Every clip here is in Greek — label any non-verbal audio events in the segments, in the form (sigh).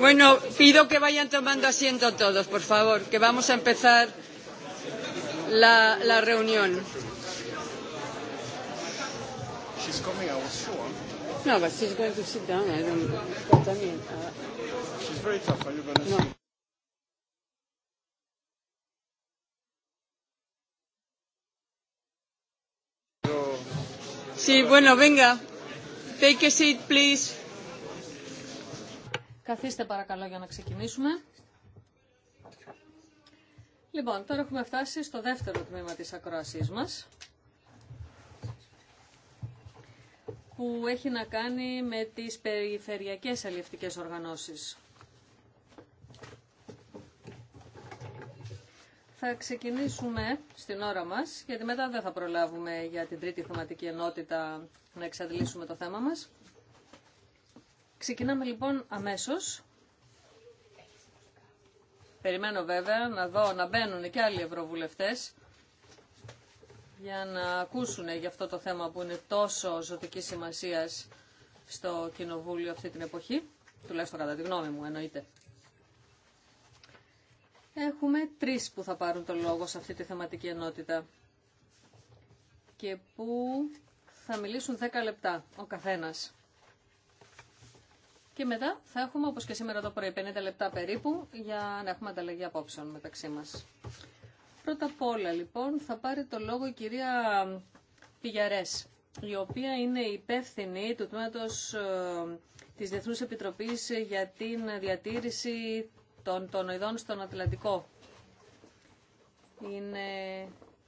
Bueno, pido que vayan tomando asiento todos, por favor, que vamos a empezar la, la reunión. She's coming, I was sure. No, but she's going to sit down. I don't. What I mean, uh, she's very tough. Are you going to? No. Sí, bueno, venga. Take a seat, please. Καθίστε παρακαλώ για να ξεκινήσουμε. Λοιπόν, τώρα έχουμε φτάσει στο δεύτερο τμήμα της ακροασής μας που έχει να κάνει με τις περιφερειακές αλληλευτικές οργανώσεις. Θα ξεκινήσουμε στην ώρα μας, γιατί μετά δεν θα προλάβουμε για την τρίτη θεματική ενότητα να εξαντλήσουμε το θέμα μας. Ξεκινάμε λοιπόν αμέσως. Περιμένω βέβαια να δω να μπαίνουν και άλλοι ευρωβουλευτές για να ακούσουν για αυτό το θέμα που είναι τόσο ζωτική σημασία στο Κοινοβούλιο αυτή την εποχή, τουλάχιστον κατά τη γνώμη μου εννοείται. Έχουμε τρεις που θα πάρουν το λόγο σε αυτή τη θεματική ενότητα και που θα μιλήσουν 10 λεπτά ο καθένας. Και μετά θα έχουμε, όπως και σήμερα το πρωί, 50 λεπτά περίπου για να έχουμε ανταλλαγή απόψεων μεταξύ μας. Πρώτα απ' όλα, λοιπόν, θα πάρει το λόγο η κυρία Πηγιαρές, η οποία είναι υπεύθυνη του τμήματος ε, της Διεθνούς Επιτροπής για την διατήρηση των τονοειδών στον Ατλαντικό. Είναι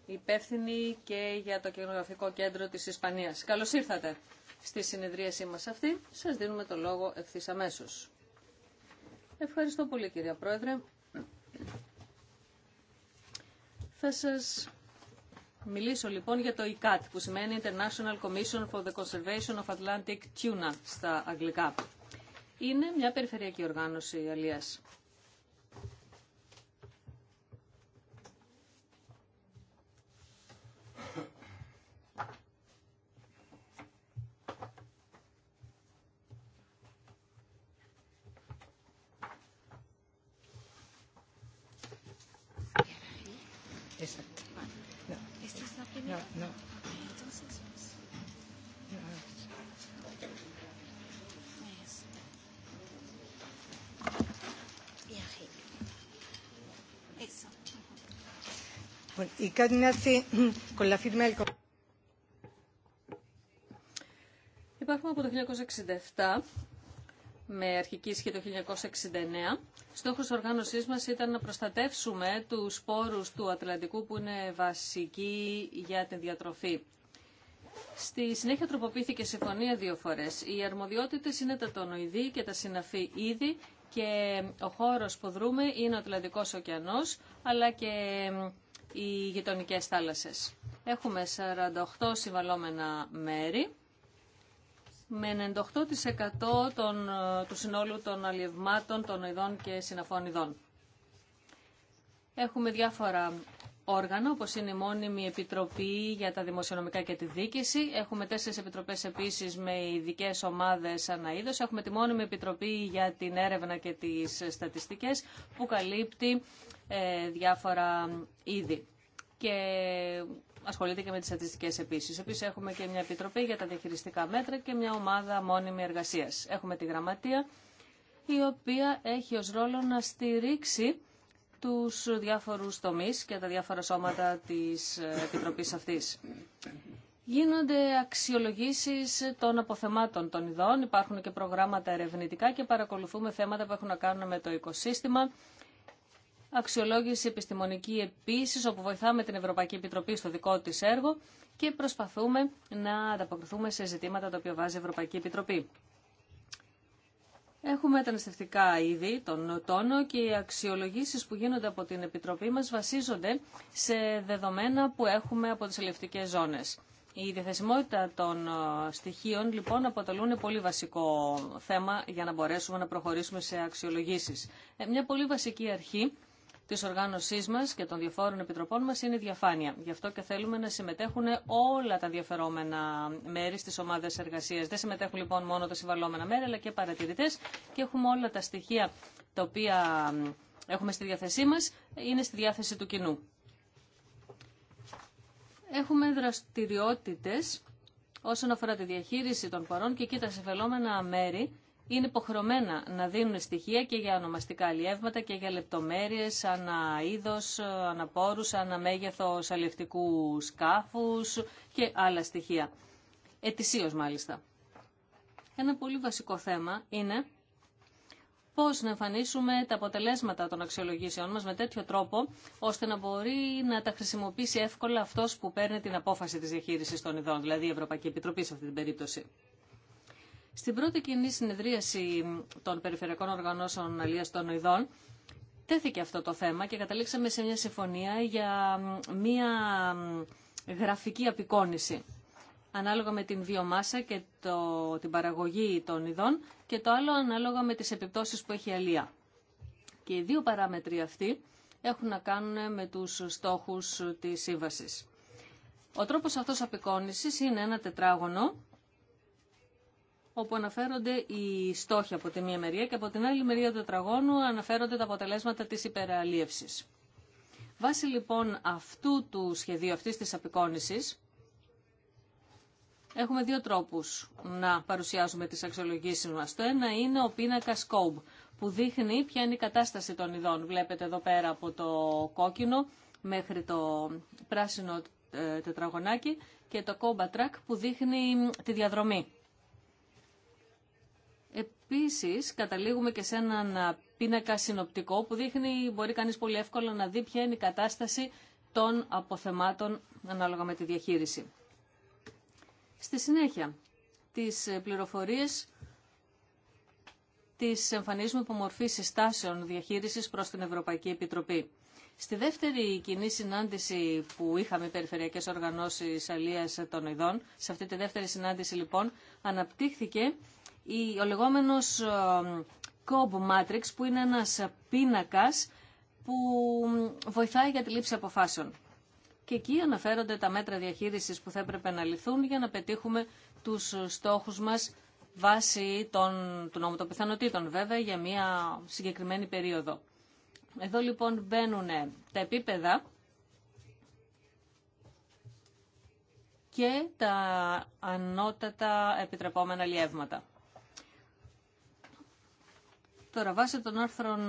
υπεύθυνη και για το κοινογραφικό κέντρο της Ισπανίας. Καλώς ήρθατε στη συνεδρίασή μας αυτή. Σας δίνουμε το λόγο ευθύ αμέσω. Ευχαριστώ πολύ κυρία Πρόεδρε. Θα σας μιλήσω λοιπόν για το ICAT που σημαίνει International Commission for the Conservation of Atlantic Tuna στα αγγλικά. Είναι μια περιφερειακή οργάνωση αλίας y (clears throat) Υπάρχουν από το 1967 με αρχική ισχύ το 1969. Στόχος οργάνωσής μας ήταν να προστατεύσουμε τους σπόρους του Ατλαντικού που είναι βασικοί για την διατροφή. Στη συνέχεια τροποποιήθηκε συμφωνία δύο φορές. Οι αρμοδιότητες είναι τα τονοειδή και τα συναφή είδη και ο χώρος που δρούμε είναι ο Ατλαντικός ωκεανός αλλά και οι γειτονικέ θάλασσες. Έχουμε 48 συμβαλόμενα μέρη με 98% των, ε, του συνόλου των αλλιευμάτων των ειδών και συναφών ειδών. Έχουμε διάφορα όργανα, όπως είναι η μόνιμη Επιτροπή για τα Δημοσιονομικά και τη Δίκηση. Έχουμε τέσσερις επιτροπές επίσης με ειδικέ ομάδες αναείδος. Έχουμε τη μόνιμη Επιτροπή για την έρευνα και τις στατιστικές που καλύπτει ε, διάφορα είδη. Και ασχολείται και με τις στατιστικές επίσης. Επίσης έχουμε και μια επιτροπή για τα διαχειριστικά μέτρα και μια ομάδα μόνιμη εργασίας. Έχουμε τη γραμματεία η οποία έχει ως ρόλο να στηρίξει τους διάφορους τομείς και τα διάφορα σώματα της Επιτροπής αυτής. Γίνονται αξιολογήσεις των αποθεμάτων των ειδών, υπάρχουν και προγράμματα ερευνητικά και παρακολουθούμε θέματα που έχουν να κάνουν με το οικοσύστημα. Αξιολόγηση επιστημονική επίσης, όπου βοηθάμε την Ευρωπαϊκή Επιτροπή στο δικό της έργο και προσπαθούμε να ανταποκριθούμε σε ζητήματα τα οποία βάζει η Ευρωπαϊκή Επιτροπή. Έχουμε τα νεστευτικά είδη των τόνο και οι αξιολογήσεις που γίνονται από την Επιτροπή μας βασίζονται σε δεδομένα που έχουμε από τις ελευτικές ζώνες. Η διαθεσιμότητα των ε, στοιχείων λοιπόν αποτελούν πολύ βασικό θέμα για να μπορέσουμε να προχωρήσουμε σε αξιολογήσεις. Ε, μια πολύ βασική αρχή Τη οργάνωσή μα και των διαφόρων επιτροπών μα είναι διαφάνεια. Γι' αυτό και θέλουμε να συμμετέχουν όλα τα διαφερόμενα μέρη στι ομάδε εργασίας. Δεν συμμετέχουν λοιπόν μόνο τα συμβαλόμενα μέρη, αλλά και παρατηρητές και έχουμε όλα τα στοιχεία τα οποία έχουμε στη διάθεσή μας, είναι στη διάθεση του κοινού. Έχουμε δραστηριότητε όσον αφορά τη διαχείριση των παρών και εκεί τα συμφελόμενα μέρη είναι υποχρεωμένα να δίνουν στοιχεία και για ονομαστικά αλλιεύματα και για λεπτομέρειες ανα είδος, πόρους, ανα μέγεθος αλλιευτικού σκάφους και άλλα στοιχεία. Ετησίως μάλιστα. Ένα πολύ βασικό θέμα είναι πώς να εμφανίσουμε τα αποτελέσματα των αξιολογήσεών μας με τέτοιο τρόπο, ώστε να μπορεί να τα χρησιμοποιήσει εύκολα αυτός που παίρνει την απόφαση της διαχείρισης των ειδών, δηλαδή η Ευρωπαϊκή Επιτροπή σε αυτή την περίπτωση. Στην πρώτη κοινή συνεδρίαση των Περιφερειακών Οργανώσεων αλία των Ειδών τέθηκε αυτό το θέμα και καταλήξαμε σε μια συμφωνία για μια γραφική απεικόνηση ανάλογα με την βιομάσα και το, την παραγωγή των ειδών και το άλλο ανάλογα με τις επιπτώσεις που έχει η αλία. Και οι δύο παράμετροι αυτοί έχουν να κάνουν με τους στόχους της σύμβασης. Ο τρόπος αυτός απεικόνησης είναι ένα τετράγωνο όπου αναφέρονται οι στόχοι από τη μία μεριά και από την άλλη μεριά του τετραγώνου αναφέρονται τα αποτελέσματα της υπεραλίευσης. Βάσει λοιπόν αυτού του σχεδίου, αυτής της απεικόνησης, έχουμε δύο τρόπους να παρουσιάζουμε τις αξιολογήσεις μας. Το ένα είναι ο πίνακα Scope, που δείχνει ποια είναι η κατάσταση των ειδών. Βλέπετε εδώ πέρα από το κόκκινο μέχρι το πράσινο ε, τετραγωνάκι και το κόμπα Track που δείχνει τη διαδρομή. Επίση, καταλήγουμε και σε έναν πίνακα συνοπτικό που δείχνει, μπορεί κανείς πολύ εύκολα να δει ποια είναι η κατάσταση των αποθεμάτων ανάλογα με τη διαχείριση. Στη συνέχεια, τις ε, πληροφορίες τις εμφανίζουμε από μορφή συστάσεων διαχείρισης προς την Ευρωπαϊκή Επιτροπή. Στη δεύτερη κοινή συνάντηση που είχαμε οι περιφερειακές οργανώσεις αλίας των ειδών, σε αυτή τη δεύτερη συνάντηση λοιπόν αναπτύχθηκε ο λεγόμενος COB ε, Matrix που είναι ένας πίνακας που βοηθάει για τη λήψη αποφάσεων. Και εκεί αναφέρονται τα μέτρα διαχείρισης που θα έπρεπε να ληφθούν για να πετύχουμε τους στόχους μας βάσει των, του νόμου των πιθανότητων βέβαια για μια συγκεκριμένη περίοδο. Εδώ λοιπόν μπαίνουν τα επίπεδα και τα ανώτατα επιτρεπόμενα λιεύματα. Τώρα, βάσει των άρθρων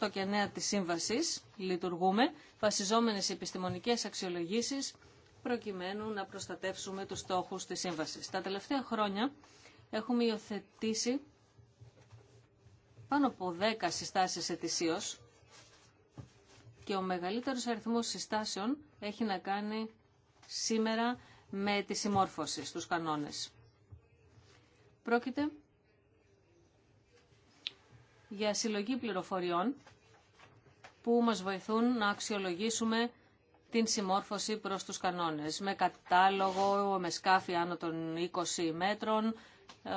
8 και 9 της Σύμβασης λειτουργούμε βασιζόμενες επιστημονικές αξιολογήσεις προκειμένου να προστατεύσουμε τους στόχους της Σύμβασης. Τα τελευταία χρόνια έχουμε υιοθετήσει πάνω από 10 συστάσεις ετησίως και ο μεγαλύτερος αριθμός συστάσεων έχει να κάνει σήμερα με τη συμμόρφωση στους κανόνες. Πρόκειται για συλλογή πληροφοριών που μας βοηθούν να αξιολογήσουμε την συμμόρφωση προς τους κανόνες με κατάλογο, με σκάφη άνω των 20 μέτρων,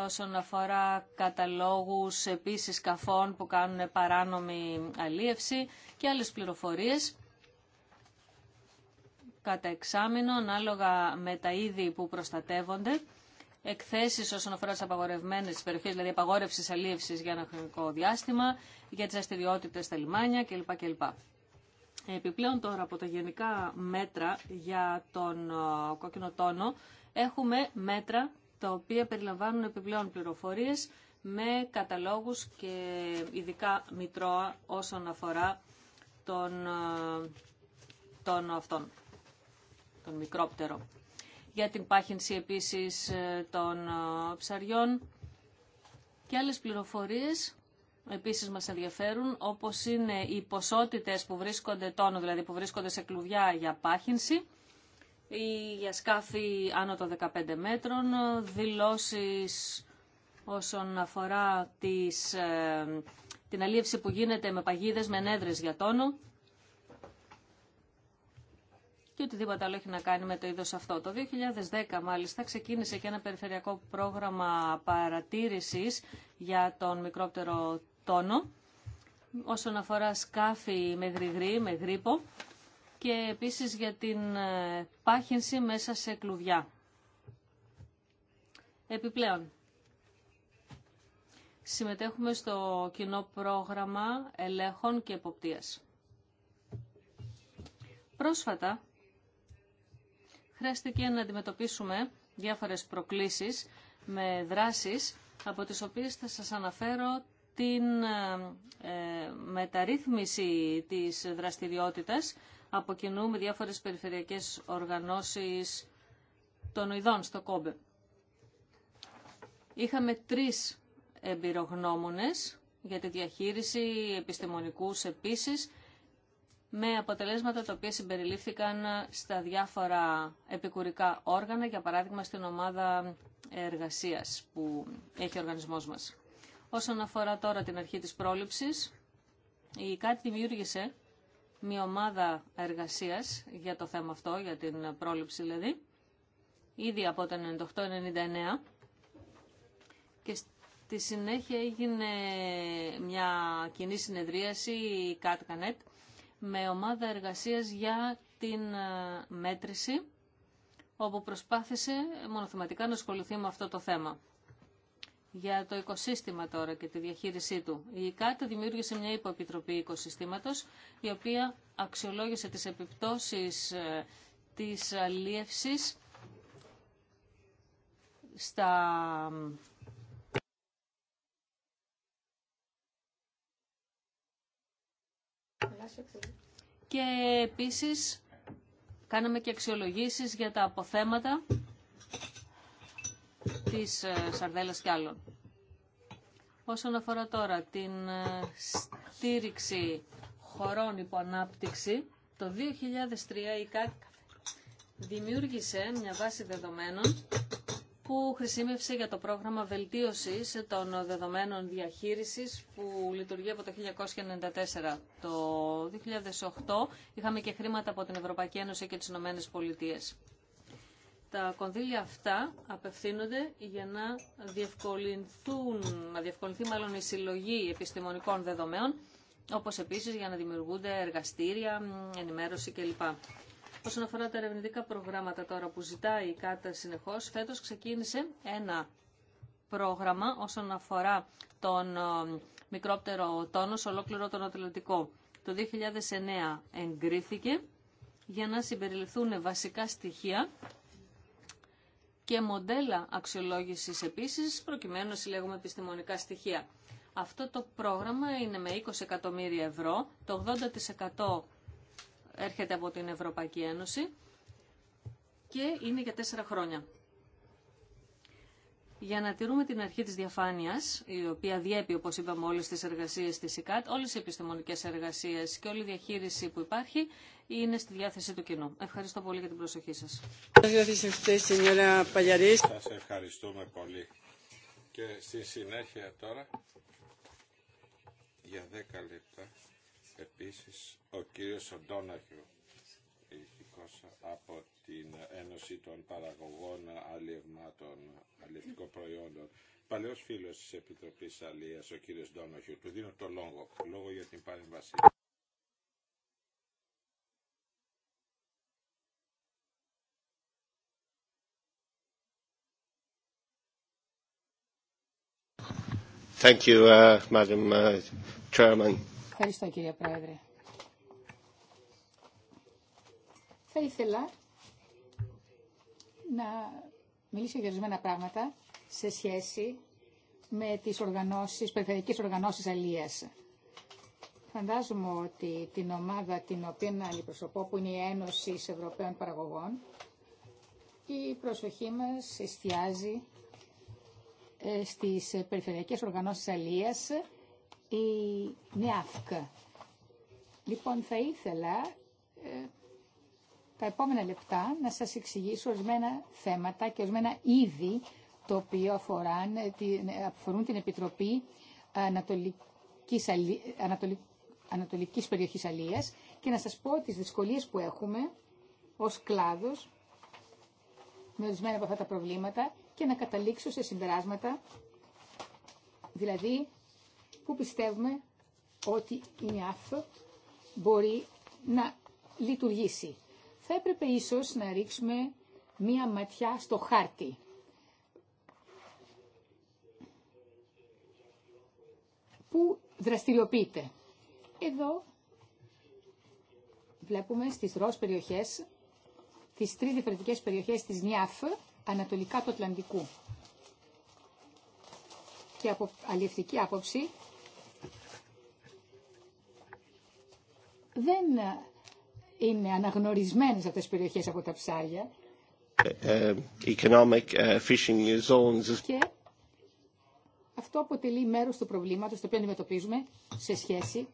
όσον αφορά καταλόγους επίσης σκαφών που κάνουν παράνομη αλίευση και άλλες πληροφορίες κατά εξάμεινο ανάλογα με τα είδη που προστατεύονται εκθέσεις όσον αφορά τις απαγορευμένες περιοχές, δηλαδή απαγόρευση αλίευσης για ένα χρονικό διάστημα, για τις αστηριότητες στα λιμάνια κλπ. Επιπλέον τώρα από τα γενικά μέτρα για τον ε, κόκκινο τόνο έχουμε μέτρα τα οποία περιλαμβάνουν επιπλέον πληροφορίες με καταλόγους και ειδικά μητρώα όσον αφορά τον, ε, τον αυτόν, τον μικρόπτερο για την πάχυνση επίσης ε, των ε, ψαριών και άλλες πληροφορίες επίσης μας ενδιαφέρουν, όπως είναι οι ποσότητες που βρίσκονται τόνο, δηλαδή που βρίσκονται σε κλουβιά για πάχυνση, ή για σκάφη άνω των 15 μέτρων, δηλώσεις όσον αφορά τις, ε, την αλίευση που γίνεται με παγίδες, με νέδρες για τόνο και οτιδήποτε άλλο έχει να κάνει με το είδο αυτό. Το 2010 μάλιστα ξεκίνησε και ένα περιφερειακό πρόγραμμα παρατήρησης για τον μικρότερο τόνο όσον αφορά σκάφη με γρηγρή, με γρήπο και επίσης για την ε, πάχυνση μέσα σε κλουβιά. Επιπλέον, συμμετέχουμε στο κοινό πρόγραμμα ελέγχων και εποπτείας. Πρόσφατα χρειάστηκε να αντιμετωπίσουμε διάφορες προκλήσεις με δράσεις από τις οποίες θα σας αναφέρω την ε, μεταρρύθμιση της δραστηριότητας από κοινού με διάφορες περιφερειακές οργανώσεις των ειδών στο Κόμπε. Είχαμε τρεις εμπειρογνώμονες για τη διαχείριση επιστημονικούς επίσης με αποτελέσματα τα οποία συμπεριλήφθηκαν στα διάφορα επικουρικά όργανα, για παράδειγμα στην ομάδα εργασίας που έχει ο οργανισμός μας. Όσον αφορά τώρα την αρχή της πρόληψης, η ΚΑΤ δημιούργησε μια ομάδα εργασίας για το θέμα αυτό, για την πρόληψη δηλαδή, ήδη από το 1998-1999 και στη συνέχεια έγινε μια κοινή συνεδρίαση η ΚΑΤ ΚΑΝΕΤ με ομάδα εργασίας για την ε, μέτρηση, όπου προσπάθησε μονοθεματικά να ασχοληθεί με αυτό το θέμα. Για το οικοσύστημα τώρα και τη διαχείρισή του. Η ΚΑΤ δημιούργησε μια υποεπιτροπή οικοσυστήματος, η οποία αξιολόγησε τις επιπτώσεις ε, της αλίευσης στα Και επίσης κάναμε και αξιολογήσεις για τα αποθέματα της ε, Σαρδέλας και άλλων. Όσον αφορά τώρα την ε, στήριξη χωρών υποανάπτυξη, το 2003 η ΚΑΚ δημιούργησε μια βάση δεδομένων που χρησιμεύσε για το πρόγραμμα βελτίωσης των δεδομένων διαχείρισης που λειτουργεί από το 1994. Το 2008 είχαμε και χρήματα από την Ευρωπαϊκή Ένωση και τις Ηνωμένες Πολιτείες. Τα κονδύλια αυτά απευθύνονται για να, διευκολυνθούν, να διευκολυνθεί μάλλον η συλλογή επιστημονικών δεδομένων, όπως επίσης για να δημιουργούνται εργαστήρια, ενημέρωση κλπ. Όσον αφορά τα ερευνητικά προγράμματα τώρα που ζητάει η ΚΑΤΑ συνεχώς, φέτος ξεκίνησε ένα πρόγραμμα όσον αφορά τον ε, μικρότερο τόνο σε ολόκληρο τον Ατλαντικό. Το 2009 εγκρίθηκε για να συμπεριληφθούν βασικά στοιχεία και μοντέλα αξιολόγησης επίσης, προκειμένου να συλλέγουμε επιστημονικά στοιχεία. Αυτό το πρόγραμμα είναι με 20 εκατομμύρια ευρώ, το 80% έρχεται από την Ευρωπαϊκή Ένωση και είναι για τέσσερα χρόνια. Για να τηρούμε την αρχή της διαφάνειας, η οποία διέπει, όπως είπαμε, όλες τις εργασίες της ΕΚΑΤ, όλες οι επιστημονικές εργασίες και όλη η διαχείριση που υπάρχει είναι στη διάθεση του κοινού. Ευχαριστώ πολύ για την προσοχή σας. Σας ευχαριστούμε πολύ. Και στη συνέχεια τώρα, για λεπτά, Επίσης, ο κύριος Οντόναχιο, ειδικός από την Ένωση των Παραγωγών Αλλιευμάτων, Αλλιευτικών Προϊόντων, παλαιός φίλος της Επιτροπής Αλίας, ο κύριος Ντόναχιου. του δίνω το λόγο, λόγο για την παρέμβασή Thank you, uh, uh Ευχαριστώ κύριε Πρόεδρε. Θα ήθελα να μιλήσω για ορισμένα πράγματα σε σχέση με τις οργανώσεις, περιφερειακές οργανώσεις αλίας. Φαντάζομαι ότι την ομάδα την οποία αντιπροσωπώ, που είναι η Ένωση Ευρωπαίων Παραγωγών, η προσοχή μας εστιάζει ε, στις περιφερειακές οργανώσεις αλίας η Λοιπόν, θα ήθελα ε, τα επόμενα λεπτά να σας εξηγήσω ορισμένα θέματα και ορισμένα είδη το οποίο αφοράν, αφορούν την Επιτροπή Ανατολικής, περιοχή Ανατολικής Περιοχής Αλίας και να σας πω τις δυσκολίες που έχουμε ως κλάδος με ορισμένα από αυτά τα προβλήματα και να καταλήξω σε συμπεράσματα, δηλαδή που πιστεύουμε ότι η ΝΙΑΦ μπορεί να λειτουργήσει. Θα έπρεπε ίσως να ρίξουμε μία ματιά στο χάρτη. Πού δραστηριοποιείται. Εδώ βλέπουμε στις ροζ περιοχές, τις τρεις διαφορετικές περιοχές της ΝΙΑΦ, ανατολικά του Ατλαντικού. Και από αλληλευτική άποψη δεν είναι αναγνωρισμένες αυτές τις περιοχές από τα ψάρια. Ε, ε, economic, ε, fishing zones. Και αυτό αποτελεί μέρος του προβλήματος το οποίο αντιμετωπίζουμε σε σχέση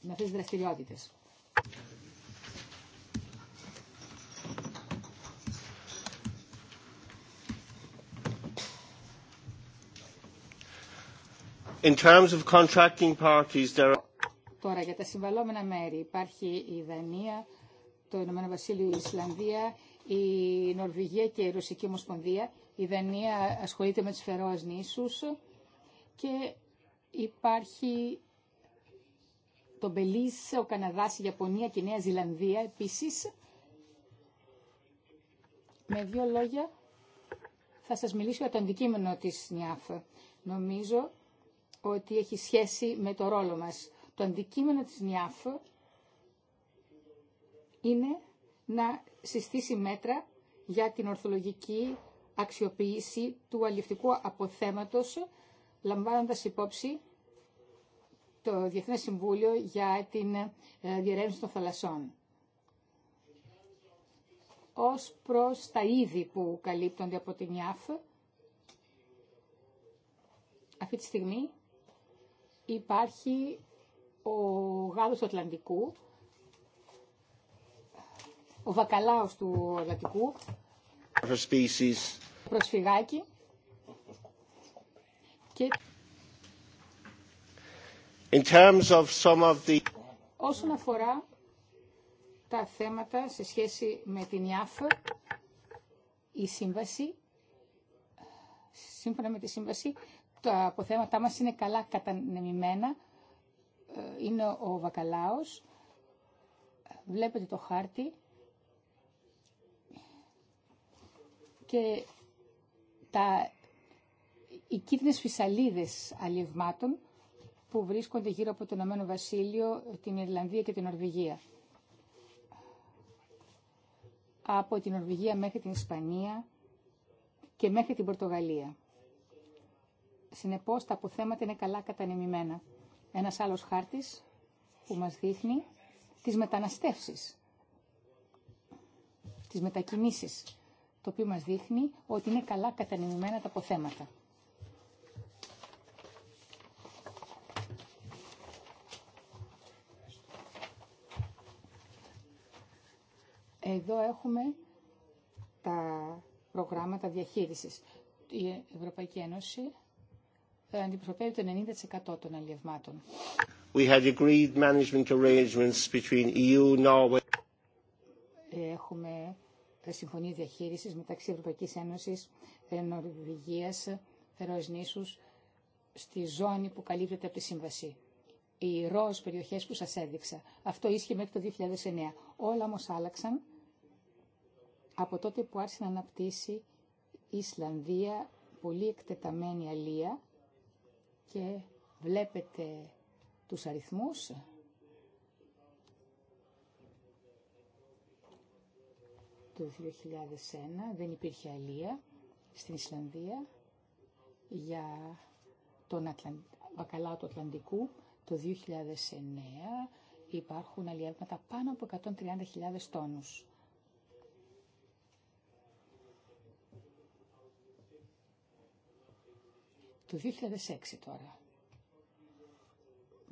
με αυτές τις δραστηριότητες. In terms of contracting parties, there are... Τώρα για τα συμβαλόμενα μέρη υπάρχει η Δανία, το Ηνωμένο Βασίλειο, η Ισλανδία, η Νορβηγία και η Ρωσική Ομοσπονδία. Η Δανία ασχολείται με τις Φερόας νήσους και υπάρχει το Μπελίς, ο Καναδάς, η Ιαπωνία και η Νέα Ζηλανδία επίσης. Με δύο λόγια θα σας μιλήσω για το αντικείμενο της ΝΙΑΦ. Νομίζω ότι έχει σχέση με το ρόλο μας. Το αντικείμενο της ΝΙΑΦ είναι να συστήσει μέτρα για την ορθολογική αξιοποίηση του αλληλευτικού αποθέματος, λαμβάνοντας υπόψη το Διεθνές Συμβούλιο για την ε, Διερεύνηση των Θαλασσών. Ως προς τα είδη που καλύπτονται από την ΙΑΦ, αυτή τη στιγμή υπάρχει ο γάδος του Ατλαντικού, ο βακαλάος του Ατλαντικού, προσφυγάκι και όσον αφορά τα θέματα σε σχέση με την ΙΑΦ, η σύμβαση, σύμφωνα με τη σύμβαση, τα αποθέματά μας είναι καλά κατανεμημένα είναι ο Βακαλάος. Βλέπετε το χάρτη. Και τα, οι κίτρινες φυσαλίδες αλλιευμάτων που βρίσκονται γύρω από το Ηνωμένο Βασίλειο, την Ιρλανδία και την Ορβηγία Από την Ορβηγία μέχρι την Ισπανία και μέχρι την Πορτογαλία. Συνεπώς τα αποθέματα είναι καλά κατανεμημένα. Ένας άλλος χάρτης που μας δείχνει τις μεταναστεύσεις, τις μετακινήσεις, το οποίο μας δείχνει ότι είναι καλά κατανεμημένα τα αποθέματα. Εδώ έχουμε τα προγράμματα διαχείρισης. Η Ευρωπαϊκή Ένωση ε, αντιπροσωπεύει το 90% των αλλιευμάτων. We had agreed management arrangements between EU, Norway. Έχουμε ε, συμφωνία διαχείρισης μεταξύ Ευρωπαϊκής Ένωσης, ε, Νορβηγία Φερόες στη ζώνη που καλύπτεται από τη σύμβαση. Οι ροζ περιοχές που σας έδειξα. Αυτό ίσχυε μέχρι το 2009. Όλα όμω άλλαξαν από τότε που άρχισε να αναπτύσσει η Ισλανδία πολύ εκτεταμένη αλία και βλέπετε τους αριθμούς. Το 2001 δεν υπήρχε αλία στην Ισλανδία για τον Ατλαν... του Ατλαντικού. Το 2009 υπάρχουν αλλιεύματα πάνω από 130.000 τόνους. του 2006 τώρα.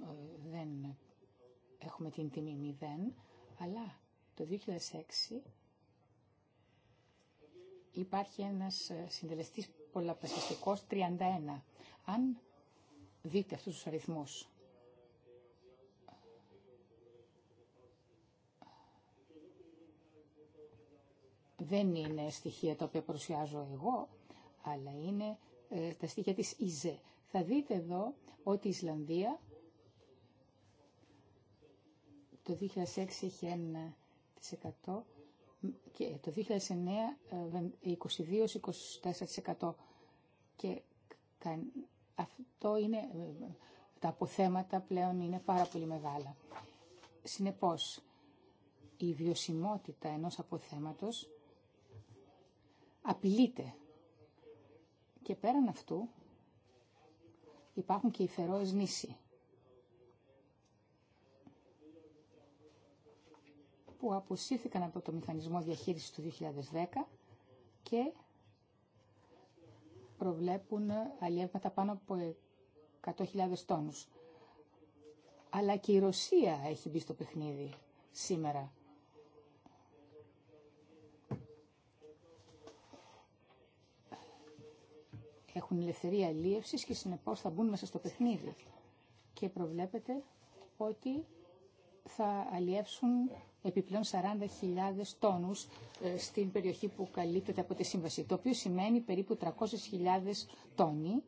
Ε, δεν έχουμε την τιμή μηδέν, αλλά το 2006 υπάρχει ένας ε, συντελεστής πολλαπλασιαστικός 31. Αν δείτε αυτούς τους αριθμούς, δεν είναι στοιχεία τα οποία παρουσιάζω εγώ, αλλά είναι ε, τα στοιχεία της ΙΖΕ. Θα δείτε εδώ ότι η Ισλανδία το 2006 είχε 1% και το 2009 22-24% ε, και αυτό είναι ε, τα αποθέματα πλέον είναι πάρα πολύ μεγάλα. Συνεπώς, η βιωσιμότητα ενός αποθέματος απειλείται και πέραν αυτού υπάρχουν και οι Φερόες νήσοι. που αποσύρθηκαν από το μηχανισμό διαχείρισης του 2010 και προβλέπουν αλλιεύματα πάνω από 100.000 τόνους. Αλλά και η Ρωσία έχει μπει στο παιχνίδι σήμερα. έχουν ελευθερία αλίευση και συνεπώς θα μπουν μέσα στο παιχνίδι. Και προβλέπεται ότι θα αλλιεύσουν επιπλέον 40.000 τόνους ε, στην περιοχή που καλύπτεται από τη σύμβαση, το οποίο σημαίνει περίπου 300.000 τόνοι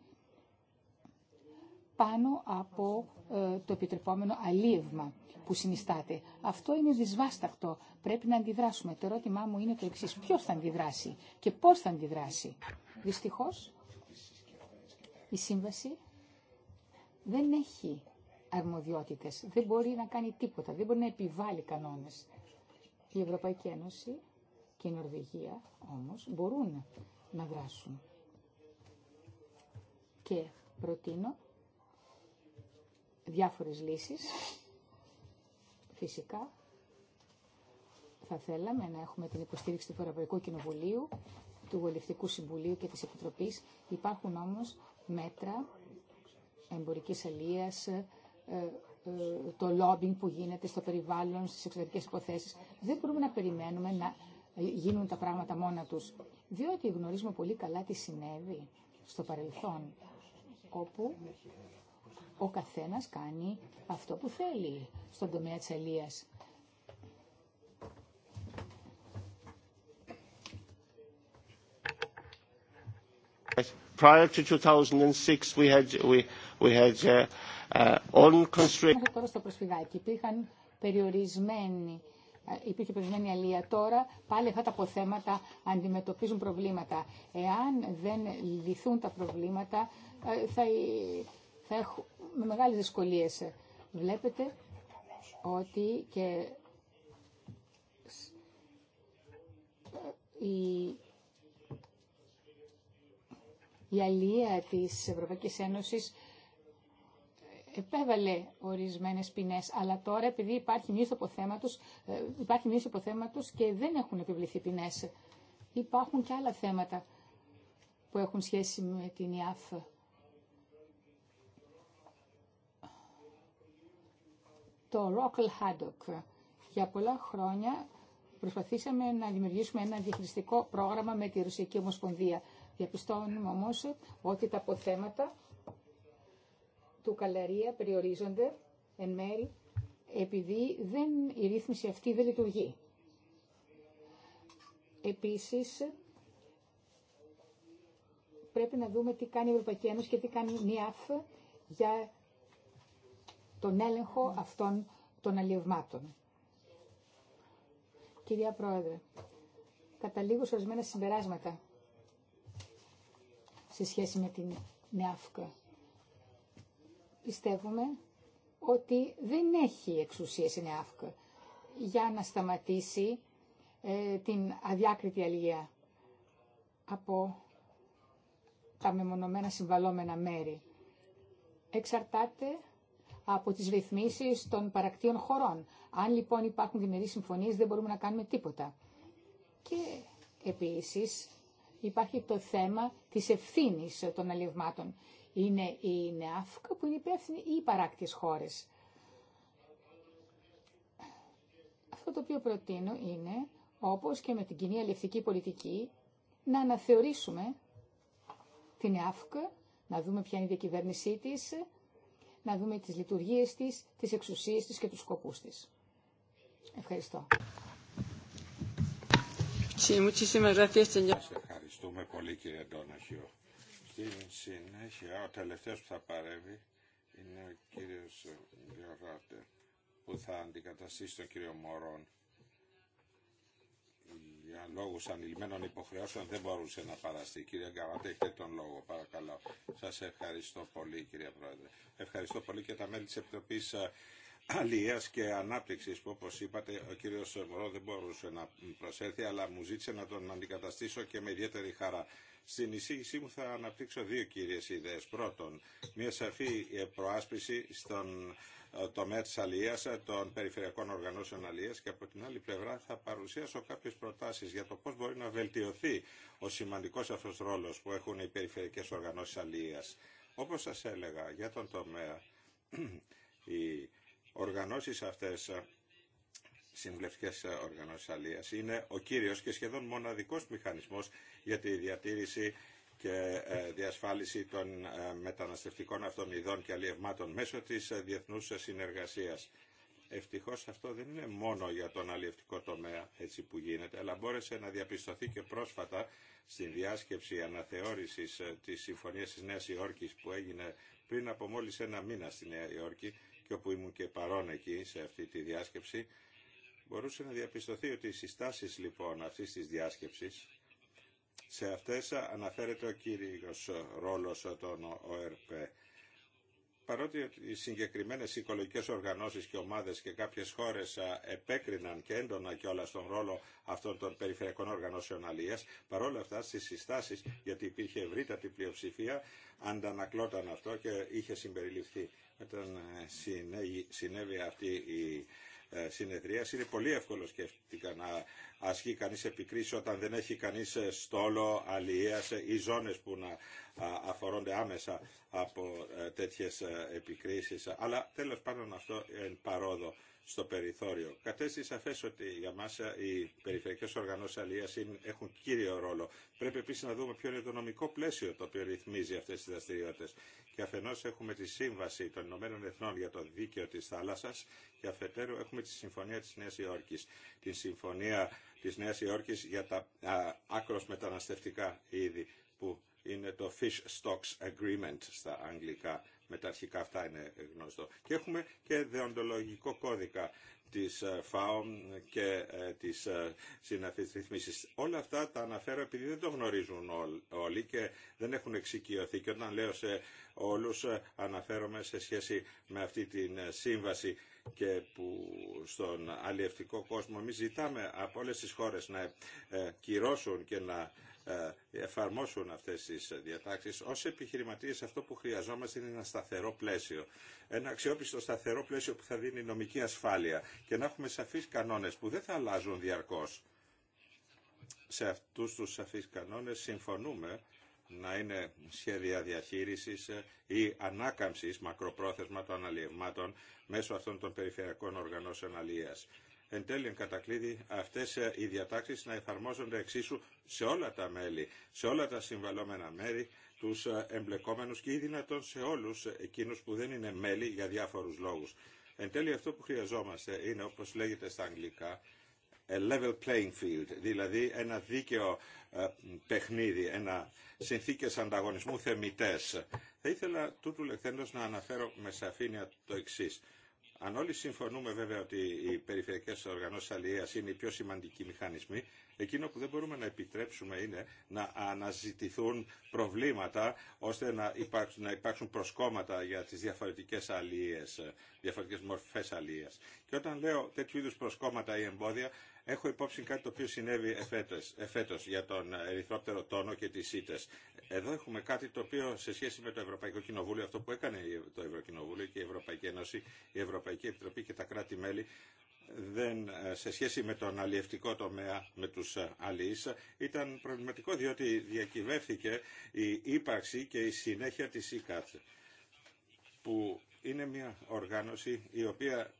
πάνω από ε, το επιτρεπόμενο αλίευμα που συνιστάται. Αυτό είναι δυσβάστακτο. Πρέπει να αντιδράσουμε. Το ερώτημά μου είναι το εξή. Ποιο θα αντιδράσει και πώ θα αντιδράσει. Δυστυχώ, η σύμβαση δεν έχει αρμοδιότητες, δεν μπορεί να κάνει τίποτα, δεν μπορεί να επιβάλλει κανόνες. Η Ευρωπαϊκή Ένωση και η Νορβηγία όμως μπορούν να δράσουν. Και προτείνω διάφορες λύσεις. Φυσικά θα θέλαμε να έχουμε την υποστήριξη του Ευρωπαϊκού Κοινοβουλίου, του Βολευτικού Συμβουλίου και της Επιτροπής. Υπάρχουν όμως μέτρα εμπορικής αλίας, ε, ε, το λόμπινγκ που γίνεται στο περιβάλλον, στις εξωτερικές υποθέσεις. Δεν μπορούμε να περιμένουμε να γίνουν τα πράγματα μόνα τους, διότι γνωρίζουμε πολύ καλά τι συνέβη στο παρελθόν, όπου ο καθένας κάνει αυτό που θέλει στον τομέα της αλίας. Prior to 2006 we had we we had uh, uh, on constraint. στο προσφυγάκι υπήρχαν περιορισμένοι ε, υπήρχε περιορισμένη αλία. Τώρα πάλι αυτά τα αποθέματα αντιμετωπίζουν προβλήματα. Εάν δεν λυθούν τα προβλήματα ε, θα, θα έχουμε μεγάλες δυσκολίες. Βλέπετε ότι και ε, η η αλία της Ευρωπαϊκής Ένωσης επέβαλε ορισμένες ποινές, αλλά τώρα επειδή υπάρχει μείωση αποθέματος, ε, υπάρχει μείωση και δεν έχουν επιβληθεί ποινές. Υπάρχουν και άλλα θέματα που έχουν σχέση με την ΙΑΦ. Το Rockle Haddock. Για πολλά χρόνια προσπαθήσαμε να δημιουργήσουμε ένα διαχειριστικό πρόγραμμα με τη Ρωσική Ομοσπονδία. Διαπιστώνουμε όμως ότι τα αποθέματα του Καλαρία περιορίζονται εν μέρη επειδή δεν, η ρύθμιση αυτή δεν λειτουργεί. Επίσης, πρέπει να δούμε τι κάνει η Ευρωπαϊκή Ένωση και τι κάνει η ΝΙΑΦ για τον έλεγχο αυτών των αλλιευμάτων. Κυρία Πρόεδρε, καταλήγω σε ορισμένα συμπεράσματα σε σχέση με την ΝΕΑΦΚΑ. Πιστεύουμε ότι δεν έχει εξουσίες η ΝΕΑΦΚΑ για να σταματήσει ε, την αδιάκριτη αλληλεία από τα μεμονωμένα συμβαλόμενα μέρη. Εξαρτάται από τις ρυθμίσεις των παρακτήων χωρών. Αν λοιπόν υπάρχουν διμερείς συμφωνίες δεν μπορούμε να κάνουμε τίποτα. Και επίσης υπάρχει το θέμα της ευθύνης των αλλιευμάτων. Είναι η ΝΕΑΦΚΑ που είναι υπεύθυνη ή οι χώρες. Αυτό το οποίο προτείνω είναι, όπως και με την κοινή αλληλευτική πολιτική, να αναθεωρήσουμε την ΕΑΦΚΑ, να δούμε ποια είναι η διακυβέρνησή της, να δούμε τις λειτουργίες της, τις εξουσίες της και τους σκοπούς της. Ευχαριστώ. Sí, muchísimas Ευχαριστούμε πολύ κύριε Ντόναχιο. στην συνέχεια ο τελευταίος που θα παρεύει είναι ο κύριος Γεωργάτε που θα αντικαταστήσει τον κύριο Μωρόν. Για λόγου ανηλυμένων υποχρεώσεων δεν μπορούσε να παραστεί. Κύριε Γκαβάτε, έχετε τον λόγο, παρακαλώ. Σας ευχαριστώ πολύ, κύριε Πρόεδρε. Ευχαριστώ πολύ και τα μέλη τη Επιτροπής ε, Αλίας και ανάπτυξη που όπω είπατε ο κύριο Μωρό δεν μπορούσε να προσέλθει αλλά μου ζήτησε να τον αντικαταστήσω και με ιδιαίτερη χαρά. Στην εισήγησή μου θα αναπτύξω δύο κύριε ιδέε. Πρώτον, μια σαφή προάσπιση στον ε, τομέα τη αλίας, ε, των περιφερειακών οργανώσεων αλίας και από την άλλη πλευρά θα παρουσιάσω κάποιε προτάσει για το πώ μπορεί να βελτιωθεί ο σημαντικό αυτό ρόλο που έχουν οι περιφερειακέ οργανώσει Όπω σα έλεγα για τον τομέα, (clears throat) οργανώσεις αυτές ε, συμβουλευτικές ε, οργανώσεις αλίας είναι ο κύριος και σχεδόν μοναδικός μηχανισμός για τη διατήρηση και ε, διασφάλιση των μεταναστευτικών αυτών ειδών και αλλιευμάτων μέσω της διεθνούς συνεργασίας. Ευτυχώς αυτό δεν είναι μόνο για τον αλλιευτικό τομέα έτσι που γίνεται, αλλά μπόρεσε να διαπιστωθεί και πρόσφατα στην διάσκεψη αναθεώρησης της Συμφωνίας της Νέας Υόρκης που έγινε πριν από μόλις ένα μήνα στη Νέα Υόρκη που ήμουν και παρόν εκεί σε αυτή τη διάσκεψη, μπορούσε να διαπιστωθεί ότι οι συστάσεις λοιπόν αυτής της διάσκεψης, σε αυτές αναφέρεται ο κύριος ρόλος των ΟΕΡΠ. Παρότι οι συγκεκριμένες οικολογικές οργανώσεις και ομάδες και κάποιες χώρες επέκριναν και έντονα και όλα στον ρόλο αυτών των περιφερειακών οργανώσεων αλλίας, παρόλα αυτά στις συστάσεις, γιατί υπήρχε ευρύτατη πλειοψηφία, αντανακλώταν αυτό και είχε συμπεριληφθεί όταν ε, συνέβη αυτή η ε, συνεδρία. Είναι πολύ εύκολο σκέφτηκα να ασκεί κανείς επικρίσεις όταν δεν έχει κανείς ε, στόλο, αλληλείας ή ζώνες που να αφορώνται άμεσα από τέτοιες επικρίσεις. Αλλά τέλος πάντων αυτό είναι παρόδο στο περιθώριο. Κατέστη σαφέ ότι για μα ε, οι περιφερειακέ οργανώσει αλληλεία έχουν κύριο ρόλο. Πρέπει επίση να δούμε ποιο είναι το νομικό πλαίσιο το οποίο ρυθμίζει αυτέ τι δραστηριότητε. Και αφενό έχουμε τη Σύμβαση των Ηνωμένων Εθνών για το Δίκαιο τη Θάλασσα και αφετέρου έχουμε τη Συμφωνία τη Νέα Υόρκη. Τη Συμφωνία τη Νέα Υόρκη για τα άκρο μεταναστευτικά είδη που είναι το Fish Stocks Agreement στα αγγλικά με τα αρχικά αυτά είναι γνωστό. Και έχουμε και δεοντολογικό κώδικα της ε, ΦΑΟ και ε, της ε, συναφής ρυθμίσης. Όλα αυτά τα αναφέρω επειδή δεν το γνωρίζουν όλοι και δεν έχουν εξοικειωθεί. Και όταν λέω σε όλους αναφέρομαι σε σχέση με αυτή την σύμβαση και που στον αλλιευτικό κόσμο εμείς ζητάμε από όλες τις χώρες να κυρώσουν και να ε, εφαρμόσουν αυτές τις διατάξεις. Ως επιχειρηματίες αυτό που χρειαζόμαστε είναι ένα σταθερό πλαίσιο. Ένα αξιόπιστο σταθερό πλαίσιο που θα δίνει νομική ασφάλεια και να έχουμε σαφείς κανόνες που δεν θα αλλάζουν διαρκώς. Σε αυτούς τους σαφείς κανόνες συμφωνούμε να είναι σχέδια διαχείρισης ή ανάκαμψης μακροπρόθεσμα των αλλιευμάτων μέσω αυτών των περιφερειακών οργανώσεων αλλίας. Εν τέλει, εν κατακλείδη, αυτές ε, οι διατάξεις να εφαρμόζονται εξίσου σε όλα τα μέλη, σε όλα τα συμβαλόμενα μέρη, τους ε, εμπλεκόμενους και ή δυνατόν σε όλους εκείνους που δεν είναι μέλη για διάφορους λόγους. Εν τέλει, αυτό που χρειαζόμαστε είναι, όπως λέγεται στα αγγλικά, a level playing field, δηλαδή ένα δίκαιο ε, παιχνίδι, ένα συνθήκες ανταγωνισμού θεμητές. Θα ήθελα τούτου λεχθέντος να αναφέρω με σαφήνεια το εξής. Αν όλοι συμφωνούμε βέβαια ότι οι περιφερειακές οργανώσει αλληλεία είναι οι πιο σημαντικοί μηχανισμοί, εκείνο που δεν μπορούμε να επιτρέψουμε είναι να αναζητηθούν προβλήματα ώστε να υπάρξουν, να προσκόμματα για τις διαφορετικές αλληλείε, διαφορετικές μορφές αλληλεία. Και όταν λέω τέτοιου είδου προσκόμματα ή εμπόδια, Έχω υπόψη κάτι το οποίο συνέβη εφέτες, εφέτος για τον ερυθρόπτερο τόνο και τις ΣΥΤΕΣ. Εδώ έχουμε κάτι το οποίο σε σχέση με το Ευρωπαϊκό Κοινοβούλιο, αυτό που έκανε το Ευρωκοινοβούλιο και η Ευρωπαϊκή Ένωση, η Ευρωπαϊκή Επιτροπή και τα κράτη-μέλη, δεν, σε σχέση με τον αλλιευτικό τομέα, με τους αλλιείς, ήταν προβληματικό διότι διακυβεύθηκε η ύπαρξη και η συνέχεια της ΙΚΑΤ, που είναι μια οργάνωση η οποία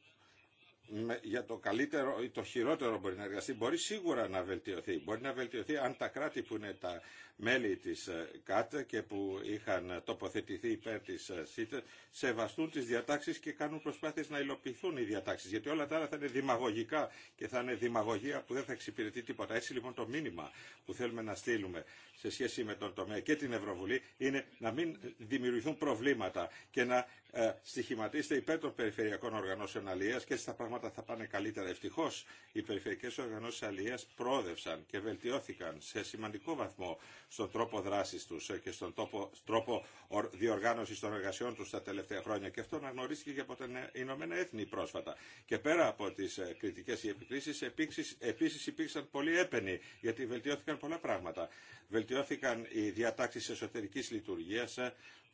για το καλύτερο ή το χειρότερο μπορεί να εργαστεί, μπορεί σίγουρα να βελτιωθεί. Μπορεί να βελτιωθεί αν τα κράτη που είναι τα μέλη της ε, ΚΑΤ και που είχαν τοποθετηθεί υπέρ της ε, ΣΥΤ σεβαστούν τις διατάξεις και κάνουν προσπάθειες να υλοποιηθούν οι διατάξεις. Γιατί όλα τα άλλα θα είναι δημαγωγικά και θα είναι δημαγωγία που δεν θα εξυπηρετεί τίποτα. Έτσι λοιπόν το μήνυμα που θέλουμε να στείλουμε σε σχέση με τον τομέα και την Ευρωβουλή είναι να μην δημιουργηθούν προβλήματα και να ε, στοιχηματίσετε υπέρ των περιφερειακών οργανώσεων αλληλεία και στα πραγματικά πράγματα θα πάνε καλύτερα. Ευτυχώ οι περιφερειακέ οργανώσει αλληλεία πρόοδευσαν και βελτιώθηκαν σε σημαντικό βαθμό στον τρόπο δράση του και στον τόπο, τρόπο διοργάνωση των εργασιών του τα τελευταία χρόνια. Και αυτό αναγνωρίστηκε και από τα Ηνωμένα Έθνη πρόσφατα. Και πέρα από τι ε, κριτικέ και επικρίσει, επίση υπήρξαν πολλοί έπαινοι γιατί βελτιώθηκαν πολλά πράγματα. Βελτιώθηκαν οι διατάξει εσωτερική λειτουργία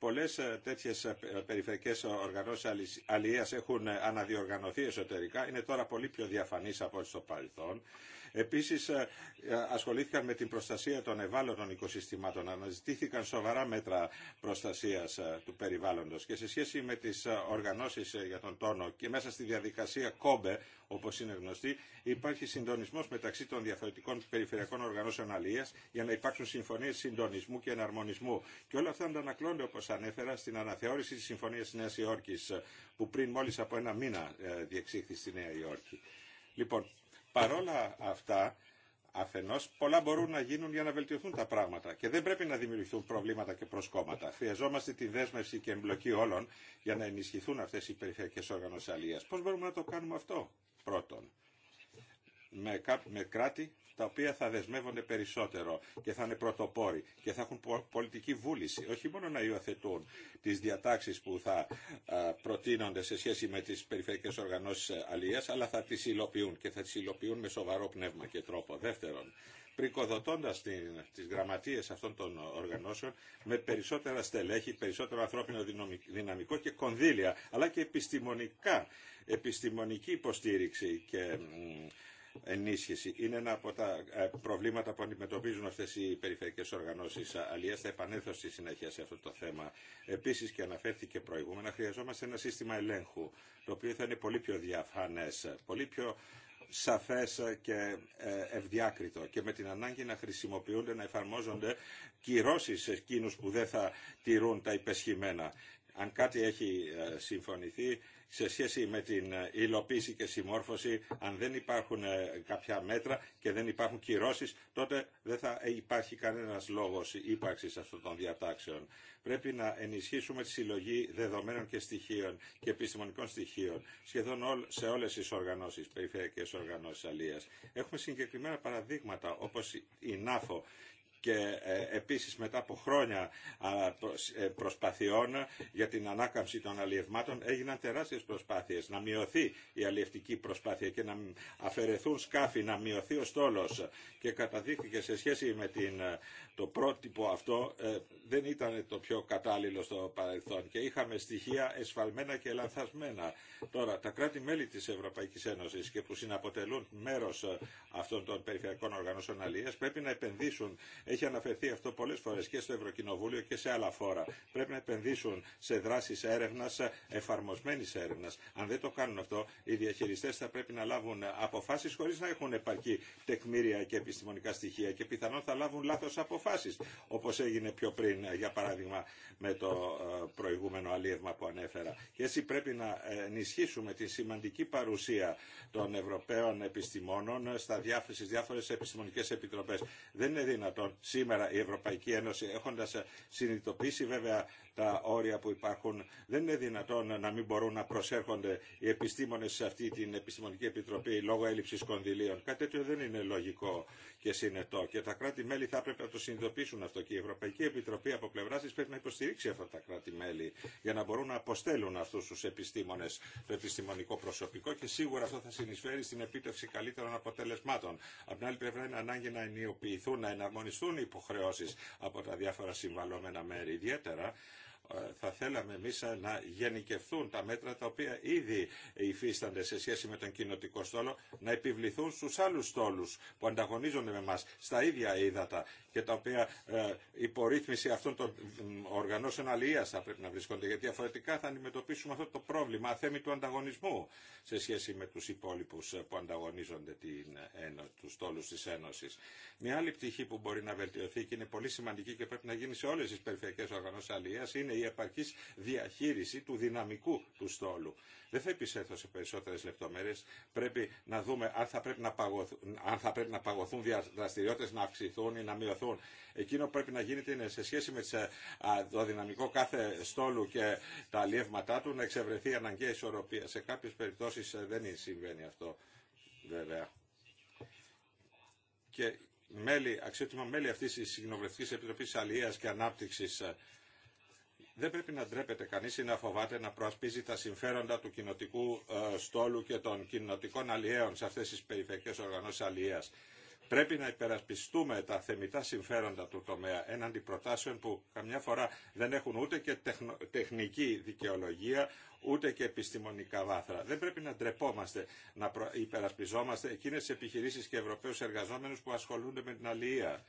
Πολλές ε, τέτοιες ε, περιφερειακές οργανώσεις αλληλείας έχουν ε, αναδιοργανωθεί εσωτερικά, είναι τώρα πολύ πιο διαφανείς από ό,τι στο παρελθόν Επίση, ε, ασχολήθηκαν με την προστασία των ευάλωτων οικοσυστημάτων. Αναζητήθηκαν σοβαρά μέτρα προστασία ε, του περιβάλλοντο. και σε σχέση με τι ε, οργανώσει για τον τόνο και μέσα στη διαδικασία κόμπε, όπω είναι γνωστή, υπάρχει συντονισμό μεταξύ των διαφορετικών περιφερειακών οργανώσεων αλληλεία για να υπάρξουν συμφωνίε συντονισμού και εναρμονισμού. Και όλα αυτά αντανακλώνται, όπω ανέφερα, στην αναθεώρηση τη συμφωνία Νέα Υόρκη, που πριν μόλι από ένα μήνα διεξήχθη στη Νέα Υόρκη. Λοιπόν, Παρόλα αυτά, αφενό, πολλά μπορούν να γίνουν για να βελτιωθούν τα πράγματα και δεν πρέπει να δημιουργηθούν προβλήματα και προσκόμματα. Χρειαζόμαστε τη δέσμευση και εμπλοκή όλων για να ενισχυθούν αυτέ οι περιφερειακέ οργανώσει Πώς Πώ μπορούμε να το κάνουμε αυτό, πρώτον. Με, κράτη τα οποία θα δεσμεύονται περισσότερο και θα είναι πρωτοπόροι και θα έχουν πολιτική βούληση, όχι μόνο να υιοθετούν τις διατάξεις που θα προτείνονται σε σχέση με τις περιφερειακές οργανώσεις ε, αλληλείας, αλλά θα τις υλοποιούν και θα τις υλοποιούν με σοβαρό πνεύμα και τρόπο. Δεύτερον, πρικοδοτώντας τις γραμματείες αυτών των οργανώσεων με περισσότερα στελέχη, περισσότερο ανθρώπινο δυναμικό και κονδύλια, αλλά και επιστημονικά, επιστημονική υποστήριξη και ενίσχυση. Είναι ένα από τα ε, προβλήματα που αντιμετωπίζουν αυτέ οι περιφερειακές οργανώσει αλλιέ, Θα επανέλθω στη συνέχεια σε αυτό το θέμα. Επίση, και αναφέρθηκε προηγούμενα, χρειαζόμαστε ένα σύστημα ελέγχου, το οποίο θα είναι πολύ πιο διαφανέ, πολύ πιο σαφέ και ε, ευδιάκριτο και με την ανάγκη να χρησιμοποιούνται, να εφαρμόζονται κυρώσει σε εκείνους που δεν θα τηρούν τα υπεσχημένα. Αν κάτι έχει ε, συμφωνηθεί, σε σχέση με την ε, υλοποίηση και συμμόρφωση, αν δεν υπάρχουν ε, κάποια μέτρα και δεν υπάρχουν κυρώσεις, τότε δεν θα ε, υπάρχει κανένας λόγος ύπαρξη αυτών των διατάξεων. Πρέπει να ενισχύσουμε τη συλλογή δεδομένων και στοιχείων και επιστημονικών στοιχείων σχεδόν σε όλες τις οργανώσεις, περιφερειακές οργανώσεις αλίας. Έχουμε συγκεκριμένα παραδείγματα όπω η ΝΑΦΟ και ε, επίσης μετά από χρόνια ε, προσπαθειών για την ανάκαμψη των αλλιευμάτων έγιναν τεράστιες προσπάθειες να μειωθεί η αλλιευτική προσπάθεια και να αφαιρεθούν σκάφη, να μειωθεί ο στόλος και καταδείχθηκε σε σχέση με την, ε, το πρότυπο αυτό δεν ήταν το πιο κατάλληλο στο παρελθόν και είχαμε στοιχεία εσφαλμένα και λανθασμένα. Τώρα, τα κράτη-μέλη της Ευρωπαϊκής Ένωσης και που συναποτελούν μέρος αυτών των περιφερειακών οργανώσεων αλλιεύσεων πρέπει να επενδύσουν έχει αναφερθεί αυτό πολλέ φορέ και στο Ευρωκοινοβούλιο και σε άλλα φόρα. Πρέπει να επενδύσουν σε δράσει έρευνα, εφαρμοσμένη έρευνα. Αν δεν το κάνουν αυτό, οι διαχειριστέ θα πρέπει να λάβουν αποφάσει χωρί να έχουν επαρκή τεκμήρια και επιστημονικά στοιχεία και πιθανόν θα λάβουν λάθο αποφάσει. Όπω έγινε πιο πριν, για παράδειγμα, με το ε, προηγούμενο αλίευμα που ανέφερα. Και έτσι πρέπει να ενισχύσουμε τη σημαντική παρουσία των Ευρωπαίων επιστημόνων στα διάφορε επιστημονικέ επιτροπέ. Δεν είναι δυνατόν σήμερα η Ευρωπαϊκή Ένωση έχοντα συνειδητοποιήσει βέβαια τα όρια που υπάρχουν. Δεν είναι δυνατόν να μην μπορούν να προσέρχονται οι επιστήμονε σε αυτή την Επιστημονική Επιτροπή λόγω έλλειψη κονδυλίων. Κάτι τέτοιο δεν είναι λογικό και συνετό και τα κράτη-μέλη θα έπρεπε να το συνειδητοποιήσουν αυτό και η Ευρωπαϊκή Επιτροπή από πλευρά τη πρέπει να υποστηρίξει αυτά τα κράτη-μέλη για να μπορούν να αποστέλουν αυτού του επιστήμονε το επιστημονικό προσωπικό και σίγουρα αυτό θα συνεισφέρει στην επίτευξη καλύτερων αποτελεσμάτων. Απ' την άλλη πλευρά είναι ανάγκη να ενιοποιηθούν, να εναρμονιστούν υποχρεώσει υποχρεώσεις από τα διάφορα συμβαλώμενα μέρη. Ιδιαίτερα θα θέλαμε εμεί να γενικευθούν τα μέτρα τα οποία ήδη υφίστανται σε σχέση με τον κοινοτικό στόλο να επιβληθούν στου άλλου στόλου που ανταγωνίζονται με εμά στα ίδια ύδατα και τα οποία ε, υπορρύθμιση αυτών των οργανώσεων αλληλεία θα πρέπει να βρίσκονται γιατί αφορετικά θα αντιμετωπίσουμε αυτό το πρόβλημα θέμη του ανταγωνισμού σε σχέση με του υπόλοιπου ε, που ανταγωνίζονται την, ε, στόλου τη της Ένωσης. Μια άλλη πτυχή που μπορεί να βελτιωθεί και είναι πολύ σημαντική και πρέπει να γίνει σε όλε τι περιφερειακέ οργανώσει αλληλεία η επαρκή διαχείριση του δυναμικού του στόλου. Δεν θα επισέλθω σε περισσότερε λεπτομέρειε. Πρέπει να δούμε αν θα πρέπει να παγωθούν, αν θα πρέπει να παγωθούν να αυξηθούν ή να μειωθούν. Εκείνο που πρέπει να γίνεται είναι σε σχέση με ε, το δυναμικό κάθε στόλου και τα αλλιεύματά του να εξευρεθεί αναγκαία ισορροπία. Σε κάποιε περιπτώσει ε, δεν συμβαίνει αυτό βέβαια. Και μέλη, αξιότιμα μέλη αυτής της Συγνωβευτικής Επιτροπής αλληλία και ανάπτυξη. Ε, δεν πρέπει να ντρέπεται κανείς ή να φοβάται να προασπίζει τα συμφέροντα του κοινοτικού ε, στόλου και των κοινοτικών αλλιέων σε αυτές τις περιφερειακές οργανώσεις αλλιέας. Πρέπει να υπερασπιστούμε τα θεμητά συμφέροντα του τομέα έναντι προτάσεων που καμιά φορά δεν έχουν ούτε και τεχνική δικαιολογία, ούτε και επιστημονικά βάθρα. Δεν πρέπει να ντρεπόμαστε να υπερασπιζόμαστε εκείνες τις επιχειρήσεις και Ευρωπαίους εργαζόμενους που ασχολούνται με την αλληλεία.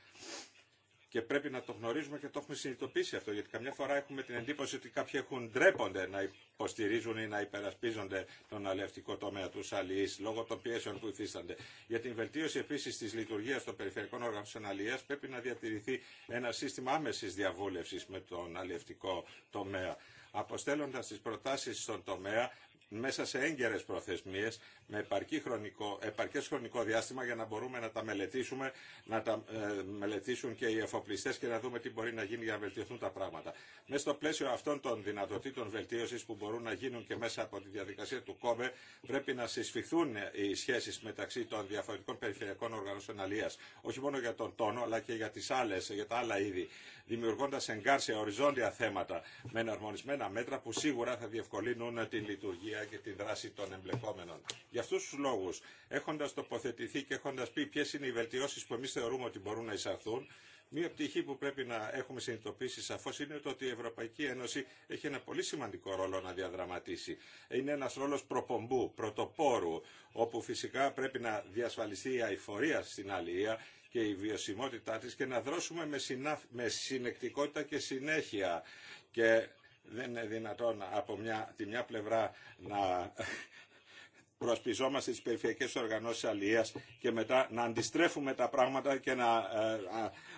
Και πρέπει να το γνωρίζουμε και το έχουμε συνειδητοποιήσει αυτό, γιατί καμιά φορά έχουμε την εντύπωση ότι κάποιοι έχουν ντρέπονται να υποστηρίζουν ή να υπερασπίζονται τον αλληλευτικό τομέα του αλληλεί λόγω των πιέσεων που υφίστανται. Για την βελτίωση επίση τη λειτουργία των περιφερειακών οργανώσεων αλληλεία πρέπει να διατηρηθεί ένα σύστημα άμεση διαβούλευση με τον αλληλευτικό τομέα Αποστέλλοντα τι προτάσει στον τομέα μέσα σε έγκαιρες προθεσμίες, με επαρκή χρονικό, επαρκές χρονικό διάστημα για να μπορούμε να τα μελετήσουμε, να τα ε, μελετήσουν και οι εφοπλιστές και να δούμε τι μπορεί να γίνει για να βελτιωθούν τα πράγματα. Μέσα στο πλαίσιο αυτών των δυνατοτήτων βελτίωσης που μπορούν να γίνουν και μέσα από τη διαδικασία του ΚΟΜΕ, πρέπει να συσφιχθούν οι σχέσεις μεταξύ των διαφορετικών περιφερειακών οργανώσεων αλλία, όχι μόνο για τον τόνο, αλλά και για, τις άλλες, για τα άλλα είδη δημιουργώντα εγκάρσια οριζόντια θέματα με εναρμονισμένα μέτρα που σίγουρα θα διευκολύνουν τη λειτουργία και τη δράση των εμπλεκόμενων. Για αυτού του λόγου, έχοντα τοποθετηθεί και έχοντα πει ποιε είναι οι βελτιώσει που εμεί θεωρούμε ότι μπορούν να εισαχθούν, Μία πτυχή που πρέπει να έχουμε συνειδητοποιήσει σαφώ είναι ότι η Ευρωπαϊκή Ένωση έχει ένα πολύ σημαντικό ρόλο να διαδραματίσει. Είναι ένα ρόλο προπομπού, πρωτοπόρου, όπου φυσικά πρέπει να διασφαλιστεί η αηφορία στην αλληλεία και η βιωσιμότητά της και να δρώσουμε με, με συνεκτικότητα και συνέχεια. Και δεν είναι δυνατόν από μια... τη μια πλευρά να (laughs) προσπιζόμαστε τις περιφερειακές οργανώσεις αλληλείας και μετά να αντιστρέφουμε τα πράγματα και να ε,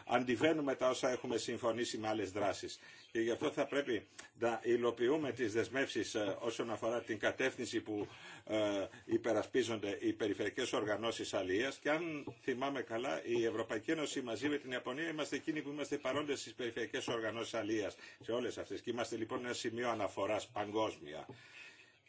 αντιβαίνουμε τα όσα έχουμε συμφωνήσει με άλλες δράσεις και γι' αυτό θα πρέπει να υλοποιούμε τις δεσμεύσεις ε, όσον αφορά την κατεύθυνση που ε, υπερασπίζονται οι περιφερειακές οργανώσεις αλλίας και αν θυμάμαι καλά η Ευρωπαϊκή Ένωση μαζί με την Ιαπωνία είμαστε εκείνοι που είμαστε παρόντες στις περιφερειακές οργανώσεις αλλίας σε όλες αυτές και είμαστε λοιπόν ένα σημείο αναφοράς παγκόσμια.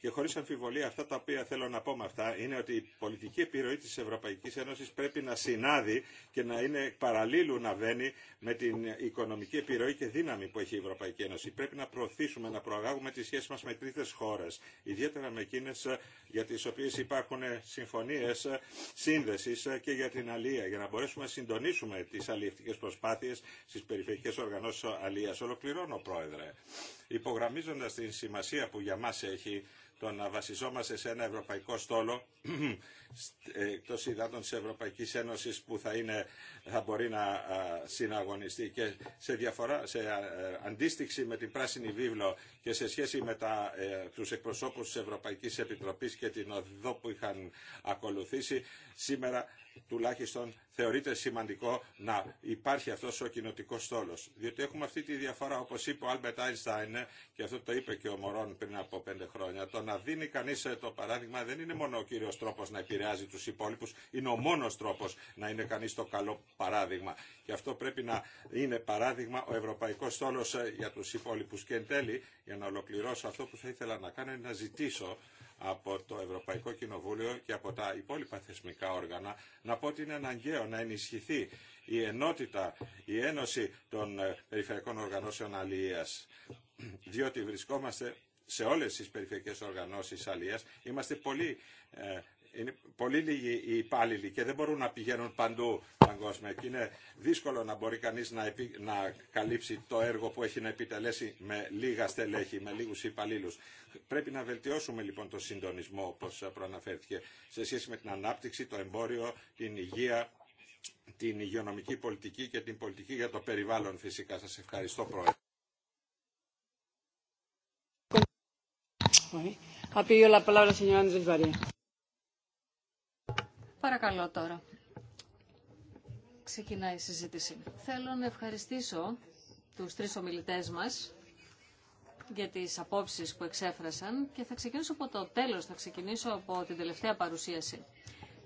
Και χωρί αμφιβολία, αυτά τα οποία θέλω να πω με αυτά είναι ότι η πολιτική επιρροή τη Ευρωπαϊκή Ένωση πρέπει να συνάδει και να είναι παραλίλου να βαίνει με την οικονομική επιρροή και δύναμη που έχει η Ευρωπαϊκή Ένωση. Πρέπει να προωθήσουμε, να προαγάγουμε τι σχέσει μα με τρίτε χώρε, ιδιαίτερα με εκείνε για τι οποίε υπάρχουν συμφωνίε σύνδεση και για την αλία, για να μπορέσουμε να συντονίσουμε τι αλληλευτικέ προσπάθειε στι περιφερειακέ οργανώσει αλία. Ολοκληρώνω, Πρόεδρε. Υπογραμμίζοντα την σημασία που για μα έχει το να βασιζόμαστε σε ένα ευρωπαϊκό στόλο (clears throat) ε, εκτός υδάτων της Ευρωπαϊκής Ένωσης που θα, είναι, μπορεί να συναγωνιστεί και σε, διαφορά, σε ε, αντίστοιξη με την Πράσινη Βίβλο και σε σχέση με τα, ε, τους εκπροσώπους της Ευρωπαϊκής Επιτροπής και την οδό που είχαν ακολουθήσει σήμερα τουλάχιστον θεωρείται σημαντικό να υπάρχει αυτός ο κοινότικό στόλος. Διότι έχουμε αυτή τη διαφορά, όπως είπε ο Άλμπερτ Άινστάιν, και αυτό το είπε και ο Μωρόν πριν από πέντε χρόνια, το να δίνει κανείς ε, το παράδειγμα δεν είναι μόνο ο κύριος τρόπος να επηρεάζει τους υπόλοιπους, είναι ο μόνος τρόπος να είναι κανείς το καλό παράδειγμα. Και αυτό πρέπει να είναι παράδειγμα ο Ευρωπαϊκός Στόλος ε, για τους υπόλοιπους. Και εν τέλει, για να ολοκληρώσω αυτό που θα ήθελα να κάνω είναι να ζητήσω από το Ευρωπαϊκό Κοινοβούλιο και από τα υπόλοιπα θεσμικά όργανα να πω ότι είναι αναγκαίο να ενισχυθεί η ενότητα, η ένωση των ε, περιφερειακών οργανώσεων αλληλείας. Διότι βρισκόμαστε σε όλες τις περιφερειακές οργανώσεις αλληλείας, είμαστε πολύ ε, είναι πολύ λίγοι οι υπάλληλοι και δεν μπορούν να πηγαίνουν παντού παγκόσμια και είναι δύσκολο να μπορεί κανείς να, καλύψει το έργο που έχει να επιτελέσει με λίγα στελέχη, με λίγους υπαλλήλου. Πρέπει να βελτιώσουμε λοιπόν το συντονισμό όπως προαναφέρθηκε σε σχέση με την ανάπτυξη, το εμπόριο, την υγεία, την υγειονομική πολιτική και την πολιτική για το περιβάλλον φυσικά. Σας ευχαριστώ Πρόεδρε. Παρακαλώ τώρα. Ξεκινάει η συζήτηση. Θέλω να ευχαριστήσω τους τρεις ομιλητές μας για τις απόψεις που εξέφρασαν και θα ξεκινήσω από το τέλος, θα ξεκινήσω από την τελευταία παρουσίαση.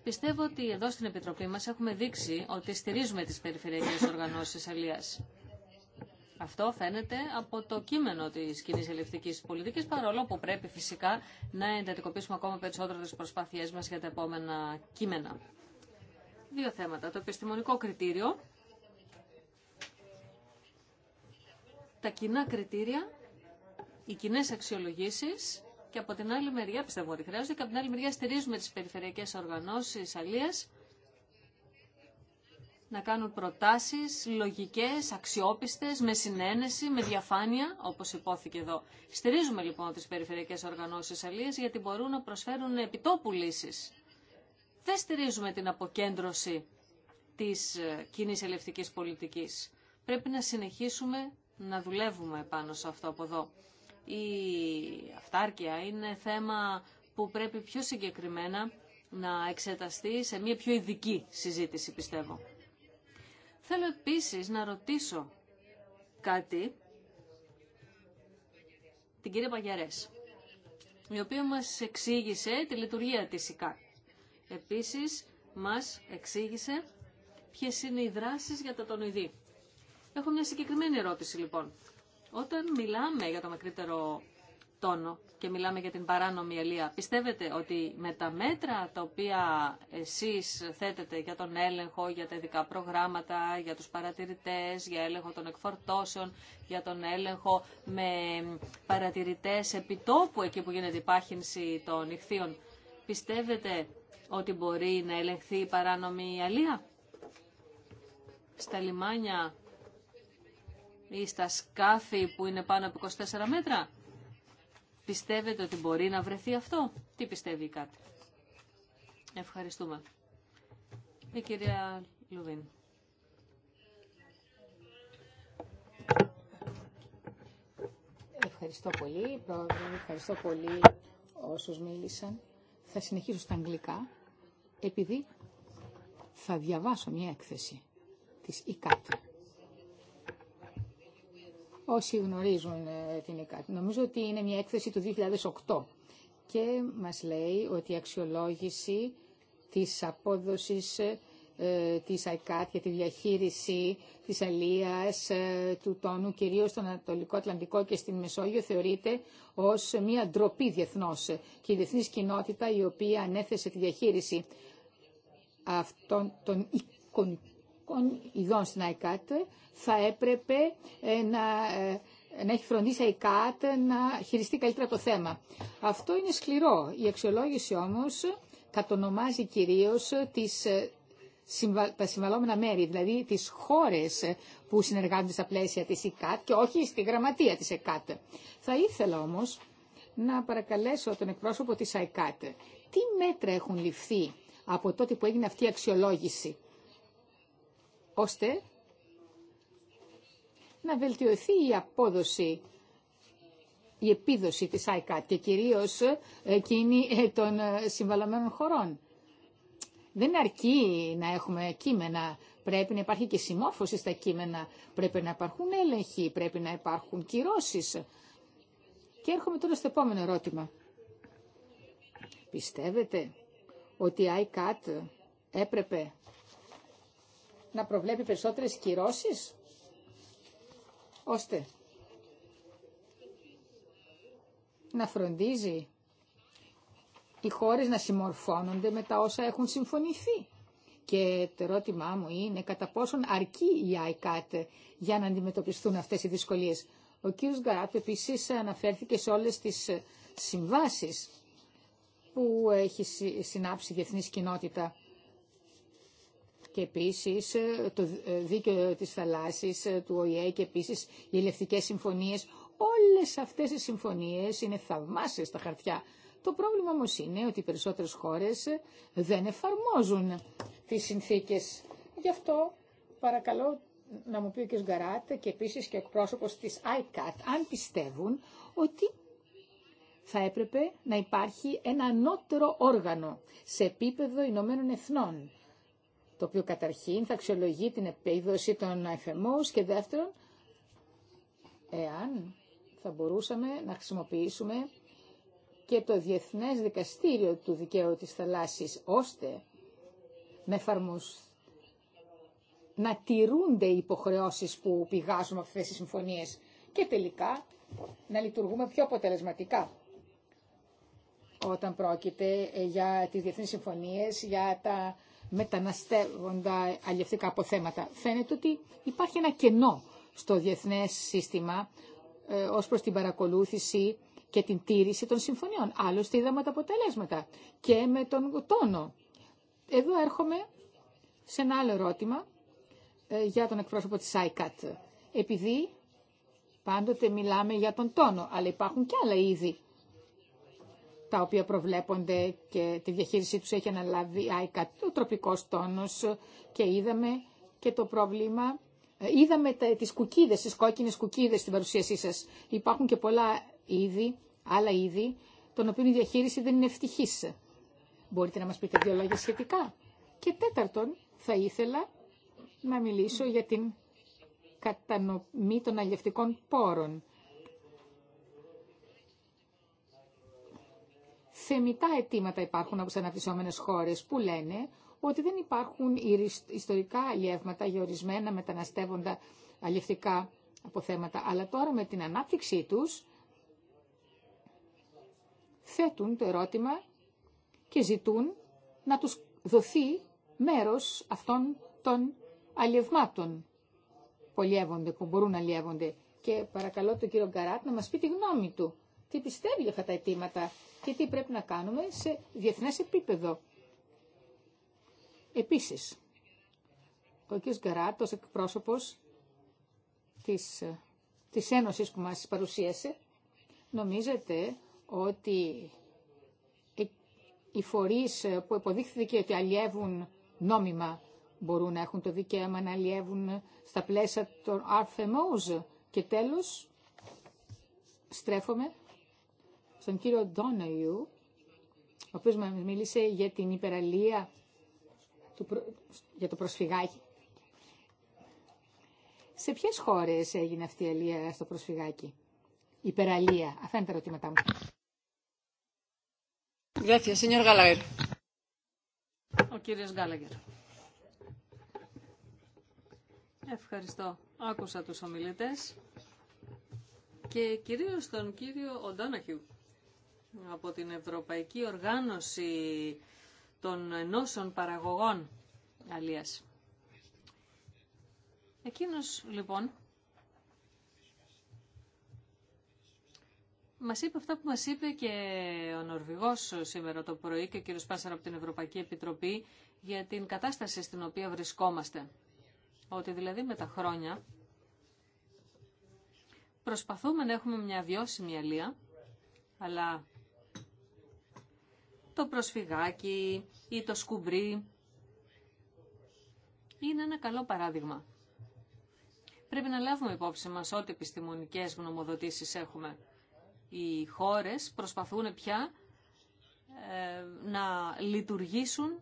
Πιστεύω ότι εδώ στην Επιτροπή μας έχουμε δείξει ότι στηρίζουμε τις περιφερειακές οργανώσεις αλίας. Αυτό φαίνεται από το κείμενο τη κοινή ελευθερική πολιτική, παρόλο που πρέπει φυσικά να εντατικοποιήσουμε ακόμα περισσότερο τι προσπάθειέ μα για τα επόμενα κείμενα. Δύο θέματα. Το επιστημονικό κριτήριο. Τα κοινά κριτήρια, οι κοινέ αξιολογήσει και από την άλλη μεριά πιστεύω ότι χρειάζονται και από την άλλη μεριά στηρίζουμε τι περιφερειακέ οργανώσει αλλία να κάνουν προτάσεις λογικές, αξιόπιστες, με συνένεση, με διαφάνεια, όπως υπόθηκε εδώ. Στηρίζουμε λοιπόν τις περιφερειακές οργανώσεις αλίας γιατί μπορούν να προσφέρουν επιτόπου λύσεις. Δεν στηρίζουμε την αποκέντρωση της ε, κοινή ελευτικής πολιτικής. Πρέπει να συνεχίσουμε να δουλεύουμε πάνω σε αυτό από εδώ. Η αυτάρκεια είναι θέμα που πρέπει πιο συγκεκριμένα να εξεταστεί σε μια πιο ειδική συζήτηση, πιστεύω. Θέλω επίσης να ρωτήσω κάτι την κυρία Παγιαρές, η οποία μας εξήγησε τη λειτουργία της ΙΚΑ. Επίσης, μας εξήγησε ποιες είναι οι δράσεις για τα τονοειδή. Έχω μια συγκεκριμένη ερώτηση, λοιπόν. Όταν μιλάμε για το μακρύτερο τόνο και μιλάμε για την παράνομη ελεία. Πιστεύετε ότι με τα μέτρα τα οποία εσείς θέτετε για τον έλεγχο, για τα ειδικά προγράμματα, για τους παρατηρητές, για έλεγχο των εκφορτώσεων, για τον έλεγχο με παρατηρητές επιτόπου εκεί που γίνεται η πάχυνση των ηχθείων, πιστεύετε ότι μπορεί να ελεγχθεί η παράνομη αλία στα λιμάνια ή στα σκάφη που είναι πάνω από 24 μέτρα. Πιστεύετε ότι μπορεί να βρεθεί αυτό. Τι πιστεύει η ΚΑΤ. Ευχαριστούμε. Η κυρία Λουβίν. Ευχαριστώ πολύ, Πρόεδρε. Ευχαριστώ πολύ όσους μίλησαν. Θα συνεχίσω στα αγγλικά, επειδή θα διαβάσω μια έκθεση της ΙΚΑΤ όσοι γνωρίζουν την ε, ΕΚΑΤ, Νομίζω ότι είναι μια έκθεση του 2008 και μας λέει ότι η αξιολόγηση της απόδοσης ε, της ΕΚΑΤ για τη διαχείριση της αλίας ε, του τόνου, κυρίως στον Ανατολικό Ατλαντικό και στην Μεσόγειο, θεωρείται ως μια ντροπή διεθνώς και η διεθνής κοινότητα η οποία ανέθεσε τη διαχείριση αυτών των εικονικών ειδών στην ΑΕΚΑΤ θα έπρεπε ε, να, ε, να έχει φροντίσει η ΑΕΚΑΤ να χειριστεί καλύτερα το θέμα. Αυτό είναι σκληρό. Η αξιολόγηση όμως κατονομάζει κυρίως τις ε, τα συμβαλόμενα μέρη, δηλαδή τις χώρες που συνεργάζονται στα πλαίσια της ΕΚΑΤ και όχι στη γραμματεία της ΕΚΑΤ. Θα ήθελα όμως να παρακαλέσω τον εκπρόσωπο της ΑΕΚΑΤ. Τι μέτρα έχουν ληφθεί από τότε που έγινε αυτή η αξιολόγηση ώστε να βελτιωθεί η απόδοση η επίδοση της ICAT. και κυρίως εκείνη ε, των ε, συμβαλωμένων χωρών. Δεν αρκεί να έχουμε κείμενα. Πρέπει να υπάρχει και συμμόρφωση στα κείμενα. Πρέπει να υπάρχουν έλεγχοι, πρέπει να υπάρχουν κυρώσεις. Και έρχομαι τώρα στο επόμενο ερώτημα. Πιστεύετε ότι η ICAT έπρεπε να προβλέπει περισσότερες κυρώσεις, ώστε να φροντίζει οι χώρες να συμμορφώνονται με τα όσα έχουν συμφωνηθεί. Και το ερώτημά μου είναι κατά πόσον αρκεί η ΆΙΚΑΤ για να αντιμετωπιστούν αυτές οι δυσκολίες. Ο κ. Γκαράτ επίσης αναφέρθηκε σε όλες τις συμβάσεις που έχει συνάψει η διεθνής κοινότητα και επίσης ε, το ε, δίκαιο της θαλάσσης ε, του ΟΗΕ και επίσης οι ελευτικές συμφωνίες. Όλες αυτές οι συμφωνίες είναι θαυμάσιες στα χαρτιά. Το πρόβλημα όμως είναι ότι οι περισσότερες χώρες δεν εφαρμόζουν τις συνθήκες. Γι' αυτό παρακαλώ να μου πει ο κ. Γκαράτ και επίσης και ο εκπρόσωπος της ICAT αν πιστεύουν ότι θα έπρεπε να υπάρχει ένα ανώτερο όργανο σε επίπεδο Ηνωμένων Εθνών το οποίο καταρχήν θα αξιολογεί την επίδοση των FMOs και δεύτερον, εάν θα μπορούσαμε να χρησιμοποιήσουμε και το Διεθνές Δικαστήριο του Δικαίου της Θαλάσσης, ώστε να εφαρμοσ... να τηρούνται οι υποχρεώσεις που πηγάζουν από αυτές τις συμφωνίες και τελικά να λειτουργούμε πιο αποτελεσματικά όταν πρόκειται ε, για τις διεθνείς συμφωνίες, για τα μεταναστεύοντα αλλιευτικά αποθέματα. Φαίνεται ότι υπάρχει ένα κενό στο διεθνές σύστημα ε, ως προς την παρακολούθηση και την τήρηση των συμφωνιών. Άλλωστε είδαμε τα αποτελέσματα και με τον τόνο. Εδώ έρχομαι σε ένα άλλο ερώτημα ε, για τον εκπρόσωπο της ICAT. Επειδή πάντοτε μιλάμε για τον τόνο, αλλά υπάρχουν και άλλα είδη τα οποία προβλέπονται και τη διαχείρισή τους έχει αναλάβει ΆΙΚΑ, ο τροπικός τόνος και είδαμε και το πρόβλημα. Ε, είδαμε τις κουκίδες, τις κόκκινες κουκίδες στην παρουσίασή σας. Υπάρχουν και πολλά είδη, άλλα είδη, των οποίων η διαχείριση δεν είναι ευτυχή. Μπορείτε να μας πείτε δύο λόγια σχετικά. Και τέταρτον, θα ήθελα να μιλήσω για την κατανομή των αλλιευτικών πόρων. θεμητά αιτήματα υπάρχουν από τι αναπτυσσόμενες χώρες που λένε ότι δεν υπάρχουν ιστορικά αλλιεύματα για ορισμένα μεταναστεύοντα αλλιευτικά αποθέματα. Αλλά τώρα με την ανάπτυξή τους θέτουν το ερώτημα και ζητούν να τους δοθεί μέρος αυτών των αλλιευμάτων που, που μπορούν να αλλιεύονται. Και παρακαλώ τον κύριο Γκαράτ να μας πει τη γνώμη του τι πιστεύει για αυτά τα αιτήματα και τι πρέπει να κάνουμε σε διεθνές επίπεδο. Επίσης, ο κ. Γκαράτ, ως εκπρόσωπος της, της Ένωσης που μας παρουσίασε, νομίζετε ότι ε, οι φορείς που υποδείχθηκε ότι αλλιεύουν νόμιμα μπορούν να έχουν το δικαίωμα να αλλιεύουν στα πλαίσια των RFMOs. Και τέλος, στρέφομαι στον κύριο Ντόναϊου, ο οποίος μα μίλησε για την υπεραλία για το προσφυγάκι. Σε ποιες χώρες έγινε αυτή η αλία στο προσφυγάκι, η υπεραλία. Αυτά είναι τα ερωτήματά μου. Ο Γκάλαγκερ. Ευχαριστώ. Άκουσα τους ομιλητές και κυρίως τον κύριο Οντόναχιου από την Ευρωπαϊκή Οργάνωση των Ενώσεων Παραγωγών Αλίας. Εκείνος λοιπόν μας είπε αυτά που μας είπε και ο Νορβηγός σήμερα το πρωί και ο κύριος Πάσαρα από την Ευρωπαϊκή Επιτροπή για την κατάσταση στην οποία βρισκόμαστε. Ότι δηλαδή με τα χρόνια προσπαθούμε να έχουμε μια βιώσιμη αλία, αλλά το προσφυγάκι ή το σκουμπρί. Είναι ένα καλό παράδειγμα. Πρέπει να λάβουμε υπόψη μας ό,τι επιστημονικές γνωμοδοτήσεις έχουμε. Οι χώρες προσπαθούν πια ε, να λειτουργήσουν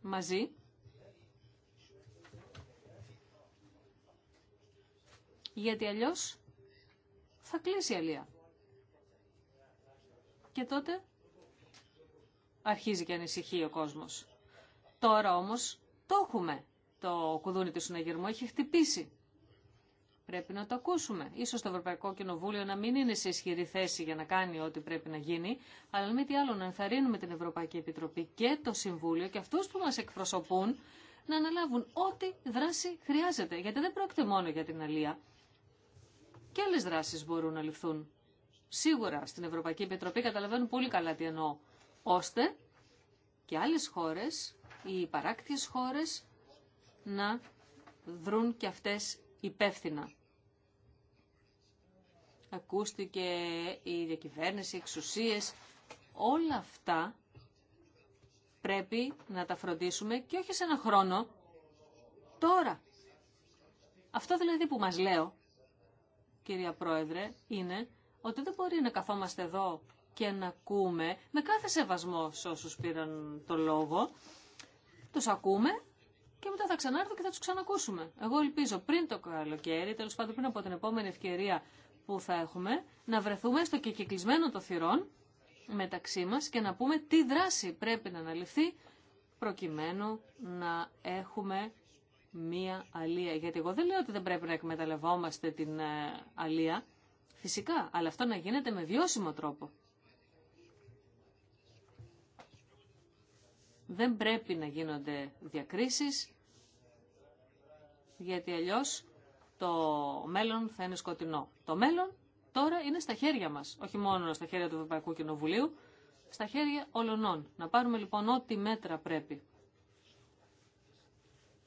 μαζί γιατί αλλιώς θα κλείσει η αλία. Και τότε αρχίζει και ανησυχεί ο κόσμος. Τώρα όμως το έχουμε. Το κουδούνι του συναγερμού έχει χτυπήσει. Πρέπει να το ακούσουμε. Ίσως το Ευρωπαϊκό Κοινοβούλιο να μην είναι σε ισχυρή θέση για να κάνει ό,τι πρέπει να γίνει, αλλά μην τι άλλο να ενθαρρύνουμε την Ευρωπαϊκή Επιτροπή και το Συμβούλιο και αυτούς που μας εκπροσωπούν να αναλάβουν ό,τι δράση χρειάζεται. Γιατί δεν πρόκειται μόνο για την αλία. Και άλλε δράσεις μπορούν να ληφθούν. Σίγουρα στην Ευρωπαϊκή Επιτροπή καταλαβαίνουν πολύ καλά τι εννοώ ώστε και άλλες χώρες, οι παράκτιες χώρες, να δρουν και αυτές υπεύθυνα. Ακούστηκε η διακυβέρνηση, οι εξουσίες, όλα αυτά πρέπει να τα φροντίσουμε και όχι σε ένα χρόνο, τώρα. Αυτό δηλαδή που μας λέω, κυρία Πρόεδρε, είναι ότι δεν μπορεί να καθόμαστε εδώ και να ακούμε, με κάθε σεβασμό σε όσους πήραν το λόγο, τους ακούμε και μετά θα ξανάρθω και θα του ξανακούσουμε. Εγώ ελπίζω πριν το καλοκαίρι, τέλος πάντων πριν από την επόμενη ευκαιρία που θα έχουμε, να βρεθούμε στο κυκλισμένο το θυρών μεταξύ μα και να πούμε τι δράση πρέπει να αναλυφθεί προκειμένου να έχουμε μία αλία. Γιατί εγώ δεν λέω ότι δεν πρέπει να εκμεταλλευόμαστε την ε, αλία, φυσικά, αλλά αυτό να γίνεται με βιώσιμο τρόπο. δεν πρέπει να γίνονται διακρίσεις, γιατί αλλιώς το μέλλον θα είναι σκοτεινό. Το μέλλον τώρα είναι στα χέρια μας, όχι μόνο στα χέρια του Ευρωπαϊκού Κοινοβουλίου, στα χέρια ολωνών. Να πάρουμε λοιπόν ό,τι μέτρα πρέπει.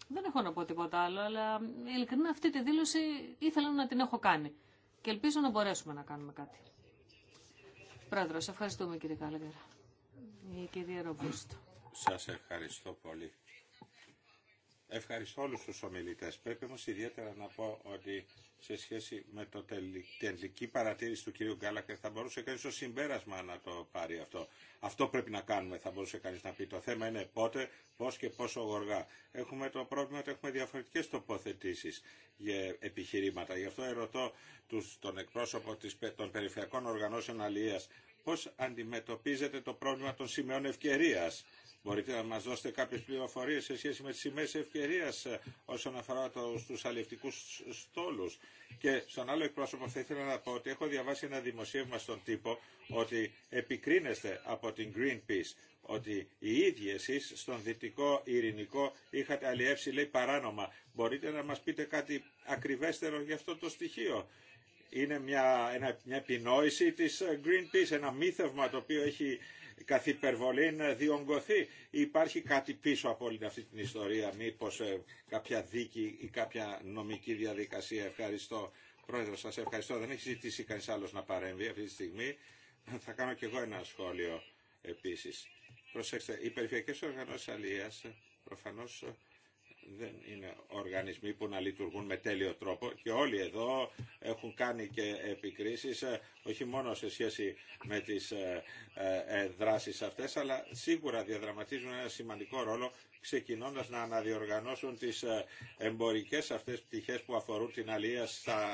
Δεν έχω να πω τίποτα άλλο, αλλά ειλικρινά αυτή τη δήλωση ήθελα να την έχω κάνει. Και ελπίζω να μπορέσουμε να κάνουμε κάτι. Πρόεδρος, ευχαριστούμε κύριε Κάλεγερα. Η κυρία Ρομπούστο. Σας ευχαριστώ πολύ. Ευχαριστώ όλους τους ομιλητές. Πρέπει όμως ιδιαίτερα να πω ότι σε σχέση με το τελική παρατήρηση του κυρίου Γκάλακερ θα μπορούσε κανείς το συμπέρασμα να το πάρει αυτό. Αυτό πρέπει να κάνουμε, θα μπορούσε κανείς να πει. Το θέμα είναι πότε, πώς και πόσο γοργά. Έχουμε το πρόβλημα ότι έχουμε διαφορετικές τοποθετήσεις για επιχειρήματα. Γι' αυτό ερωτώ τους, τον εκπρόσωπο των Περιφερειακών Οργανώσεων Αλληλείας πώς αντιμετωπίζετε το πρόβλημα των σημεών ευκαιρίας Μπορείτε να μας δώσετε κάποιες πληροφορίες σε σχέση με τις σημαίες ευκαιρίας ε, όσον αφορά του στους αλληλευτικούς στόλους. Και στον άλλο εκπρόσωπο θα ήθελα να πω ότι έχω διαβάσει ένα δημοσίευμα στον τύπο ότι επικρίνεστε από την Greenpeace ότι οι ίδιοι εσείς στον Δυτικό Ειρηνικό είχατε αλλιεύσει λέει παράνομα. Μπορείτε να μας πείτε κάτι ακριβέστερο για αυτό το στοιχείο. Είναι μια, μια επινόηση της ε, Greenpeace, ένα μύθευμα το οποίο έχει καθ' υπερβολή ε, διονγκωθεί. Υπάρχει κάτι πίσω από όλη αυτή την ιστορία, μήπως ε, κάποια δίκη ή κάποια νομική διαδικασία. Ευχαριστώ. Πρόεδρο, σας ευχαριστώ. Δεν έχει ζητήσει κανείς άλλος να παρέμβει αυτή τη στιγμή. Θα κάνω κι εγώ ένα σχόλιο επίσης. Προσέξτε, οι περιφερειακές οργανώσεις αλληλείας ε, προφανώς δεν είναι οργανισμοί που να λειτουργούν με τέλειο τρόπο και όλοι εδώ έχουν κάνει και επικρίσεις ε, όχι μόνο σε σχέση με τις ε, ε, δράσεις αυτές αλλά σίγουρα διαδραματίζουν ένα σημαντικό ρόλο ξεκινώντας να αναδιοργανώσουν τις εμπορικές αυτές πτυχές που αφορούν την αλία στα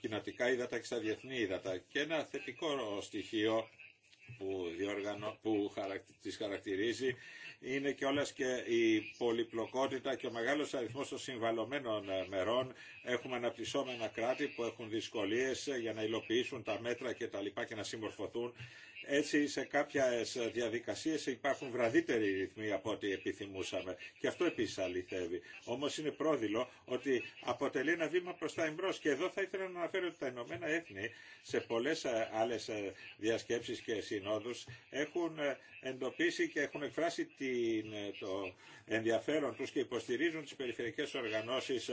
κοινοτικά ύδατα και στα διεθνή ύδατα. Και ένα θετικό στοιχείο που, διοργανώ, που τις χαρακτηρίζει είναι και όλας και η πολυπλοκότητα και ο μεγάλος αριθμός των συμβαλωμένων ε, μερών. Έχουμε αναπτυσσόμενα κράτη που έχουν δυσκολίες ε, για να υλοποιήσουν τα μέτρα και τα λοιπά και να συμμορφωθούν έτσι σε κάποιες διαδικασίες υπάρχουν βραδύτεροι ρυθμοί από ό,τι επιθυμούσαμε και αυτό επίσης αληθεύει. Όμως είναι πρόδειλο ότι αποτελεί ένα βήμα προς τα εμπρός και εδώ θα ήθελα να αναφέρω ότι τα Ηνωμένα Έθνη σε πολλές ε, άλλες ε, διασκέψεις και συνόδους έχουν ε, εντοπίσει και έχουν εκφράσει την, το ενδιαφέρον τους και υποστηρίζουν τις περιφερειακές οργανώσεις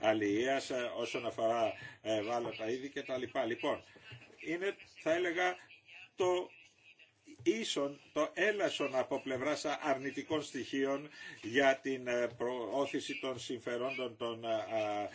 αλληλείας όσον αφορά βάλλοντα είδη κτλ. Λοιπόν, είναι θα έλεγα το το έλασον από πλευράς αρνητικών στοιχείων για την ε, προώθηση των συμφερόντων των ε, ε,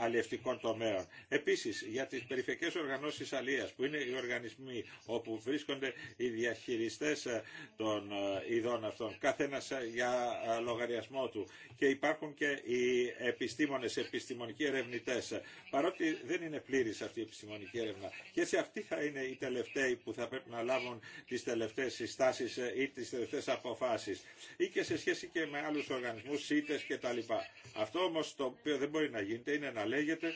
αλλιευτικών τομέων. Επίσης, για τις περιφερειακές οργανώσεις αλίας, που είναι οι οργανισμοί όπου βρίσκονται οι διαχειριστές ε, των ε, ειδών αυτών, κάθε ένας ε, για λογαριασμό του και υπάρχουν και οι επιστήμονες, επιστημονικοί ερευνητές, παρότι δεν είναι πλήρης αυτή η επιστημονική έρευνα. Και σε αυτοί θα είναι οι τελευταίοι που θα πρέπει να λάβουν τις τελευταίες συστάσεις ή τις τελευταίες αποφάσεις ή και σε σχέση και με άλλους οργανισμούς, τα κτλ. Αυτό όμως το οποίο δεν μπορεί να γίνεται είναι να λέγεται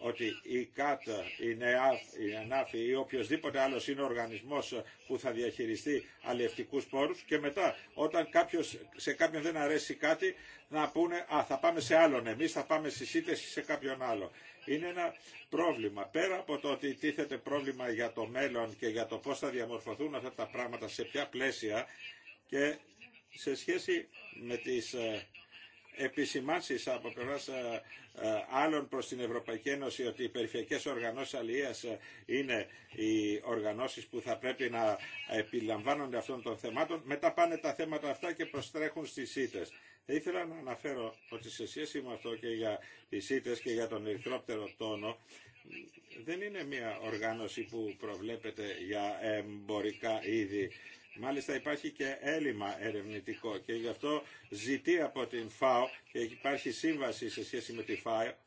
ότι η ΚΑΤ, η ΝΕΑΦ, η ΕΝΑΦΗ ή οποιοδήποτε άλλο είναι οργανισμό που θα διαχειριστεί αλλιευτικού πόρου και μετά όταν κάποιος, σε κάποιον δεν αρέσει κάτι να πούνε Α, θα πάμε σε άλλον. Εμεί θα πάμε στη σύνθεση σε κάποιον άλλο. Είναι ένα πρόβλημα. Πέρα από το ότι τίθεται πρόβλημα για το μέλλον και για το πώ θα διαμορφωθούν αυτά τα πράγματα, σε ποια πλαίσια και σε σχέση με τις ε, επισημάνσεις από πλευράς ε, ε, άλλων προς την Ευρωπαϊκή Ένωση ότι οι περιφερειακές οργανώσεις αλληλείας ε, είναι οι οργανώσεις που θα πρέπει να επιλαμβάνονται αυτών των θεμάτων. Μετά πάνε τα θέματα αυτά και προστρέχουν στις ΣΥΤΕΣ. Θα ήθελα να αναφέρω ότι σε σχέση με αυτό και για τις ΣΥΤΕΣ και για τον ερυθρόπτερο τόνο δεν είναι μια οργάνωση που προβλέπεται για εμπορικά είδη Μάλιστα υπάρχει και έλλειμμα ερευνητικό και γι' αυτό ζητεί από την ΦΑΟ και υπάρχει σύμβαση σε σχέση με τη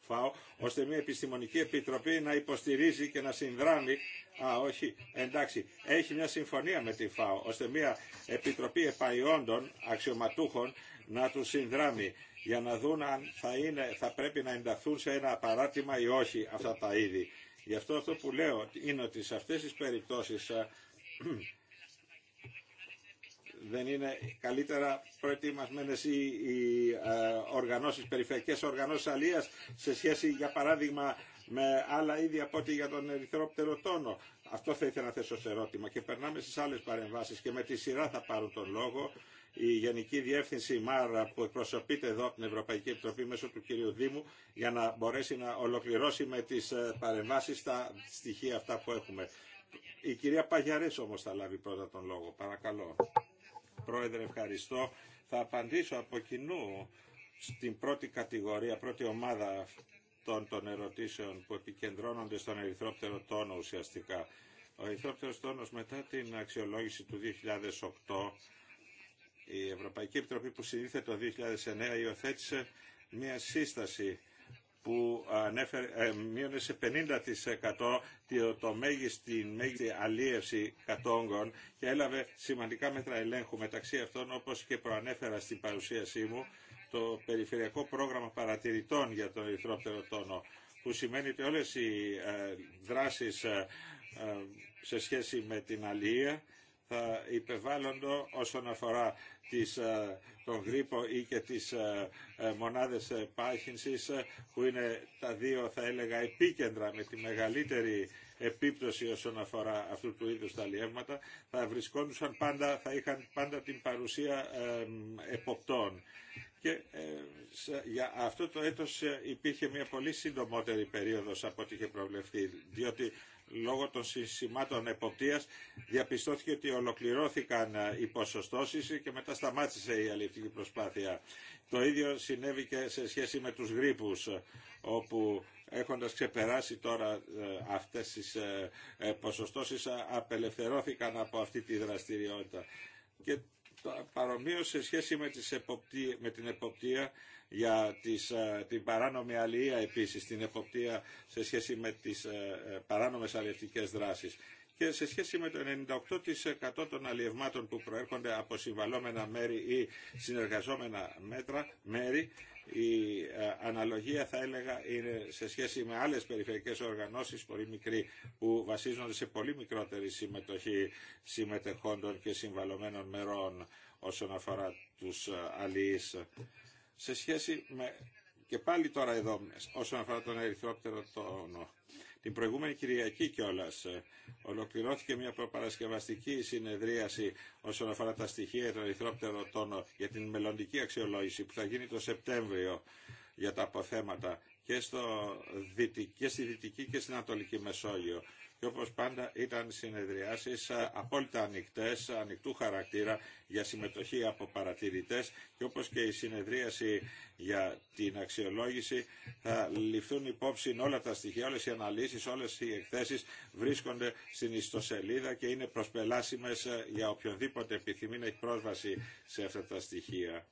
ΦΑΟ ώστε μια επιστημονική επιτροπή να υποστηρίζει και να συνδράμει Α, όχι, εντάξει. Έχει μια συμφωνία με τη ΦΑΟ, ώστε μια επιτροπή επαϊόντων αξιωματούχων να τους συνδράμει για να δουν αν θα, είναι, θα πρέπει να ενταχθούν σε ένα παράτημα ή όχι αυτά τα είδη. Γι' αυτό αυτό που λέω είναι ότι σε αυτές τις περιπτώσεις δεν είναι καλύτερα προετοιμασμένες οι, οι ε, οργανώσεις, περιφερειακές οργανώσεις αλίας σε σχέση για παράδειγμα με άλλα είδη από ό,τι για τον ερυθρό τόνο. Αυτό θα ήθελα να θέσω σε ερώτημα και περνάμε στις άλλες παρεμβάσεις και με τη σειρά θα πάρω τον λόγο η Γενική Διεύθυνση ΜΑΡΑ που εκπροσωπείται εδώ από την Ευρωπαϊκή Επιτροπή μέσω του κυρίου Δήμου για να μπορέσει να ολοκληρώσει με τις ε, παρεμβάσεις τα στοιχεία αυτά που έχουμε. Η κυρία Παγιάρέ όμως θα λάβει πρώτα τον λόγο. Παρακαλώ. Πρόεδρε, ευχαριστώ. Θα απαντήσω από κοινού στην πρώτη κατηγορία, πρώτη ομάδα αυτών των ερωτήσεων που επικεντρώνονται στον ερυθρόπτερο τόνο ουσιαστικά. Ο ερυθρόπτερος τόνος μετά την αξιολόγηση του 2008, η Ευρωπαϊκή Επιτροπή που συνήθεται το 2009 υιοθέτησε μια σύσταση που ανέφερε, ε, μείωνε σε 50% το μέγιστη, μέγιστη αλίευση κατόγκων και έλαβε σημαντικά μέτρα ελέγχου μεταξύ αυτών όπως και προανέφερα στην παρουσίασή μου το Περιφερειακό Πρόγραμμα Παρατηρητών για τον Ερυθρόπτερο Τόνο που σημαίνει ότι όλες οι ε, δράσεις ε, σε σχέση με την αλία θα ε, υπεβάλλοντο όσον αφορά τις, ε, τον γρήπο ή και τις ε, μονάδες πάχυνσης που είναι τα δύο θα έλεγα επίκεντρα με τη μεγαλύτερη επίπτωση όσον αφορά αυτού του είδους τα λιεύματα θα βρισκόντουσαν πάντα, θα είχαν πάντα την παρουσία εποπτών. Και για αυτό το έτος υπήρχε μια πολύ συντομότερη περίοδος από ό,τι είχε προβλεφθεί, διότι λόγω των συστημάτων εποπτείας διαπιστώθηκε ότι ολοκληρώθηκαν ε, οι ποσοστώσεις και μετά σταμάτησε η αλληλευτική προσπάθεια. Το ίδιο συνέβη και σε σχέση με τους γρίπους ε, όπου έχοντας ξεπεράσει τώρα ε, αυτές τις ποσοστώσεις απελευθερώθηκαν από αυτή τη δραστηριότητα. Και παρομοίως σε σχέση με, με την εποπτεία για τις, ε, την παράνομη αλληλεία επίσης, την εποπτεία σε σχέση με τις ε, ε, παράνομες αλληλευτικές δράσεις και σε σχέση με το 98% των αλλιευμάτων που προέρχονται από συμβαλόμενα μέρη ή συνεργαζόμενα μέτρα, μέρη, η ε, αναλογία θα έλεγα είναι σε σχέση με άλλες περιφερειακές οργανώσεις πολύ μικρή που βασίζονται σε πολύ μικρότερη συμμετοχή συμμετεχόντων και συμβαλωμένων μερών όσον αφορά τους ε, αλληλείς. Σε σχέση με... Και πάλι τώρα εδώ όσον αφορά τον ερυθρόπτερο τόνο. Την προηγούμενη Κυριακή κιόλα ε, ολοκληρώθηκε μια προπαρασκευαστική συνεδρίαση όσον αφορά τα στοιχεία των ερυθρόπτερων τόνων για την μελλοντική αξιολόγηση που θα γίνει το Σεπτέμβριο για τα αποθέματα και, στο και στη Δυτική και στην Ανατολική Μεσόγειο και όπως πάντα ήταν συνεδριάσεις ε, απόλυτα ανοιχτές, ανοιχτού χαρακτήρα για συμμετοχή από παρατηρητές και όπως και η συνεδρίαση για την αξιολόγηση θα ληφθούν υπόψη όλα τα στοιχεία, όλες οι αναλύσεις, όλες οι εκθέσεις βρίσκονται στην ιστοσελίδα και είναι προσπελάσιμες ε, για οποιονδήποτε επιθυμεί να έχει πρόσβαση σε αυτά τα στοιχεία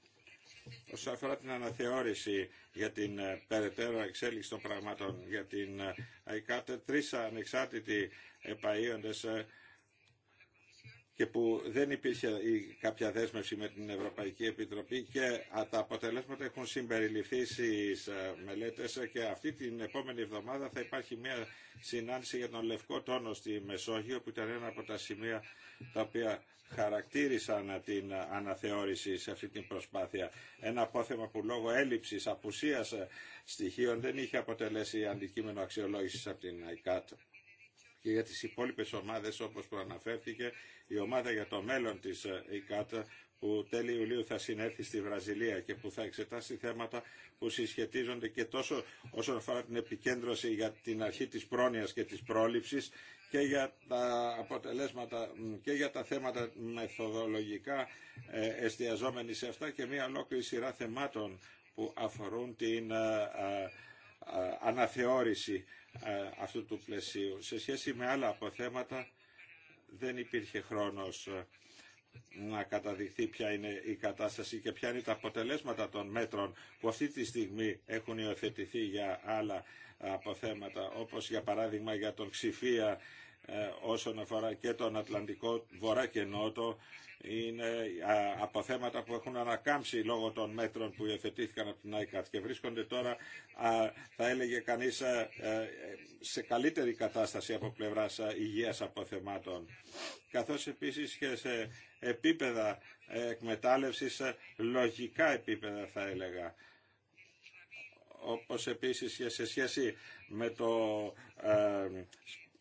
όσον αφορά την αναθεώρηση για την ε, περαιτέρω εξέλιξη των πραγμάτων για την ε, ΑΕΚΑΤ, τρει ανεξάρτητοι επαείοντε ε, και που δεν υπήρχε κάποια δέσμευση με την Ευρωπαϊκή Επιτροπή και τα αποτελέσματα έχουν συμπεριληφθεί στις μελέτες και αυτή την επόμενη εβδομάδα θα υπάρχει μια συνάντηση για τον Λευκό Τόνο στη Μεσόγειο που ήταν ένα από τα σημεία τα οποία χαρακτήρισαν την αναθεώρηση σε αυτή την προσπάθεια. Ένα απόθεμα που λόγω έλλειψης, απουσίας στοιχείων δεν είχε αποτελέσει αντικείμενο αξιολόγησης από την ΑΙΚΑΤ. Και για τις υπόλοιπες ομάδες όπως προαναφέρθηκε, η ομάδα για το μέλλον της ΙΚΑΤ που τέλη Ιουλίου θα συνέρθει στη Βραζιλία και που θα εξετάσει θέματα που συσχετίζονται και τόσο όσον αφορά την επικέντρωση για την αρχή της πρόνοιας και της πρόληψης και για τα αποτελέσματα και για τα θέματα μεθοδολογικά ε, εστιαζόμενοι σε αυτά και μια ολόκληρη σειρά θεμάτων που αφορούν την ε, ε, αναθεώρηση αυτού του πλαισίου. Σε σχέση με άλλα αποθέματα δεν υπήρχε χρόνος να καταδειχθεί ποια είναι η κατάσταση και ποια είναι τα αποτελέσματα των μέτρων που αυτή τη στιγμή έχουν υιοθετηθεί για άλλα αποθέματα, όπως για παράδειγμα για τον Ξηφία ε, όσον αφορά και τον Ατλαντικό Βορρά και Νότο είναι από θέματα που έχουν ανακάμψει λόγω των μέτρων που υιοθετήθηκαν από την ΆΙΚΑΤ και βρίσκονται τώρα, θα έλεγε κανείς, ε, ε, σε καλύτερη κατάσταση από πλευράς υγείας αποθεμάτων. Καθώς επίσης και σε επίπεδα εκμετάλλευσης, λογικά επίπεδα θα έλεγα όπως επίσης και σε σχέση με το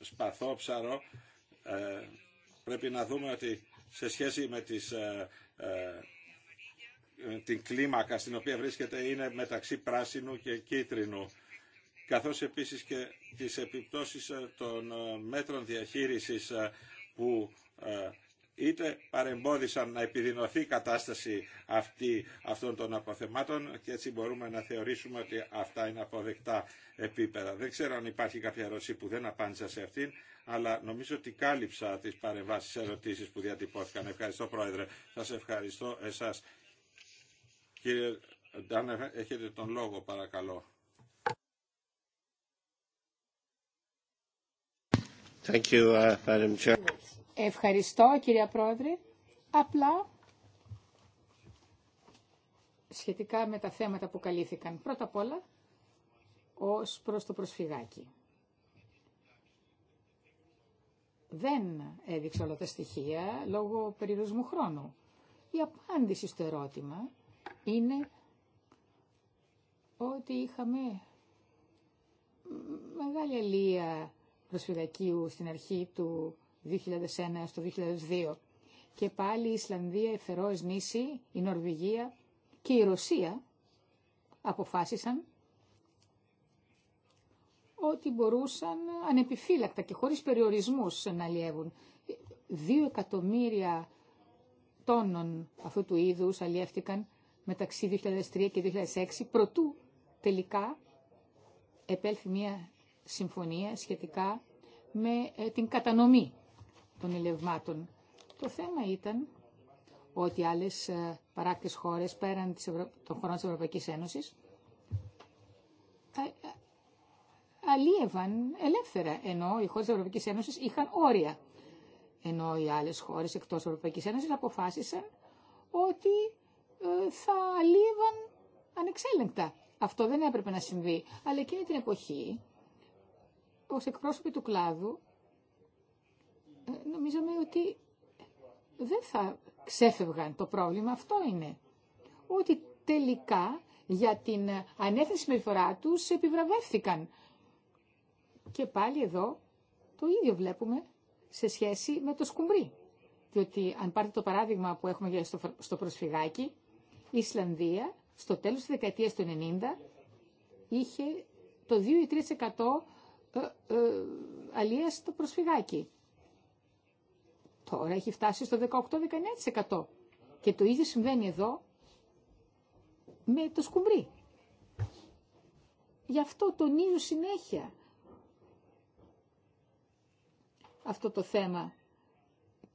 σπαθόψαρο ε, πρέπει να δούμε ότι σε σχέση με τις ε, ε, την κλίμακα στην οποία βρίσκεται είναι μεταξύ πράσινου και κίτρινου καθώς επίσης και τις επιπτώσεις των μέτρων διαχείρισης που είτε παρεμπόδισαν να επιδεινωθεί η κατάσταση αυτή, αυτών των αποθεμάτων και έτσι μπορούμε να θεωρήσουμε ότι αυτά είναι αποδεκτά επίπεδα. Δεν ξέρω αν υπάρχει κάποια ερώτηση που δεν απάντησα σε αυτήν, αλλά νομίζω ότι κάλυψα τις παρεμβάσεις ερωτήσεις που διατυπώθηκαν. Ευχαριστώ Πρόεδρε. Σας ευχαριστώ εσάς. Κύριε Ντάνερ, έχετε τον λόγο παρακαλώ. Thank you, uh, Ευχαριστώ κυρία Πρόεδρε. Απλά σχετικά με τα θέματα που καλύφθηκαν. Πρώτα απ' όλα ως προς το προσφυγάκι. Δεν έδειξα όλα τα στοιχεία λόγω περιορισμού χρόνου. Η απάντηση στο ερώτημα είναι ότι είχαμε μεγάλη αλία προσφυγακίου στην αρχή του 2001 στο 2002. Και πάλι η Ισλανδία, η Φερόες νήσι, η Νορβηγία και η Ρωσία αποφάσισαν ότι μπορούσαν ανεπιφύλακτα και χωρίς περιορισμούς να αλλιεύουν. Δύο εκατομμύρια τόνων αυτού του είδους αλλιεύτηκαν μεταξύ 2003 και 2006, προτού τελικά επέλθει μια συμφωνία σχετικά με ε, την κατανομή των ελευμάτων. Το θέμα ήταν ότι άλλες ε, παράκτες χώρες πέραν των χωρών της Ευρωπαϊκής Ένωσης αλίευαν ελεύθερα, ενώ οι χώρες της Ευρωπαϊκής Ένωσης είχαν όρια. Ενώ οι άλλες χώρες εκτός Ευρωπαϊκής Ένωσης αποφάσισαν ότι ε, θα αλίευαν ανεξέλεγκτα. Αυτό δεν έπρεπε να συμβεί. Αλλά εκείνη την εποχή, ως εκπρόσωποι του κλάδου, νομίζαμε ότι δεν θα ξέφευγαν το πρόβλημα. Αυτό είναι. Ότι τελικά για την ανέθεση συμπεριφορά τους επιβραβεύθηκαν. Και πάλι εδώ το ίδιο βλέπουμε σε σχέση με το σκουμπρί. Διότι αν πάρετε το παράδειγμα που έχουμε στο προσφυγάκι, η Ισλανδία στο τέλος της δεκαετίας του 90 είχε το 2 ή 3% ε, ε, αλία στο προσφυγάκι. Τώρα έχει φτάσει στο 18-19%. Και το ίδιο συμβαίνει εδώ με το σκουμπρί. Γι' αυτό τονίζω συνέχεια αυτό το θέμα.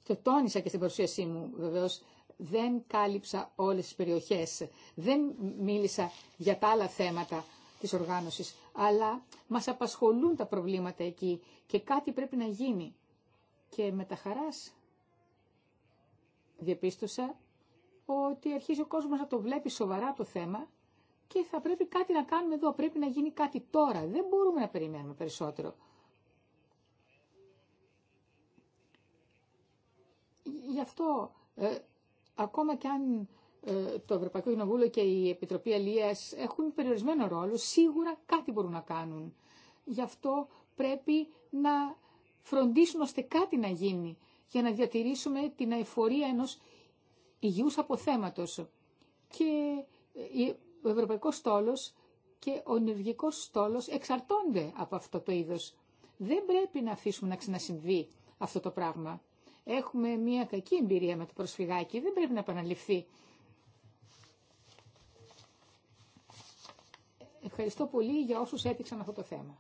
Το τόνισα και στην παρουσίασή μου βεβαίως. Δεν κάλυψα όλες τις περιοχές. Δεν μίλησα για τα άλλα θέματα της οργάνωσης. Αλλά μας απασχολούν τα προβλήματα εκεί και κάτι πρέπει να γίνει. Και με τα χαράς διαπίστωσα ότι αρχίζει ο κόσμος να το βλέπει σοβαρά το θέμα και θα πρέπει κάτι να κάνουμε εδώ, πρέπει να γίνει κάτι τώρα. Δεν μπορούμε να περιμένουμε περισσότερο. Γι' αυτό, ε, ακόμα και αν ε, το Ευρωπαϊκό Κοινοβούλιο και η Επιτροπή Αλίας έχουν περιορισμένο ρόλο, σίγουρα κάτι μπορούν να κάνουν. Γι' αυτό πρέπει να φροντίσουν ώστε κάτι να γίνει για να διατηρήσουμε την αηφορία ενός υγιούς αποθέματος. Και ε, ο ευρωπαϊκός στόλος και ο νευγικός στόλος εξαρτώνται από αυτό το είδος. Δεν πρέπει να αφήσουμε να ξανασυμβεί αυτό το πράγμα. Έχουμε μια κακή εμπειρία με το προσφυγάκι, δεν πρέπει να επαναληφθεί. Ευχαριστώ πολύ για όσους έδειξαν αυτό το θέμα.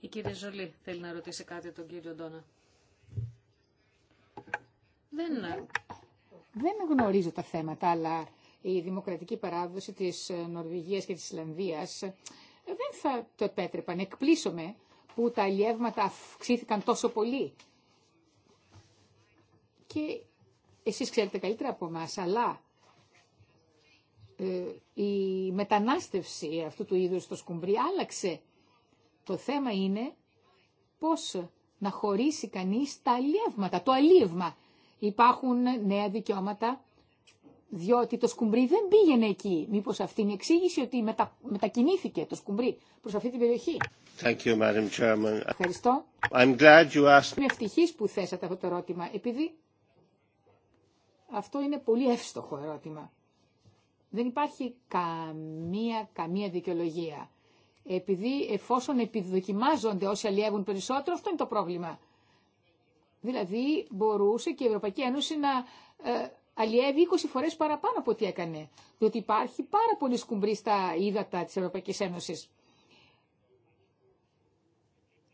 Η κυρία Ζολή θέλει να ρωτήσει κάτι τον κύριο Ντόνα. Δεν... Ε, γνωρίζω τα θέματα, αλλά η δημοκρατική παράδοση της ε, Νορβηγίας και της Ισλανδίας ε, δεν θα το επέτρεπαν. Εκπλήσωμε που τα αλλιεύματα αυξήθηκαν τόσο πολύ. Και εσείς ξέρετε καλύτερα από εμά, αλλά ε, η μετανάστευση αυτού του είδους στο σκουμπρί άλλαξε. Το θέμα είναι πώς να χωρίσει κανείς τα αλλιεύματα, το αλλιεύμα. Υπάρχουν νέα δικαιώματα, διότι το σκουμπρί δεν πήγαινε εκεί. Μήπως αυτή είναι η εξήγηση ότι μετα... μετακινήθηκε το σκουμπρί προς αυτή την περιοχή. you, Ευχαριστώ. I'm glad you asked... Είμαι ευτυχής που θέσατε αυτό το ερώτημα, επειδή αυτό είναι πολύ εύστοχο ερώτημα. Δεν υπάρχει καμία, καμία δικαιολογία. Επειδή εφόσον επιδοκιμάζονται όσοι αλλιεύουν περισσότερο, αυτό είναι το πρόβλημα. Δηλαδή μπορούσε και η Ευρωπαϊκή Ένωση να ε, αλλιεύει 20 φορές παραπάνω από ό,τι έκανε. Διότι υπάρχει πάρα πολύ σκουμπρή στα ύδατα της Ευρωπαϊκής Ένωσης.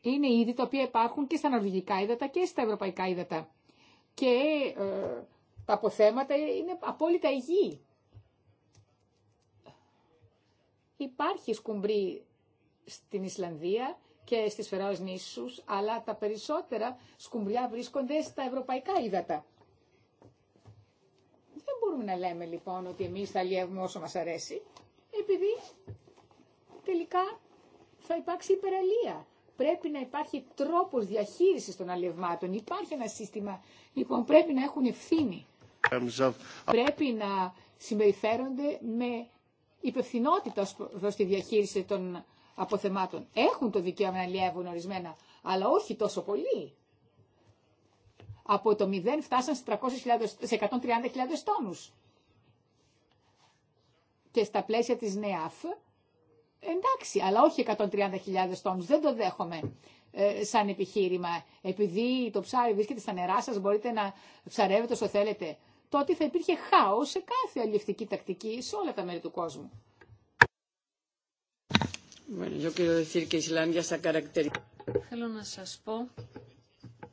Είναι είδη τα οποία υπάρχουν και στα νορβηγικά ύδατα και στα ευρωπαϊκά ύδατα. Και ε, τα αποθέματα είναι απόλυτα υγιή. Υπάρχει σκουμπρί στην Ισλανδία και στις Φερόες νήσους, αλλά τα περισσότερα σκουμπριά βρίσκονται στα ευρωπαϊκά ύδατα. Δεν μπορούμε να λέμε λοιπόν ότι εμείς θα αλλιεύουμε όσο μας αρέσει, επειδή τελικά θα υπάρξει υπεραλία. Πρέπει να υπάρχει τρόπος διαχείρισης των αλλιευμάτων. Υπάρχει ένα σύστημα, λοιπόν πρέπει να έχουν ευθύνη. Πρέπει να συμπεριφέρονται με υπευθυνότητα προ τη διαχείριση των αποθεμάτων. Έχουν το δικαίωμα να λιεύουν ορισμένα, αλλά όχι τόσο πολύ. Από το 0 φτάσαν σε, σε 130.000 τόνους. Και στα πλαίσια της ΝΕΑΦ, εντάξει, αλλά όχι 130.000 τόνους, δεν το δέχομαι ε, σαν επιχείρημα. Επειδή το ψάρι βρίσκεται στα νερά σας, μπορείτε να ψαρεύετε όσο θέλετε τότε θα υπήρχε χάος σε κάθε αλληλευτική τακτική σε όλα τα μέρη του κόσμου. Θέλω να σας πω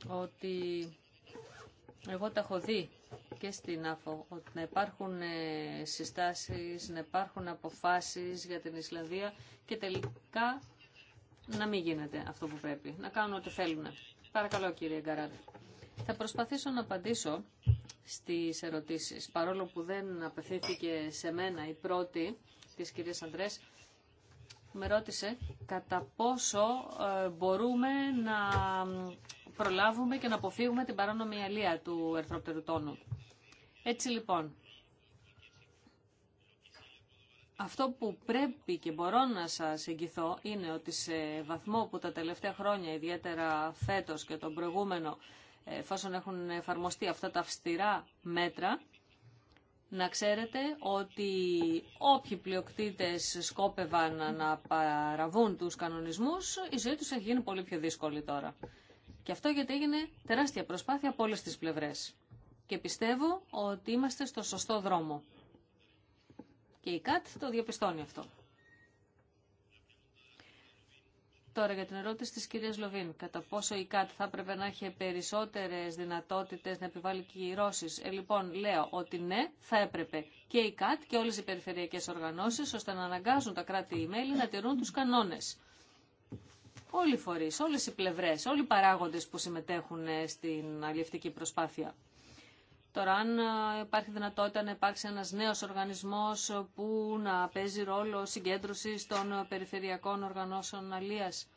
ότι εγώ τα έχω δει και στην ΑΦΟ, ότι να υπάρχουν ε, συστάσεις, να υπάρχουν αποφάσεις για την Ισλανδία και τελικά να μην γίνεται αυτό που πρέπει, να κάνουν ό,τι θέλουν. Παρακαλώ κύριε Γκαράτ. Θα προσπαθήσω να απαντήσω στις ερωτήσεις. Παρόλο που δεν απευθύνθηκε σε μένα η πρώτη της κυρίας Αντρές, με ρώτησε κατά πόσο ε, μπορούμε να προλάβουμε και να αποφύγουμε την παράνομη αλία του ερθρόπτερου τόνου. Έτσι λοιπόν, αυτό που πρέπει και μπορώ να σας εγγυθώ είναι ότι σε βαθμό που τα τελευταία χρόνια, ιδιαίτερα φέτος και τον προηγούμενο, εφόσον έχουν εφαρμοστεί αυτά τα αυστηρά μέτρα, να ξέρετε ότι όποιοι πλειοκτήτες σκόπευαν να παραβούν τους κανονισμούς, η ζωή τους έχει γίνει πολύ πιο δύσκολη τώρα. Και αυτό γιατί έγινε τεράστια προσπάθεια από όλες τις πλευρές. Και πιστεύω ότι είμαστε στο σωστό δρόμο. Και η ΚΑΤ το διαπιστώνει αυτό. Τώρα για την ερώτηση της κυρίας Λοβίν, κατά πόσο η ΚΑΤ θα έπρεπε να έχει περισσότερες δυνατότητες να επιβάλλει κυρώσεις. Ε, λοιπόν, λέω ότι ναι, θα έπρεπε και η ΚΑΤ και όλες οι περιφερειακές οργανώσεις, ώστε να αναγκάζουν τα κράτη-μέλη να τηρούν τους κανόνες. Όλοι οι φορείς, όλες οι πλευρές, όλοι οι παράγοντες που συμμετέχουν ε, στην αλληλευτική προσπάθεια. Τώρα, αν ε, υπάρχει δυνατότητα να υπάρξει ένας νέος οργανισμός που να παίζει ρόλο συγκέντρωσης των περιφερειακών οργανώσεων αλίας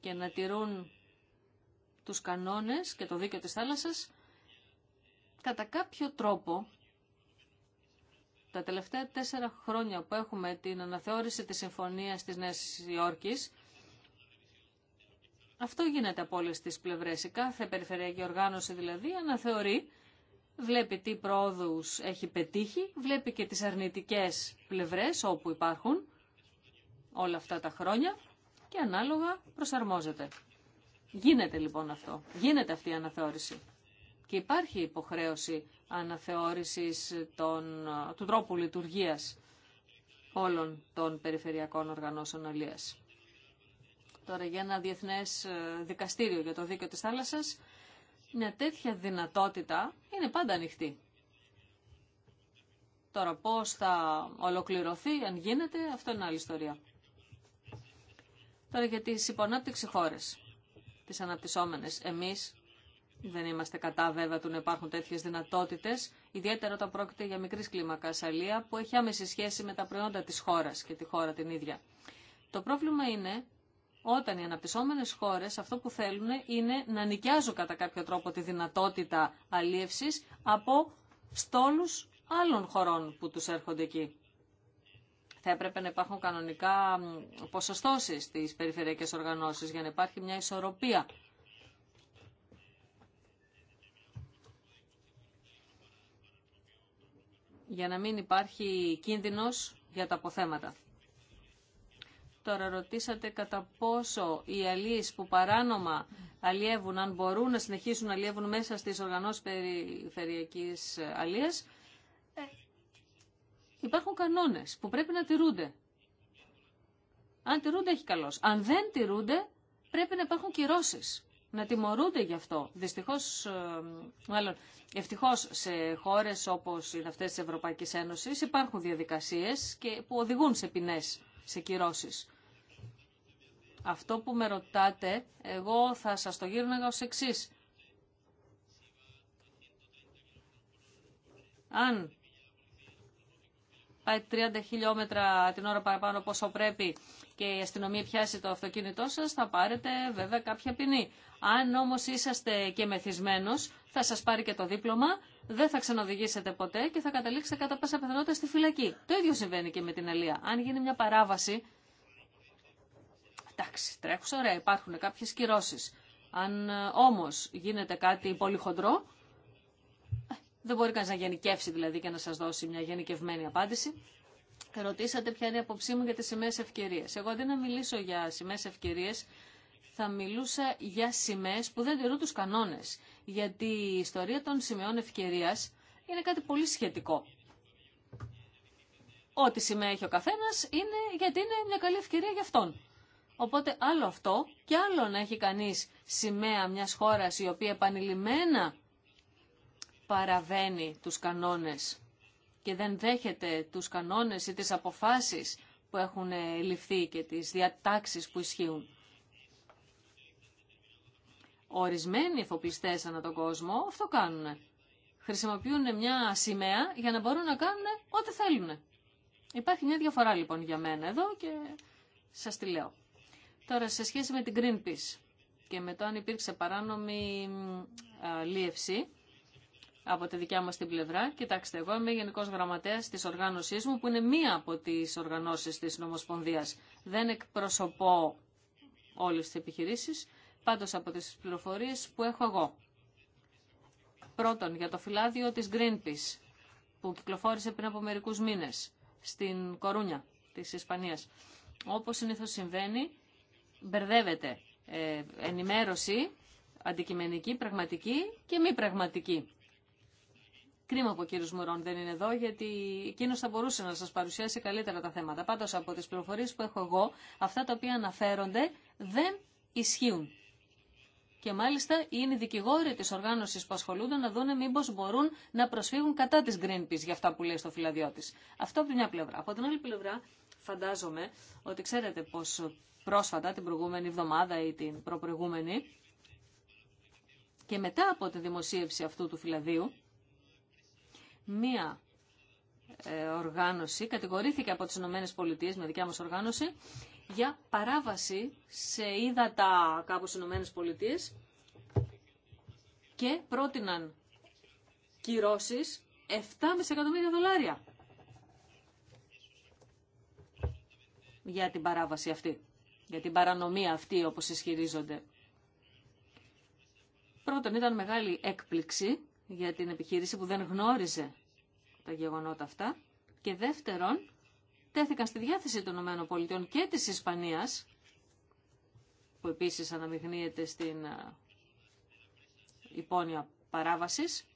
και να τηρούν τους κανόνες και το δίκαιο της θάλασσας, κατά κάποιο τρόπο, τα τελευταία τέσσερα χρόνια που έχουμε την αναθεώρηση της Συμφωνίας της Νέας Υόρκης, αυτό γίνεται από όλε τι πλευρέ Η κάθε περιφερειακή οργάνωση δηλαδή αναθεωρεί, βλέπει τι πρόοδου έχει πετύχει, βλέπει και τις αρνητικές πλευρές όπου υπάρχουν όλα αυτά τα χρόνια και ανάλογα προσαρμόζεται. Γίνεται λοιπόν αυτό. Γίνεται αυτή η αναθεώρηση. Και υπάρχει υποχρέωση αναθεώρησης των, του τρόπου λειτουργίας όλων των περιφερειακών οργανώσεων αλίας τώρα για ένα διεθνές ε, δικαστήριο για το δίκαιο της θάλασσας, μια τέτοια δυνατότητα είναι πάντα ανοιχτή. Τώρα πώς θα ολοκληρωθεί, αν γίνεται, αυτό είναι άλλη ιστορία. Τώρα για τις υπονάπτυξη χώρες, τις αναπτυσσόμενες, εμείς δεν είμαστε κατά βέβαια του να υπάρχουν τέτοιε δυνατότητες, ιδιαίτερα όταν πρόκειται για μικρή κλίμακα σαλία που έχει άμεση σχέση με τα προϊόντα της χώρας και τη χώρα την ίδια. Το πρόβλημα είναι όταν οι αναπτυσσόμενες χώρες αυτό που θέλουν είναι να νοικιάζουν κατά κάποιο τρόπο τη δυνατότητα αλίευσης από στόλους άλλων χωρών που τους έρχονται εκεί. Θα έπρεπε να υπάρχουν κανονικά ποσοστώσεις στις περιφερειακές οργανώσεις για να υπάρχει μια ισορροπία. Για να μην υπάρχει κίνδυνος για τα αποθέματα. Τώρα ρωτήσατε κατά πόσο οι αλείς που παράνομα αλλιεύουν, αν μπορούν να συνεχίσουν να αλλιεύουν μέσα στις οργανώσεις περιφερειακής αλίας, ε, υπάρχουν κανόνες που πρέπει να τηρούνται. Αν τηρούνται έχει καλώς. Αν δεν τηρούνται πρέπει να υπάρχουν κυρώσεις. Να τιμωρούνται γι' αυτό. Δυστυχώς, ε, μάλλον, ευτυχώς σε χώρες όπως είναι αυτές της Ευρωπαϊκής Ένωσης υπάρχουν διαδικασίες που οδηγούν σε ποινές σε κυρώσεις. Αυτό που με ρωτάτε, εγώ θα σας το γύρναγα ως εξή. Αν πάει 30 χιλιόμετρα την ώρα παραπάνω πόσο πρέπει και η αστυνομία πιάσει το αυτοκίνητό σας, θα πάρετε βέβαια κάποια ποινή. Αν όμως είσαστε και μεθυσμένος, θα σας πάρει και το δίπλωμα, δεν θα ξαναοδηγήσετε ποτέ και θα καταλήξετε κατά πάσα πιθανότητα στη φυλακή. Το ίδιο συμβαίνει και με την Αλία. Αν γίνει μια παράβαση, εντάξει, τρέχουσα ωραία, υπάρχουν κάποιες κυρώσεις. Αν ε, όμως γίνεται κάτι πολύ χοντρό, ε, δεν μπορεί κανείς να γενικεύσει δηλαδή και να σας δώσει μια γενικευμένη απάντηση. Ρωτήσατε ποια είναι η απόψή μου για τις σημαίες ευκαιρίες. Εγώ αντί να μιλήσω για σημαίες ευκαιρίες, θα μιλούσα για σημαίες που δεν τηρούν τους κανόνες. Γιατί η ιστορία των σημαίων ευκαιρίας είναι κάτι πολύ σχετικό. Ό,τι σημαία έχει ο καθένας είναι γιατί είναι μια καλή ευκαιρία για αυτόν. Οπότε άλλο αυτό και άλλο να έχει κανείς σημαία μιας χώρας η οποία επανειλημμένα παραβαίνει τους κανόνες και δεν δέχεται τους κανόνες ή τις αποφάσεις που έχουν ε, ληφθεί και τις διατάξεις που ισχύουν. Ορισμένοι εφοπλιστές ανά τον κόσμο αυτό κάνουν. Χρησιμοποιούν μια σημαία για να μπορούν να κάνουν ό,τι θέλουν. Υπάρχει μια διαφορά λοιπόν για μένα εδώ και σας τη λέω. Τώρα σε σχέση με την Greenpeace και με το αν υπήρξε παράνομη λίευση, από τη δικιά μας την πλευρά. Κοιτάξτε, εγώ είμαι γενικός γραμματέας της οργάνωσής μου, που είναι μία από τις οργανώσεις της Νομοσπονδίας. Δεν εκπροσωπώ όλες τις επιχειρήσεις, πάντως από τις πληροφορίες που έχω εγώ. Πρώτον, για το φυλάδιο της Greenpeace, που κυκλοφόρησε πριν από μερικούς μήνες στην Κορούνια της Ισπανίας. Όπως συνήθως συμβαίνει, μπερδεύεται ε, ενημέρωση αντικειμενική, πραγματική και μη πραγματική. Κρίμα που ο κύριο Μουρών δεν είναι εδώ, γιατί εκείνο θα μπορούσε να σα παρουσιάσει καλύτερα τα θέματα. Πάντω, από τι πληροφορίε που έχω εγώ, αυτά τα οποία αναφέρονται δεν ισχύουν. Και μάλιστα είναι οι δικηγόροι τη οργάνωση που ασχολούνται να δούνε μήπω μπορούν να προσφύγουν κατά τη Greenpeace για αυτά που λέει στο φυλαδιό τη. Αυτό από μια πλευρά. Από την άλλη πλευρά, φαντάζομαι ότι ξέρετε πω πρόσφατα, την προηγούμενη εβδομάδα ή την προπροηγούμενη, και μετά από τη δημοσίευση αυτού του φυλαδίου, μία ε, οργάνωση κατηγορήθηκε από τις Ηνωμένες Πολιτείες με δικιά μας οργάνωση για παράβαση σε ύδατα κάπου στις Ηνωμένες Πολιτείες και πρότειναν κυρώσεις 7,5 εκατομμύρια δολάρια για την παράβαση αυτή, για την παρανομία αυτή όπως ισχυρίζονται. Πρώτον ήταν μεγάλη έκπληξη για την επιχείρηση που δεν γνώριζε τα γεγονότα αυτά και δεύτερον τέθηκαν στη διάθεση των ΗΠΑ και της Ισπανίας που επίσης αναμειγνύεται στην υπόνοια παράβασης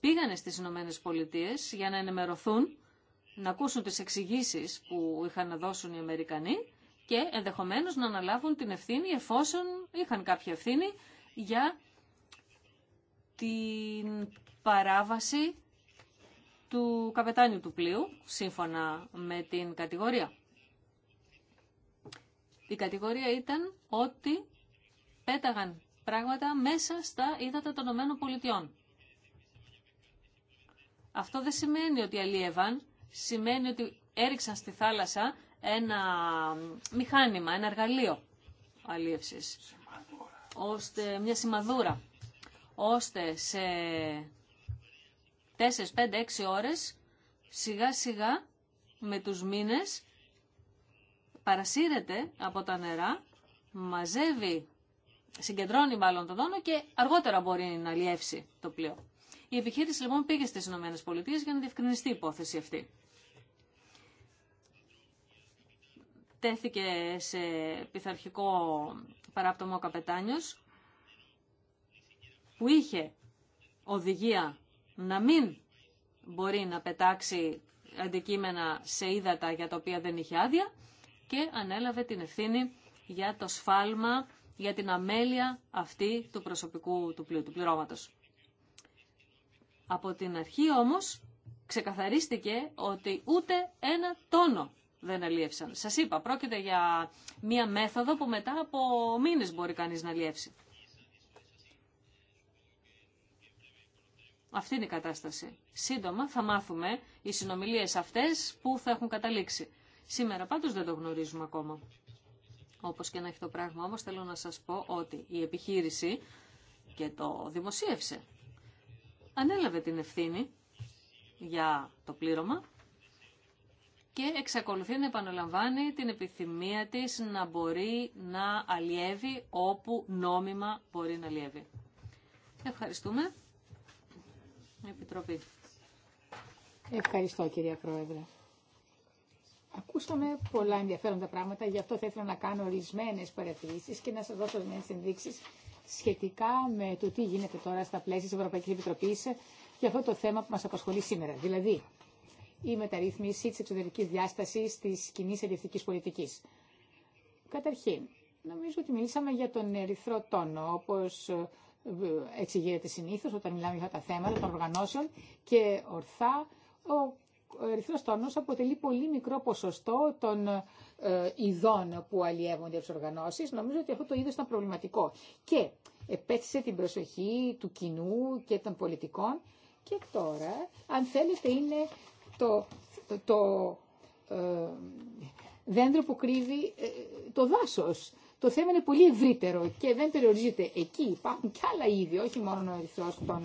πήγανε στις Ηνωμένε Πολιτείε για να ενημερωθούν να ακούσουν τις εξηγήσει που είχαν να δώσουν οι Αμερικανοί και ενδεχομένως να αναλάβουν την ευθύνη εφόσον είχαν κάποια ευθύνη για την παράβαση του καπετάνιου του πλοίου, σύμφωνα με την κατηγορία. Η κατηγορία ήταν ότι πέταγαν πράγματα μέσα στα ύδατα των ΗΠΑ. Αυτό δεν σημαίνει ότι αλίευαν, σημαίνει ότι έριξαν στη θάλασσα ένα μηχάνημα, ένα εργαλείο αλίευσης, ώστε μια σημαδούρα ώστε σε 4, 5, 6 ώρες σιγά σιγά με τους μήνες παρασύρεται από τα νερά, μαζεύει, συγκεντρώνει μάλλον τον δόνο και αργότερα μπορεί να λιεύσει το πλοίο. Η επιχείρηση λοιπόν πήγε στις Ηνωμένες Πολιτείες για να διευκρινιστεί η υπόθεση αυτή. Τέθηκε σε πειθαρχικό παράπτωμα ο καπετάνιος που είχε οδηγία να μην μπορεί να πετάξει αντικείμενα σε ύδατα για τα οποία δεν είχε άδεια και ανέλαβε την ευθύνη για το σφάλμα, για την αμέλεια αυτή του προσωπικού του, του πληρώματος. Από την αρχή όμως ξεκαθαρίστηκε ότι ούτε ένα τόνο δεν αλίευσαν. Σας είπα, πρόκειται για μία μέθοδο που μετά από μήνες μπορεί κανείς να αλλιεύσει. Αυτή είναι η κατάσταση. Σύντομα θα μάθουμε οι συνομιλίες αυτές που θα έχουν καταλήξει. Σήμερα πάντως δεν το γνωρίζουμε ακόμα. Όπως και να έχει το πράγμα όμως θέλω να σας πω ότι η επιχείρηση και το δημοσίευσε. Ανέλαβε την ευθύνη για το πλήρωμα και εξακολουθεί να επαναλαμβάνει την επιθυμία της να μπορεί να αλλιεύει όπου νόμιμα μπορεί να αλλιεύει. Ευχαριστούμε. Επιτροπή. Ευχαριστώ κυρία Πρόεδρε. Ακούσαμε πολλά ενδιαφέροντα πράγματα, γι' αυτό θα ήθελα να κάνω ορισμένε παρατηρήσει και να σα δώσω ορισμένε ενδείξει σχετικά με το τι γίνεται τώρα στα πλαίσια τη Ευρωπαϊκή Επιτροπή για αυτό το θέμα που μα απασχολεί σήμερα. Δηλαδή, η μεταρρύθμιση τη εξωτερική διάσταση τη κοινή ελευθερική πολιτική. Καταρχήν, νομίζω ότι μιλήσαμε για τον ερυθρό τόνο, όπω εξηγείται συνήθως όταν μιλάμε για τα θέματα των οργανώσεων και ορθά ο ερυθρός τόνος αποτελεί πολύ μικρό ποσοστό των ε, ειδών που αλλιεύονται από τις οργανώσεις. Νομίζω ότι αυτό το είδος ήταν προβληματικό. Και επέστησε την προσοχή του κοινού και των πολιτικών και τώρα, αν θέλετε, είναι το, ε, δέντρο που κρύβει ε, το δάσος το θέμα είναι πολύ ευρύτερο και δεν περιορίζεται εκεί. Υπάρχουν και άλλα είδη, όχι μόνο ο ερυθρό των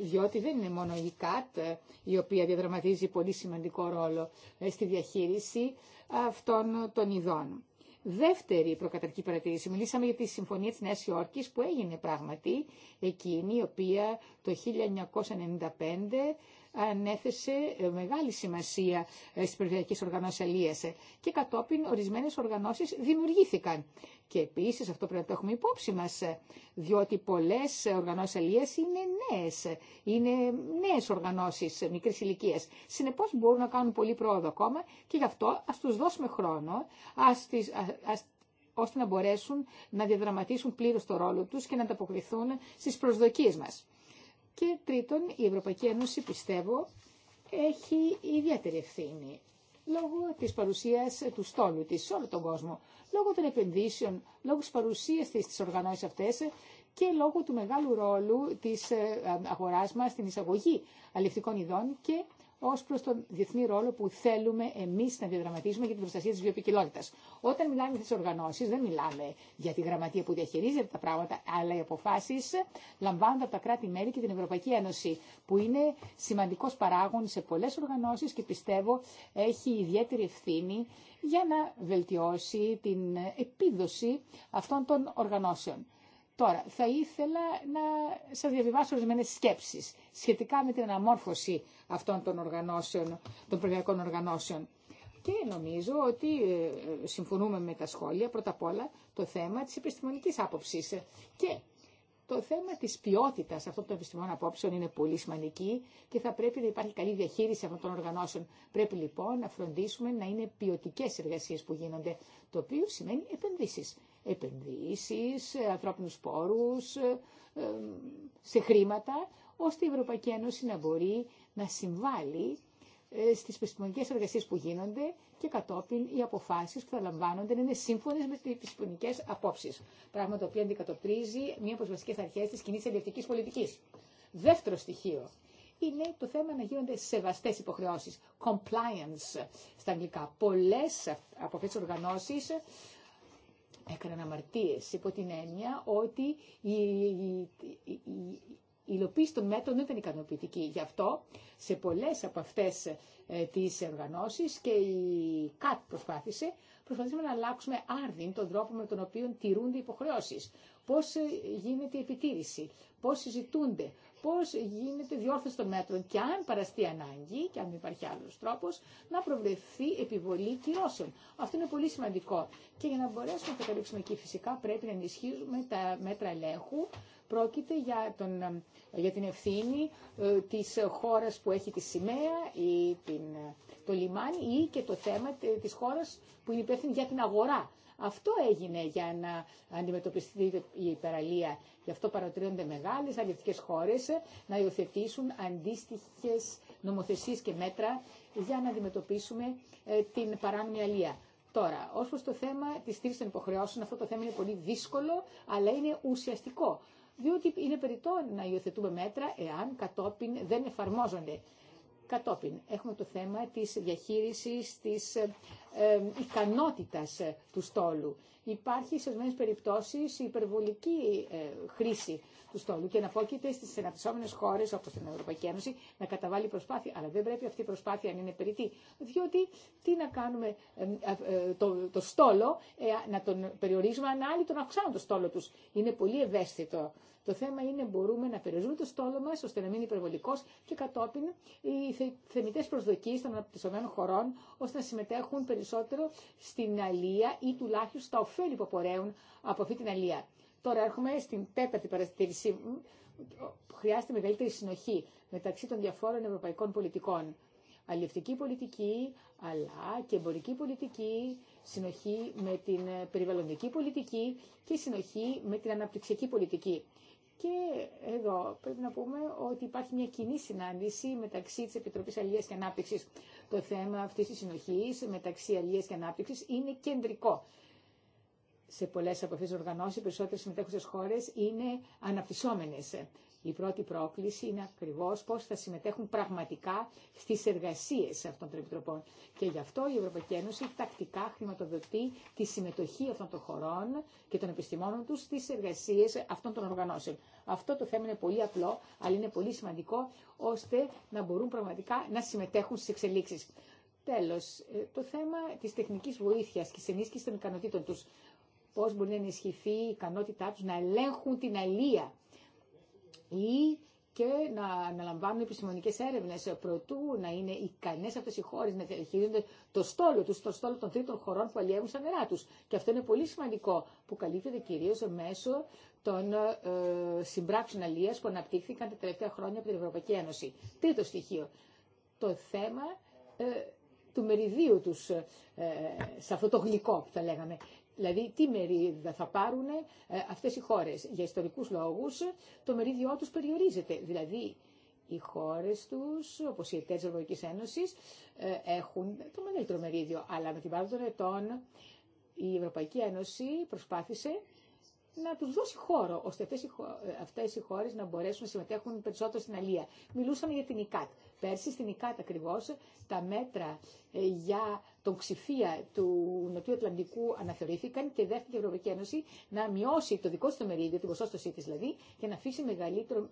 Διότι δεν είναι μόνο η ΚΑΤ η οποία διαδραματίζει πολύ σημαντικό ρόλο ε, στη διαχείριση ε, αυτών των ειδών. Δεύτερη προκαταρκή παρατήρηση. Μιλήσαμε για τη Συμφωνία της Νέας Υόρκης που έγινε πράγματι εκείνη η οποία το 1995 ανέθεσε ε, μεγάλη σημασία ε, στι περιφερειακέ οργανώσει. Ε, και κατόπιν ορισμένε οργανώσει δημιουργήθηκαν. Και επίση αυτό πρέπει να το έχουμε υπόψη μα, διότι πολλέ οργανώσει Αλίας είναι νέε, είναι νέε οργανώσει μικρή ηλικία. Συνεπώς μπορούν να κάνουν πολύ πρόοδο ακόμα και γι' αυτό α του δώσουμε χρόνο, ώστε να μπορέσουν να διαδραματίσουν πλήρως το ρόλο τους και να ανταποκριθούν στις προσδοκίες μας. Και τρίτον, η Ευρωπαϊκή Ένωση, πιστεύω, έχει ιδιαίτερη ευθύνη λόγω της παρουσίας του στόλου της σε όλο τον κόσμο, λόγω των επενδύσεων, λόγω της παρουσίας της στις οργανώσεις αυτές και λόγω του μεγάλου ρόλου της ε, αγοράς μας στην εισαγωγή αληφτικών ειδών και ω προ τον διεθνή ρόλο που θέλουμε εμεί να διαδραματίσουμε για την προστασία τη βιοπικιλότητα. Όταν μιλάμε για τι οργανώσει, δεν μιλάμε για τη γραμματεία που διαχειρίζεται τα πράγματα, αλλά οι αποφάσει λαμβάνονται από τα κράτη-μέλη και την Ευρωπαϊκή Ένωση, που είναι σημαντικό παράγον σε πολλέ οργανώσει και πιστεύω έχει ιδιαίτερη ευθύνη για να βελτιώσει την επίδοση αυτών των οργανώσεων. Τώρα, θα ήθελα να σας διαβιβάσω ορισμένε σκέψεις σχετικά με την αναμόρφωση αυτών των οργανώσεων, των προεδριακών οργανώσεων. Και νομίζω ότι ε, ε, συμφωνούμε με τα σχόλια, πρώτα απ' όλα, το θέμα της επιστημονικής άποψης. Και το θέμα της ποιότητας αυτών των επιστημών απόψεων είναι πολύ σημαντική και θα πρέπει να υπάρχει καλή διαχείριση αυτών των οργανώσεων. Πρέπει λοιπόν να φροντίσουμε να είναι ποιοτικέ εργασίες που γίνονται, το οποίο σημαίνει επενδύσεις επενδύσεις, ανθρώπινους πόρους, σε χρήματα, ώστε η Ευρωπαϊκή Ένωση να μπορεί να συμβάλλει ε, στις επιστημονικές εργασίες που γίνονται και κατόπιν οι αποφάσεις που θα λαμβάνονται να είναι σύμφωνες με τις επιστημονικές απόψεις. Πράγμα το οποίο αντικατοπτρίζει μία από τις βασικές αρχές της κοινής ελευθερικής πολιτικής. Δεύτερο στοιχείο είναι το θέμα να γίνονται σεβαστές υποχρεώσεις, compliance στα αγγλικά. Πολλές από αυτές τις οργανώσεις έκαναν αμαρτίες, υπό την έννοια ότι η, η, η, η υλοποίηση των μέτρων δεν ήταν ικανοποιητική. Γι' αυτό σε πολλές από αυτές ε, τις οργανώσεις και η ΚΑΤ προσπάθησε, προσπαθήσαμε να αλλάξουμε άρδιν τον τρόπο με τον οποίο τηρούνται οι υποχρεώσεις. Πώς ε, γίνεται η επιτήρηση, πώς συζητούνται, πώς γίνεται διόρθωση των μέτρων και αν παραστεί ανάγκη και αν υπάρχει άλλος τρόπος να προβλεφθεί επιβολή κυρώσεων. Αυτό είναι πολύ σημαντικό. Και για να μπορέσουμε να καταλήξουμε εκεί φυσικά πρέπει να ενισχύσουμε τα μέτρα ελέγχου πρόκειται για, τον, για την ευθύνη ε, της χώρας που έχει τη σημαία ή την, το λιμάνι ή και το θέμα της χώρας που είναι υπεύθυνη για την αγορά αυτό έγινε για να αντιμετωπιστεί η υπεραλία. Γι' αυτό παροτρύνονται μεγάλε αλληλευτικέ χώρε να υιοθετήσουν αντίστοιχε νομοθεσίε και μέτρα για να αντιμετωπίσουμε ε, την παράνομη αλία. Τώρα, ω προ το θέμα τη στήριξη των υποχρεώσεων, αυτό το θέμα είναι πολύ δύσκολο, αλλά είναι ουσιαστικό. Διότι είναι περιττό να υιοθετούμε μέτρα εάν κατόπιν δεν εφαρμόζονται. Κατόπιν έχουμε το θέμα της διαχείρισης της ε, ε ικανότητας ε, του στόλου υπάρχει σε ορισμένε περιπτώσει υπερβολική ε, χρήση του στόλου και να φόκειται στι αναπτυσσόμενε χώρε όπω την Ευρωπαϊκή Ένωση να καταβάλει προσπάθεια. Αλλά δεν πρέπει αυτή η προσπάθεια να είναι περιττή. Διότι τι να κάνουμε ε, ε, το, το στόλο, να τον περιορίζουμε, αν άλλοι τον αυξάνουν το στόλο του. Είναι πολύ ευαίσθητο. Το θέμα είναι μπορούμε να περιορίζουμε το στόλο μα ώστε να μην είναι υπερβολικό και κατόπιν οι θεμητέ προσδοκίε των αναπτυσσομένων χωρών ώστε να συμμετέχουν περισσότερο στην αλία ή τουλάχιστον στα ποιο που απορρέουν από αυτή την αλία. Τώρα έρχομαι στην τέταρτη παρατηρήσή μου. Χρειάζεται μεγαλύτερη συνοχή μεταξύ των διαφόρων ευρωπαϊκών πολιτικών. Αλληλευτική πολιτική, αλλά και εμπορική πολιτική, συνοχή με την περιβαλλοντική πολιτική και συνοχή με την αναπτυξιακή πολιτική. Και εδώ πρέπει να πούμε ότι υπάρχει μια κοινή συνάντηση μεταξύ της Επιτροπής Αλλίας και Ανάπτυξης. Το θέμα αυτής της συνοχής μεταξύ Αλλίας και Ανάπτυξης είναι κεντρικό σε πολλέ από αυτέ τι οργανώσεις, οι περισσότερε συμμετέχουσες χώρες είναι αναπτυσσόμενε. Η πρώτη πρόκληση είναι ακριβώ πώ θα συμμετέχουν πραγματικά στι εργασίε αυτών των επιτροπών. Και γι' αυτό η Ευρωπαϊκή Ένωση τακτικά χρηματοδοτεί τη συμμετοχή αυτών των χωρών και των επιστημόνων του στι εργασίε αυτών των οργανώσεων. Αυτό το θέμα είναι πολύ απλό, αλλά είναι πολύ σημαντικό, ώστε να μπορούν πραγματικά να συμμετέχουν στι εξελίξει. Τέλο, ε, το θέμα τη τεχνική βοήθεια, και τη ενίσχυση των ικανοτήτων του πώς μπορεί να ενισχυθεί η ικανότητά τους να ελέγχουν την αλία ή και να αναλαμβάνουν επιστημονικέ έρευνε προτού να είναι ικανέ αυτέ οι χώρε να διαχειρίζονται το στόλο του, το στόλο των τρίτων χωρών που αλλιεύουν στα νερά του. Και αυτό είναι πολύ σημαντικό που καλύπτεται κυρίω μέσω των ε, συμπράξεων αλεία που αναπτύχθηκαν τα τελευταία χρόνια από την Ευρωπαϊκή Ένωση. Τρίτο στοιχείο. Το θέμα ε, του μεριδίου τους ε, σε αυτό το γλυκό που θα λέγαμε. Δηλαδή, τι μερίδα θα πάρουν ε, αυτές οι χώρες. Για ιστορικούς λόγους, το μερίδιό τους περιορίζεται. Δηλαδή, οι χώρες τους, όπως οι εταίρες της Ευρωπαϊκής Ένωσης, ε, έχουν το μεγαλύτερο μερίδιο. Αλλά με την βάση των ετών, η Ευρωπαϊκή Ένωση προσπάθησε να τους δώσει χώρο, ώστε ε, αυτές οι, χώρες, να μπορέσουν να συμμετέχουν περισσότερο στην Αλία. Μιλούσαμε για την ΙΚΑΤ. Πέρσι στην ΙΚΑΤ ακριβώ τα μέτρα ε, για τον ξηφία του Νοτιού Ατλαντικού αναθεωρήθηκαν και δέχτηκε η Ευρωπαϊκή Ένωση να μειώσει το δικό τη το μερίδιο, την ποσόστοσή τη δηλαδή, και να αφήσει μεγαλύτερο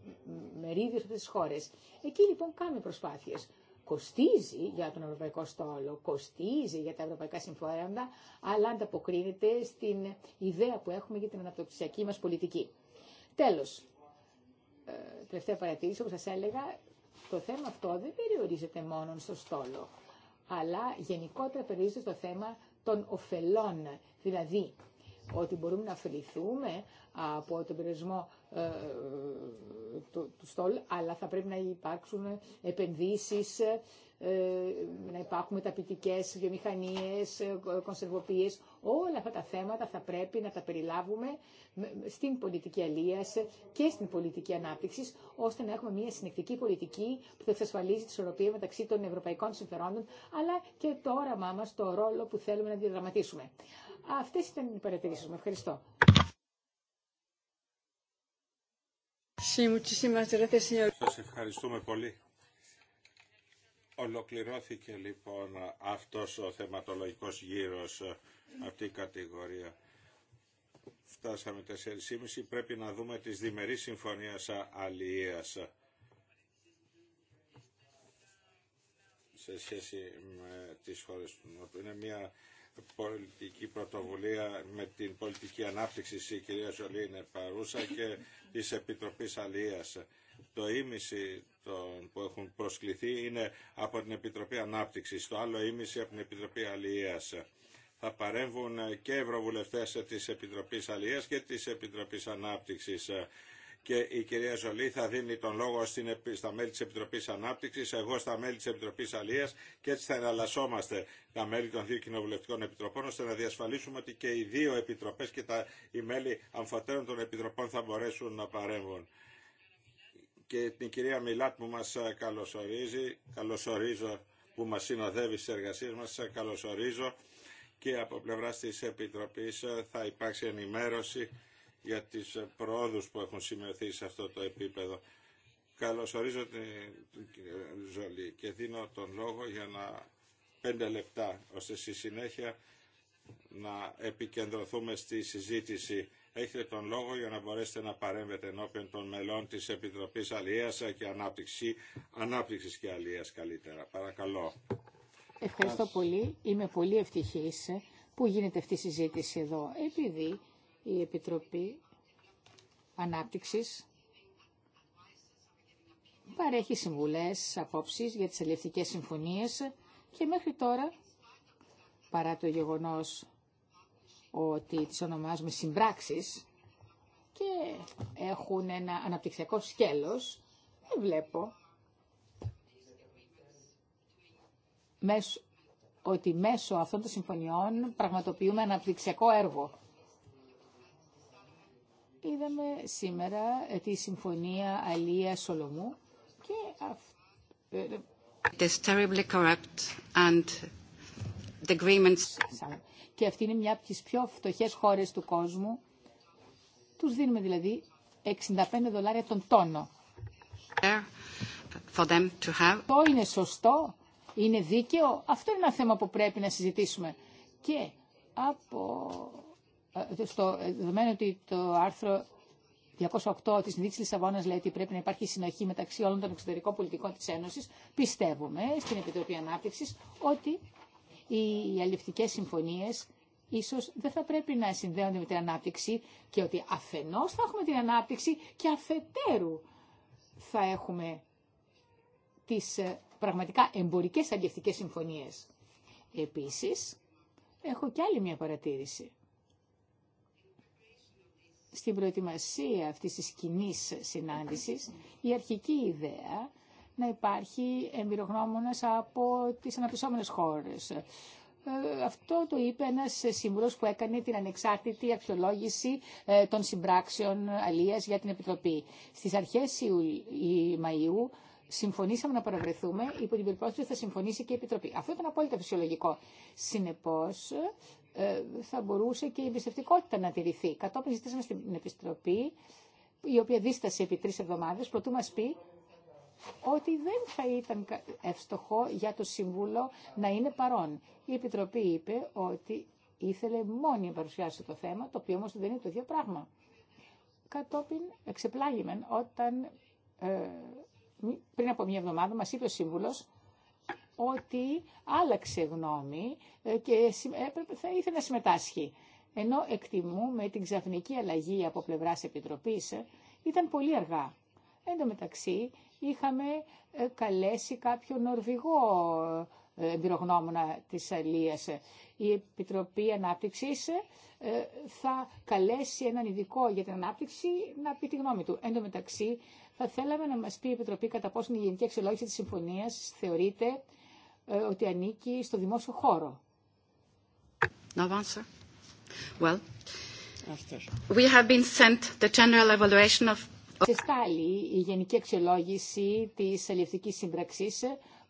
μερίδιο σε αυτέ τι χώρε. Εκεί λοιπόν κάνουμε προσπάθειε κοστίζει για τον ευρωπαϊκό στόλο, κοστίζει για τα ευρωπαϊκά συμφέροντα, αλλά ανταποκρίνεται στην ιδέα που έχουμε για την αναπτυξιακή μα πολιτική. Τέλος, ε, τελευταία παρατήρηση, όπω σα έλεγα, το θέμα αυτό δεν περιορίζεται μόνο στο στόλο, αλλά γενικότερα περιορίζεται στο θέμα των ωφελών. Δηλαδή, ότι μπορούμε να ωφεληθούμε από τον περιορισμό ε, ε, του, του στόλου, αλλά θα πρέπει να υπάρξουν επενδύσεις ε, να υπάρχουν μεταπητικές βιομηχανίες, ε, κονσερβοποιίες. Όλα αυτά τα θέματα θα πρέπει να τα περιλάβουμε στην πολιτική αλίας και στην πολιτική ανάπτυξη, ώστε να έχουμε μια συνεκτική πολιτική που θα εξασφαλίζει τη ισορροπία μεταξύ των ευρωπαϊκών συμφερόντων, αλλά και το όραμά μας, το ρόλο που θέλουμε να διαδραματίσουμε. Αυτές ήταν οι παρατηρήσεις μου. Ευχαριστώ. Σας ευχαριστούμε πολύ. Ολοκληρώθηκε λοιπόν αυτός ο θεματολογικός γύρος, ε, αυτή η κατηγορία. Φτάσαμε 4,5. πρέπει να δούμε τις διμερείς συμφωνίες ε, αλληλείας. Ε. σε σχέση με τις χώρες του Νότου. Είναι μια πολιτική πρωτοβουλία με την πολιτική ανάπτυξη η κυρία Ζολή είναι παρούσα και της Επιτροπής Αλίας. Το ίμιση των που έχουν προσκληθεί είναι από την Επιτροπή Ανάπτυξης, το άλλο ίμιση από την Επιτροπή Αλληλείας. Θα παρέμβουν και ευρωβουλευτές της Επιτροπής Αλληλείας και της Επιτροπής Ανάπτυξης και η κυρία Ζολή θα δίνει τον λόγο στην, στα μέλη της Επιτροπής Ανάπτυξης, εγώ στα μέλη της Επιτροπής Αλίας και έτσι θα εναλλασσόμαστε τα μέλη των δύο κοινοβουλευτικών επιτροπών ώστε να διασφαλίσουμε ότι και οι δύο επιτροπέ και τα, οι μέλη αμφωτέρων των επιτροπών θα μπορέσουν να παρέμβουν και την κυρία Μιλάτ που μας ε, καλωσορίζει, καλωσορίζω που μας συνοδεύει στις εργασίες μας, ε, καλωσορίζω και από πλευράς της Επιτροπής ε, θα υπάρξει ενημέρωση για τις προόδους που έχουν σημειωθεί σε αυτό το επίπεδο. Καλωσορίζω την κυρία Ζολή και δίνω τον λόγο για να πέντε λεπτά, ώστε στη συνέχεια να επικεντρωθούμε στη συζήτηση έχετε τον λόγο για να μπορέσετε να παρέμβετε ενώπιον των μελών της Επιτροπής Αλίας και Ανάπτυξη, Ανάπτυξης και Αλίας καλύτερα. Παρακαλώ. Ευχαριστώ πολύ. Είμαι πολύ ευτυχής που γίνεται αυτή η συζήτηση εδώ, επειδή η Επιτροπή Ανάπτυξης παρέχει συμβουλές, απόψεις για τις αλληλευτικές συμφωνίες και μέχρι τώρα, παρά το γεγονός ότι τις ονομάζουμε συμπράξεις και έχουν ένα αναπτυξιακό σκέλος. Δεν βλέπω ότι μέσω αυτών των συμφωνιών πραγματοποιούμε αναπτυξιακό έργο. Είδαμε σήμερα τη Συμφωνία Αλία Σολομού και αυτό και αυτή είναι μια από τις πιο φτωχές χώρες του κόσμου. Τους δίνουμε δηλαδή 65 δολάρια τον τόνο. to Το είναι σωστό, είναι δίκαιο. Αυτό είναι ένα θέμα που πρέπει να συζητήσουμε. Και από ε, στο ε, δεδομένο ότι το άρθρο 208 της Συνδίκη Λισαβόνα λέει ότι πρέπει να υπάρχει συνοχή μεταξύ όλων των εξωτερικών πολιτικών τη Ένωσης, πιστεύουμε στην Επιτροπή Ανάπτυξης ότι οι αλληλευτικές συμφωνίες ίσως δεν θα πρέπει να συνδέονται με την ανάπτυξη και ότι αφενός θα έχουμε την ανάπτυξη και αφετέρου θα έχουμε τις ε, πραγματικά εμπορικές αλληλευτικές συμφωνίες. Επίσης, έχω και άλλη μια παρατήρηση. Στην προετοιμασία αυτής της κοινή συνάντησης, η αρχική ιδέα να υπάρχει εμπειρογνώμονας από τις αναπτυσσόμενες χώρες. Ε, αυτό το είπε ένας σύμβουλος που έκανε την ανεξάρτητη αξιολόγηση ε, των συμπράξεων αλίας για την Επιτροπή. Στις αρχές Μαΐου συμφωνήσαμε να παραβρεθούμε υπό την περιπτώση ότι θα συμφωνήσει και η Επιτροπή. Αυτό ήταν απόλυτα φυσιολογικό. Συνεπώς, ε, θα μπορούσε και η εμπιστευτικότητα να τηρηθεί. Κατόπιν ζητήσαμε στην επιστροπή, η οποία δίστασε επί τρει εβδομάδε, προτού μα πει ότι δεν θα ήταν ευστοχό για το Συμβούλο να είναι παρόν. Η Επιτροπή είπε ότι ήθελε μόνη να παρουσιάσει το θέμα, το οποίο όμως δεν είναι το ίδιο πράγμα. Κατόπιν εξεπλάγημεν όταν ε, πριν από μια εβδομάδα μας είπε ο Σύμβουλος ότι άλλαξε γνώμη ε, και θα ήθελε να συμμετάσχει. Ενώ εκτιμούμε την ξαφνική αλλαγή από πλευράς Επιτροπής, ε, ήταν πολύ αργά. Εν τω είχαμε ε, καλέσει κάποιο Νορβηγό ε, εμπειρογνώμονα της Αλίας. Η Επιτροπή Ανάπτυξης ε, θα καλέσει έναν ειδικό για την ανάπτυξη να πει τη γνώμη του. Εν τω μεταξύ, θα θέλαμε να μας πει η Επιτροπή κατά πόσο η Γενική Αξιολόγηση της Συμφωνίας θεωρείται ότι ανήκει στο δημόσιο χώρο. Well, we have been sent the general evaluation of σε Σεστάλη η γενική αξιολόγηση τη αλληλευτική σύμπραξη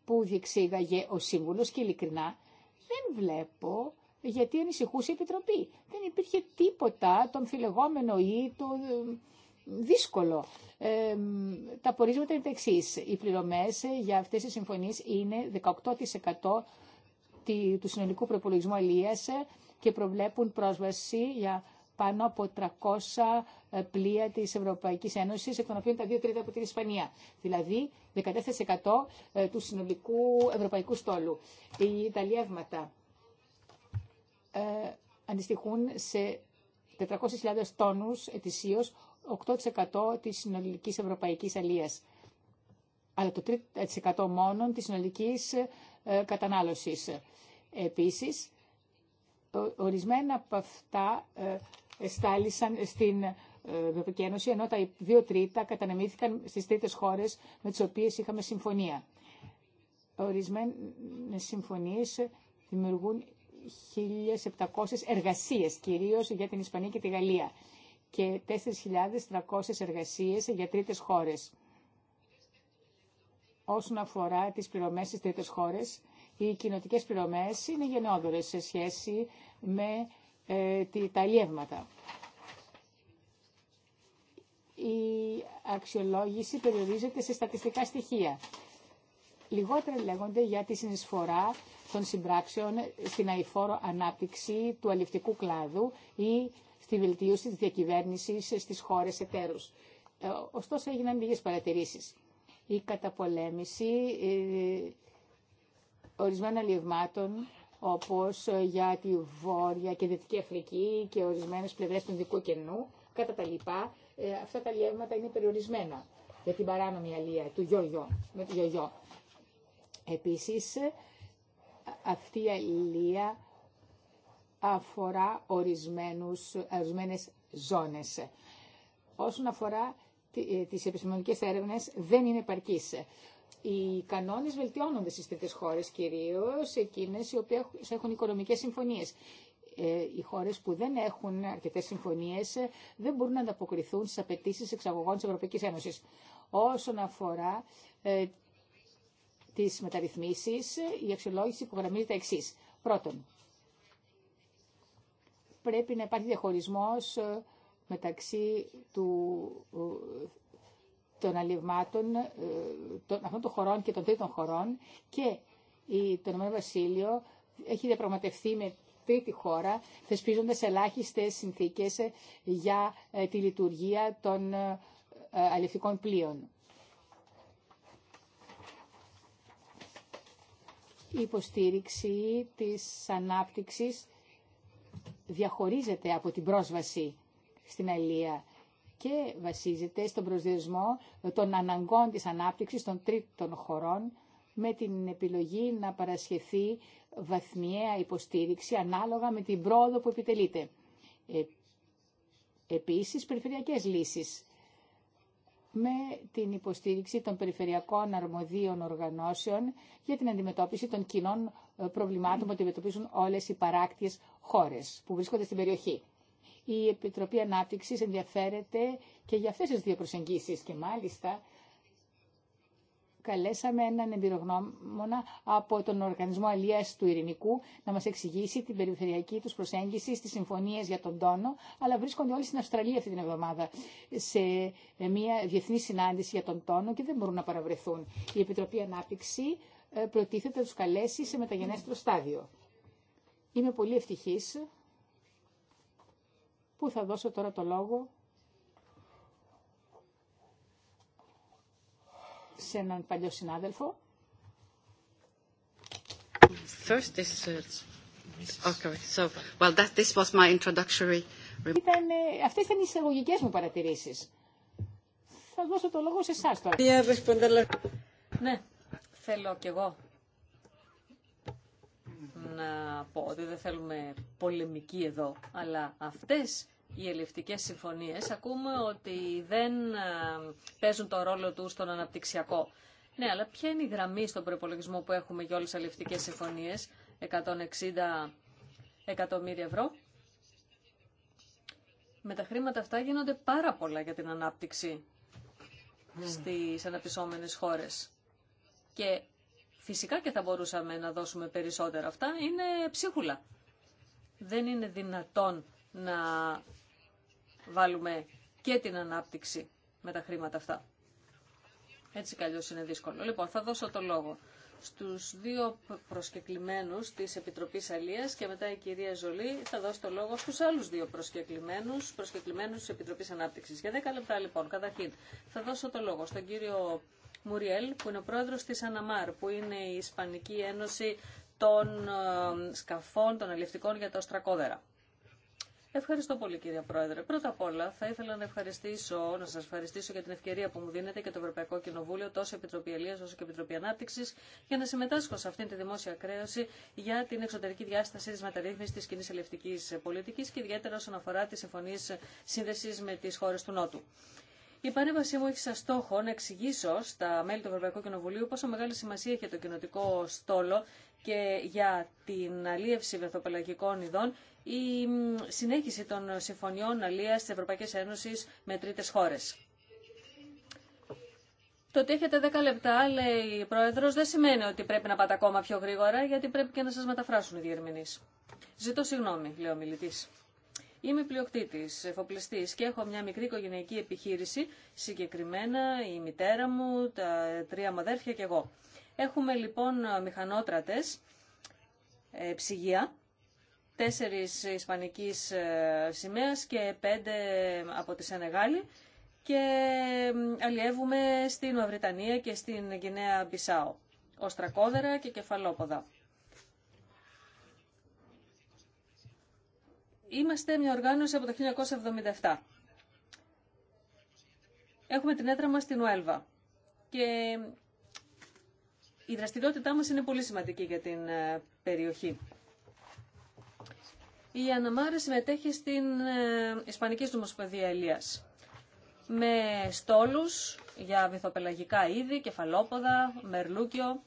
που διεξήγαγε ο Σύμβουλος και ειλικρινά δεν βλέπω γιατί ανησυχούσε η Επιτροπή. Δεν υπήρχε τίποτα το αμφιλεγόμενο ή το ε, δύσκολο. Ε, τα πορίσματα είναι τα εξή. Οι πληρωμέ για αυτέ τι συμφωνίες είναι 18% του συνολικού προπολογισμού αλίας και προβλέπουν πρόσβαση για πάνω από 300 ε, πλοία της Ευρωπαϊκής Ένωσης, εκ των οποίων τα δύο τρίτα από την Ισπανία. Δηλαδή 14% ε, του συνολικού ευρωπαϊκού στόλου. Οι, τα ε, αντιστοιχούν σε 400.000 τόνους ετησίως, 8% της συνολικής ευρωπαϊκής αλίας. Αλλά το 3% μόνο της συνολικής κατανάλωσης. Επίσης, ορισμένα από αυτά στάλησαν στην ε, Ευρωπαϊκή Ένωση, ενώ τα δύο τρίτα κατανεμήθηκαν στις τρίτες χώρες με τις οποίες είχαμε συμφωνία. Ορισμένες συμφωνίες δημιουργούν 1.700 εργασίες, κυρίως για την Ισπανία και τη Γαλλία και 4.300 εργασίες για τρίτες χώρες. Όσον αφορά τις πληρωμές στις τρίτες χώρες, οι κοινοτικές πληρωμές είναι γενναιόδορες σε σχέση με ε, τα αλλιεύματα. Η αξιολόγηση περιορίζεται σε στατιστικά στοιχεία. Λιγότερο λέγονται για τη συνεισφορά των συμπράξεων στην αηφόρο ανάπτυξη του αληφτικού κλάδου ή στη βελτίωση της διακυβέρνησης στις χώρες εταίρους. Ε, ωστόσο έγιναν λίγες παρατηρήσεις. Η καταπολέμηση ε, ορισμένων αλλιευμάτων όπως ε, για τη Βόρεια και Δυτική Αφρική και ορισμένες πλευρές του Δικού Κενού, κατά τα λοιπά, ε, αυτά τα λιεύματα είναι περιορισμένα για την παράνομη αλία του γιογιό, με το γιογιό. Επίσης, ε, αυτή η αλία αφορά ορισμένους, ορισμένες ζώνες. Όσον αφορά τις επιστημονικές έρευνες, δεν είναι επαρκής οι κανόνες βελτιώνονται στις τρίτες χώρες, κυρίως εκείνε οι οποίες έχουν οικονομικές συμφωνίες. Ε, οι χώρες που δεν έχουν αρκετέ συμφωνίε ε, δεν μπορούν να ανταποκριθούν στις απαιτήσει εξαγωγών τη ευρωπαϊκή Ένωση. Όσον αφορά ε, τις μεταρρυθμίσει, η αξιολόγηση υπογραμμίζεται εξή. Πρώτον, πρέπει να υπάρχει διαχωρισμό μεταξύ του των αλληλευμάτων ε, αυτών των χωρών και των τρίτων χωρών και η, το Ηνωμένο Βασίλειο έχει διαπραγματευτεί με τρίτη χώρα, θεσπίζοντας ελάχιστες συνθήκες ε, για ε, τη λειτουργία των αλληλευτικών πλοίων. Η υποστήριξη της ανάπτυξης διαχωρίζεται από την πρόσβαση στην αλληλεία και βασίζεται στον προσδιορισμό των αναγκών της ανάπτυξης των τρίτων χωρών με την επιλογή να παρασχεθεί βαθμιαία υποστήριξη ανάλογα με την πρόοδο που επιτελείται. Ε, επίσης, περιφερειακές λύσεις με την υποστήριξη των περιφερειακών αρμοδίων οργανώσεων για την αντιμετώπιση των κοινών ε, προβλημάτων που αντιμετωπίζουν όλες οι παράκτιες χώρες που βρίσκονται στην περιοχή η Επιτροπή Ανάπτυξης ενδιαφέρεται και για αυτές τις δύο προσεγγίσεις και μάλιστα καλέσαμε έναν εμπειρογνώμονα από τον Οργανισμό Αλίας του Ειρηνικού να μας εξηγήσει την περιφερειακή τους προσέγγιση στις συμφωνίες για τον τόνο, αλλά βρίσκονται όλοι στην Αυστραλία αυτή την εβδομάδα σε μια διεθνή συνάντηση για τον τόνο και δεν μπορούν να παραβρεθούν. Η Επιτροπή Ανάπτυξη ε, προτίθεται να τους καλέσει σε μεταγενέστερο στάδιο. Είμαι πολύ ευτυχής που θα δώσω τώρα το λόγο σε έναν παλιό συνάδελφο. First uh, okay, so, well, that, this was my introductory... Ήταν, ε, αυτές ήταν οι εισαγωγικές μου παρατηρήσεις. Θα δώσω το λόγο σε εσάς τώρα. Ναι, θέλω κι εγώ να πω ότι δεν θέλουμε πολεμική εδώ, αλλά αυτές οι ελευτικές συμφωνίες ακούμε ότι δεν ε, παίζουν το ρόλο τους στον αναπτυξιακό. Ναι, αλλά ποια είναι η γραμμή στον προπολογισμό που έχουμε για όλες τις ελευτικές συμφωνίες, 160 εκατομμύρια ευρώ. Με τα χρήματα αυτά γίνονται πάρα πολλά για την ανάπτυξη ναι. στις αναπτυσσόμενες χώρες. Και φυσικά και θα μπορούσαμε να δώσουμε περισσότερα αυτά, είναι ψίχουλα. Δεν είναι δυνατόν να βάλουμε και την ανάπτυξη με τα χρήματα αυτά. Έτσι κι είναι δύσκολο. Λοιπόν, θα δώσω το λόγο στους δύο προσκεκλημένους της Επιτροπής Αλίας και μετά η κυρία Ζολή θα δώσει το λόγο στους άλλους δύο προσκεκλημένους, προσκεκλημένους της Επιτροπής Ανάπτυξης. Για 10 λεπτά λοιπόν, καταρχήν, θα δώσω το λόγο στον κύριο Μουριέλ, που είναι ο πρόεδρος της Αναμάρ, που είναι η Ισπανική Ένωση των ε, Σκαφών, των Αλληλευτικών για τα Οστρακόδερα. Ευχαριστώ πολύ κύριε Πρόεδρε. Πρώτα απ' όλα θα ήθελα να ευχαριστήσω, να σας ευχαριστήσω για την ευκαιρία που μου δίνετε και το Ευρωπαϊκό Κοινοβούλιο, τόσο Επιτροπή Ελίας όσο και Επιτροπή Ανάπτυξης, για να συμμετάσχω σε αυτήν τη δημόσια κρέωση για την εξωτερική διάσταση της μεταρρύθμισης της κοινή ελευτικής πολιτικής και ιδιαίτερα όσον αφορά τις συμφωνίες σύνδεσης με τις χώρες του Νότου. Η παρέμβασή μου έχει σαν στόχο να εξηγήσω στα μέλη του Ευρωπαϊκού Κοινοβουλίου πόσο μεγάλη σημασία έχει το κοινοτικό στόλο και για την αλίευση βεθοπελαγικών ειδών η συνέχιση των συμφωνιών αλίας της Ευρωπαϊκής Ένωσης με τρίτες χώρες. Το ότι έχετε 10 λεπτά, λέει η Πρόεδρο, δεν σημαίνει ότι πρέπει να πάτε ακόμα πιο γρήγορα, γιατί πρέπει και να σα μεταφράσουν οι διερμηνεί. Ζητώ συγγνώμη, λέει ο μιλητή. Είμαι πλειοκτήτη, εφοπλιστή και έχω μια μικρή οικογενειακή επιχείρηση, συγκεκριμένα η μητέρα μου, τα τρία μου και εγώ. Έχουμε λοιπόν μηχανότρατε, ε, ψυγεία, τέσσερις ισπανικής ε, σημαία και πέντε από τη Σενεγάλη και αλλιεύουμε στην Μαυριτανία και στην Γινέα Μπισάου, οστρακόδερα και κεφαλόποδα. Είμαστε μια οργάνωση από το 1977. Έχουμε την έδρα μας στην Ουέλβα και η δραστηριότητά μας είναι πολύ σημαντική για την ε, περιοχή. Η Αναμάρα συμμετέχει στην ε, Ισπανική Νομοσπονδία Ελίας με στόλους για βυθοπελαγικά είδη, κεφαλόποδα, μερλούκιο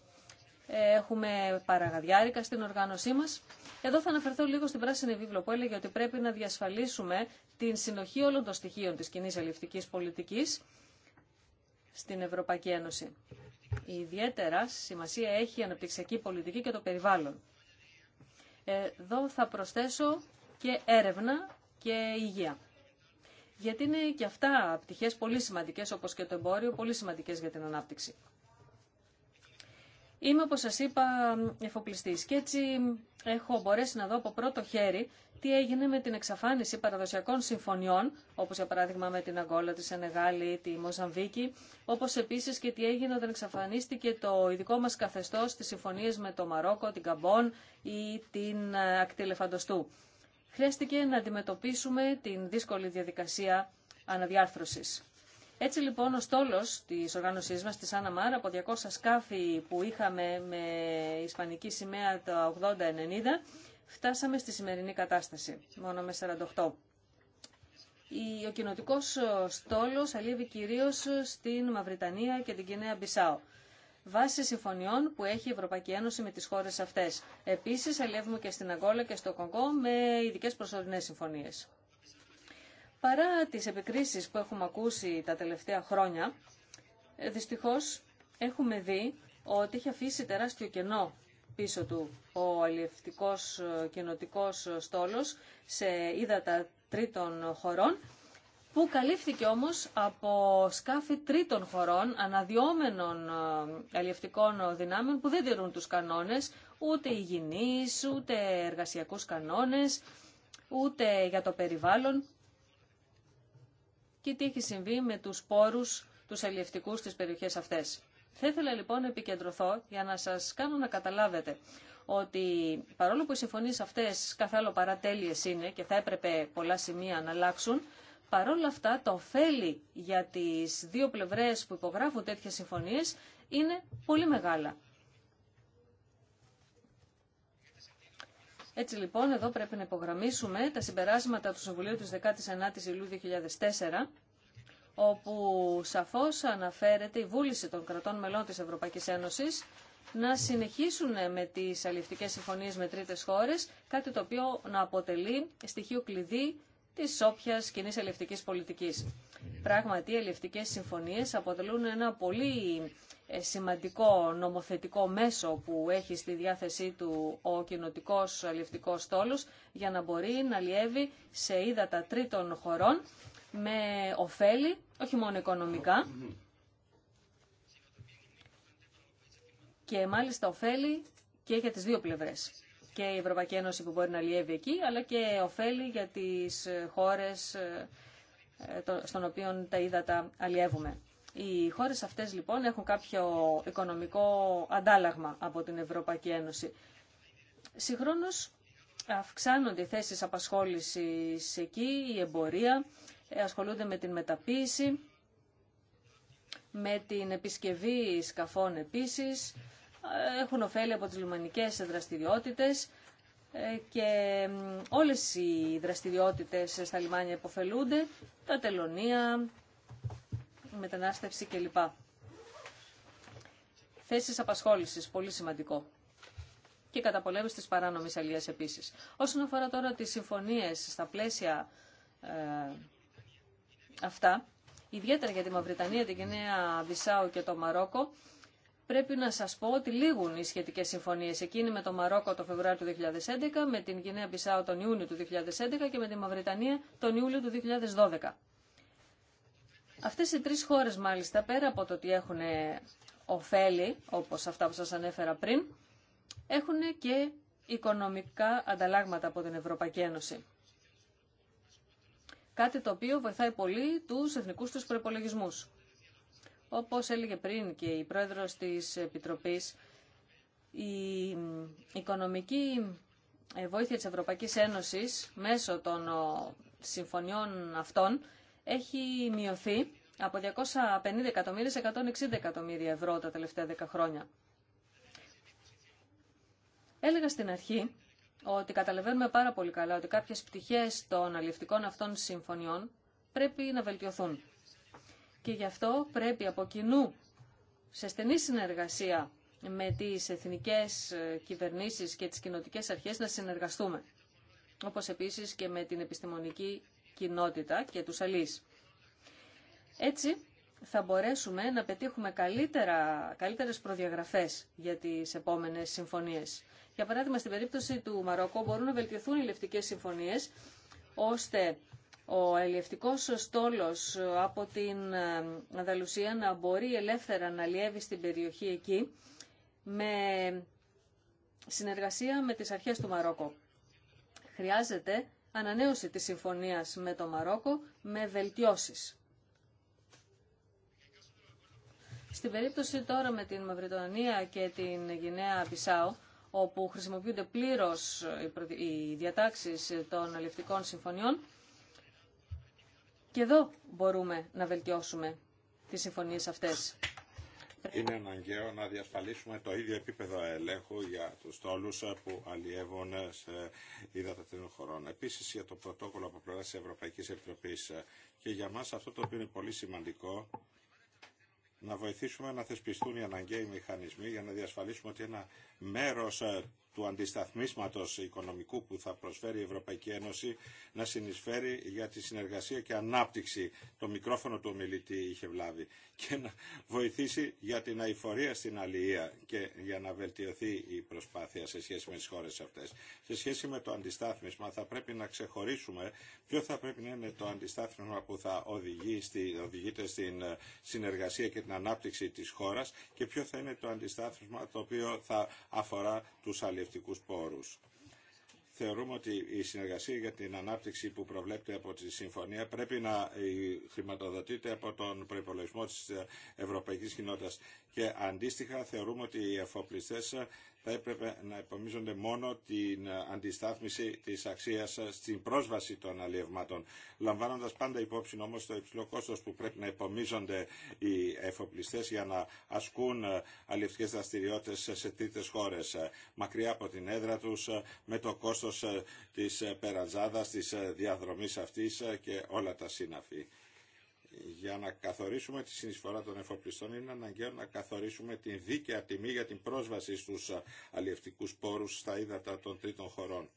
έχουμε παραγαδιάρικα στην οργάνωσή μας. Εδώ θα αναφερθώ λίγο στην πράσινη βίβλο που έλεγε ότι πρέπει να διασφαλίσουμε την συνοχή όλων των στοιχείων της κοινή αλληλευτικής πολιτικής στην Ευρωπαϊκή Ένωση. Η ιδιαίτερα σημασία έχει η αναπτυξιακή πολιτική και το περιβάλλον. Εδώ θα προσθέσω και έρευνα και υγεία. Γιατί είναι και αυτά πτυχές πολύ σημαντικές, όπως και το εμπόριο, πολύ σημαντικές για την ανάπτυξη. Είμαι, όπως σας είπα, εφοπλιστής και έτσι έχω μπορέσει να δω από πρώτο χέρι τι έγινε με την εξαφάνιση παραδοσιακών συμφωνιών, όπως για παράδειγμα με την Αγκόλα, τη Σενεγάλη, τη Μοζαμβίκη, όπως επίσης και τι έγινε όταν εξαφανίστηκε το ειδικό μας καθεστώς στις συμφωνίες με το Μαρόκο, την Καμπόν ή την ε, Ακτή Χρειάστηκε να αντιμετωπίσουμε την δύσκολη διαδικασία αναδιάρθρωσης. Έτσι λοιπόν ο στόλος της οργάνωσής μας, της Άννα από 200 σκάφη που είχαμε με ισπανική σημαία το 80-90, φτάσαμε στη σημερινή κατάσταση, μόνο με 48. Ο κοινοτικό στόλος αλείβει κυρίως στην Μαυριτανία και την Κινέα Μπισάο βάσει συμφωνιών που έχει η Ευρωπαϊκή Ένωση με τις χώρες αυτές. Επίσης, ελεύουμε και στην Αγγόλα και στο Κονγκό με ειδικέ προσωρινές συμφωνίες. Παρά τις επικρίσεις που έχουμε ακούσει τα τελευταία χρόνια, ε, δυστυχώς έχουμε δει ότι έχει αφήσει τεράστιο κενό πίσω του ο αλλιευτικός ε, κοινοτικός ε, στόλος σε ύδατα τρίτων χωρών, που καλύφθηκε όμως από σκάφη τρίτων χωρών, αναδιόμενων αλλιευτικών δυνάμεων που δεν τηρούν τους κανόνες, ούτε υγιεινείς, ούτε εργασιακούς κανόνες, ούτε για το περιβάλλον και τι έχει συμβεί με τους πόρους τους αλλιευτικούς στις περιοχές αυτές. Θα ήθελα λοιπόν να επικεντρωθώ για να σας κάνω να καταλάβετε ότι παρόλο που οι συμφωνίες αυτές καθ' άλλο τέλειε είναι και θα έπρεπε πολλά σημεία να αλλάξουν, παρόλα αυτά το ωφέλη για τις δύο πλευρές που υπογράφουν τέτοιες συμφωνίες είναι πολύ μεγάλα. Έτσι λοιπόν εδώ πρέπει να υπογραμμίσουμε τα συμπεράσματα του Συμβουλίου της 19ης Ιουλίου 2004 όπου σαφώς αναφέρεται η βούληση των κρατών μελών της Ευρωπαϊκής Ένωσης να συνεχίσουν με τις αλληλευτικές συμφωνίες με τρίτες χώρες, κάτι το οποίο να αποτελεί στοιχείο κλειδί τη όποια κοινή ελευθερικής πολιτικής. Πράγματι, οι Ελευτικέ συμφωνίες αποτελούν ένα πολύ ε, σημαντικό νομοθετικό μέσο που έχει στη διάθεσή του ο κοινοτικό ελευθερικός στόλο για να μπορεί να λιεύει σε ύδατα τρίτων χωρών με ωφέλη, όχι μόνο οικονομικά, και μάλιστα ωφέλη και για τις δύο πλευρές και η Ευρωπαϊκή Ένωση που μπορεί να λιεύει εκεί, αλλά και ωφέλη για τις ε, χώρες ε, ε, στον οποίο τα ύδατα αλλιεύουμε. Οι χώρες αυτές λοιπόν έχουν κάποιο οικονομικό αντάλλαγμα από την Ευρωπαϊκή Ένωση. Συγχρόνως αυξάνονται οι θέσεις απασχόλησης εκεί, η εμπορία, ασχολούνται με την μεταποίηση, με την επισκευή σκαφών επίσης, έχουν ωφέλη από τις λιμανικές δραστηριότητες ε, και όλες οι δραστηριότητες στα λιμάνια υποφελούνται, τα τελωνία, μετανάστευση κλπ. Θέσεις απασχόλησης, πολύ σημαντικό. Και καταπολέμηση τις παράνομες αλλιές επίσης. Όσον αφορά τώρα τις συμφωνίες στα πλαίσια ε, αυτά, ιδιαίτερα για τη Μαυριτανία, την Κινέα Βυσάου και το Μαρόκο, πρέπει να σας πω ότι λήγουν οι σχετικές συμφωνίες. Εκείνη με το Μαρόκο το Φεβρουάριο του 2011, με την Γινέα Μπισάου τον Ιούνιο του 2011 και με τη Μαυριτανία τον Ιούλιο του 2012. Αυτές οι τρεις χώρες μάλιστα, πέρα από το ότι έχουν ωφέλη, όπως αυτά που σας ανέφερα πριν, έχουν και οικονομικά ανταλλάγματα από την Ευρωπαϊκή Ένωση. Κάτι το οποίο βοηθάει πολύ τους εθνικούς τους προπολογισμού. Όπως έλεγε πριν και η πρόεδρος της Επιτροπής, η οικονομική ε, βοήθεια της Ευρωπαϊκής Ένωσης μέσω των συμφωνιών αυτών έχει μειωθεί από 250 εκατομμύρια σε 160 εκατομμύρια ευρώ τα τελευταία 10 χρόνια. Έλεγα στην αρχή ότι καταλαβαίνουμε πάρα πολύ καλά ότι κάποιες πτυχές των αλληλευτικών αυτών συμφωνιών πρέπει να βελτιωθούν και γι' αυτό πρέπει από κοινού σε στενή συνεργασία με τις εθνικές ε, κυβερνήσεις και τις κοινοτικές αρχές να συνεργαστούμε. Όπως επίσης και με την επιστημονική κοινότητα και τους αλείς. Έτσι θα μπορέσουμε να πετύχουμε καλύτερα, καλύτερες προδιαγραφές για τις επόμενες συμφωνίες. Για παράδειγμα, στην περίπτωση του Μαρόκο μπορούν να βελτιωθούν οι λευτικές συμφωνίες, ώστε ο αλλιευτικός στόλος από την Ανταλουσία να μπορεί ελεύθερα να λιεύει στην περιοχή εκεί με συνεργασία με τις αρχές του Μαρόκο. Χρειάζεται ανανέωση της συμφωνίας με το Μαρόκο με βελτιώσεις. Στην περίπτωση τώρα με την Μαυριτανία και την Γινέα Πισάου, όπου χρησιμοποιούνται πλήρως οι διατάξεις των αλληλευτικών συμφωνιών, και εδώ μπορούμε να βελτιώσουμε τις συμφωνίες αυτές. Είναι αναγκαίο να διασφαλίσουμε το ίδιο επίπεδο ελέγχου για του τόλου που αλλιεύουν σε ύδατα χωρών. Επίση, για το πρωτόκολλο από πλευρά τη Ευρωπαϊκή Επιτροπή. Και για μα αυτό το οποίο είναι πολύ σημαντικό να βοηθήσουμε να θεσπιστούν οι αναγκαίοι μηχανισμοί για να διασφαλίσουμε ότι ένα μέρο του αντισταθμίσματος οικονομικού που θα προσφέρει η Ευρωπαϊκή Ένωση να συνεισφέρει για τη συνεργασία και ανάπτυξη. Το μικρόφωνο του ομιλητή είχε βλάβει και να βοηθήσει για την αηφορία στην αλληλεία και για να βελτιωθεί η προσπάθεια σε σχέση με τις χώρες αυτές. Σε σχέση με το αντιστάθμισμα θα πρέπει να ξεχωρίσουμε ποιο θα πρέπει να είναι το αντιστάθμισμα που θα οδηγεί στη, οδηγείται στην ε, συνεργασία και την ανάπτυξη της χώρας και ποιο θα είναι το αντιστάθμισμα το οποίο θα αφορά τους πόρους. Θεωρούμε ότι η συνεργασία για την ανάπτυξη που προβλέπεται από τη Συμφωνία πρέπει να ε, χρηματοδοτείται από τον προπολογισμό της ε, Ευρωπαϊκής Κοινότητας. Και αντίστοιχα θεωρούμε ότι οι εφοπλιστές ε, θα έπρεπε να επομίζονται μόνο την αντιστάθμιση της αξίας στην πρόσβαση των αλλιευμάτων, λαμβάνοντας πάντα υπόψη όμως το υψηλό κόστος που πρέπει να επομίζονται οι εφοπλιστές για να ασκούν αλλιευτικές δραστηριότητες σε τρίτες χώρες, μακριά από την έδρα τους, με το κόστος της περατζάδας, της διαδρομής αυτής και όλα τα σύναφη για να καθορίσουμε τη συνεισφορά των εφοπλιστών είναι αναγκαίο να καθορίσουμε την δίκαια τιμή για την πρόσβαση στους αλλιευτικούς πόρους στα ύδατα των τρίτων χωρών.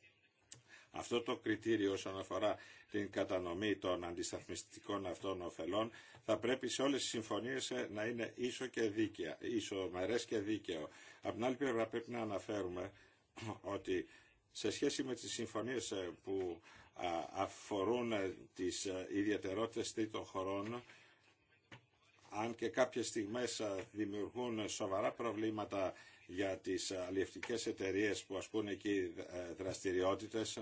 Αυτό το κριτήριο όσον αφορά την κατανομή των αντισταθμιστικών αυτών ωφελών θα πρέπει σε όλες τις συμφωνίες ε, να είναι ίσο και δίκαια, μερές και δίκαιο. Από την άλλη πλευρά πρέπει να αναφέρουμε ότι σε σχέση με τις συμφωνίες ε, που αφορούν ε, τις ε, ιδιαιτερότητες τρίτων χωρών, αν και κάποιες στιγμές ε, δημιουργούν σοβαρά προβλήματα για τις αλλιευτικές εταιρείες που ασκούν εκεί δραστηριότητες,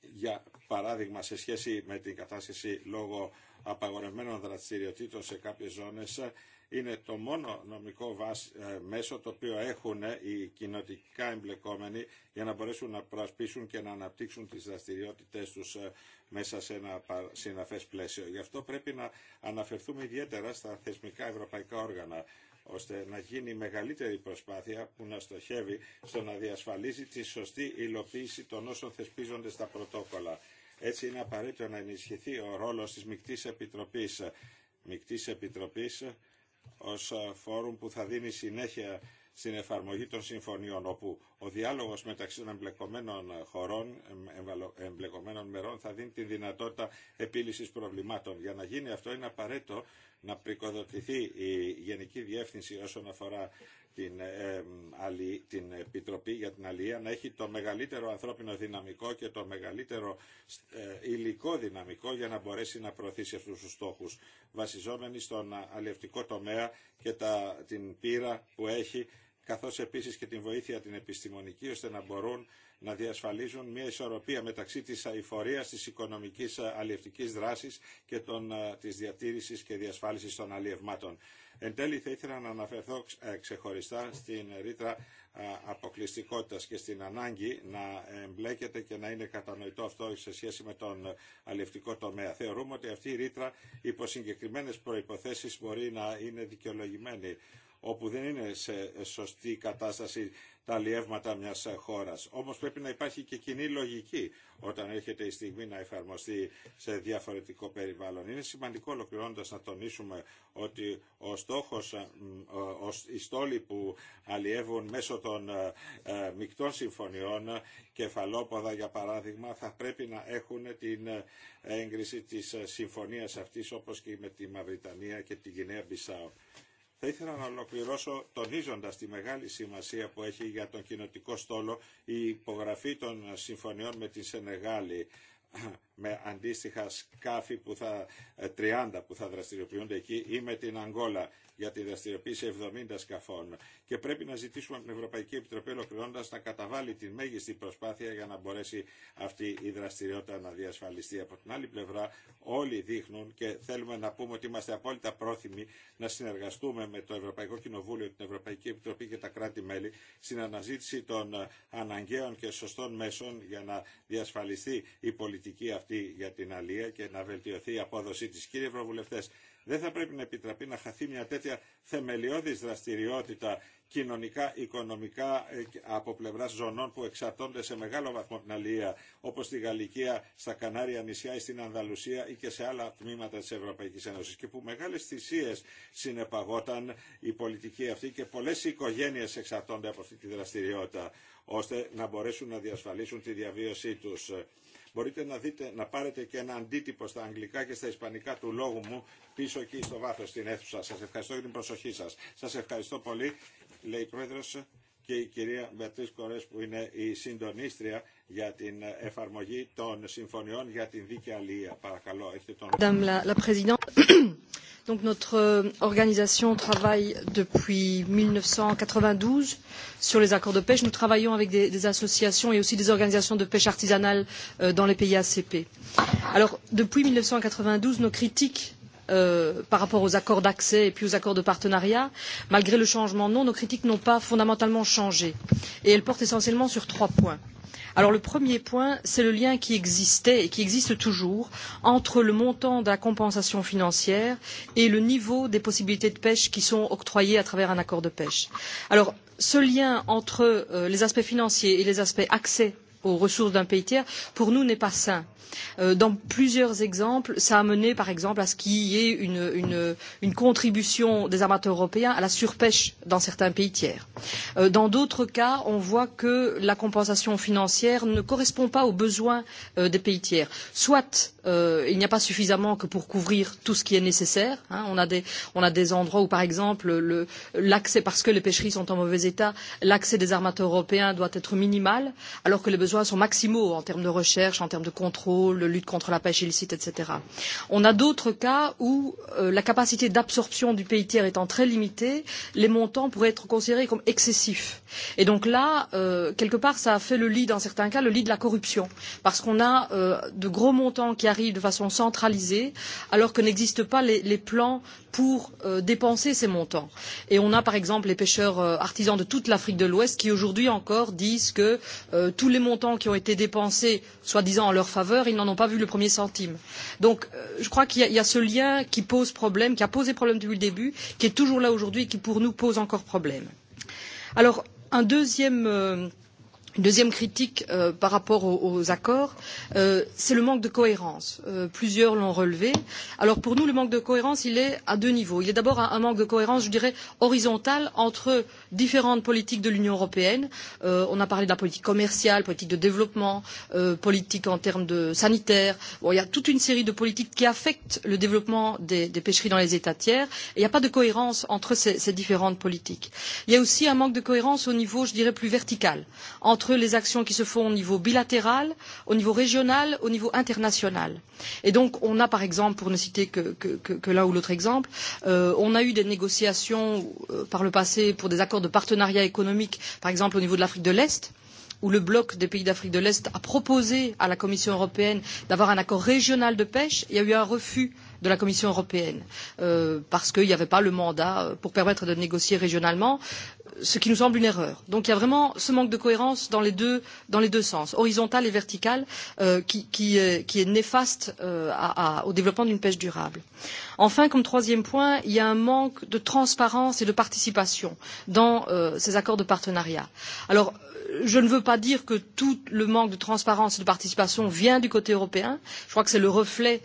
για παράδειγμα σε σχέση με την κατάσταση λόγω απαγορευμένων δραστηριοτήτων σε κάποιες ζώνες είναι το μόνο νομικό ε, μέσο το οποίο έχουν ε, οι κοινοτικά εμπλεκόμενοι για να μπορέσουν να προασπίσουν και να αναπτύξουν τις δραστηριότητες τους ε, μέσα σε ένα συναφές πλαίσιο. Γι' αυτό πρέπει να αναφερθούμε ιδιαίτερα στα θεσμικά ευρωπαϊκά όργανα ώστε να γίνει μεγαλύτερη προσπάθεια που να στοχεύει στο να διασφαλίζει τη σωστή υλοποίηση των όσων θεσπίζονται στα πρωτόκολλα. Έτσι είναι απαραίτητο να ενισχυθεί ο ρόλος της Μικτής Επιτροπής, Μικτής Επιτροπής ως ε, φόρουμ που θα δίνει συνέχεια στην εφαρμογή των συμφωνιών, όπου ο διάλογος μεταξύ των εμπλεκομένων χωρών, εμπλεκομένων μερών, θα δίνει τη δυνατότητα επίλυσης προβλημάτων. Για να γίνει αυτό είναι απαραίτητο να πρικοδοτηθεί η Γενική Διεύθυνση όσον αφορά την, ε, την Επιτροπή για την Αλληλεία να έχει το μεγαλύτερο ανθρώπινο δυναμικό και το μεγαλύτερο ε, υλικό δυναμικό για να μπορέσει να προωθήσει αυτούς τους στόχους βασιζόμενοι στον αλληλευτικό τομέα και τα, την πείρα που έχει καθώς επίσης και την βοήθεια την επιστημονική ώστε να μπορούν να διασφαλίζουν μια ισορροπία μεταξύ της αηφορίας, της οικονομικής ε, αλλιευτικής δράσης και των, της διατήρησης και διασφάλισης των αλλιευμάτων. Εν τέλει θα ήθελα να αναφερθώ ε, ξεχωριστά στην ρήτρα ε, αποκλειστικότητας και στην ανάγκη να εμπλέκεται και να είναι κατανοητό αυτό σε σχέση με τον αλληλευτικό τομέα. Θεωρούμε ότι αυτή η ρήτρα υπό συγκεκριμένε προϋποθέσεις μπορεί να είναι δικαιολογημένη όπου δεν είναι σε σωστή κατάσταση τα αλλιεύματα μιας χώρας. Όμως πρέπει να υπάρχει και κοινή λογική όταν έρχεται η στιγμή να εφαρμοστεί σε διαφορετικό περιβάλλον. Είναι σημαντικό ολοκληρώνοντα να τονίσουμε ότι ο στόχος, οι στόλοι που αλλιεύουν μέσω των ε, ε, μεικτών συμφωνιών, κεφαλόποδα για παράδειγμα, θα πρέπει να έχουν την έγκριση της συμφωνίας αυτής όπως και με τη Μαυριτανία και την Γινέα Μπισάου. Θα ήθελα να ολοκληρώσω τονίζοντας τη μεγάλη σημασία που έχει για τον κοινοτικό στόλο η υπογραφή των συμφωνιών με την Σενεγάλη με αντίστοιχα σκάφη που θα, 30 ε, που θα δραστηριοποιούνται εκεί ή με την Αγγόλα για τη δραστηριοποίηση 70 σκαφών. Και πρέπει να ζητήσουμε από την Ευρωπαϊκή Επιτροπή ολοκληρώνοντα να καταβάλει την μέγιστη προσπάθεια για να μπορέσει αυτή η δραστηριότητα να διασφαλιστεί. Από την άλλη πλευρά όλοι δείχνουν και θέλουμε να πούμε ότι είμαστε απόλυτα πρόθυμοι να συνεργαστούμε με το Ευρωπαϊκό Κοινοβούλιο, την Ευρωπαϊκή Επιτροπή και τα κράτη-μέλη στην αναζήτηση των ε, αναγκαίων και σωστών μέσων για να διασφαλιστεί η πολιτική αυτή αυτή για την αλία και να βελτιωθεί η απόδοσή της. Κύριε Προβουλευτέ, δεν θα πρέπει να επιτραπεί να χαθεί μια τέτοια θεμελιώδης δραστηριότητα κοινωνικά, οικονομικά ε, από πλευρά ζωνών που εξαρτώνται σε μεγάλο βαθμό την αλία όπως στη Γαλλικία, στα Κανάρια νησιά ή στην Ανδαλουσία ή και σε άλλα τμήματα της Ευρωπαϊκής Ένωσης και που μεγάλες θυσίε συνεπαγόταν η πολιτική αυτή και πολλές οικογένειες εξαρτώνται από αυτή τη δραστηριότητα ώστε να μπορέσουν να διασφαλίσουν τη διαβίωσή τους. Μπορείτε να, δείτε, να πάρετε και ένα αντίτυπο στα αγγλικά και στα ισπανικά του λόγου μου πίσω εκεί στο βάθος στην αίθουσα. Σας ευχαριστώ για την προσοχή σας. Σας ευχαριστώ πολύ, λέει η Πρόεδρος και η κυρία Μπερτής Κορές που είναι η συντονίστρια για την εφαρμογή των συμφωνιών για την δίκαια αλληλεία. Παρακαλώ, έχετε τον Madame la, Présidente, donc notre organisation travaille depuis 1992 sur les accords de pêche. Nous travaillons avec des, associations et aussi des organisations de pêche artisanale dans les pays ACP. Alors, depuis 1992, nos critiques par rapport aux accords d'accès et puis aux accords de partenariat, malgré le changement de nom, nos critiques n'ont pas fondamentalement changé. Et elles portent essentiellement sur trois points le premier point, c'est le lien qui existait et qui existe toujours entre le montant de la compensation financière et le niveau des possibilités de pêche qui sont octroyées à travers un accord de pêche. Alors ce lien entre les aspects financiers et les aspects accès aux ressources d'un pays tiers, pour nous, n'est pas sain. Dans plusieurs exemples, ça a mené, par exemple, à ce qu'il y ait une contribution des armateurs européens à la surpêche dans certains pays tiers. Dans d'autres cas, on voit que la compensation financière ne correspond pas aux besoins des pays tiers. Soit il n'y a pas suffisamment que pour couvrir tout ce qui est nécessaire. On a des endroits où, par exemple, l'accès, parce que les pêcheries sont en mauvais état, l'accès des armateurs européens doit être minimal, alors que les besoins sont maximaux en termes de recherche, en termes de contrôle, de lutte contre la pêche illicite, etc. On a d'autres cas où la capacité d'absorption du pays tiers étant très limitée, les montants pourraient être considérés comme excessifs. Et donc là, quelque part, ça a fait le lit, dans certains cas, le lit de la corruption. Parce qu'on a de gros montants qui arrivent de façon centralisée, alors que n'existent pas les plans pour dépenser ces montants. Et on a, par exemple, les pêcheurs artisans de toute l'Afrique de l'Ouest qui, aujourd'hui encore, disent que tous les montants qui ont été dépensés soi disant en leur faveur ils n'en ont pas vu le premier centime. donc je crois qu'il y a ce lien qui pose problème qui a posé problème depuis le début qui est toujours là aujourd'hui et qui pour nous pose encore problème. alors un deuxième Une deuxième critique par rapport aux accords, c'est le manque de cohérence. Plusieurs l'ont relevé. Alors pour nous, le manque de cohérence, il est à deux niveaux. Il est d'abord un manque de cohérence, je dirais, horizontal entre différentes politiques de l'Union européenne. On a parlé de la politique commerciale, politique de développement, politique en termes de sanitaire. Il y a toute une série de politiques qui affectent le développement des pêcheries dans les États tiers. et Il n'y a pas de cohérence entre ces différentes politiques. Il y a aussi un manque de cohérence au niveau, je dirais, plus vertical. entre entre les actions qui se font au niveau bilatéral, au niveau régional, au niveau international. Et donc, on a par exemple, pour ne citer que l'un ou l'autre exemple, on a eu des négociations par le passé pour des accords de partenariat économique, par exemple au niveau de l'Afrique de l'Est où le bloc des pays d'Afrique de l'Est a proposé à la Commission européenne d'avoir un accord régional de pêche, il y a eu un refus de la Commission européenne parce qu'il n'y avait pas le mandat pour permettre de négocier régionalement ce qui nous semble une erreur. Donc il y a vraiment ce manque de cohérence dans les deux sens, horizontal et vertical, qui est néfaste au développement d'une pêche durable. Enfin, comme troisième point, il y a un manque de transparence et de participation dans ces accords de partenariat. Alors, je ne veux pas dire que tout le manque de transparence et de participation vient du côté européen. Je crois que c'est le reflet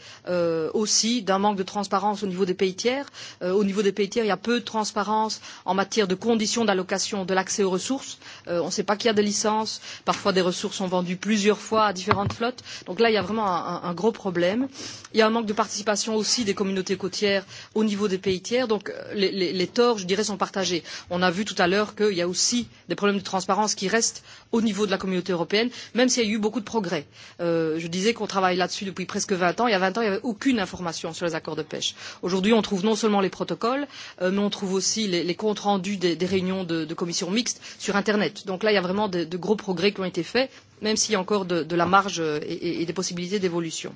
aussi d'un manque de transparence au niveau des pays tiers. Au niveau des pays tiers, il y a peu de transparence en matière de conditions d'allocation de l'accès aux ressources. On ne sait pas qu'il y a des licences. Parfois, des ressources sont vendues plusieurs fois à différentes flottes. Donc là, il y a vraiment un gros problème. Il y a un manque de participation aussi des communautés côtières au niveau des pays tiers. Donc les torts, je dirais, sont partagés. On a vu tout à l'heure qu'il y a aussi des problèmes de transparence qui restent au niveau de la communauté européenne, même s'il y a eu beaucoup de progrès. Je disais qu'on travaille là-dessus depuis presque 20 ans. Il y a 20 ans, il n'y avait aucune information sur les accords de pêche. Aujourd'hui, on trouve non seulement les protocoles, mais on trouve aussi les comptes rendus des réunions de commissions mixtes sur Internet. Donc là, il y a vraiment de gros progrès qui ont été faits, même s'il y a encore de la marge et des possibilités d'évolution.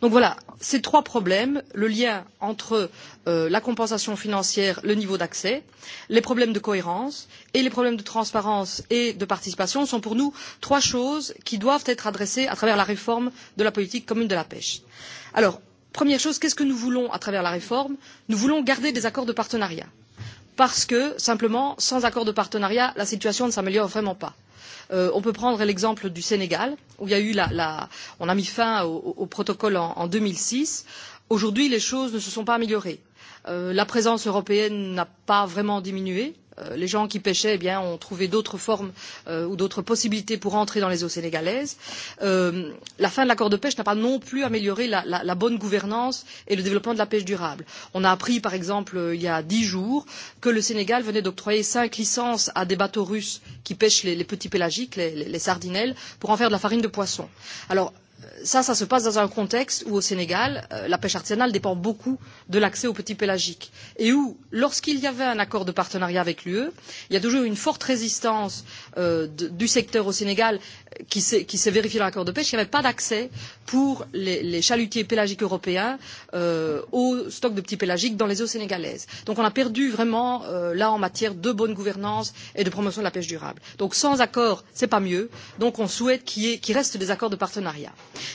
Donc voilà, ces trois problèmes, le lien entre la compensation financière, le niveau d'accès, les problèmes de cohérence et les problèmes de transparence et de participation sont pour nous trois choses qui doivent être adressées à travers la réforme de la politique commune de la pêche. Alors, première chose, qu'est-ce que nous voulons à travers la réforme Nous voulons garder des accords de partenariat. Parce que, simplement, sans accord de partenariat, la situation ne s'améliore vraiment pas On peut prendre l'exemple du Sénégal, où eu on a mis fin au protocole en 2006. Aujourd'hui, les choses ne se sont pas améliorées. La présence européenne n'a pas vraiment diminué les gens qui pêchaient bien, ont trouvé d'autres formes ou d'autres possibilités pour entrer dans les eaux sénégalaises. La fin de l'accord de pêche n'a pas non plus amélioré la bonne gouvernance et le développement de la pêche durable. On a appris, par exemple, il y a dix jours, que le Sénégal venait d'octroyer cinq licences à des bateaux russes qui pêchent les petits pélagiques, les sardinelles, pour en faire de la farine de poisson. Alors ça, ça se passe dans un contexte où, au Sénégal, la pêche artisanale dépend beaucoup de l'accès aux petits pélagiques et où, lorsqu'il y avait un accord de partenariat avec l'UE, il y a toujours une forte résistance du secteur au Sénégal qui s'est vérifié dans l'accord de pêche. Il n'y avait pas d'accès pour les chalutiers pélagiques européens aux stocks de petits pélagiques dans les eaux sénégalaises. Donc, on a perdu vraiment, là, en matière de bonne gouvernance et de promotion de la pêche durable. Donc, sans accord, ce n'est pas mieux. Donc, on souhaite qu'il reste des accords de partenariat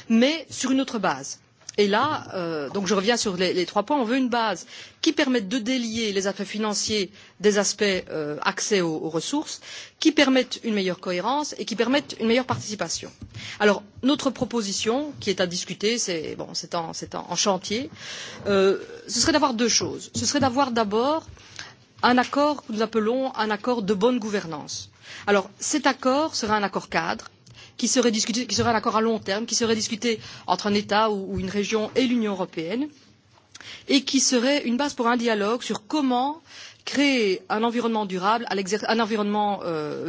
mais sur une autre base. Et là, donc je reviens sur les trois points, on veut une base qui permette de délier les aspects financiers des aspects accès aux ressources, qui permette une meilleure cohérence et qui permette une meilleure participation. Alors, notre proposition, qui est à discuter, c'est en chantier, ce serait d'avoir deux choses. Ce serait d'avoir d'abord un accord que nous appelons un accord de bonne gouvernance. Alors, cet accord sera un accord cadre qui serait discuté, qui serait un accord à long terme, qui serait discuté entre un État ou une région et l'Union européenne et qui serait une base pour un dialogue sur comment créer un environnement durable, un environnement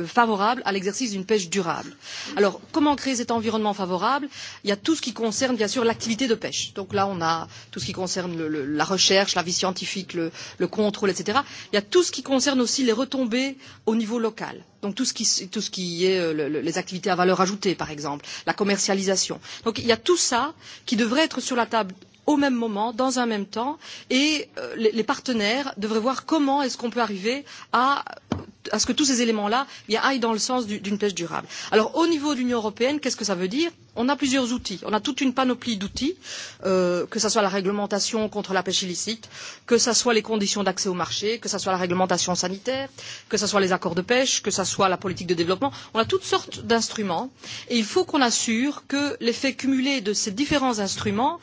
favorable à l'exercice d'une pêche durable. Alors, comment créer cet environnement favorable Il y a tout ce qui concerne, bien sûr, l'activité de pêche. Donc là, on a tout ce qui concerne la recherche, la vie scientifique, le contrôle, etc. Il y a tout ce qui concerne aussi les retombées au niveau local. Donc tout ce qui est les activités à valeur ajoutée, par exemple, la commercialisation. Donc il y a tout cela qui devrait être sur la table au même moment, dans un même temps, et les partenaires devraient voir comment est-ce qu'on peut arriver à à ce que tous ces éléments là aillent dans le sens d'une pêche durable. alors au niveau de l'union européenne qu'est ce que cela veut dire? on a plusieurs outils on a toute une panoplie d'outils que ce soit la réglementation contre la pêche illicite que ce soit les conditions d'accès au marché que ce soit la réglementation sanitaire que ce soit les accords de pêche que ce soit la politique de développement on a toutes sortes d'instruments et il faut qu'on assure que l'effet cumulé de ces différents instruments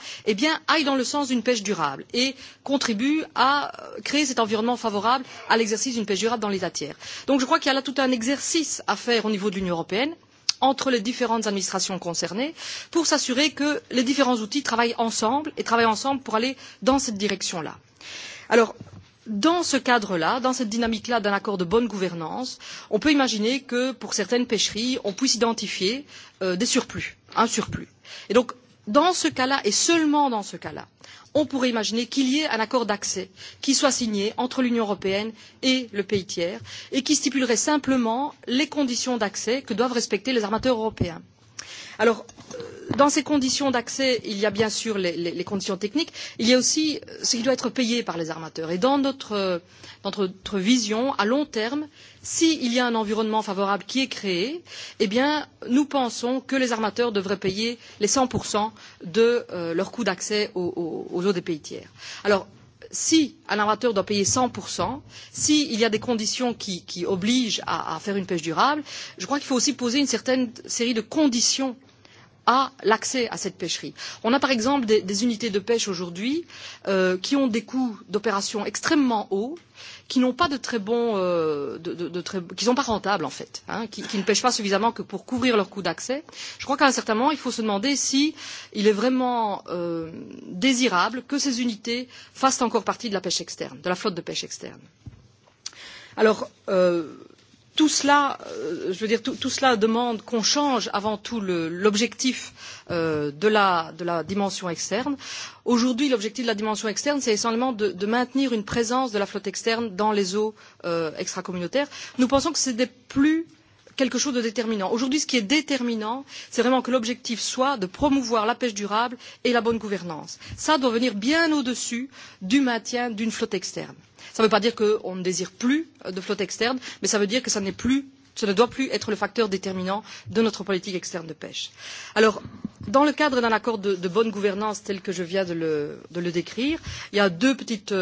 aille dans le sens d'une pêche durable et contribue à créer cet environnement favorable à l'exercice d'une pêche durable dans les tiers donc je crois qu'il y a là tout un exercice à faire au niveau de l'union européenne entre les différentes administrations concernées pour s'assurer que les différents outils travaillent ensemble et travaillent ensemble pour aller dans cette direction là. alors dans ce cadre là dans cette dynamique là d'un accord de bonne gouvernance on peut imaginer que pour certaines pêcheries on puisse identifier des surplus un surplus et donc dans ce cas là et seulement dans ce cas là on pourrait imaginer qu'il y ait un accord d'accès qui soit signé entre l'union européenne et le pays tiers et qui stipulerait simplement les conditions d'accès que doivent respecter les armateurs européens. Alors, dans ces conditions d'accès, il y a bien sûr les conditions techniques, il y a aussi ce qui doit être payé par les armateurs. Et dans notre vision, à long terme, s'il y a un environnement favorable qui est créé, nous pensons que les armateurs devraient payer les 100% de leur coût d'accès aux eaux des pays tiers. Alors, si un armateur doit payer 100%, s'il y a des conditions qui obligent à faire une pêche durable, je crois qu'il faut aussi poser une certaine série de conditions à l'accès à cette pêcherie. On a par exemple des unités de pêche aujourd'hui qui ont des coûts d'opération extrêmement hauts, qui n'ont pas de très bons, qui ne sont pas rentables en fait, qui ne pêchent pas suffisamment que pour couvrir leurs coûts d'accès. Je crois qu'à un certain moment, il faut se demander s'il est vraiment désirable que ces unités fassent encore partie de la pêche externe, de la flotte de pêche externe. Alors, tout cela je veux dire tout cela demande qu'on change avant tout l'objectif de la dimension externe. aujourd'hui l'objectif de la dimension externe c'est essentiellement de maintenir une présence de la flotte externe dans les eaux extracommunautaires. nous pensons que ce n'est plus quelque chose de déterminant. aujourd'hui ce qui est déterminant c'est vraiment que l'objectif soit de promouvoir la pêche durable et la bonne gouvernance. cela doit venir bien au dessus du maintien d'une flotte externe. Ça ne veut pas dire qu'on ne désire plus de flotte externe, mais cela veut dire que ça plus ce ne doit plus être le facteur déterminant de notre politique externe de pêche. Alors, dans le cadre d'un accord de bonne gouvernance tel que je viens de le décrire, il y a deux petites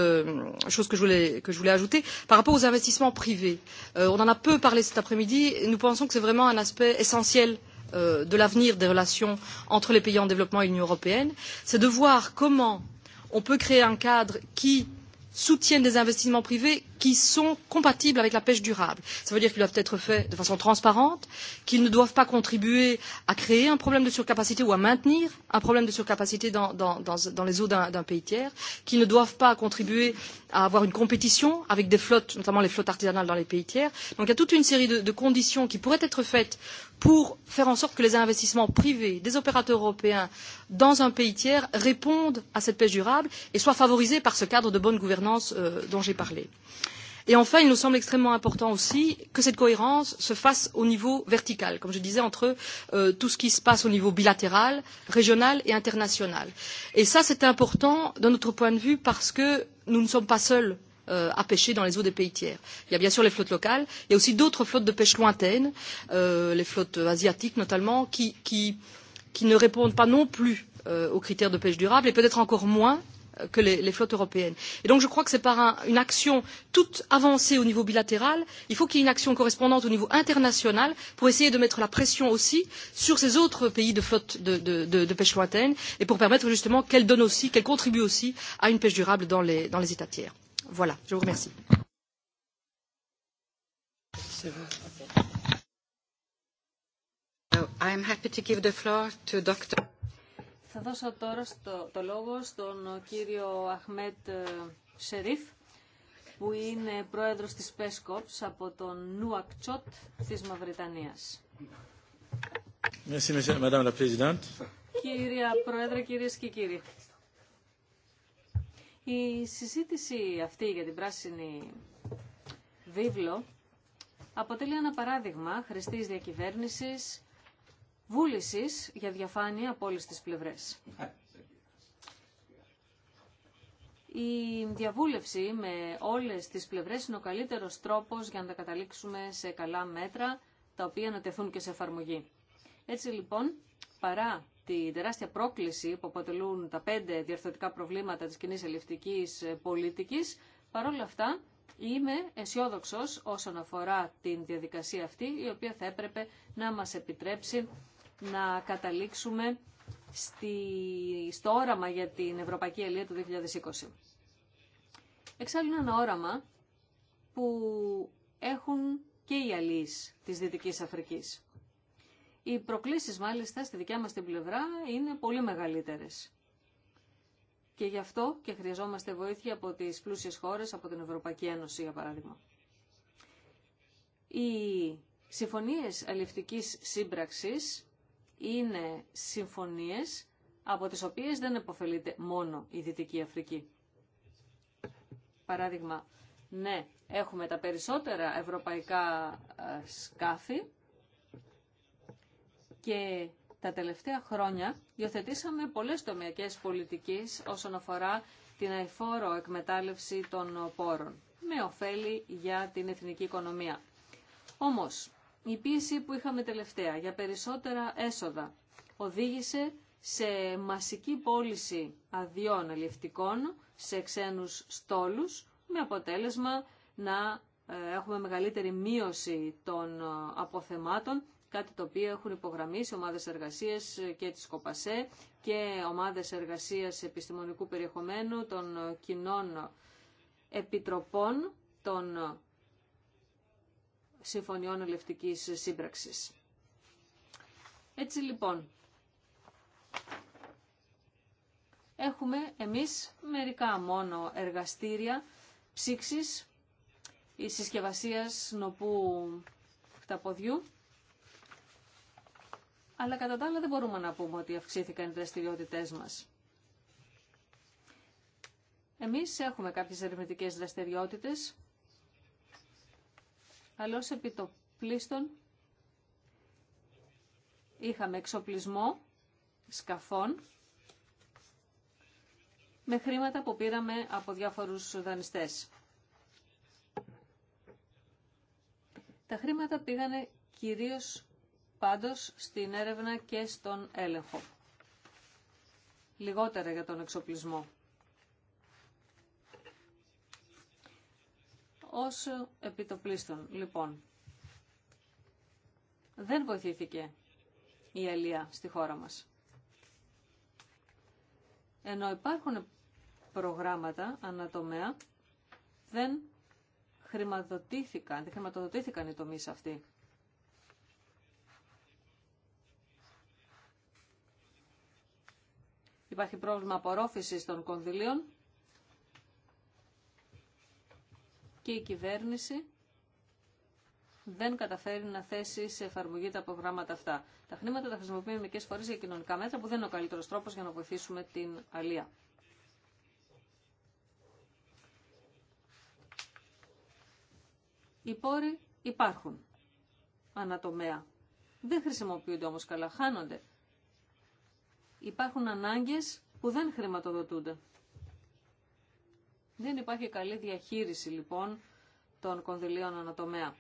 choses que je voulais ajouter. Par rapport aux investissements privés, on en a peu parlé cet après-midi et nous pensons que c'est vraiment un aspect essentiel de l'avenir des relations entre les pays en développement et l'Union européenne. C'est de voir comment on peut créer un cadre qui soutiennent des investissements privés qui sont compatibles avec la pêche durable. Ça veut dire qu'ils doivent être faits de façon transparente, qu'ils ne doivent pas contribuer à créer un problème de surcapacité ou à maintenir un problème de surcapacité dans les eaux d'un pays tiers, qu'ils ne doivent pas contribuer à avoir une compétition avec des flottes, notamment les flottes artisanales dans les pays tiers. Donc il y a toute une série de conditions qui pourraient être faites pour faire en sorte que les investissements privés des opérateurs européens dans un pays tiers répondent à cette pêche durable et soient favorisés par ce cadre de bonne gouvernance dont j'ai parlé. Et enfin, il nous semble extrêmement important aussi que cette cohérence se fasse au niveau vertical, comme je disais, entre tout ce qui se passe au niveau bilatéral, régional et international. Et ça, c'est important de notre point de vue parce que nous ne sommes pas seuls à pêcher dans les eaux des pays tiers. Il y a bien sûr les flottes locales, il y a aussi d'autres flottes de pêche lointaines, les flottes asiatiques notamment, qui ne répondent pas non plus aux critères de pêche durable et peut-être encore moins que les flottes européennes. Et donc je crois que c'est par une action toute avancée au niveau bilatéral, il faut qu'il y ait une action correspondante au niveau international pour essayer de mettre la pression aussi sur ces autres pays de flotte de pêche lointaine et pour permettre justement qu'elles donnent aussi, qu'elles contribuent aussi à une pêche durable dans les États tiers. Voilà, je vous remercie. Θα δώσω τώρα στο, το λόγο στον κύριο Αχμέτ ε, Σερίφ, που είναι πρόεδρος της ΠΕΣΚΟΠΣ από τον Νουακτσότ της Μαυριτανίας. Κυρία Πρόεδρε, κυρίες και κύριοι. Η συζήτηση αυτή για την πράσινη βίβλο αποτελεί ένα παράδειγμα χρηστής διακυβέρνησης Βούληση για διαφάνεια από όλε τι πλευρέ. Η διαβούλευση με όλες τις πλευρές είναι ο καλύτερος τρόπος για να τα καταλήξουμε σε καλά μέτρα, τα οποία να τεθούν και σε εφαρμογή. Έτσι λοιπόν, παρά τη τεράστια πρόκληση που αποτελούν τα πέντε διαρθρωτικά προβλήματα της κοινή ελευτικής πολιτικής, παρόλα αυτά είμαι αισιόδοξο όσον αφορά την διαδικασία αυτή, η οποία θα έπρεπε να μας επιτρέψει να καταλήξουμε στη, στο όραμα για την Ευρωπαϊκή Αλία του 2020. Εξάλλου είναι ένα όραμα που έχουν και οι αλίες της Δυτικής Αφρικής. Οι προκλήσεις μάλιστα στη δικιά μας την πλευρά είναι πολύ μεγαλύτερες. Και γι' αυτό και χρειαζόμαστε βοήθεια από τις πλούσιες χώρες, από την Ευρωπαϊκή Ένωση για παράδειγμα. Οι συμφωνίες αλληλευτικής σύμπραξης είναι συμφωνίες από τις οποίες δεν επωφελείται μόνο η Δυτική Αφρική. Παράδειγμα, ναι, έχουμε τα περισσότερα ευρωπαϊκά ε, σκάφη και τα τελευταία χρόνια υιοθετήσαμε πολλές τομιακές πολιτικές όσον αφορά την αηφόρο εκμετάλλευση των πόρων με ωφέλη για την εθνική οικονομία. Όμως, η πίεση που είχαμε τελευταία για περισσότερα έσοδα οδήγησε σε μασική πώληση αδειών αλληλευτικών σε ξένους στόλους με αποτέλεσμα να ε, έχουμε μεγαλύτερη μείωση των ε, αποθεμάτων, κάτι το οποίο έχουν υπογραμμίσει ομάδες εργασίας και της ΚΟΠΑΣΕ και ομάδες εργασίας επιστημονικού περιεχομένου των ε, κοινών επιτροπών των συμφωνιών ελευτικής σύμπραξης. Έτσι λοιπόν, έχουμε εμείς μερικά μόνο εργαστήρια ψήξης ή συσκευασίας νοπού χταποδιού. Αλλά κατά τα άλλα δεν μπορούμε να πούμε ότι αυξήθηκαν οι δραστηριότητε μας. Εμείς έχουμε κάποιες ερευνητικές δραστηριότητες επί το επιτοπλίστων είχαμε εξοπλισμό σκαφών με χρήματα που πήραμε από διάφορους δανειστές. Τα χρήματα πήγανε κυρίως πάντως στην έρευνα και στον έλεγχο. Λιγότερα για τον εξοπλισμό. ως επιτοπλίστων. Λοιπόν, δεν βοηθήθηκε η αλία στη χώρα μας. Ενώ υπάρχουν προγράμματα ανατομέα, δεν χρηματοδοτήθηκαν, δεν χρηματοδοτήθηκαν οι τομείς αυτοί. Υπάρχει πρόβλημα απορρόφησης των κονδυλίων και η κυβέρνηση δεν καταφέρει να θέσει σε εφαρμογή τα προγράμματα αυτά. Τα χρήματα τα χρησιμοποιούμε μερικέ φορέ για κοινωνικά μέτρα που δεν είναι ο καλύτερο τρόπο για να βοηθήσουμε την αλία. Οι πόροι υπάρχουν ανατομέα. Δεν χρησιμοποιούνται όμως καλά, χάνονται. Υπάρχουν ανάγκες που δεν χρηματοδοτούνται. Δεν υπάρχει καλή διαχείριση λοιπόν των κονδυλίων ανατομέα.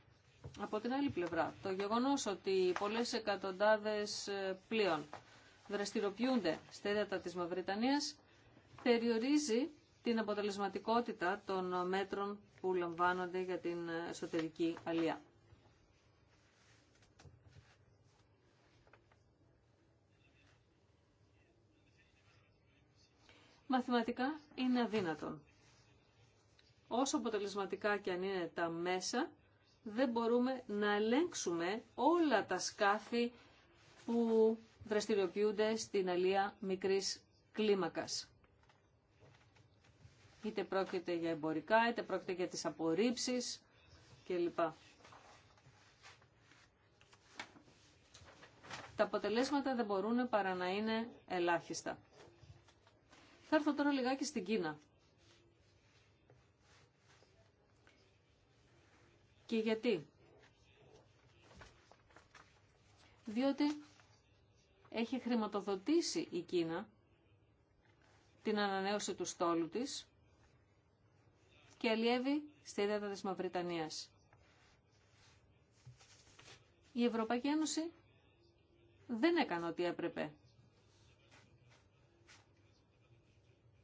Από την άλλη πλευρά, το γεγονός ότι πολλές εκατοντάδες ε, πλοίων δραστηριοποιούνται στα έδατα της Μαυριτανίας περιορίζει την αποτελεσματικότητα των μέτρων που λαμβάνονται για την εσωτερική αλία. Μαθηματικά είναι αδύνατον όσο αποτελεσματικά και αν είναι τα μέσα, δεν μπορούμε να ελέγξουμε όλα τα σκάφη που δραστηριοποιούνται στην αλία μικρής κλίμακας. Είτε πρόκειται για εμπορικά, είτε πρόκειται για τις απορρίψεις κλπ. Τα αποτελέσματα δεν μπορούν παρά να είναι ελάχιστα. Θα έρθω τώρα λιγάκι στην Κίνα Και γιατί. Διότι έχει χρηματοδοτήσει η Κίνα την ανανέωση του στόλου της και αλλιεύει στη ύδατα της Μαυρητανίας. Η Ευρωπαϊκή Ένωση δεν έκανε ό,τι έπρεπε.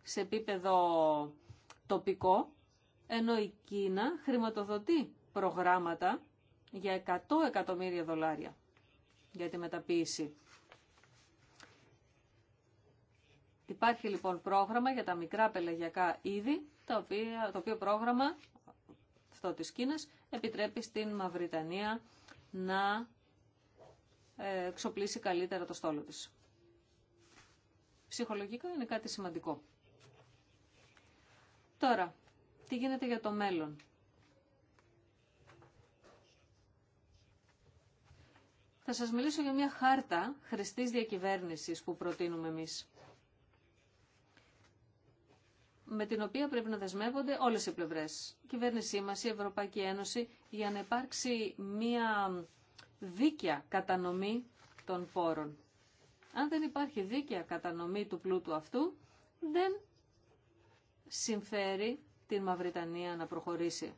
Σε επίπεδο τοπικό, ενώ η Κίνα χρηματοδοτεί προγράμματα για 100 εκατομμύρια δολάρια για τη μεταποίηση. Υπάρχει λοιπόν πρόγραμμα για τα μικρά πελαγιακά είδη, το οποίο, πρόγραμμα αυτό της Κίνας επιτρέπει στην Μαυριτανία να ε, εξοπλίσει καλύτερα το στόλο της. Ψυχολογικά είναι κάτι σημαντικό. Τώρα, τι γίνεται για το μέλλον. θα σας μιλήσω για μια χάρτα χρηστής διακυβέρνησης που προτείνουμε εμείς με την οποία πρέπει να δεσμεύονται όλες οι πλευρές. Η κυβέρνησή μας, η Ευρωπαϊκή Ένωση, για να υπάρξει μία δίκαια κατανομή των πόρων. Αν δεν υπάρχει δίκαια κατανομή του πλούτου αυτού, δεν συμφέρει την Μαυριτανία να προχωρήσει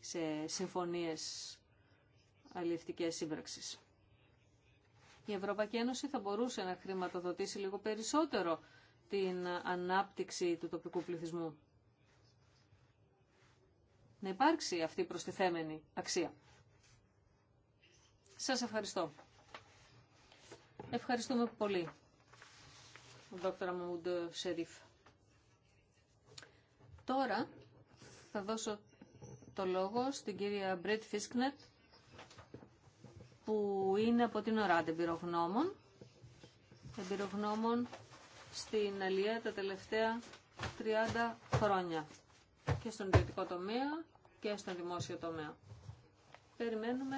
σε συμφωνίες αλληλευτικές σύμπραξης η Ευρωπαϊκή Ένωση θα μπορούσε να χρηματοδοτήσει λίγο περισσότερο την ανάπτυξη του τοπικού πληθυσμού. Να υπάρξει αυτή η προστιθέμενη αξία. Σας ευχαριστώ. Ευχαριστούμε πολύ, δόκτωρα Μούντ Σερίφ. Τώρα θα δώσω το λόγο στην κυρία Μπρέτ Φίσκνετ, που είναι από την ώρα εμπειρογνώμων. Εμπειρογνώμων στην Αλία τα τελευταία 30 χρόνια και στον ιδιωτικό τομέα και στον δημόσιο τομέα. Περιμένουμε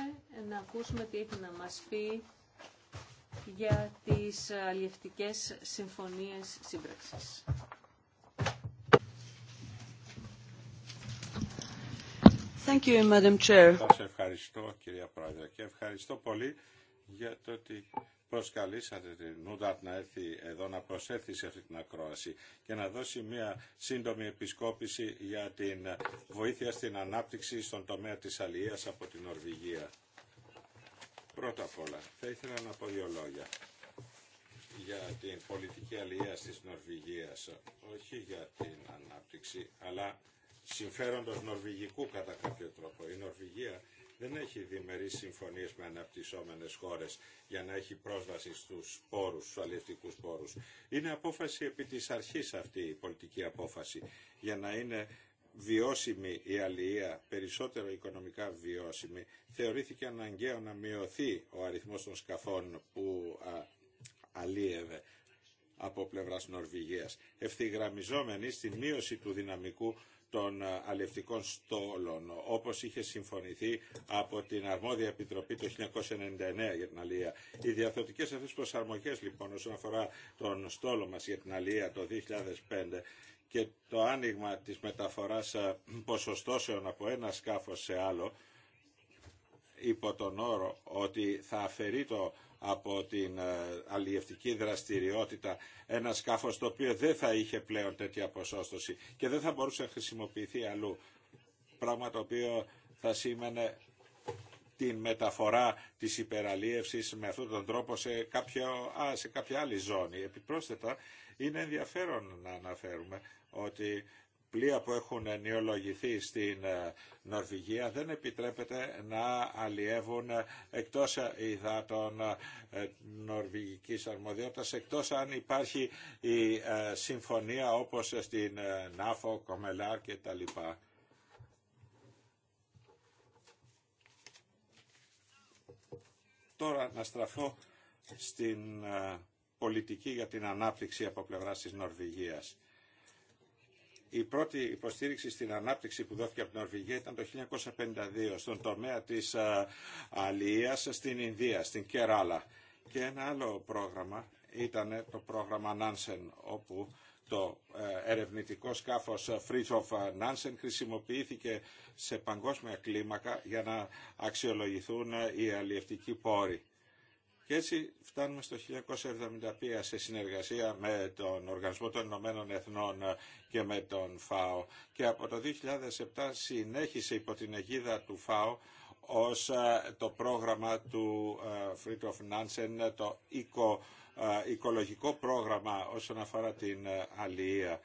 να ακούσουμε τι έχει να μας πει για τις αλλιευτικές συμφωνίες σύμπραξης. Thank ευχαριστώ κυρία Πρόεδρε και ευχαριστώ πολύ για το ότι προσκαλήσατε την Νούνταρτ να έρθει εδώ να προσέλθει σε αυτή την ακρόαση και να δώσει μια σύντομη επισκόπηση για την βοήθεια στην ανάπτυξη στον τομέα της αλληλείας από την Νορβηγία. Πρώτα απ' όλα, θα ήθελα να πω δύο λόγια για την πολιτική αλληλείας της Νορβηγίας, όχι για την ανάπτυξη, αλλά συμφέροντος νορβηγικού κατά κάποιο τρόπο. Η Νορβηγία δεν έχει διμερείς συμφωνίες με αναπτυσσόμενες χώρες για να έχει πρόσβαση στους πόρους, στους αλληλευτικούς πόρους. Είναι απόφαση επί της αρχής αυτή η πολιτική απόφαση για να είναι βιώσιμη η αλληλεία, περισσότερο οικονομικά βιώσιμη, θεωρήθηκε αναγκαίο να μειωθεί ο αριθμός των σκαφών που α, αλίευε από πλευράς Νορβηγίας, ευθυγραμμιζόμενη στη μείωση του δυναμικού των ε, αλευτικών στόλων, όπως είχε συμφωνηθεί από την Αρμόδια Επιτροπή το 1999 για την Αλία. Οι διαθωτικές αυτές προσαρμογές λοιπόν όσον αφορά τον στόλο μας για την Αλία το 2005 και το άνοιγμα της μεταφοράς ε, ποσοστώσεων από ένα σκάφος σε άλλο υπό τον όρο ότι θα αφαιρεί το από την ε, αλλιευτική δραστηριότητα ένα σκάφος το οποίο δεν θα είχε πλέον τέτοια ποσόστοση και δεν θα μπορούσε να χρησιμοποιηθεί αλλού. Πράγμα το οποίο θα σήμαινε την μεταφορά της υπεραλίευσης με αυτόν τον τρόπο σε, κάποιο, σε κάποια άλλη ζώνη. Επιπρόσθετα, είναι ενδιαφέρον να αναφέρουμε ότι πλοία που έχουν νεολογηθεί στην ε, Νορβηγία δεν επιτρέπεται να αλλιεύουν ε, εκτός υδάτων ε, νορβηγικής αρμοδιότητας, εκτός αν υπάρχει η συμφωνία όπως στην ΝΑΦΟ, Κομελάρ κτλ. Τώρα να στραφώ στην πολιτική για την ανάπτυξη από πλευράς της Νορβηγίας. Η πρώτη υποστήριξη στην ανάπτυξη που δόθηκε από την Νορβηγία ήταν το 1952 στον τομέα της Αλίας στην Ινδία, στην Κεράλα. Και ένα άλλο πρόγραμμα ήταν το πρόγραμμα Nansen, όπου το ε, ερευνητικό σκάφος of Nansen χρησιμοποιήθηκε σε παγκόσμια κλίμακα για να αξιολογηθούν ε, οι αλλιευτικοί πόροι. Και έτσι φτάνουμε στο 1973 σε συνεργασία με τον Οργανισμό των Ηνωμένων Εθνών και με τον ΦΑΟ. Και από το 2007 συνέχισε υπό την αιγίδα του ΦΑΟ ως ε, το πρόγραμμα του ε, of Νάνσεν, το ε, οικολογικό πρόγραμμα όσον αφορά την αλληλεία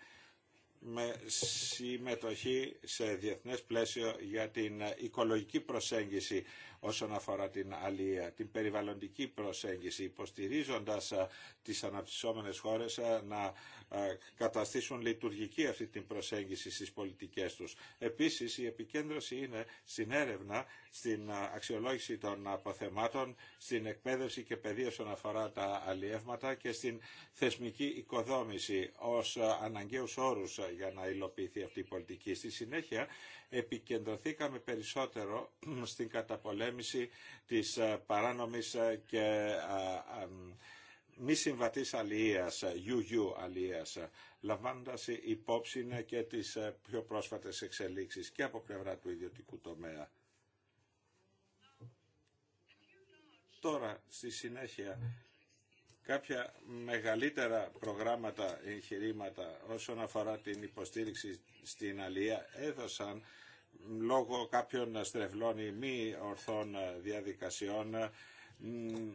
με συμμετοχή σε διεθνές πλαίσιο για την οικολογική προσέγγιση όσον αφορά την αλληλεία, την περιβαλλοντική προσέγγιση, υποστηρίζοντας τις αναπτυσσόμενες χώρες να καταστήσουν λειτουργική αυτή την προσέγγιση στις πολιτικές τους. Επίσης, η επικέντρωση είναι στην έρευνα, στην αξιολόγηση των αποθεμάτων, στην εκπαίδευση και παιδεία όσον αφορά τα αλλιεύματα και στην θεσμική οικοδόμηση ως αναγκαίους όρους για να υλοποιηθεί αυτή η πολιτική. Στη συνέχεια, επικεντρωθήκαμε περισσότερο (clears throat) στην καταπολέμηση της ε, παράνομης ε, και ε, μη συμβατής αλληλείας, UU αλληλείας, λαμβάνοντας υπόψη και τις πιο πρόσφατες εξελίξεις και από πλευρά του ιδιωτικού τομέα. Τώρα, στη συνέχεια, κάποια μεγαλύτερα προγράμματα, εγχειρήματα όσον αφορά την υποστήριξη στην Αλία έδωσαν λόγω κάποιων στρεβλών ή μη ορθών διαδικασιών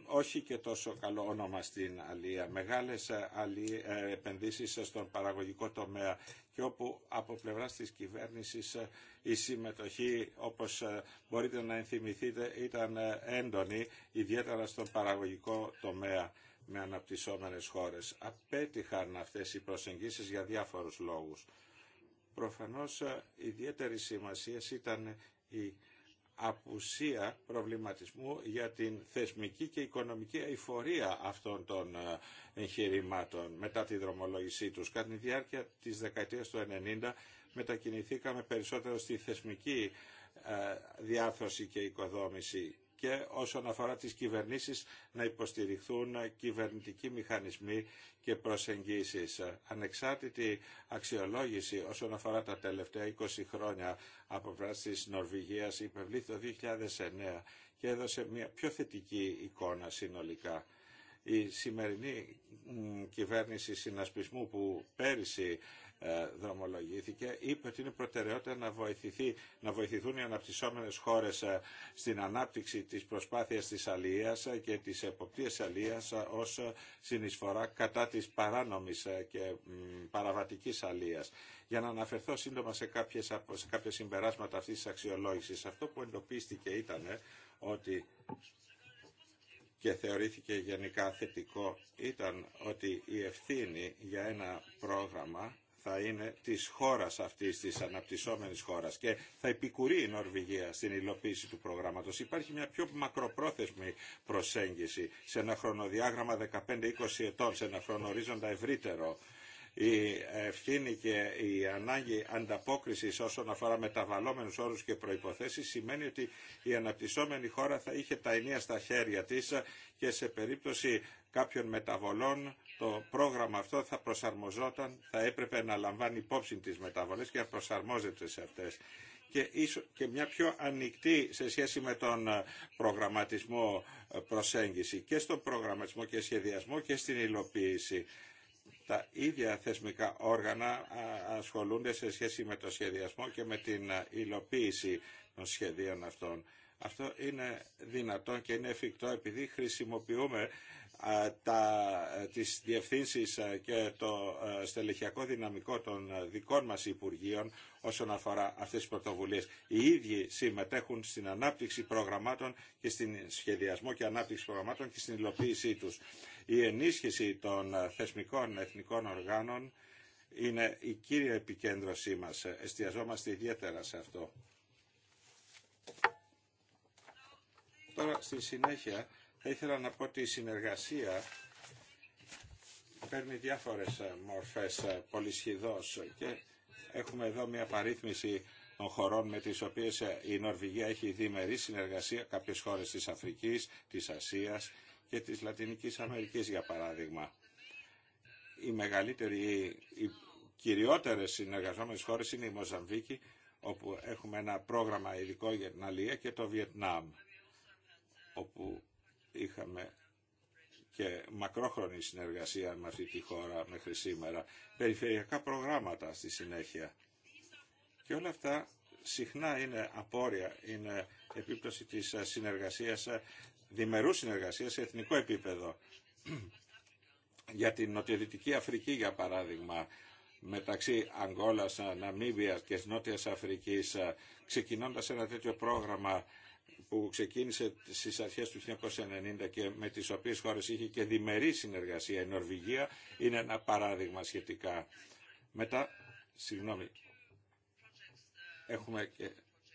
όχι και τόσο καλό όνομα στην Αλία. Μεγάλες ε, αλία, ε, επενδύσεις στον παραγωγικό τομέα και όπου από πλευράς της κυβέρνησης ε, η συμμετοχή όπως μπορείτε να ενθυμηθείτε ήταν μεγαλες αλί ιδιαίτερα στον παραγωγικο τομεα και οπου απο πλευρά της κυβερνησης η συμμετοχη τομέα με αναπτυσσόμενες χώρες. Απέτυχαν αυτές οι προσεγγίσεις για διάφορους λόγους. Προφανώς ε, ιδιαίτερη σημασία ήταν η απουσία προβληματισμού για την θεσμική και οικονομική αηφορία αυτών των ε, εγχειρημάτων μετά τη δρομολόγησή τους. Κατά τη διάρκεια της δεκαετίας του 1990 μετακινηθήκαμε περισσότερο στη θεσμική ε, διάρθρωση και οικοδόμηση και όσον αφορά τις κυβερνήσεις να υποστηριχθούν κυβερνητικοί μηχανισμοί και προσεγγίσεις. Ανεξάρτητη αξιολόγηση όσον αφορά τα τελευταία 20 χρόνια από πράσινη της Νορβηγίας υπευλήθη το 2009 και έδωσε μια πιο θετική εικόνα συνολικά. Η σημερινή κυβέρνηση συνασπισμού που πέρυσι ε, δρομολογήθηκε, είπε ότι είναι προτεραιότητα να, βοηθηθεί, να βοηθηθούν οι αναπτυσσόμενες χώρες ε, στην ανάπτυξη της προσπάθειας της αλίας ε, και της εποπτείας αλίας ως συνεισφορά κατά της παράνομης και παραβατικής αλίας. Για να αναφερθώ σύντομα σε, κάποιες, σε κάποιες συμπεράσματα αυτής της αξιολόγησης, αυτό που εντοπίστηκε ήταν ότι και θεωρήθηκε γενικά θετικό ήταν ότι η ευθύνη για ένα πρόγραμμα θα είναι της χώρας αυτής, της αναπτυσσόμενης χώρας και θα επικουρεί η Νορβηγία στην υλοποίηση του προγράμματος. Υπάρχει μια πιο μακροπρόθεσμη προσέγγιση σε ένα χρονοδιάγραμμα 15-20 ετών, σε ένα χρονορίζοντα ευρύτερο η ευθύνη και η ανάγκη ανταπόκρισης όσον αφορά μεταβαλλόμενους όρους και προϋποθέσεις σημαίνει ότι η αναπτυσσόμενη χώρα θα είχε τα ενία στα χέρια της και σε περίπτωση κάποιων μεταβολών το πρόγραμμα αυτό θα προσαρμοζόταν, θα έπρεπε να λαμβάνει υπόψη τις μεταβολές και να προσαρμόζεται σε αυτές και, μια πιο ανοιχτή σε σχέση με τον ε, προγραμματισμό ε, προσέγγιση και στον προγραμματισμό και σχεδιασμό και στην υλοποίηση. Τα ίδια θεσμικά όργανα ασχολούνται σε σχέση με το σχεδιασμό και με την ε, υλοποίηση των σχεδίων αυτών. Αυτό είναι δυνατόν και είναι εφικτό επειδή χρησιμοποιούμε τα, ε, τις διευθύνσεις ε, και το ε, στελεχειακό δυναμικό των δικών μας Υπουργείων όσον αφορά αυτές τις πρωτοβουλίες. Οι ίδιοι συμμετέχουν στην ανάπτυξη προγραμμάτων και στην σχεδιασμό και ανάπτυξη προγραμμάτων και στην υλοποίησή τους. Η ενίσχυση των θεσμικών εθνικών οργάνων είναι η κύρια επικέντρωσή μας. Εστιαζόμαστε ιδιαίτερα σε αυτό. Τώρα στη συνέχεια θα ήθελα να πω ότι η συνεργασία παίρνει διάφορες ε, μορφές ε, πολυσχηδώς και έχουμε εδώ μια παρήθμιση των χωρών με τις οποίες ε, η Νορβηγία έχει διμερή συνεργασία, κάποιες χώρες της Αφρικής, της Ασίας και της Λατινικής Αμερικής για παράδειγμα. Οι μεγαλύτεροι, οι κυριότερες συνεργαζόμενες χώρες είναι η Μοζαμβίκη, όπου έχουμε ένα πρόγραμμα ειδικό για την Αλία και το Βιετνάμ, όπου είχαμε και μακρόχρονη συνεργασία με αυτή τη χώρα μέχρι σήμερα, περιφερειακά προγράμματα στη συνέχεια. Και όλα αυτά συχνά είναι απόρρια, είναι επίπτωση της συνεργασίας, διμερού συνεργασίας σε εθνικό επίπεδο. (clears throat) Για την Νοτιοδυτική Αφρική, για παράδειγμα, μεταξύ Αγγόλας, Ναμίβιας και Νότιας Αφρικής, ξεκινώντας ένα τέτοιο πρόγραμμα που ξεκίνησε στις αρχές του 1990 και με τις οποίες χώρες είχε και διμερή συνεργασία. Η Νορβηγία είναι ένα παράδειγμα σχετικά. Μετά, συγγνώμη, έχουμε και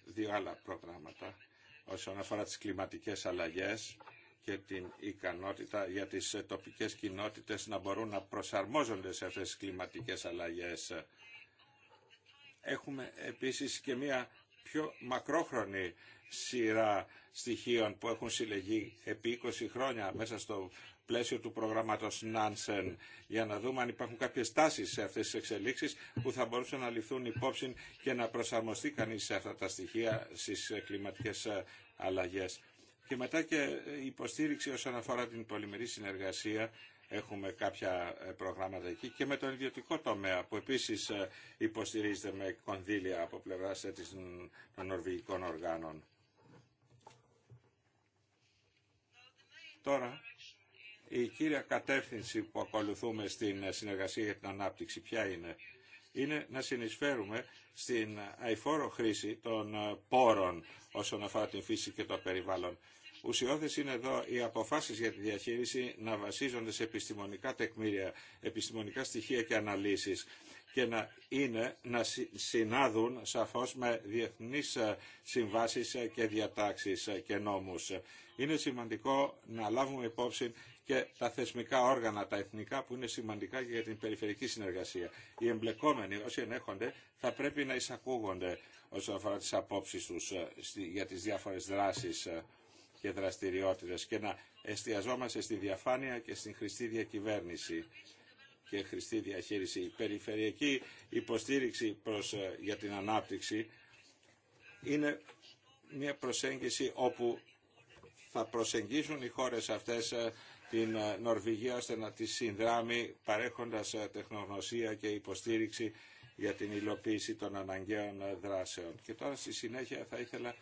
δύο άλλα προγράμματα όσον αφορά τις κλιματικές αλλαγές και την ικανότητα για τις τοπικές κοινότητες να μπορούν να προσαρμόζονται σε αυτές τις κλιματικές αλλαγές. Έχουμε επίσης και μια πιο μακρόχρονη σειρά στοιχείων που έχουν συλλεγεί επί 20 χρόνια μέσα στο πλαίσιο του προγράμματος Nansen για να δούμε αν υπάρχουν κάποιες τάσεις σε αυτές τις εξελίξεις που θα μπορούσαν να ληφθούν υπόψη και να προσαρμοστεί κανείς σε αυτά τα στοιχεία στις κλιματικές αλλαγές. Και μετά και υποστήριξη όσον αφορά την πολυμερή συνεργασία έχουμε κάποια ε, προγράμματα εκεί και με τον ιδιωτικό τομέα που επίσης ε, υποστηρίζεται με κονδύλια από πλευράς ε, των νορβηγικών οργάνων. Τώρα, η κύρια κατεύθυνση που ακολουθούμε στην συνεργασία για την ανάπτυξη ποια είναι. Είναι να συνεισφέρουμε στην αηφόρο χρήση των πόρων όσον αφορά την φύση και το περιβάλλον. Ουσιώδες είναι εδώ οι αποφάσεις για τη διαχείριση να βασίζονται σε επιστημονικά τεκμήρια, επιστημονικά στοιχεία και αναλύσεις και να είναι να συνάδουν σαφώς με διεθνείς ε, συμβάσεις ε, και διατάξεις ε, και νόμους. Είναι σημαντικό να λάβουμε υπόψη και τα θεσμικά όργανα, τα εθνικά, που είναι σημαντικά και για την περιφερική συνεργασία. Οι εμπλεκόμενοι, όσοι ενέχονται, θα πρέπει να εισακούγονται όσον αφορά τις απόψεις τους για τις διάφορες δράσεις και δραστηριότητες και να εστιαζόμαστε στη διαφάνεια και στην χρηστή διακυβέρνηση και χρηστή διαχείριση. Η περιφερειακή υποστήριξη προς, ε, για την ανάπτυξη είναι μια προσέγγιση όπου θα προσεγγίσουν οι χώρες αυτές ε, την ε, Νορβηγία ώστε να τη συνδράμει παρέχοντας τεχνογνωσία και υποστήριξη για την υλοποίηση των αναγκαίων δράσεων. Και τώρα στη συνέχεια θα ήθελα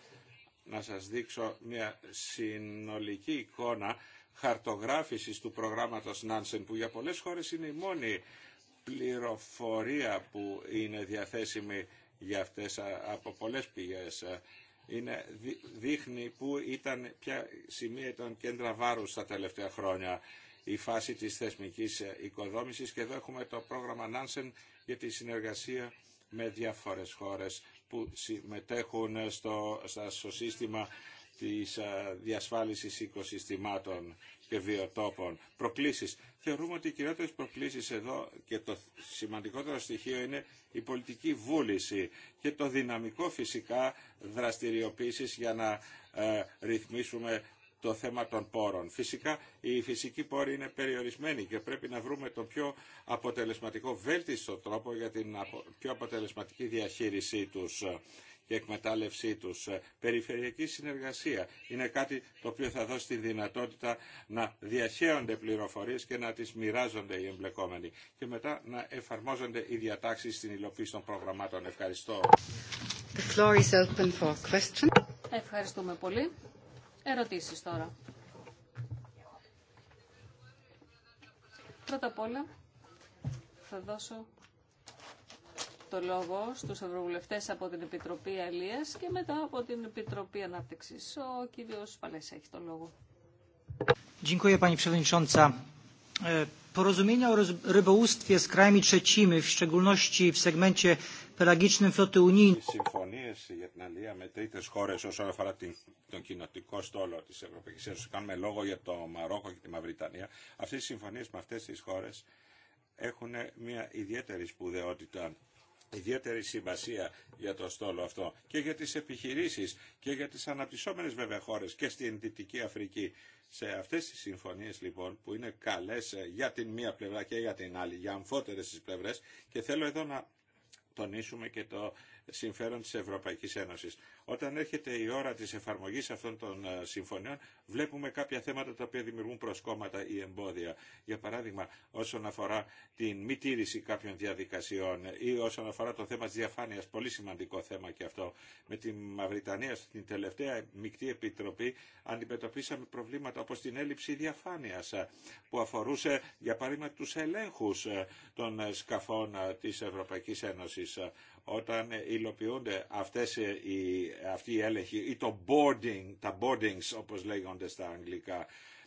να σας δείξω μια συνολική εικόνα χαρτογράφησης του προγράμματος Νάνσεν που για πολλές χώρες είναι η μόνη πληροφορία που είναι διαθέσιμη για αυτές από πολλές πηγές. Είναι, δείχνει που ήταν, ποια σημεία ήταν κέντρα βάρους τα τελευταία χρόνια η φάση της θεσμικής ε, οικοδόμησης και εδώ έχουμε το πρόγραμμα Νάνσεν για τη συνεργασία με διάφορες χώρες που συμμετέχουν στο, στο σύστημα της ε, διασφάλισης οικοσυστημάτων και βιοτόπων. Προκλήσεις. Θεωρούμε ότι οι κυριότερες προκλήσεις εδώ και το σημαντικότερο στοιχείο είναι η πολιτική βούληση και το δυναμικό φυσικά δραστηριοποίησης για να ε, ρυθμίσουμε το θέμα των πόρων. Φυσικά οι φυσικοί πόροι είναι περιορισμένοι και πρέπει να βρούμε τον πιο αποτελεσματικό βέλτιστο τρόπο για την πιο αποτελεσματική διαχείρισή τους και εκμετάλλευσή τους. Περιφερειακή συνεργασία είναι κάτι το οποίο θα δώσει τη δυνατότητα να διαχέονται πληροφορίες και να τις μοιράζονται οι εμπλεκόμενοι και μετά να εφαρμόζονται οι διατάξεις στην υλοποίηση των προγραμμάτων. Ευχαριστώ. Ευχαριστούμε πολύ. Ερωτήσεις τώρα. Πρώτα απ' όλα θα δώσω το λόγο στους ευρωβουλευτές από την Επιτροπή Αλίας και μετά από την Επιτροπή Ανάπτυξης. Ο κύριος Παλέσσα έχει το λόγο. Dziękuję Pani Przewodnicząca. E, porozumienia o rybołówstwie z krajami trzecimi, w szczególności w segmencie οι συμφωνίε για την Αλία με τρίτε χώρε όσον αφορά την, τον κοινοτικό στόλο τη Ευρωπαϊκή Ένωση, κάνουμε λόγο για το Μαρόκο και τη Μαυριτανία, αυτέ οι συμφωνίε με αυτέ τι χώρε έχουν μια ιδιαίτερη σπουδαιότητα ιδιαίτερη σημασία για το στόλο αυτό και για τις επιχειρήσεις και για τις αναπτυσσόμενες βέβαια χώρες και στην Δυτική Αφρική. Σε αυτές τις συμφωνίες λοιπόν που είναι καλές για την μία πλευρά και για την άλλη, για αμφότερες τις πλευρές και θέλω εδώ να τονίσουμε και το συμφέρον της Ευρωπαϊκής Ένωσης. Όταν έρχεται η ώρα της εφαρμογής αυτών των ε, συμφωνιών, βλέπουμε κάποια θέματα τα οποία δημιουργούν προσκόμματα ή εμπόδια. Για παράδειγμα, όσον αφορά την μη τήρηση κάποιων διαδικασιών ή όσον αφορά το θέμα της διαφάνειας, πολύ σημαντικό θέμα και αυτό. Με τη Μαυριτανία στην τελευταία μεικτή επιτροπή αντιμετωπίσαμε προβλήματα όπως την έλλειψη διαφάνειας ε, που αφορούσε για παράδειγμα τους ελέγχους ε, των σκαφών της Ευρωπαϊκής Ένωσης όταν υλοποιούνται αυτές ε, οι, αυτοί ή το boarding, τα boardings όπως λέγονται στα αγγλικά,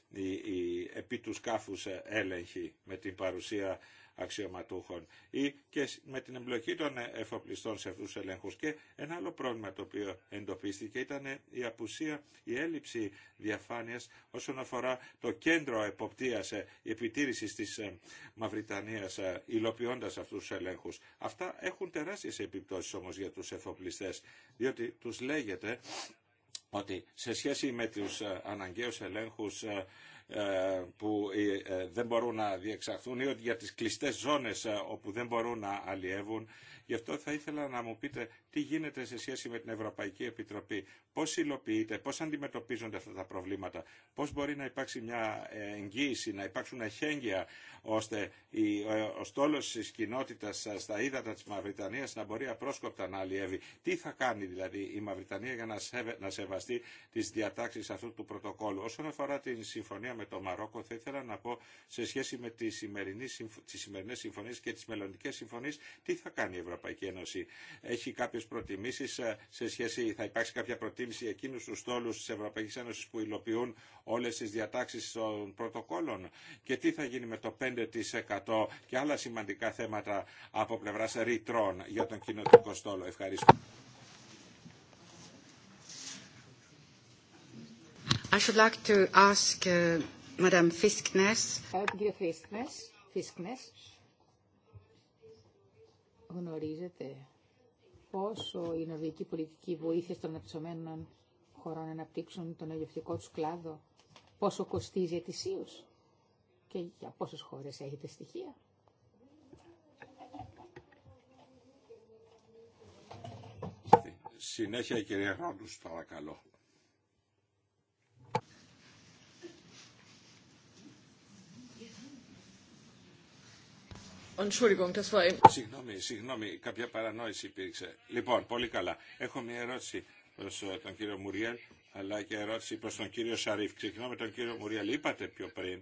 οι, οι επί τους ε, έλεγχοι με την παρουσία αξιωματούχων ή και με την εμπλοκή των εφοπλιστών σε αυτούς τους ελέγχους. Και ένα άλλο πρόβλημα το οποίο εντοπίστηκε ήταν η απουσία, η έλλειψη διαφάνειας όσον αφορά το κέντρο εποπτείας ε, επιτήρησης της ε, Μαυριτανίας ε, υλοποιώντας αυτούς τους ελέγχους. Αυτά έχουν τεράστιες επιπτώσεις όμως για τους εφοπλιστές, διότι τους λέγεται ότι σε σχέση με τους αναγκαίους ελέγχους ε, που ε, ε, δεν μπορούν να διεξαχθούν ή για τις κλειστές ζώνες όπου δεν μπορούν να αλλιεύουν. Γι' αυτό θα ήθελα να μου πείτε τι γίνεται σε σχέση με την Ευρωπαϊκή Επιτροπή, πώς υλοποιείται, πώς αντιμετωπίζονται αυτά τα προβλήματα, πώς μπορεί να υπάρξει μια ε, εγγύηση, να υπάρξουν εχέγγυα, ώστε η, ο στόλος της κοινότητας στα ύδατα της Μαυριτανίας να μπορεί απρόσκοπτα να αλλιεύει. Τι θα κάνει δηλαδή η Μαυριτανία για να, να σεβαστεί τις διατάξεις αυτού του πρωτοκόλου. Όσον αφορά την συμφωνία με το Μαρόκο, θα ήθελα να πω σε σχέση με τι σημερινέ τις και τις μελλοντικέ συμφωνίες, τι θα κάνει η Ευρωπαϊκή Ένωση. Έχει κάποιο τις προτιμήσεις ε, σε σχέση, θα υπάρξει κάποια προτίμηση εκείνους τους στόλους της Ευρωπαϊκή Ένωση που υλοποιούν όλες τις διατάξεις των πρωτοκόλων και τι θα γίνει με το 5% και άλλα σημαντικά θέματα από πλευρά ρητρών για τον κοινοτικό στόλο. Ευχαριστώ. I should like to ask Madame Fisknes. Fisknes. Γνωρίζετε πόσο η νορβηγική πολιτική βοήθεια των αναπτυσσομένων χωρών να αναπτύξουν τον ελευθερικό του κλάδο, πόσο κοστίζει ετησίω και για πόσε χώρε έχετε στοιχεία. Συνέχεια κυρία παρακαλώ. Συγγνώμη, συγγνώμη, κάποια παρανόηση υπήρξε. Λοιπόν, πολύ καλά. Έχω μια ερώτηση προς ε, τον κύριο Μουριέλ, αλλά και ερώτηση προς τον κύριο Σαρίφ. Ξεκινώ με τον κύριο Μουριέλ. Είπατε πιο πριν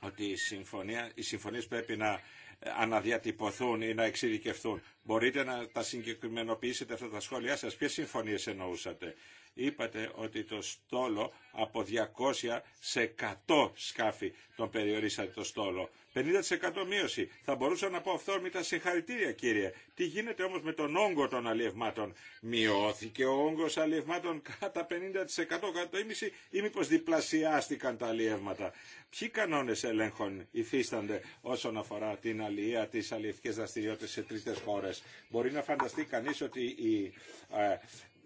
ότι η συμφωνία, οι συμφωνίες πρέπει να ε, αναδιατυπωθούν ή να εξειδικευτούν. Μπορείτε να τα συγκεκριμενοποιήσετε αυτά τα σχόλιά σας. Ποιες συμφωνίες εννοούσατε. Είπατε ότι το στόλο από 200 σε 100 σκάφη τον περιορίσατε το στόλο. 50% μείωση. Θα μπορούσα να πω αυθόρμητα συγχαρητήρια κύριε. Τι γίνεται όμως με τον όγκο των αλλιευμάτων. Μειώθηκε ο όγκος αλλιευμάτων κατά 50% κατά το ίμιση ή μήπως διπλασιάστηκαν τα αλλιεύματα. Ποιοι κανόνες ελέγχων υφίστανται όσον αφορά την αλληλεία της αλλιευτικές δραστηριότητες σε τρίτες χώρες. Μπορεί να φανταστεί κανείς ότι η ε,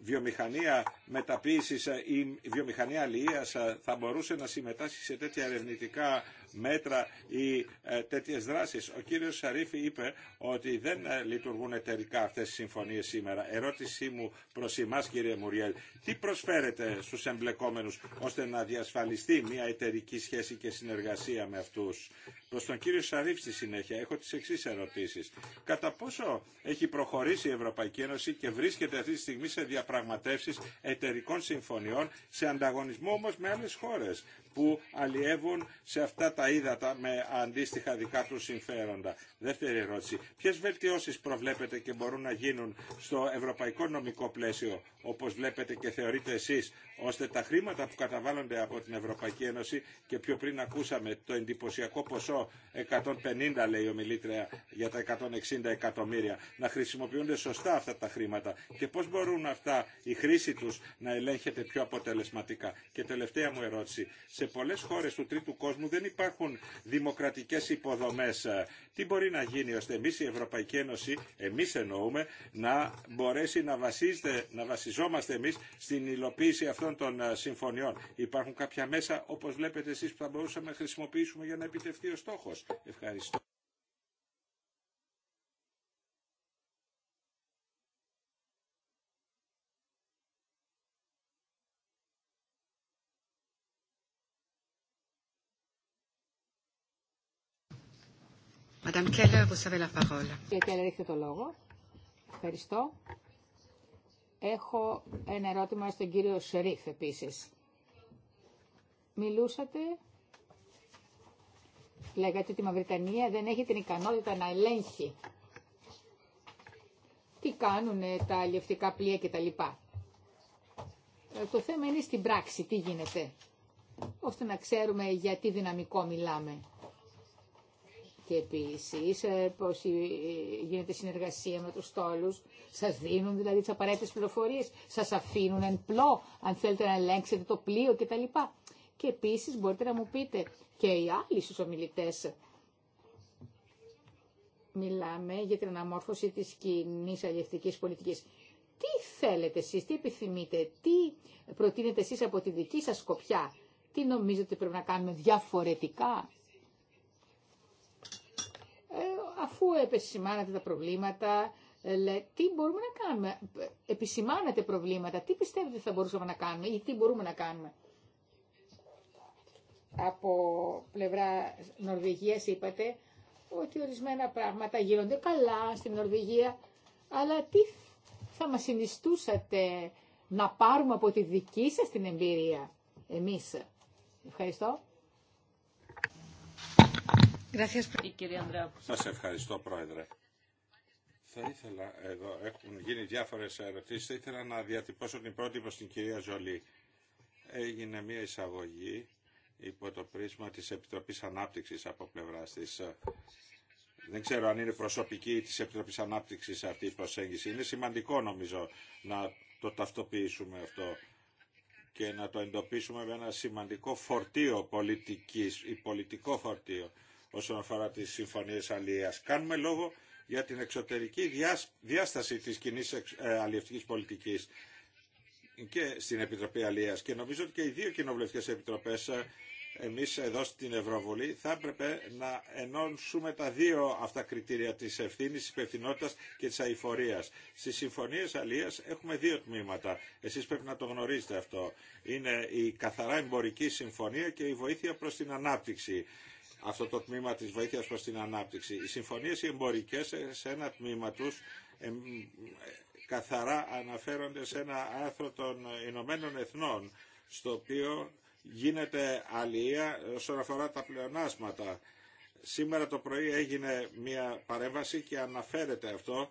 βιομηχανία μεταποίησης ή ε, η βιομηχανια αλληλείας ε, θα μπορούσε να συμμετάσχει σε τέτοια ερευνητικά μέτρα ή ε, τέτοιες δράσεις. Ο κύριος Σαρίφη είπε ότι δεν ε, λειτουργούν εταιρικά αυτές οι συμφωνίες σήμερα. Ερώτησή μου προς εμάς κύριε Μουριέλ, τι προσφέρετε στους εμπλεκόμενους ώστε να διασφαλιστεί μια εταιρική σχέση και συνεργασία με αυτούς. Προς τον κύριο Σαρίφ στη συνέχεια έχω τις εξής ερωτήσεις. Κατά πόσο έχει προχωρήσει η Ευρωπαϊκή Ένωση και βρίσκεται αυτή τη στιγμή σε διαπραγματεύσεις εταιρικών συμφωνιών σε ανταγωνισμό όμως με άλλες χώρες που αλλιεύουν σε αυτά τα ύδατα με αντίστοιχα δικά του συμφέροντα. Δεύτερη ερώτηση. Ποιε βελτιώσει προβλέπετε και μπορούν να γίνουν στο ευρωπαϊκό νομικό πλαίσιο, όπω βλέπετε και θεωρείτε εσεί, ώστε τα χρήματα που καταβάλλονται από την Ευρωπαϊκή Ένωση και πιο πριν ακούσαμε το εντυπωσιακό ποσό 150 λέει ο Μιλήτρια για τα 160 εκατομμύρια να χρησιμοποιούνται σωστά αυτά τα χρήματα και πώ μπορούν αυτά η χρήση του να ελέγχεται πιο αποτελεσματικά. Και τελευταία μου ερώτηση, σε πολλές χώρες του τρίτου κόσμου δεν υπάρχουν δημοκρατικές υποδομές. Ε, τι μπορεί να γίνει ώστε εμείς η Ευρωπαϊκή Ένωση, εμείς εννοούμε, να μπορέσει να, βασίζεται, να βασιζόμαστε εμείς στην υλοποίηση αυτών των ε, συμφωνιών. Υπάρχουν κάποια μέσα, όπως βλέπετε εσείς, που θα μπορούσαμε να χρησιμοποιήσουμε για να επιτευχθεί ο στόχος. Ευχαριστώ. Κύριε το λόγο. Ευχαριστώ. Έχω ένα ερώτημα στον κύριο Σερίφ επίσης. Μιλούσατε, λέγατε ότι η Μαυριτανία δεν έχει την ικανότητα να ελέγχει τι κάνουν τα αλλιευτικά πλοία κτλ. Ε, το θέμα είναι στην πράξη τι γίνεται, ώστε να ξέρουμε για τι δυναμικό μιλάμε και επίση ε, πω γίνεται συνεργασία με τους τόλου, Σας δίνουν δηλαδή τι απαραίτητε πληροφορίες, σας αφήνουν εν πλώ, αν θέλετε να ελέγξετε το πλοίο κτλ. Και επίσης μπορείτε να μου πείτε και οι άλλοι στου ομιλητέ, μιλάμε για την αναμόρφωση της κοινή αλληλευτικής πολιτικής. Τι θέλετε εσείς, τι επιθυμείτε, τι προτείνετε εσείς από τη δική σας σκοπιά, τι νομίζετε ότι πρέπει να κάνουμε διαφορετικά αφού επισημάνατε τα προβλήματα, ε, τι μπορούμε να κάνουμε. Επισημάνατε προβλήματα. Τι πιστεύετε θα μπορούσαμε να κάνουμε ή τι μπορούμε να κάνουμε. Από πλευρά Νορβηγίας είπατε ότι ορισμένα πράγματα γίνονται καλά στην Νορβηγία, αλλά τι θα μας συνιστούσατε να πάρουμε από τη δική σας την εμπειρία εμείς. Ευχαριστώ. Η Σας ευχαριστώ, Πρόεδρε. Θα ήθελα εδώ, έχουν γίνει διάφορες ερωτήσεις, θα ήθελα να διατυπώσω την πρώτη προς την κυρία Ζολή. Έγινε μια εισαγωγή υπό το πρίσμα της Επιτροπής Ανάπτυξης από πλευρά της. Δεν ξέρω αν είναι προσωπική της Επιτροπής Ανάπτυξης αυτή η προσέγγιση. Είναι σημαντικό νομίζω να το ταυτοποιήσουμε αυτό και να το εντοπίσουμε με ένα σημαντικό φορτίο πολιτικής, ή πολιτικό φορτίο όσον αφορά τις συμφωνίες αλληλείας. Κάνουμε λόγο για την εξωτερική διάσταση της κοινή ε, αλληλευτικής πολιτικής και στην Επιτροπή Αλίας. Και νομίζω ότι και οι δύο κοινοβουλευτικές επιτροπές ε, εμείς εδώ στην Ευρωβουλή θα έπρεπε να ενώσουμε τα δύο αυτά κριτήρια της ευθύνης, της υπευθυνότητας και της αηφορίας. Στις συμφωνίες αλίας έχουμε δύο τμήματα. Εσείς πρέπει να το γνωρίζετε αυτό. Είναι η καθαρά εμπορική συμφωνία και η βοήθεια προς την ανάπτυξη αυτό το τμήμα της βοήθειας προς την ανάπτυξη. Οι συμφωνίες οι σε ένα τμήμα τους καθαρά αναφέρονται σε ένα άρθρο των Ηνωμένων Εθνών στο οποίο γίνεται αλληλεία όσον αφορά τα πλεονάσματα. Σήμερα το πρωί έγινε μια παρέμβαση και αναφέρεται αυτό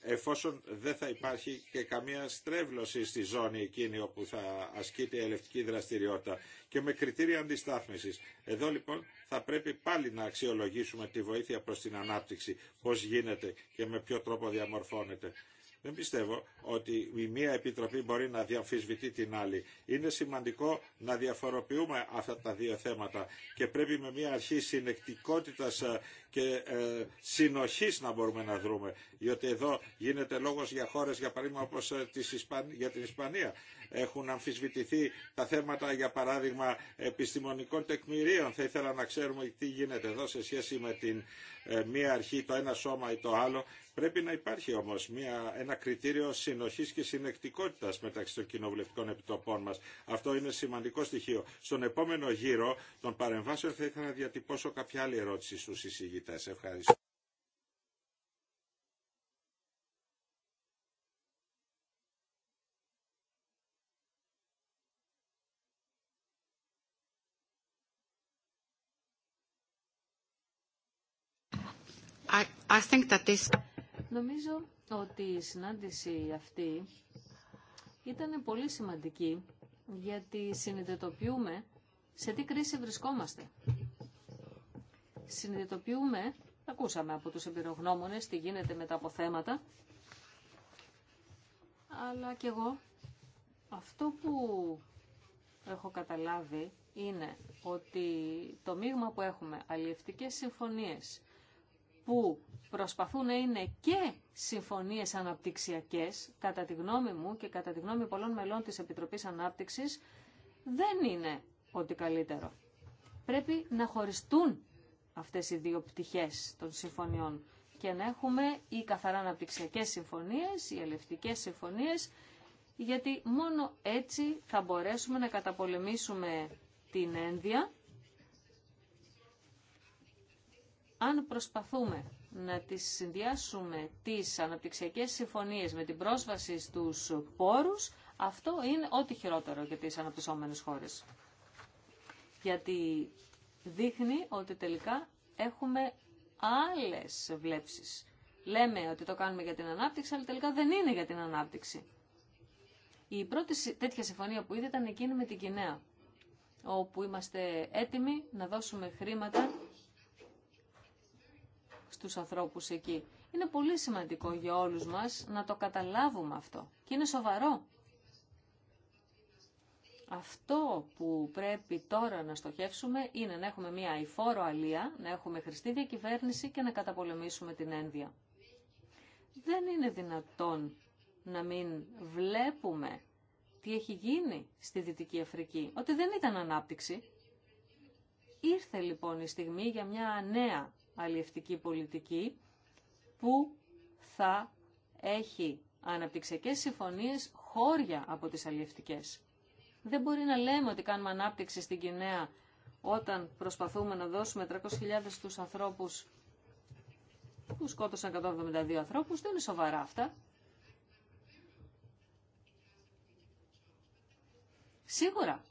εφόσον δεν θα υπάρχει και καμία στρέβλωση στη ζώνη εκείνη όπου θα ασκείται η ελευτική δραστηριότητα και με κριτήρια αντιστάθμισης. Εδώ λοιπόν θα πρέπει πάλι να αξιολογήσουμε τη βοήθεια προς την ανάπτυξη, πώς γίνεται και με ποιο τρόπο διαμορφώνεται. Δεν πιστεύω ότι η μία επιτροπή μπορεί να διαμφισβητεί την άλλη. Είναι σημαντικό να διαφοροποιούμε αυτά τα δύο θέματα και πρέπει με μια αρχή συνεκτικότητας ε, και ε, συνοχής να μπορούμε να δρούμε. Διότι εδώ γίνεται λόγος για χώρες, για παράδειγμα όπως ε, για την Ισπανία. Έχουν αμφισβητηθεί τα θέματα, για παράδειγμα, επιστημονικών τεκμηρίων. Θα ήθελα να ξέρουμε τι γίνεται εδώ σε σχέση με την μία αρχή, το ένα σώμα ή το άλλο Πρέπει να υπάρχει όμως μια, ένα κριτήριο συνοχής και συνεκτικότητας μεταξύ των κοινοβουλευτικών επιτοπών μας. Αυτό είναι σημαντικό στοιχείο. Στον επόμενο γύρο των παρεμβάσεων θα ήθελα να διατυπώσω κάποια άλλη ερώτηση στους εισηγητές. Ευχαριστώ. I, I think that this... Νομίζω ότι η συνάντηση αυτή ήταν πολύ σημαντική γιατί συνειδητοποιούμε σε τι κρίση βρισκόμαστε. Συνειδητοποιούμε, ακούσαμε από τους εμπειρογνώμονες τι γίνεται με τα αποθέματα, αλλά και εγώ αυτό που έχω καταλάβει είναι ότι το μείγμα που έχουμε, αλλιευτικές συμφωνίες, που προσπαθούν να είναι και συμφωνίες αναπτυξιακές, κατά τη γνώμη μου και κατά τη γνώμη πολλών μελών της Επιτροπής Ανάπτυξης, δεν είναι ότι καλύτερο. Πρέπει να χωριστούν αυτές οι δύο πτυχές των συμφωνιών και να έχουμε οι καθαρά αναπτυξιακές συμφωνίες, οι ελευτικές συμφωνίες, γιατί μόνο έτσι θα μπορέσουμε να καταπολεμήσουμε την ένδια αν προσπαθούμε να τις συνδυάσουμε τις αναπτυξιακές συμφωνίες με την πρόσβαση στους πόρους, αυτό είναι ό,τι χειρότερο για τις αναπτυσσόμενες χώρες. Γιατί δείχνει ότι τελικά έχουμε άλλες βλέψεις. Λέμε ότι το κάνουμε για την ανάπτυξη, αλλά τελικά δεν είναι για την ανάπτυξη. Η πρώτη τέτοια συμφωνία που είδε ήταν εκείνη με την Κινέα, όπου είμαστε έτοιμοι να δώσουμε χρήματα στους ανθρώπους εκεί. Είναι πολύ σημαντικό για όλους μας να το καταλάβουμε αυτό. Και είναι σοβαρό. Αυτό που πρέπει τώρα να στοχεύσουμε είναι να έχουμε μια υφόρο αλία, να έχουμε χρηστή διακυβέρνηση και να καταπολεμήσουμε την ένδια. Δεν είναι δυνατόν να μην βλέπουμε τι έχει γίνει στη Δυτική Αφρική, ότι δεν ήταν ανάπτυξη. Ήρθε λοιπόν η στιγμή για μια νέα αλλιευτική πολιτική που θα έχει αναπτυξιακές συμφωνίες χώρια από τις αλλιευτικές. Δεν μπορεί να λέμε ότι κάνουμε ανάπτυξη στην Κινέα όταν προσπαθούμε να δώσουμε 300.000 στους ανθρώπους που σκότωσαν 172 ανθρώπους. Δεν είναι σοβαρά αυτά. Σίγουρα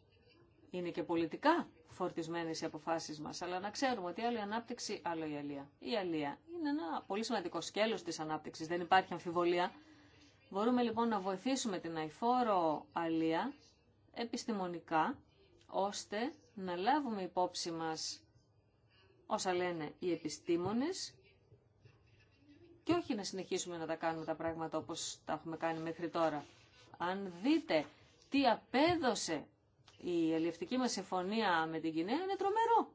είναι και πολιτικά φορτισμένη οι αποφάσεις μας, αλλά να ξέρουμε ότι άλλο η ανάπτυξη, άλλο η αλεία. Η αλεία είναι ένα πολύ σημαντικό σκέλος της ανάπτυξης, δεν υπάρχει αμφιβολία. Μπορούμε λοιπόν να βοηθήσουμε την αηφόρο αλεία επιστημονικά, ώστε να λάβουμε υπόψη μας όσα λένε οι επιστήμονες και όχι να συνεχίσουμε να τα κάνουμε τα πράγματα όπως τα έχουμε κάνει μέχρι τώρα. Αν δείτε τι απέδωσε η αλληλευτική μας συμφωνία με την Κινέα είναι τρομερό.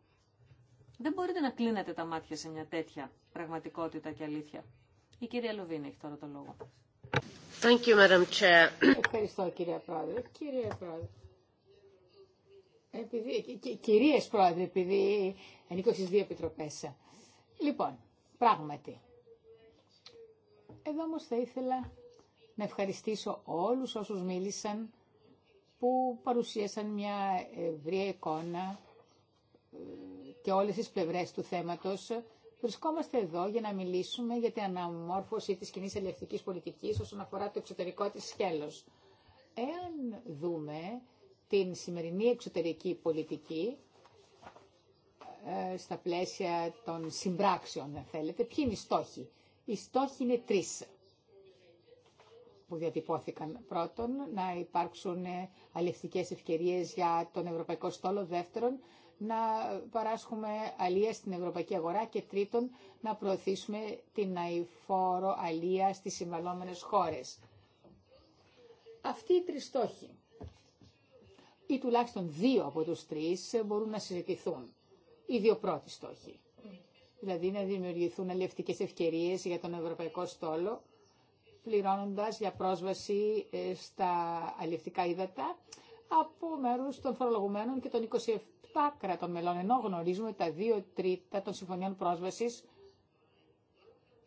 Δεν μπορείτε να κλείνετε τα μάτια σε μια τέτοια πραγματικότητα και αλήθεια. Η κυρία Λοβίνη έχει τώρα το λόγο. Thank you, Madam Chair. Ευχαριστώ κυρία Πρόεδρε. Κυρία Πρόεδρε. Επειδή, κυρίες Πρόεδρε, επειδή ανήκω στις δύο επιτροπές. Λοιπόν, πράγματι. Εδώ όμως θα ήθελα να ευχαριστήσω όλους όσους μίλησαν που παρουσίασαν μια ευρία εικόνα ε, και όλες τις πλευρές του θέματος. Βρισκόμαστε εδώ για να μιλήσουμε για την αναμόρφωση της κοινή ελευθερικής πολιτικής όσον αφορά το εξωτερικό της σκέλος. Εάν δούμε την σημερινή εξωτερική πολιτική ε, στα πλαίσια των συμπράξεων, αν θέλετε, ποιοι είναι οι στόχοι. Οι στόχοι είναι τρεις που διατυπώθηκαν. Πρώτον, να υπάρξουν ε, αλληλευτικές ευκαιρίες για τον ευρωπαϊκό στόλο. Δεύτερον, να παράσχουμε αλία στην ευρωπαϊκή αγορά και τρίτον, να προωθήσουμε την αηφόρο αλία στις συμβαλόμενες χώρες. Αυτοί οι τρεις στόχοι, ή τουλάχιστον δύο από τους τρεις, μπορούν να συζητηθούν. Οι δύο πρώτοι στόχοι. Δηλαδή να δημιουργηθούν αλληλευτικές ευκαιρίες για τον ευρωπαϊκό στόλο, πληρώνοντας για πρόσβαση ε, στα αλληλευτικά ύδατα από μέρους των φορολογουμένων και των 27 κρατών μελών, ενώ γνωρίζουμε τα δύο τρίτα των συμφωνιών πρόσβασης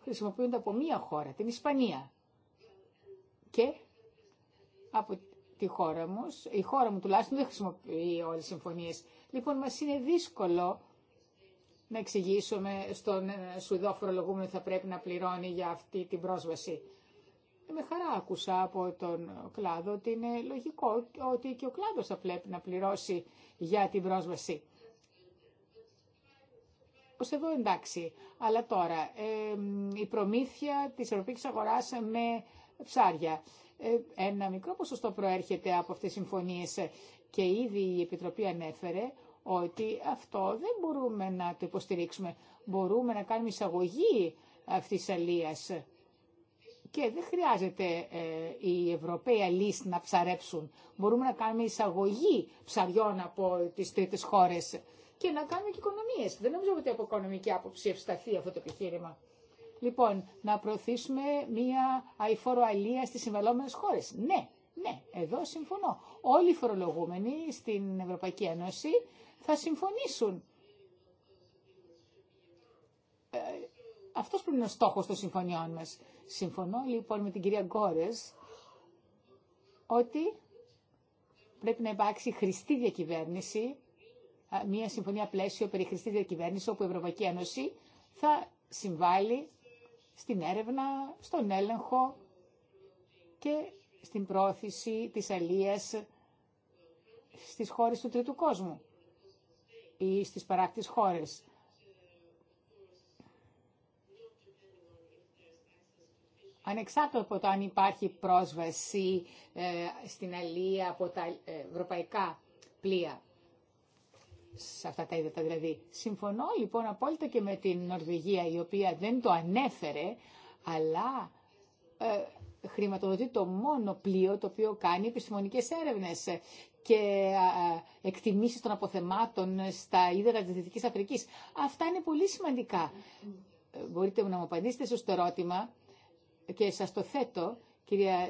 χρησιμοποιούνται από μία χώρα, την Ισπανία. Και από τη χώρα μου, η χώρα μου τουλάχιστον δεν χρησιμοποιεί όλες τις συμφωνίες. Λοιπόν, μας είναι δύσκολο να εξηγήσουμε στον ε, Σουηδό φορολογούμενο ότι θα πρέπει να πληρώνει για αυτή την πρόσβαση. Με χαρά άκουσα από τον κλάδο ότι είναι λογικό ότι και ο κλάδος θα πρέπει να πληρώσει για την πρόσβαση. Ως εδώ εντάξει. Αλλά τώρα, η προμήθεια της ευρωπαϊκής αγοράς με ψάρια. Ε, ένα μικρό ποσοστό προέρχεται από αυτές τις συμφωνίες και ήδη η Επιτροπή ανέφερε ότι αυτό δεν μπορούμε να το υποστηρίξουμε. Μπορούμε να κάνουμε εισαγωγή αυτής της αλίας και δεν χρειάζεται ε, οι Ευρωπαίοι αλλοί να ψαρέψουν. Μπορούμε να κάνουμε εισαγωγή ψαριών από τις τρίτες χώρες και να κάνουμε και οικονομίες. Δεν νομίζω ότι από οικονομική άποψη ευσταθεί αυτό το επιχείρημα. Λοιπόν, να προωθήσουμε μία αηφόρο αλία στις συμβαλόμενες χώρες. Ναι, ναι, εδώ συμφωνώ. Όλοι οι φορολογούμενοι στην Ευρωπαϊκή Ένωση θα συμφωνήσουν. Ε, αυτός πρέπει να είναι ο στόχος των συμφωνιών μας. Συμφωνώ λοιπόν με την κυρία Γκόρες ότι πρέπει να υπάρξει χρηστή διακυβέρνηση, μια συμφωνία πλαίσιο περί χρηστή διακυβέρνηση όπου η Ευρωπαϊκή Ένωση θα συμβάλλει στην έρευνα, στον έλεγχο και στην πρόθεση της αλίας στις χώρες του τρίτου κόσμου ή στις παράκτης χώρες. ανεξάρτητα από το αν υπάρχει πρόσβαση ε, στην αλία από τα ε, ευρωπαϊκά πλοία. Σε αυτά τα είδατα δηλαδή. Συμφωνώ λοιπόν απόλυτα και με την Νορβηγία η οποία δεν το ανέφερε αλλά ε, χρηματοδοτεί το μόνο πλοίο το οποίο κάνει επιστημονικές έρευνες και εκτιμήσεις των αποθεμάτων στα είδατα της Δυτικής Αφρικής. Αυτά είναι πολύ σημαντικά. Μπορείτε να μου απαντήσετε στο ερώτημα και σας το θέτω, κυρία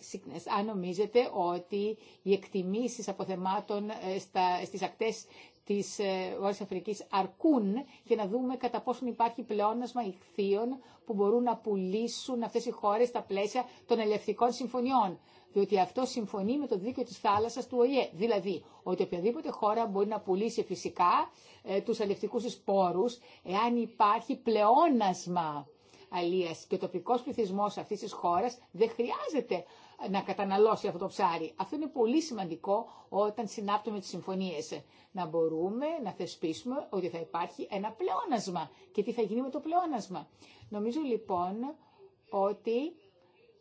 Σίκνες, αν νομίζετε ότι οι εκτιμήσεις αποθεμάτων ε, στα, στις ακτές της ε, Βόρειας Αφρικής αρκούν για να δούμε κατά πόσον υπάρχει πλεόνασμα ηχθείων που μπορούν να πουλήσουν αυτές οι χώρες στα πλαίσια των ελευθερικών συμφωνιών. Διότι αυτό συμφωνεί με το δίκαιο της θάλασσας του ΟΗΕ. Δηλαδή ότι οποιαδήποτε χώρα μπορεί να πουλήσει φυσικά ε, τους αλληλευτικούς σπόρους εάν υπάρχει πλεόνασμα Αλλιώς και ο τοπικός πληθυσμός αυτής της χώρας δεν χρειάζεται να καταναλώσει αυτό το ψάρι. Αυτό είναι πολύ σημαντικό όταν συνάπτουμε τις συμφωνίες. Να μπορούμε να θεσπίσουμε ότι θα υπάρχει ένα πλεόνασμα και τι θα γίνει με το πλεόνασμα. Νομίζω λοιπόν ότι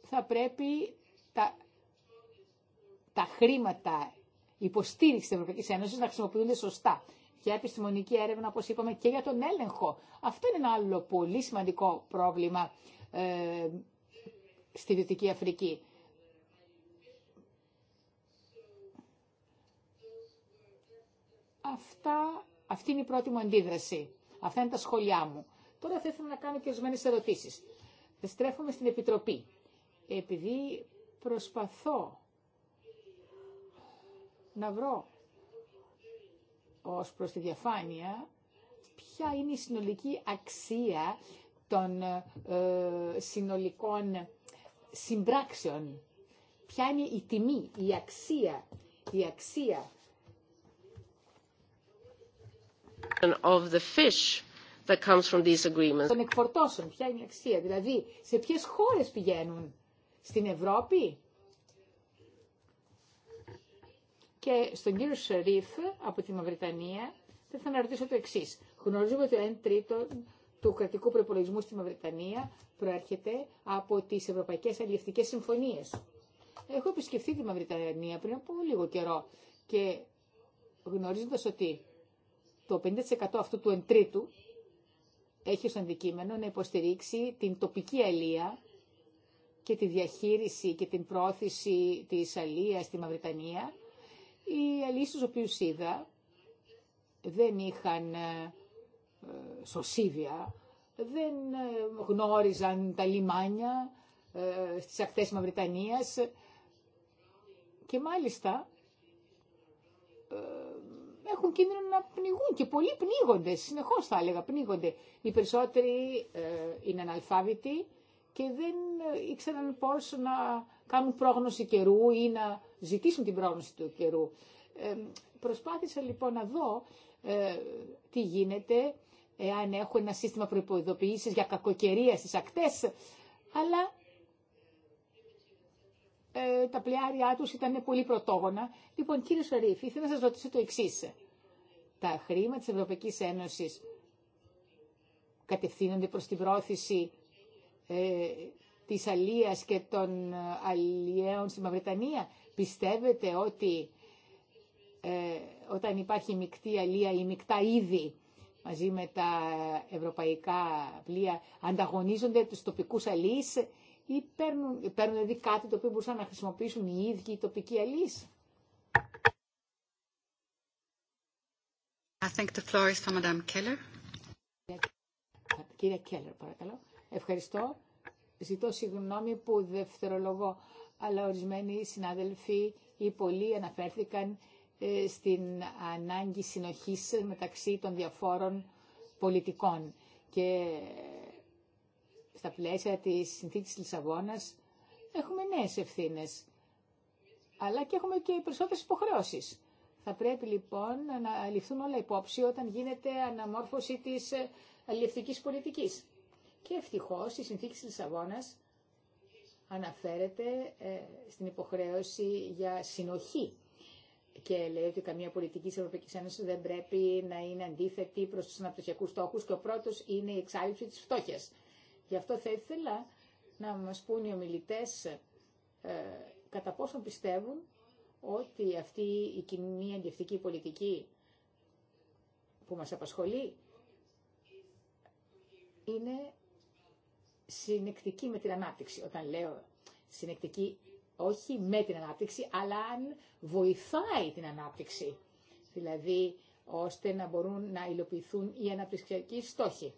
θα πρέπει τα, τα χρήματα υποστήριξη της Ευρωπαϊκής Ένωσης να χρησιμοποιούνται σωστά για επιστημονική έρευνα, όπως είπαμε, και για τον έλεγχο. Αυτό είναι ένα άλλο πολύ σημαντικό πρόβλημα ε, στη Δυτική Αφρική. Αυτά, αυτή είναι η πρώτη μου αντίδραση. Αυτά είναι τα σχόλιά μου. Τώρα θα ήθελα να κάνω και ορισμένε ερωτήσεις. Στρέφομαι στην Επιτροπή. Επειδή προσπαθώ να βρω ως προς τη διαφάνεια, ποια είναι η συνολική αξία των ε, συνολικών συμπράξεων. Ποια είναι η τιμή, η αξία, η αξία of the fish that comes from these agreements. Των εκφορτώσεων, ποια είναι η αξία, δηλαδή σε ποιες χώρες πηγαίνουν, στην Ευρώπη, Και στον κύριο Σερίφ από τη Μαυριτανία θα ήθελα ρωτήσω το εξή. Γνωρίζουμε ότι ο 1 τρίτο του κρατικού προπολογισμού στη Μαυριτανία προέρχεται από τι Ευρωπαϊκέ Αλληλευτικέ Συμφωνίε. Έχω επισκεφθεί τη Μαυριτανία πριν από λίγο καιρό και γνωρίζοντα ότι το 50% αυτού του 1 τρίτου έχει ως αντικείμενο να υποστηρίξει την τοπική αλία και τη διαχείριση και την πρόθεση της αλίας στη Μαυριτανία οι αλήσει του οποίους είδα δεν είχαν ε, σωσίβια, δεν ε, γνώριζαν τα λιμάνια ε, στις ακτές Μαυριτανίας και μάλιστα έχουν κίνδυνο να πνιγούν και πολλοί πνίγονται, συνεχώς θα έλεγα πνίγονται. Οι περισσότεροι είναι αναλφάβητοι και δεν ε, ήξεραν πώς να κάνουν πρόγνωση καιρού ή να ζητήσουν την πρόγνωση του καιρού. Ε, προσπάθησα λοιπόν να δω ε, τι γίνεται, εάν έχω ένα σύστημα προϋποειδοποιήσεις για κακοκαιρία στις ακτές, αλλά ε, τα πλοιάρια τους ήταν πολύ πρωτόγωνα. Λοιπόν, κύριε Σαρίφη, ήθελα να σας ρωτήσω το εξή. Τα χρήματα της Ευρωπαϊκής Ένωσης κατευθύνονται προς την πρόθεση ε, της αλίας και των αλλιέων στη Μαυρετανία. Πιστεύετε ότι ε, όταν υπάρχει μεικτή αλία ή μεικτά είδη μαζί με τα ευρωπαϊκά πλοία ανταγωνίζονται τους τοπικούς αλίες ή παίρνουν, παίρνουν δηλαδή κάτι το οποίο μπορούσαν να χρησιμοποιήσουν οι ίδιοι οι τοπικοί αλίες. I think the floor is for Madame Keller. Κυρία Κέλλερ, παρακαλώ. Ευχαριστώ. Ζητώ συγγνώμη που δευτερολογώ, αλλά ορισμένοι συνάδελφοι ή πολλοί αναφέρθηκαν ε, στην ανάγκη συνοχής μεταξύ των διαφόρων πολιτικών. Και ε, στα πλαίσια της συνθήκης Λισαβόνας έχουμε νέες ευθύνες, αλλά και έχουμε και περισσότερες υποχρεώσεις. Θα πρέπει λοιπόν να ληφθούν όλα υπόψη όταν γίνεται αναμόρφωση της ε, αλληλευτικής πολιτικής. Και ευτυχώς η συνθήκη της Λισαβόνας αναφέρεται ε, στην υποχρέωση για συνοχή και λέει ότι καμία πολιτική τη Ευρωπαϊκή Ένωση δεν πρέπει να είναι αντίθετη προς τους αναπτυξιακού στόχου και ο πρώτος είναι η εξάλληψη τη φτώχεια. Γι' αυτό θα ήθελα να μας πούν οι ομιλητές ε, κατά πόσο πιστεύουν ότι αυτή η κοινή αντιευτική πολιτική που μας απασχολεί είναι συνεκτική με την ανάπτυξη. Όταν λέω συνεκτική, όχι με την ανάπτυξη, αλλά αν βοηθάει την ανάπτυξη. Δηλαδή, ώστε να μπορούν να υλοποιηθούν οι αναπτυξιακοί στόχοι.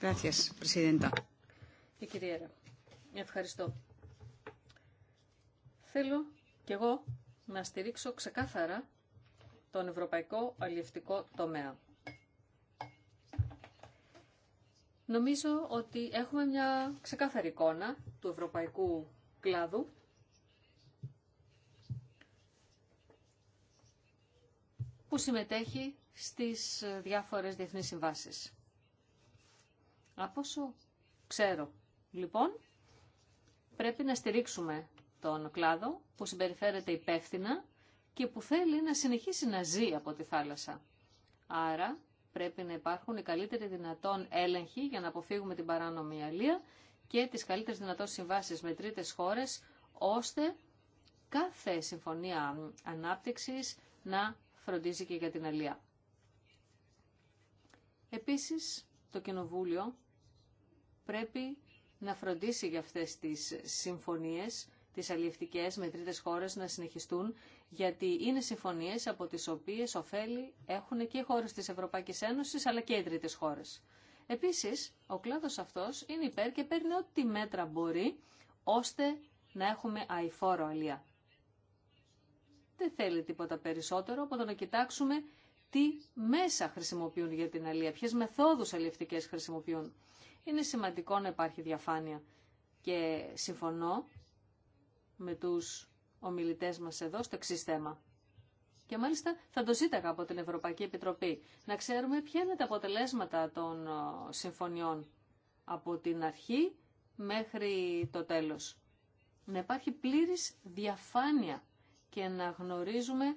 Gracias, Presidenta. Ευχαριστώ. Θέλω κι εγώ να στηρίξω ξεκάθαρα τον ευρωπαϊκό αλληλευτικό τομέα. Νομίζω ότι έχουμε μια ξεκάθαρη εικόνα του ευρωπαϊκού κλάδου. που συμμετέχει στις διάφορες διεθνείς συμβάσεις. Από όσο ξέρω, λοιπόν, πρέπει να στηρίξουμε τον κλάδο που συμπεριφέρεται υπεύθυνα και που θέλει να συνεχίσει να ζει από τη θάλασσα. Άρα Πρέπει να υπάρχουν οι καλύτεροι δυνατόν έλεγχοι για να αποφύγουμε την παράνομη αλία και τις καλύτερες δυνατόν συμβάσεις με τρίτες χώρες, ώστε κάθε συμφωνία ανάπτυξης να φροντίζει και για την αλία. Επίσης, το Κοινοβούλιο πρέπει να φροντίσει για αυτές τις συμφωνίες, τις αλληλευτικές με τρίτες χώρες να συνεχιστούν γιατί είναι συμφωνίες από τις οποίες ωφέλη έχουν και οι χώρες της Ευρωπαϊκής Ένωσης αλλά και οι τρίτες χώρες. Επίσης, ο κλάδος αυτός είναι υπέρ και παίρνει ό,τι μέτρα μπορεί ώστε να έχουμε αηφόρο αλία. Δεν θέλει τίποτα περισσότερο από το να κοιτάξουμε τι μέσα χρησιμοποιούν για την αλία, ποιες μεθόδους αλληλευτικές χρησιμοποιούν. Είναι σημαντικό να υπάρχει διαφάνεια και συμφωνώ με τους ο ομιλητέ μας εδώ στο εξή θέμα. Και μάλιστα θα το ζήταγα από την Ευρωπαϊκή Επιτροπή να ξέρουμε ποια είναι τα αποτελέσματα των ε, συμφωνιών από την αρχή μέχρι το τέλος. Να υπάρχει πλήρης διαφάνεια και να γνωρίζουμε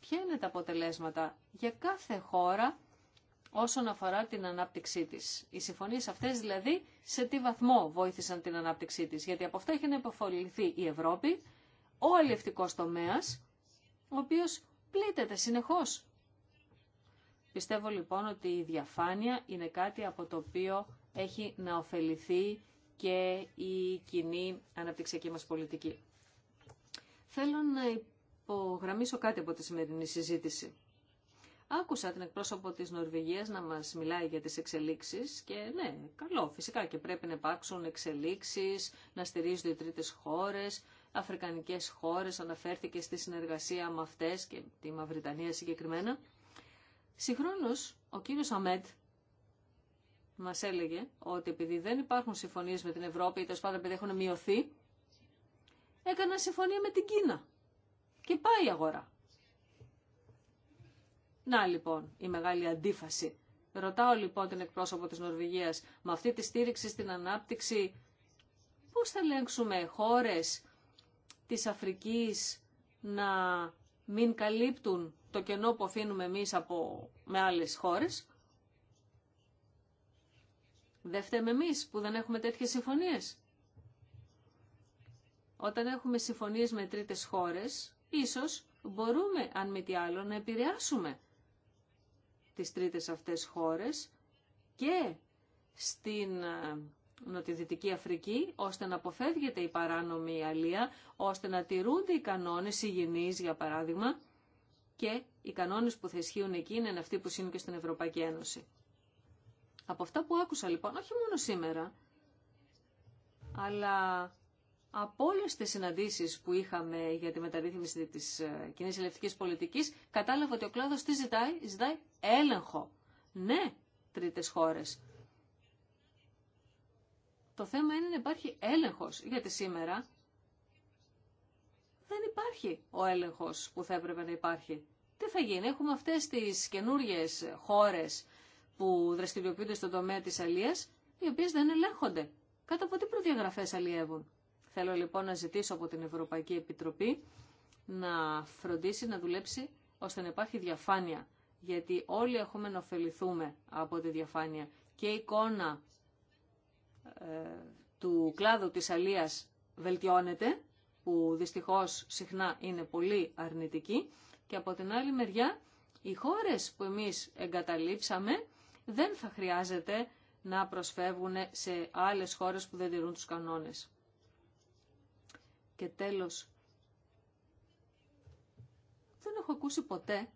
ποια είναι τα αποτελέσματα για κάθε χώρα όσον αφορά την ανάπτυξή της. Οι συμφωνίες αυτές δηλαδή σε τι βαθμό βοήθησαν την ανάπτυξή της. Γιατί από αυτά έχει να υποφοληθεί η Ευρώπη, ο αλληλευτικός τομέας, ο οποίος πλήττεται συνεχώς. Πιστεύω λοιπόν ότι η διαφάνεια είναι κάτι από το οποίο έχει να ωφεληθεί και η κοινή αναπτυξιακή μας πολιτική. Θέλω να υπογραμμίσω κάτι από τη σημερινή συζήτηση. Άκουσα την εκπρόσωπο της Νορβηγίας να μας μιλάει για τις εξελίξεις και ναι, καλό, φυσικά και πρέπει να υπάρξουν εξελίξεις, να στηρίζονται οι τρίτες χώρες, αφρικανικές χώρες, αναφέρθηκε στη συνεργασία με αυτές και τη Μαυριτανία συγκεκριμένα. Συγχρόνως, ο κύριος Αμέτ μας έλεγε ότι επειδή δεν υπάρχουν συμφωνίες με την Ευρώπη ή τόσο πάντων επειδή έχουν μειωθεί, έκανα συμφωνία με την Κίνα και πάει η αγορά. Να λοιπόν η μεγάλη αντίφαση. Ρωτάω λοιπόν την εκπρόσωπο της Νορβηγίας, με αυτή τη στήριξη στην ανάπτυξη, πώς θα ελέγξουμε χώρες της Αφρικής να μην καλύπτουν το κενό που αφήνουμε εμείς από, με άλλες χώρες. Δεν φταίμε εμείς που δεν έχουμε τέτοιες συμφωνίες. Όταν έχουμε συμφωνίες με τρίτες χώρες, ίσως μπορούμε, αν μη τι άλλο, να επηρεάσουμε τις τρίτες αυτές χώρες και στην ε, Νοτιδυτική Αφρική, ώστε να αποφεύγεται η παράνομη αλία, ώστε να τηρούνται οι κανόνες υγιεινής, για παράδειγμα, και οι κανόνες που θα ισχύουν εκεί είναι αυτοί που ισχύουν και στην Ευρωπαϊκή Ένωση. Από αυτά που άκουσα λοιπόν, όχι μόνο σήμερα, αλλά από όλε τι συναντήσει που είχαμε για τη μεταρρύθμιση τη ε, κοινή ελευθερική πολιτική, κατάλαβα ότι ο κλάδο τι ζητάει, ζητάει έλεγχο. Ναι, τρίτε χώρε. Το θέμα είναι να υπάρχει έλεγχος, γιατί σήμερα δεν υπάρχει ο έλεγχος που θα έπρεπε να υπάρχει. Τι θα γίνει, έχουμε αυτές τις καινούριε χώρες που δραστηριοποιούνται στον τομέα της αλίας, οι οποίες δεν ελέγχονται. Κάτω από τι προδιαγραφές αλλιεύουν. Θέλω λοιπόν να ζητήσω από την Ευρωπαϊκή Επιτροπή να φροντίσει, να δουλέψει, ώστε να υπάρχει διαφάνεια. Γιατί όλοι έχουμε να ωφεληθούμε από τη διαφάνεια. Και η εικόνα του κλάδου της αλίας βελτιώνεται, που δυστυχώς συχνά είναι πολύ αρνητική, και από την άλλη μεριά οι χώρες που εμείς εγκαταλείψαμε δεν θα χρειάζεται να προσφεύγουν σε άλλες χώρες που δεν τηρούν τους κανόνες. Και τέλος, δεν έχω ακούσει ποτέ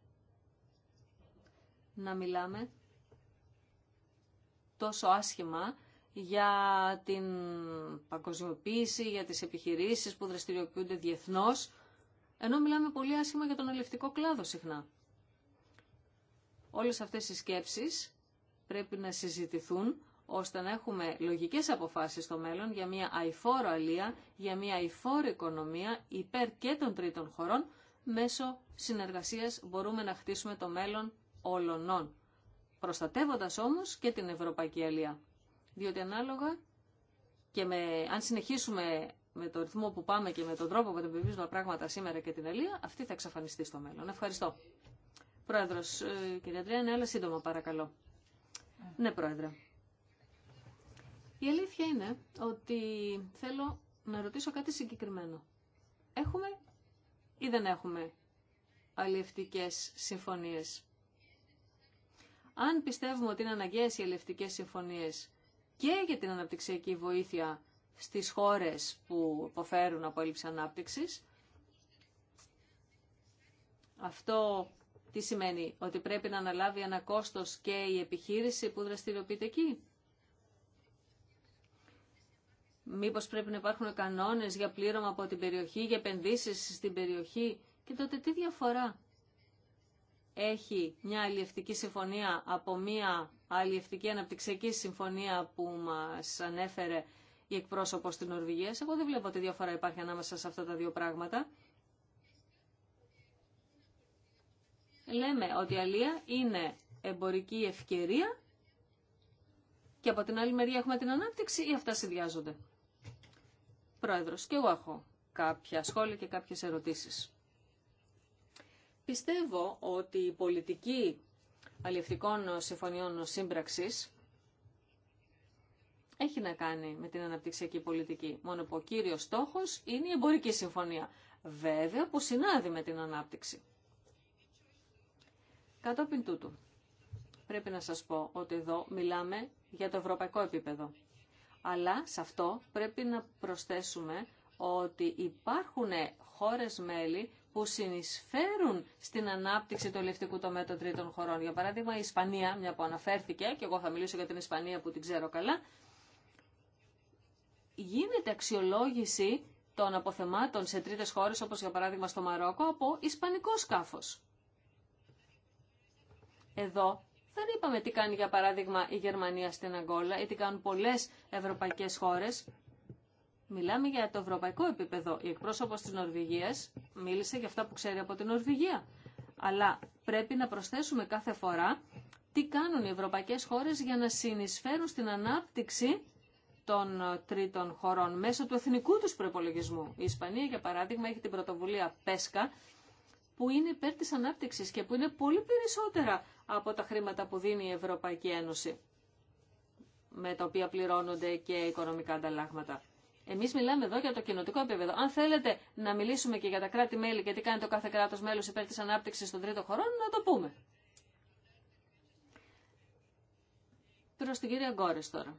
να μιλάμε τόσο άσχημα για την παγκοσμιοποίηση, για τις επιχειρήσεις που δραστηριοποιούνται διεθνώς, ενώ μιλάμε πολύ άσχημα για τον ελευτικό κλάδο συχνά. Όλες αυτές οι σκέψεις πρέπει να συζητηθούν ώστε να έχουμε λογικές αποφάσεις στο μέλλον για μια αηφόρο αλία, για μια αηφόρο οικονομία υπέρ και των τρίτων χωρών, μέσω συνεργασίας μπορούμε να χτίσουμε το μέλλον όλων, προστατεύοντας όμως και την Ευρωπαϊκή Αλία. Διότι ανάλογα και με, αν συνεχίσουμε με το ρυθμό που πάμε και με τον τρόπο που αντιμετωπίζουμε τα πράγματα σήμερα και την Ελία, αυτή θα εξαφανιστεί στο μέλλον. Ευχαριστώ. Πρόεδρο, ε, κυρία Αντρέα, ναι, αλλά σύντομα παρακαλώ. Ναι, Πρόεδρε. Η αλήθεια είναι ότι θέλω να ρωτήσω κάτι συγκεκριμένο. Έχουμε ή δεν έχουμε αλληλευτικές συμφωνίες. Αν πιστεύουμε ότι είναι αναγκαίες οι αλληλευτικές συμφωνίες, και για την αναπτυξιακή βοήθεια στις χώρες που υποφέρουν από έλλειψη ανάπτυξης. Αυτό τι σημαίνει, ότι πρέπει να αναλάβει ένα κόστος και η επιχείρηση που δραστηριοποιείται εκεί. Μήπως πρέπει να υπάρχουν κανόνες για πλήρωμα από την περιοχή, για επενδύσεις στην περιοχή και τότε τι διαφορά έχει μια αλληλευτική συμφωνία από μια αλλιευτική αναπτυξιακή συμφωνία που μας ανέφερε η εκπρόσωπο της Νορβηγίας. Εγώ δεν βλέπω ότι διαφορά υπάρχει ανάμεσα σε αυτά τα δύο πράγματα. Λέμε ότι η αλία είναι εμπορική ευκαιρία και από την άλλη μεριά έχουμε την ανάπτυξη ή αυτά συνδυάζονται. Πρόεδρος, και εγώ έχω κάποια σχόλια και κάποιες ερωτήσεις. Πιστεύω ότι η πολιτική αλληλευτικών συμφωνιών σύμπραξης έχει να κάνει με την αναπτυξιακή πολιτική. Μόνο που ο κύριος στόχος είναι η εμπορική συμφωνία. Βέβαια που συνάδει με την ανάπτυξη. Κατόπιν τούτου, πρέπει να σας πω ότι εδώ μιλάμε για το ευρωπαϊκό επίπεδο. Αλλά σε αυτό πρέπει να προσθέσουμε ότι υπάρχουν χώρες μέλη που συνεισφέρουν στην ανάπτυξη του ελευτικού τομέα των τρίτων χωρών. Για παράδειγμα, η Ισπανία, μια που αναφέρθηκε, και εγώ θα μιλήσω για την Ισπανία που την ξέρω καλά, γίνεται αξιολόγηση των αποθεμάτων σε τρίτες χώρες, όπως για παράδειγμα στο Μαρόκο, από ισπανικό σκάφος. Εδώ δεν είπαμε τι κάνει για παράδειγμα η Γερμανία στην Αγγόλα ή τι κάνουν πολλές ευρωπαϊκές χώρες Μιλάμε για το ευρωπαϊκό επίπεδο. Η εκπρόσωπος της Νορβηγίας μίλησε για αυτά που ξέρει από την Νορβηγία. Αλλά πρέπει να προσθέσουμε κάθε φορά τι κάνουν οι ευρωπαϊκές χώρες για να συνεισφέρουν στην ανάπτυξη των τρίτων χωρών μέσω του εθνικού τους προπολογισμού. Η Ισπανία, για παράδειγμα, έχει την πρωτοβουλία Πέσκα, που είναι υπέρ της ανάπτυξης και που είναι πολύ περισσότερα από τα χρήματα που δίνει η Ευρωπαϊκή Ένωση, με τα οποία πληρώνονται και οικονομικά ανταλλάγματα. Εμεί μιλάμε εδώ για το κοινοτικό επίπεδο. Αν θέλετε να μιλήσουμε και για τα κράτη-μέλη και τι κάνει το κάθε κράτο μέλο υπέρ τη ανάπτυξη των τρίτων χωρών, να το πούμε. Προ την κυρία Γκόρε τώρα.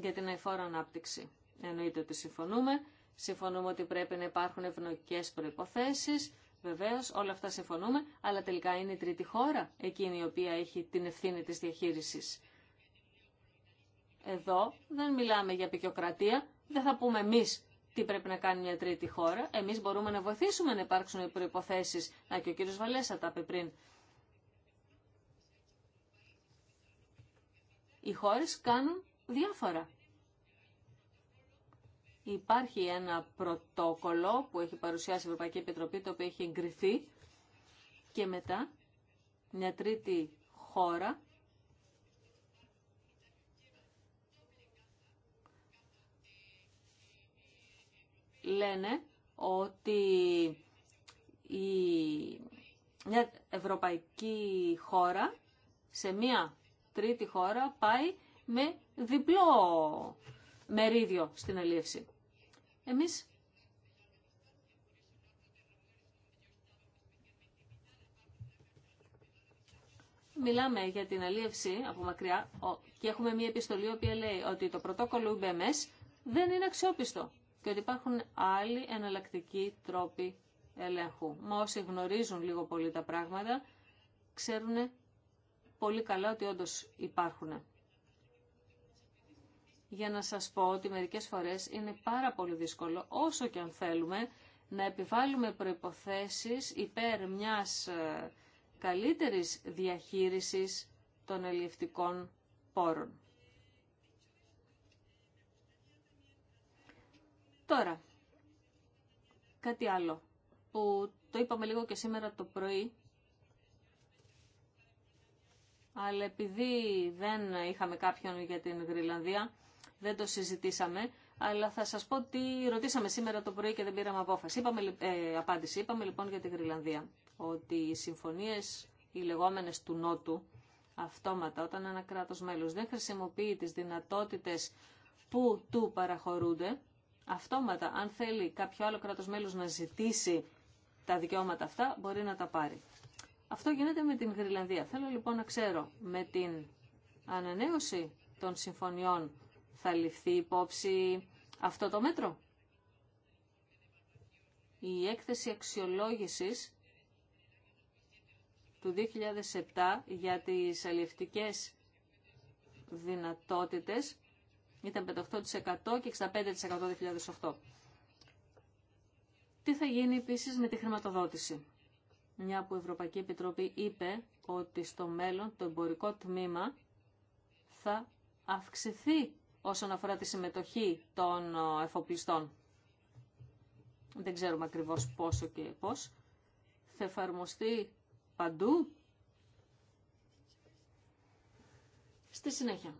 Για την αηφόρο ανάπτυξη. Εννοείται ότι συμφωνούμε. Συμφωνούμε ότι πρέπει να υπάρχουν ευνοϊκέ προποθέσει. Βεβαίω, όλα αυτά συμφωνούμε. Αλλά τελικά είναι η τρίτη χώρα εκείνη η οποία έχει την ευθύνη τη διαχείριση. Εδώ δεν μιλάμε για πικιοκρατία, δεν θα πούμε εμείς τι πρέπει να κάνει μια τρίτη χώρα. Εμείς μπορούμε να βοηθήσουμε να υπάρξουν οι προποθέσει Να και ο κύριος Βαλέσσα τα είπε πριν. Οι χώρες κάνουν διάφορα. Υπάρχει ένα πρωτόκολλο που έχει παρουσιάσει η Ευρωπαϊκή Επιτροπή, το οποίο έχει εγκριθεί και μετά μια τρίτη χώρα λένε ότι η, μια ευρωπαϊκή χώρα σε μια τρίτη χώρα πάει με διπλό μερίδιο στην αλίευση. Εμείς μιλάμε για την αλίευση από μακριά και έχουμε μια επιστολή που λέει ότι το πρωτόκολλο UBMS δεν είναι αξιόπιστο και ότι υπάρχουν άλλοι εναλλακτικοί τρόποι ελέγχου. Μα όσοι γνωρίζουν λίγο πολύ τα πράγματα, ξέρουν πολύ καλά ότι όντως υπάρχουν. Για να σας πω ότι μερικές φορές είναι πάρα πολύ δύσκολο, όσο και αν θέλουμε, να επιβάλλουμε προϋποθέσεις υπέρ μιας ε, καλύτερης διαχείρισης των ελιευτικών πόρων. Τώρα, κάτι άλλο που το είπαμε λίγο και σήμερα το πρωί, αλλά επειδή δεν είχαμε κάποιον για την Γρυλανδία, δεν το συζητήσαμε, αλλά θα σας πω τι ρωτήσαμε σήμερα το πρωί και δεν πήραμε απόφαση. Είπαμε, ε, απάντηση. Είπαμε λοιπόν για την Γρυλανδία ότι οι συμφωνίες οι λεγόμενες του Νότου αυτόματα όταν ένα κράτος μέλος δεν χρησιμοποιεί τις δυνατότητες που του παραχωρούνται αυτόματα αν θέλει κάποιο άλλο κράτος μέλος να ζητήσει τα δικαιώματα αυτά μπορεί να τα πάρει. Αυτό γίνεται με την Γρυλανδία. Θέλω λοιπόν να ξέρω με την ανανέωση των συμφωνιών θα ληφθεί υπόψη αυτό το μέτρο. Η έκθεση αξιολόγησης του 2007 για τις αλληλευτικές δυνατότητες ήταν 58% και 65% 2008. Τι θα γίνει επίση με τη χρηματοδότηση. Μια που η Ευρωπαϊκή Επιτροπή είπε ότι στο μέλλον το εμπορικό τμήμα θα αυξηθεί όσον αφορά τη συμμετοχή των ε, εφοπλιστών. Δεν ξέρουμε ακριβώς πόσο και πώς. Θα εφαρμοστεί παντού. Στη συνέχεια.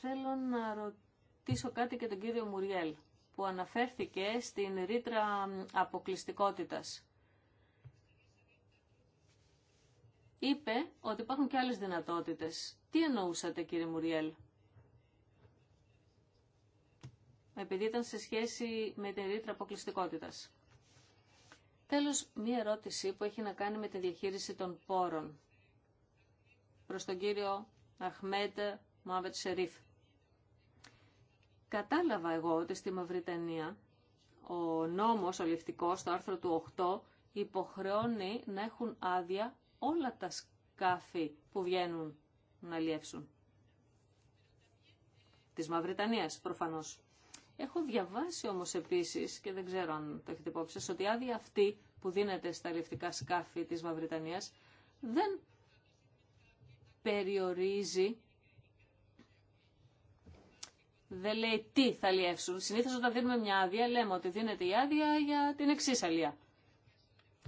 Θέλω να ρωτήσω κάτι και τον κύριο Μουριέλ που αναφέρθηκε στην ρήτρα αποκλειστικότητας. Είπε ότι υπάρχουν και άλλες δυνατότητες. Τι εννοούσατε κύριε Μουριέλ? Επειδή ήταν σε σχέση με την ρήτρα αποκλειστικότητας. Τέλος, μία ερώτηση που έχει να κάνει με τη διαχείριση των πόρων. Προς τον κύριο Αχμέτ Μάβετ Σερίφ. Κατάλαβα εγώ ότι στη Μαυριτανία ο νόμος ληφτικός, στο άρθρο του 8 υποχρεώνει να έχουν άδεια όλα τα σκάφη που βγαίνουν να λιεύσουν. Της Μαυριτανίας προφανώς. Έχω διαβάσει όμως επίσης, και δεν ξέρω αν το έχετε υπόψη σας, ότι η άδεια αυτή που δίνεται στα ληφτικά σκάφη της Μαυριτανίας δεν περιορίζει δεν λέει τι θα αλλιεύσουν. Συνήθως όταν δίνουμε μια άδεια λέμε ότι δίνεται η άδεια για την εξή αλία.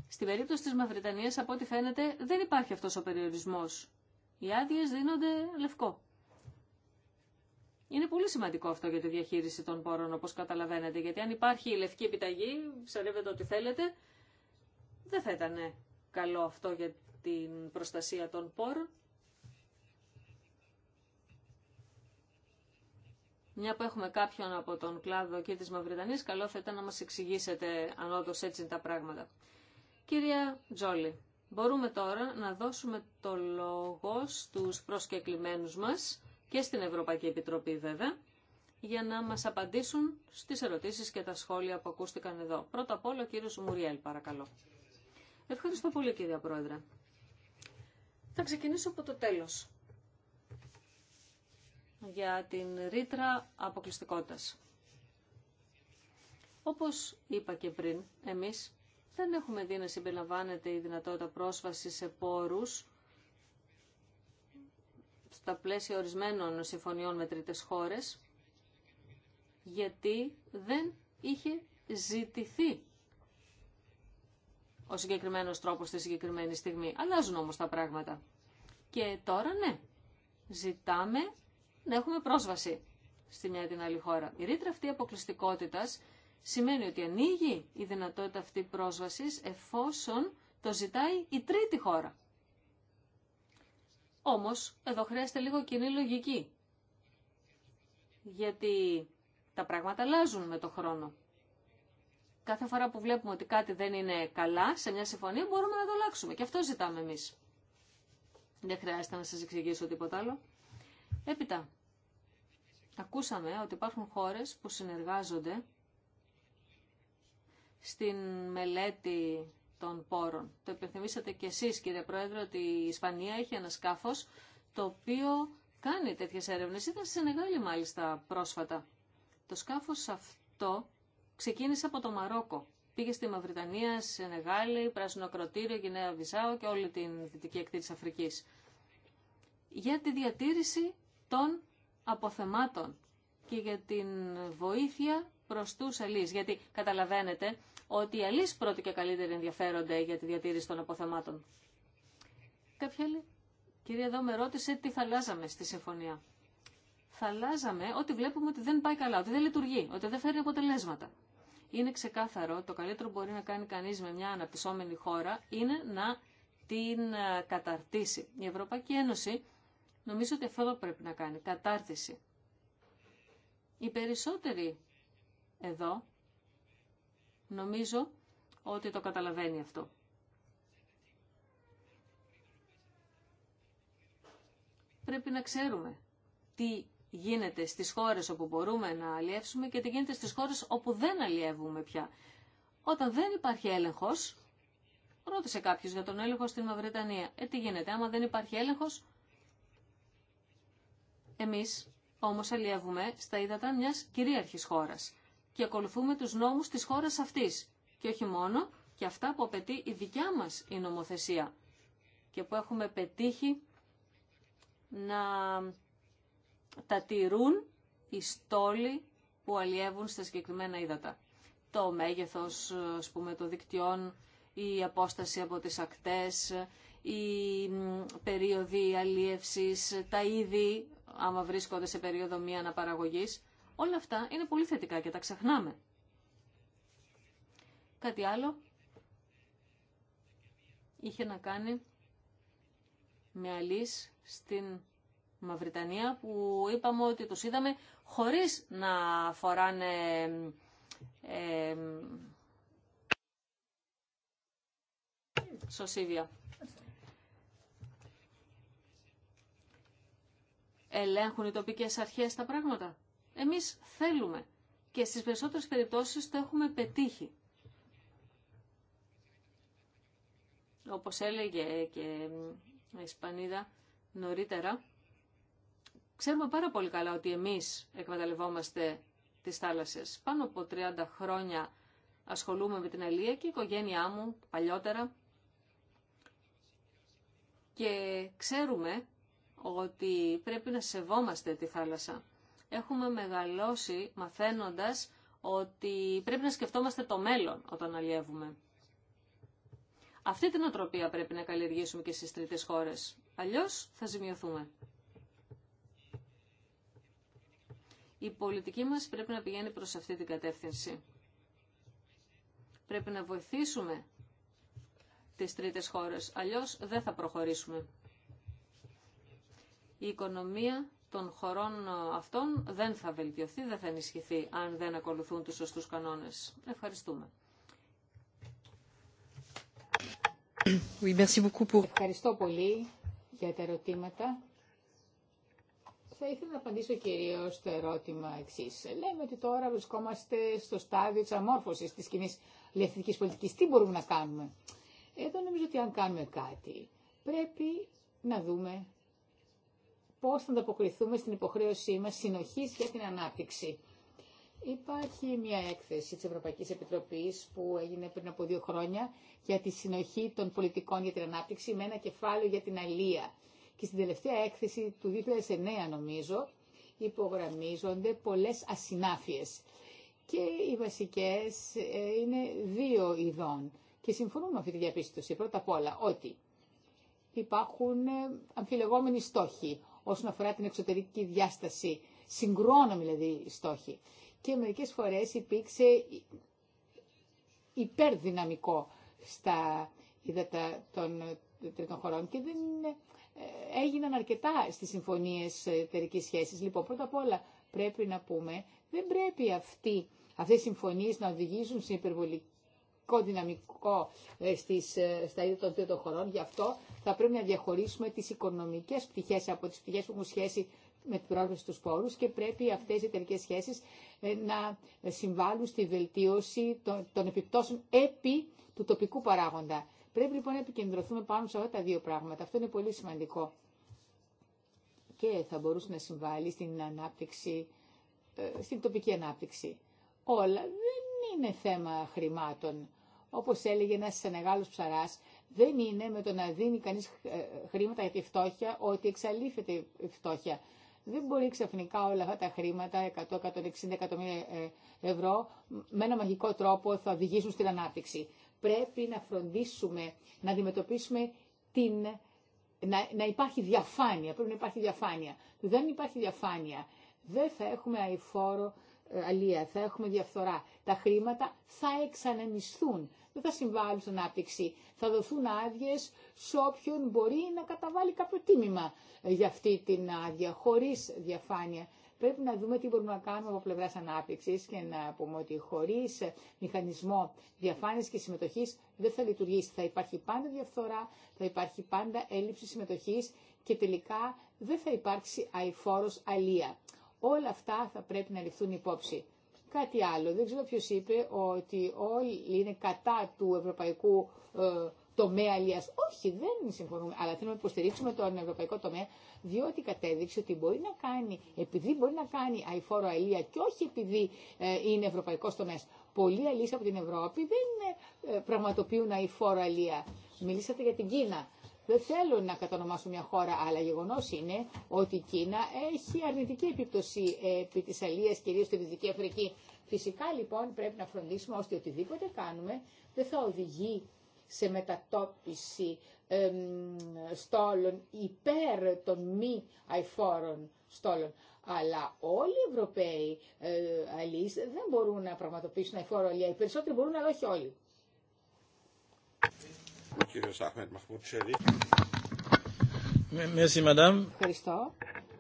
Στην περίπτωση της Μαυριτανίας από ό,τι φαίνεται δεν υπάρχει αυτός ο περιορισμός. Οι άδειε δίνονται λευκό. Είναι πολύ σημαντικό αυτό για τη διαχείριση των πόρων όπως καταλαβαίνετε γιατί αν υπάρχει η λευκή επιταγή, ψαρεύετε ό,τι θέλετε, δεν θα ήταν καλό αυτό για την προστασία των πόρων Μια που έχουμε κάποιον από τον κλάδο εκεί της Μαυριτανής, καλό θα ήταν να μας εξηγήσετε αν όντω έτσι είναι τα πράγματα. Κυρία Τζόλι, μπορούμε τώρα να δώσουμε το λόγο στους προσκεκλημένους μας και στην Ευρωπαϊκή Επιτροπή βέβαια, για να μας απαντήσουν στις ερωτήσεις και τα σχόλια που ακούστηκαν εδώ. Πρώτα απ' όλα ο κύριος Μουριέλ, παρακαλώ. Ευχαριστώ πολύ κύριε Πρόεδρε. Θα ξεκινήσω από το τέλος για την ρήτρα αποκλειστικότητας. Όπως είπα και πριν, εμείς δεν έχουμε δει να συμπεριλαμβάνεται η δυνατότητα πρόσβαση σε πόρους στα πλαίσια ορισμένων συμφωνιών με τρίτες χώρες, γιατί δεν είχε ζητηθεί ο συγκεκριμένος τρόπος στη συγκεκριμένη στιγμή. Αλλάζουν όμως τα πράγματα. Και τώρα ναι, ζητάμε να έχουμε πρόσβαση στη μια ή την άλλη χώρα. Η ρήτρα αυτή αποκλειστικότητα σημαίνει ότι ανοίγει η δυνατότητα αυτή πρόσβασης εφόσον το ζητάει η τρίτη πρόσβαση εφοσον Όμως, εδώ χρειάζεται λίγο κοινή λογική. Γιατί τα πράγματα αλλάζουν με το χρόνο. Κάθε φορά που βλέπουμε ότι κάτι δεν είναι καλά σε μια συμφωνία μπορούμε να το αλλάξουμε. Και αυτό ζητάμε εμείς. Δεν χρειάζεται να σας εξηγήσω τίποτα άλλο. Έπειτα, ακούσαμε ότι υπάρχουν χώρες που συνεργάζονται στην μελέτη των πόρων. Το επιθυμήσατε κι εσείς κύριε Πρόεδρε ότι η Ισπανία έχει ένα σκάφος το οποίο κάνει τέτοιες έρευνες. Ήταν σε Σενεγάλη μάλιστα πρόσφατα. Το σκάφος αυτό ξεκίνησε από το Μαρόκο. Πήγε στη Μαυριτανία, Σενεγάλη, Πράσινο Κροτήριο, Γινέα Βυζάου και όλη την δυτική εκτή της Αφρικής. Για τη διατήρηση των αποθεμάτων και για την βοήθεια προς τους αλείς. Γιατί καταλαβαίνετε ότι οι αλείς πρώτοι και καλύτεροι ενδιαφέρονται για τη διατήρηση των αποθεμάτων. Κάποια άλλη κυρία εδώ με ρώτησε τι θα αλλάζαμε στη συμφωνία. Θα αλλάζαμε ότι βλέπουμε ότι δεν πάει καλά, ότι δεν λειτουργεί, ότι δεν φέρει αποτελέσματα. Είναι ξεκάθαρο, το καλύτερο που μπορεί να κάνει κανείς με μια αναπτυσσόμενη χώρα είναι να την ε, καταρτήσει. Η Ευρωπαϊκή Ένωση Νομίζω ότι αυτό πρέπει να κάνει. Κατάρτιση. Οι περισσότεροι εδώ νομίζω ότι το καταλαβαίνει αυτό. Πρέπει να ξέρουμε τι γίνεται στις χώρες όπου μπορούμε να αλλιεύσουμε και τι γίνεται στις χώρες όπου δεν αλλιεύουμε πια. Όταν δεν υπάρχει έλεγχος, ρώτησε κάποιος για τον έλεγχο στην Μαυρετανία. Ε, τι γίνεται, άμα δεν υπάρχει έλεγχος, εμείς όμως αλλιεύουμε στα ύδατα μιας κυρίαρχης χώρας και ακολουθούμε τους νόμους της χώρας αυτής και όχι μόνο και αυτά που απαιτεί η δικιά μας η νομοθεσία και που έχουμε πετύχει να τα τηρούν οι στόλοι που αλλιεύουν στα συγκεκριμένα ύδατα. Το μέγεθος, ας πούμε, των δικτυών, η απόσταση από τις ακτές, οι περίοδοι αλίευσης, τα είδη, άμα βρίσκονται σε περίοδο μία αναπαραγωγής. Όλα αυτά είναι πολύ θετικά και τα ξεχνάμε. Κάτι άλλο είχε να κάνει με αλείς στην Μαυριτανία που είπαμε ότι τους είδαμε χωρίς να φοράνε ε, ελέγχουν οι τοπικές αρχές τα πράγματα. Εμείς θέλουμε και στις περισσότερες περιπτώσεις το έχουμε πετύχει. Όπως έλεγε και η Ισπανίδα νωρίτερα, ξέρουμε πάρα πολύ καλά ότι εμείς εκμεταλλευόμαστε τις θάλασσες. Πάνω από 30 χρόνια ασχολούμαι με την Αλία και η οικογένειά μου παλιότερα και ξέρουμε ότι πρέπει να σεβόμαστε τη θάλασσα. Έχουμε μεγαλώσει μαθαίνοντας ότι πρέπει να σκεφτόμαστε το μέλλον όταν αλλιεύουμε. Αυτή την οτροπία πρέπει να καλλιεργήσουμε και στις τρίτες χώρες. Αλλιώς θα ζημιωθούμε. Η πολιτική μας πρέπει να πηγαίνει προς αυτή την κατεύθυνση. Πρέπει να βοηθήσουμε τις τρίτες χώρες, αλλιώς δεν θα προχωρήσουμε η οικονομία των χωρών αυτών δεν θα βελτιωθεί, δεν θα ενισχυθεί αν δεν ακολουθούν τους σωστούς κανόνες. Ευχαριστούμε. Ευχαριστώ πολύ για τα ερωτήματα. Θα ήθελα να απαντήσω κυρίω στο ερώτημα εξή. Λέμε ότι τώρα βρισκόμαστε στο στάδιο τη αμόρφωση τη κοινή ελευθερική πολιτική. Τι μπορούμε να κάνουμε. Εδώ νομίζω ότι αν κάνουμε κάτι πρέπει να δούμε πώς θα ανταποκριθούμε στην υποχρέωσή μας συνοχής για την ανάπτυξη. Υπάρχει μια έκθεση της Ευρωπαϊκής Επιτροπής που έγινε πριν από δύο χρόνια για τη συνοχή των πολιτικών για την ανάπτυξη με ένα κεφάλαιο για την αλλία. Και στην τελευταία έκθεση του 2009 νομίζω υπογραμμίζονται πολλές ασυνάφειες. Και οι βασικές ε, είναι δύο ειδών. Και συμφωνούμε με αυτή τη διαπίστωση πρώτα απ' όλα ότι υπάρχουν ε, αμφιλεγόμενοι στόχοι όσον αφορά την εξωτερική διάσταση. Συγκρόναμε δηλαδή οι στόχοι. Και μερικέ φορές υπήρξε υπερδυναμικό στα ύδατα των τρίτων χωρών και δεν ε, έγιναν αρκετά στις συμφωνίες εταιρικής σχέσης. Λοιπόν, πρώτα απ' όλα πρέπει να πούμε, δεν πρέπει αυτοί αυτές οι συμφωνίες να οδηγήσουν σε υπερβολική εργατικό δυναμικό ε, στις, ε, στα ίδια των δύο χωρών. Γι' αυτό θα πρέπει να διαχωρίσουμε τις οικονομικές πτυχές από τις πτυχές που έχουν σχέση με την πρόσβαση στους πόρους και πρέπει αυτές οι εταιρικέ σχέσεις ε, να συμβάλλουν στη βελτίωση των, των επιπτώσεων επί του τοπικού παράγοντα. Πρέπει λοιπόν να επικεντρωθούμε πάνω σε αυτά τα δύο πράγματα. Αυτό είναι πολύ σημαντικό και θα μπορούσε να συμβάλλει στην ανάπτυξη, στην τοπική ανάπτυξη. Όλα δεν είναι θέμα χρημάτων. Όπως έλεγε ένας Σενεγάλος ψαράς, δεν είναι με το να δίνει κανείς ε, χρήματα για τη φτώχεια ότι εξαλείφεται η φτώχεια. Δεν μπορεί ξαφνικά όλα αυτά τα χρήματα, 100-160 εκατομμύρια ε, ευρώ, με ένα μαγικό τρόπο θα οδηγήσουν στην ανάπτυξη. Πρέπει να φροντίσουμε, να αντιμετωπίσουμε την... Να, να υπάρχει διαφάνεια, πρέπει να υπάρχει διαφάνεια. Δεν υπάρχει διαφάνεια. Δεν θα έχουμε αηφόρο ε, αλία, θα έχουμε διαφθορά. Τα χρήματα θα εξανεμιστούν δεν θα συμβάλλουν στην ανάπτυξη. Θα δοθούν άδειε σε όποιον μπορεί να καταβάλει κάποιο τίμημα για αυτή την άδεια, χωρί διαφάνεια. Πρέπει να δούμε τι μπορούμε να κάνουμε από πλευρά ανάπτυξη και να πούμε ότι χωρί μηχανισμό διαφάνεια και συμμετοχή δεν θα λειτουργήσει. Θα υπάρχει πάντα διαφθορά, θα υπάρχει πάντα έλλειψη συμμετοχή και τελικά δεν θα υπάρξει αηφόρο αλεία. Όλα αυτά θα πρέπει να ληφθούν υπόψη. Κάτι άλλο. Δεν ξέρω ποιος είπε ότι όλοι είναι κατά του ευρωπαϊκού ε, τομέα αλλιάς. Όχι, δεν συμφωνούμε. Αλλά θέλουμε να υποστηρίξουμε τον ευρωπαϊκό τομέα, διότι κατέδειξε ότι μπορεί να κάνει, επειδή μπορεί να κάνει αηφόρο αλλία και όχι επειδή ε, είναι ευρωπαϊκό τομέα. Πολλοί αλλοί από την Ευρώπη δεν ε, πραγματοποιούν αηφόρο αλλία. Μιλήσατε για την Κίνα δεν θέλω να κατανομάσουν μια χώρα, αλλά γεγονό είναι ότι η Κίνα έχει αρνητική επίπτωση ε, επί τη Αλία, κυρίω στη Δυτική Αφρική. Φυσικά λοιπόν πρέπει να φροντίσουμε ώστε οτιδήποτε κάνουμε δεν θα οδηγεί σε μετατόπιση εμ, στόλων υπέρ των μη αηφόρων στόλων. Αλλά όλοι οι Ευρωπαίοι ε, δεν μπορούν να πραγματοποιήσουν αηφόρο αλία. Οι περισσότεροι μπορούν, αλλά όχι όλοι ο κύριος Ευχαριστώ.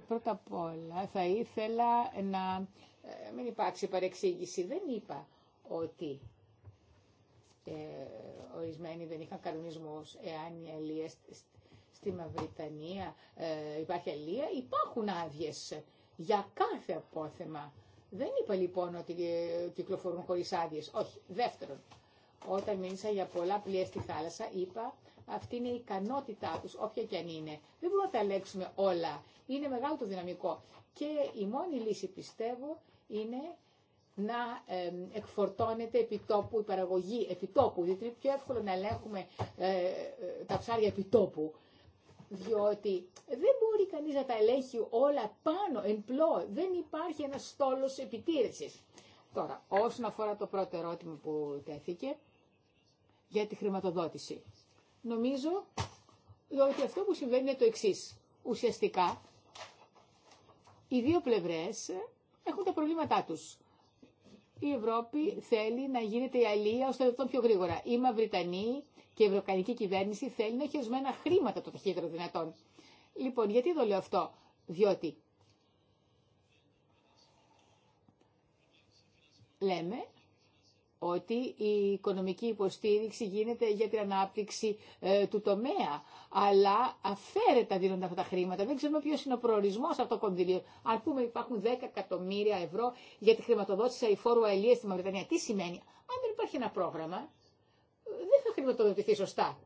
Πρώτα απ' όλα θα ήθελα να ε, μην υπάρξει παρεξήγηση. Δεν είπα ότι ε, ορισμένοι δεν είχαν κανονισμός εάν η αλίες στη Μαυριτανία ε, υπάρχει αλία. Υπάρχουν άδειε για κάθε απόθεμα. Δεν είπα λοιπόν ότι ε, κυκλοφορούν χωρίς άδειε. Όχι. Δεύτερον, όταν μίλησα για πολλά πλοία στη θάλασσα, είπα αυτή είναι η ικανότητά τους, όποια και αν είναι. Δεν μπορούμε να τα ελέγξουμε όλα. Είναι μεγάλο το δυναμικό. Και η μόνη λύση, πιστεύω, είναι να εκφορτώνεται επιτόπου η παραγωγή επιτόπου, διότι είναι πιο εύκολο να ελέγχουμε ε, ε τα ψάρια επιτόπου. Διότι δεν μπορεί κανείς να τα ελέγχει όλα πάνω, εν πλώ. Δεν υπάρχει ένας στόλος επιτήρησης. Τώρα, όσον αφορά το πρώτο ερώτημα που τέθηκε, για τη χρηματοδότηση. Νομίζω ότι αυτό που συμβαίνει είναι το εξή. Ουσιαστικά, οι δύο πλευρές έχουν τα προβλήματά τους. Η Ευρώπη θέλει να γίνεται η αλία ώστε το πιο γρήγορα. Η Μαυριτανή και η Ευρωπαϊκή κυβέρνηση θέλει να έχει ορισμένα χρήματα το ταχύτερο δυνατόν. Λοιπόν, γιατί το λέω αυτό. Διότι λέμε ότι η οικονομική υποστήριξη γίνεται για την ανάπτυξη ε, του τομέα. Αλλά αφαίρετα δίνονται αυτά τα χρήματα. Δεν ξέρουμε ποιο είναι ο προορισμό αυτό το κονδύλιο. Αν πούμε υπάρχουν 10 εκατομμύρια ευρώ για τη χρηματοδότηση αηφόρου αελία στη Μαυριτανία, τι σημαίνει. Αν δεν υπάρχει ένα πρόγραμμα, δεν θα χρηματοδοτηθεί σωστά.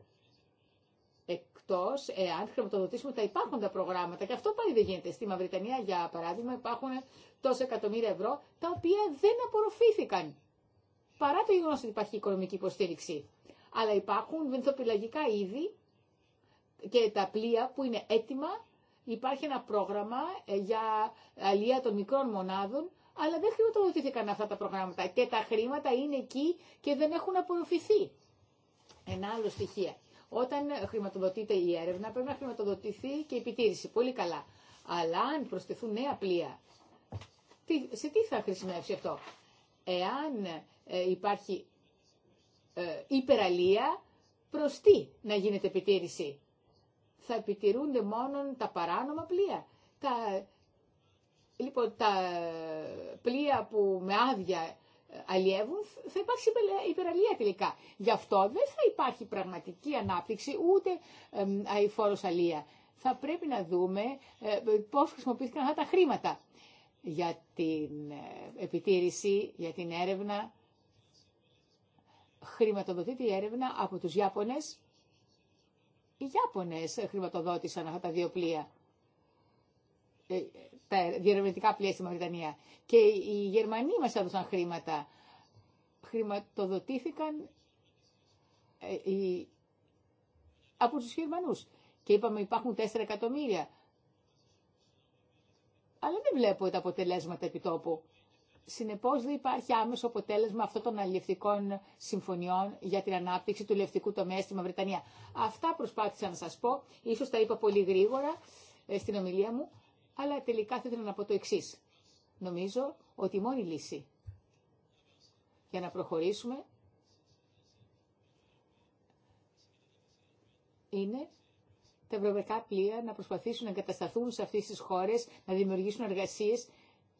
Εκτό εάν χρηματοδοτήσουμε τα υπάρχοντα προγράμματα. Και αυτό πάλι δεν γίνεται. Στη Μαυριτανία, για παράδειγμα, υπάρχουν τόσα εκατομμύρια ευρώ τα οποία δεν απορροφήθηκαν παρά το γεγονό ότι υπάρχει οικονομική υποστήριξη. Αλλά υπάρχουν βενθοπυλαγικά είδη και τα πλοία που είναι έτοιμα. Υπάρχει ένα πρόγραμμα ε, για αλία των μικρών μονάδων, αλλά δεν χρηματοδοτήθηκαν αυτά τα προγράμματα και τα χρήματα είναι εκεί και δεν έχουν απορροφηθεί. Ένα άλλο στοιχείο. Όταν χρηματοδοτείται η έρευνα πρέπει να χρηματοδοτηθεί και η επιτήρηση. Πολύ καλά. Αλλά αν προσθεθούν νέα πλοία, σε τι θα χρησιμεύσει αυτό. Εάν ε, υπάρχει ε, υπεραλία προς τι να γίνεται επιτήρηση. Θα επιτηρούνται μόνο τα παράνομα πλοία. Τα, λοιπόν, τα πλοία που με άδεια ε, αλλιεύουν θα υπάρξει υπεραλία τελικά. Γι' αυτό δεν θα υπάρχει πραγματική ανάπτυξη ούτε αηφόρος αλία. Θα πρέπει να δούμε πώς χρησιμοποιήθηκαν αυτά τα χρήματα για την επιτήρηση, για την έρευνα χρηματοδοτείται η έρευνα από τους Ιάπωνες. Οι Ιάπωνες χρηματοδότησαν αυτά τα δύο πλοία, ε, τα διερευνητικά πλοία στη Μαυριτανία. Και οι Γερμανοί μας έδωσαν χρήματα. Χρηματοδοτήθηκαν ε, από τους Γερμανούς. Και είπαμε υπάρχουν τέσσερα εκατομμύρια. Αλλά δεν βλέπω τα αποτελέσματα επιτόπου. Συνεπώς δεν υπάρχει άμεσο αποτέλεσμα αυτών των αλληλευτικών συμφωνιών για την ανάπτυξη του λευτικού τομέα στη Μαυριτανία. Αυτά προσπάθησα να σας πω, ίσως τα είπα πολύ γρήγορα ε, στην ομιλία μου, αλλά τελικά θα ήθελα να πω το εξή. Νομίζω ότι η μόνη λύση για να προχωρήσουμε είναι τα ευρωπαϊκά πλοία να προσπαθήσουν να εγκατασταθούν σε αυτές τις χώρες, να δημιουργήσουν εργασίες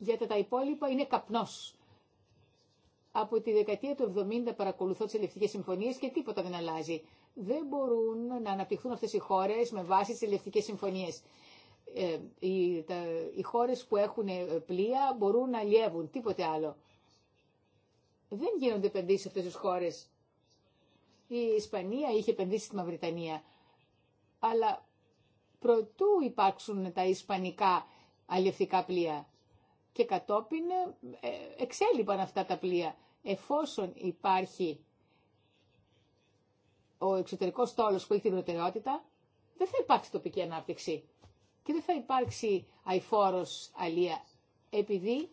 γιατί τα υπόλοιπα είναι καπνός. Από τη δεκαετία του 70 παρακολουθώ τις ελευθερικές συμφωνίες και τίποτα δεν αλλάζει. Δεν μπορούν να αναπτυχθούν αυτές οι χώρες με βάση τις ελευθερικές συμφωνίες. Ε, οι, τα, χώρες που έχουν ε, πλοία μπορούν να αλλιεύουν, τίποτε άλλο. Δεν γίνονται επενδύσεις σε αυτές τις χώρες. Η Ισπανία είχε επενδύσει στη Μαυριτανία. Αλλά προτού υπάρξουν τα ισπανικά αλλιευτικά πλοία και κατόπιν ε, ε, εξέλιπαν αυτά τα πλοία. Εφόσον υπάρχει ο εξωτερικός στόλος που έχει την προτεραιότητα, δεν θα υπάρξει τοπική ανάπτυξη και δεν θα υπάρξει αηφόρος αλία, επειδή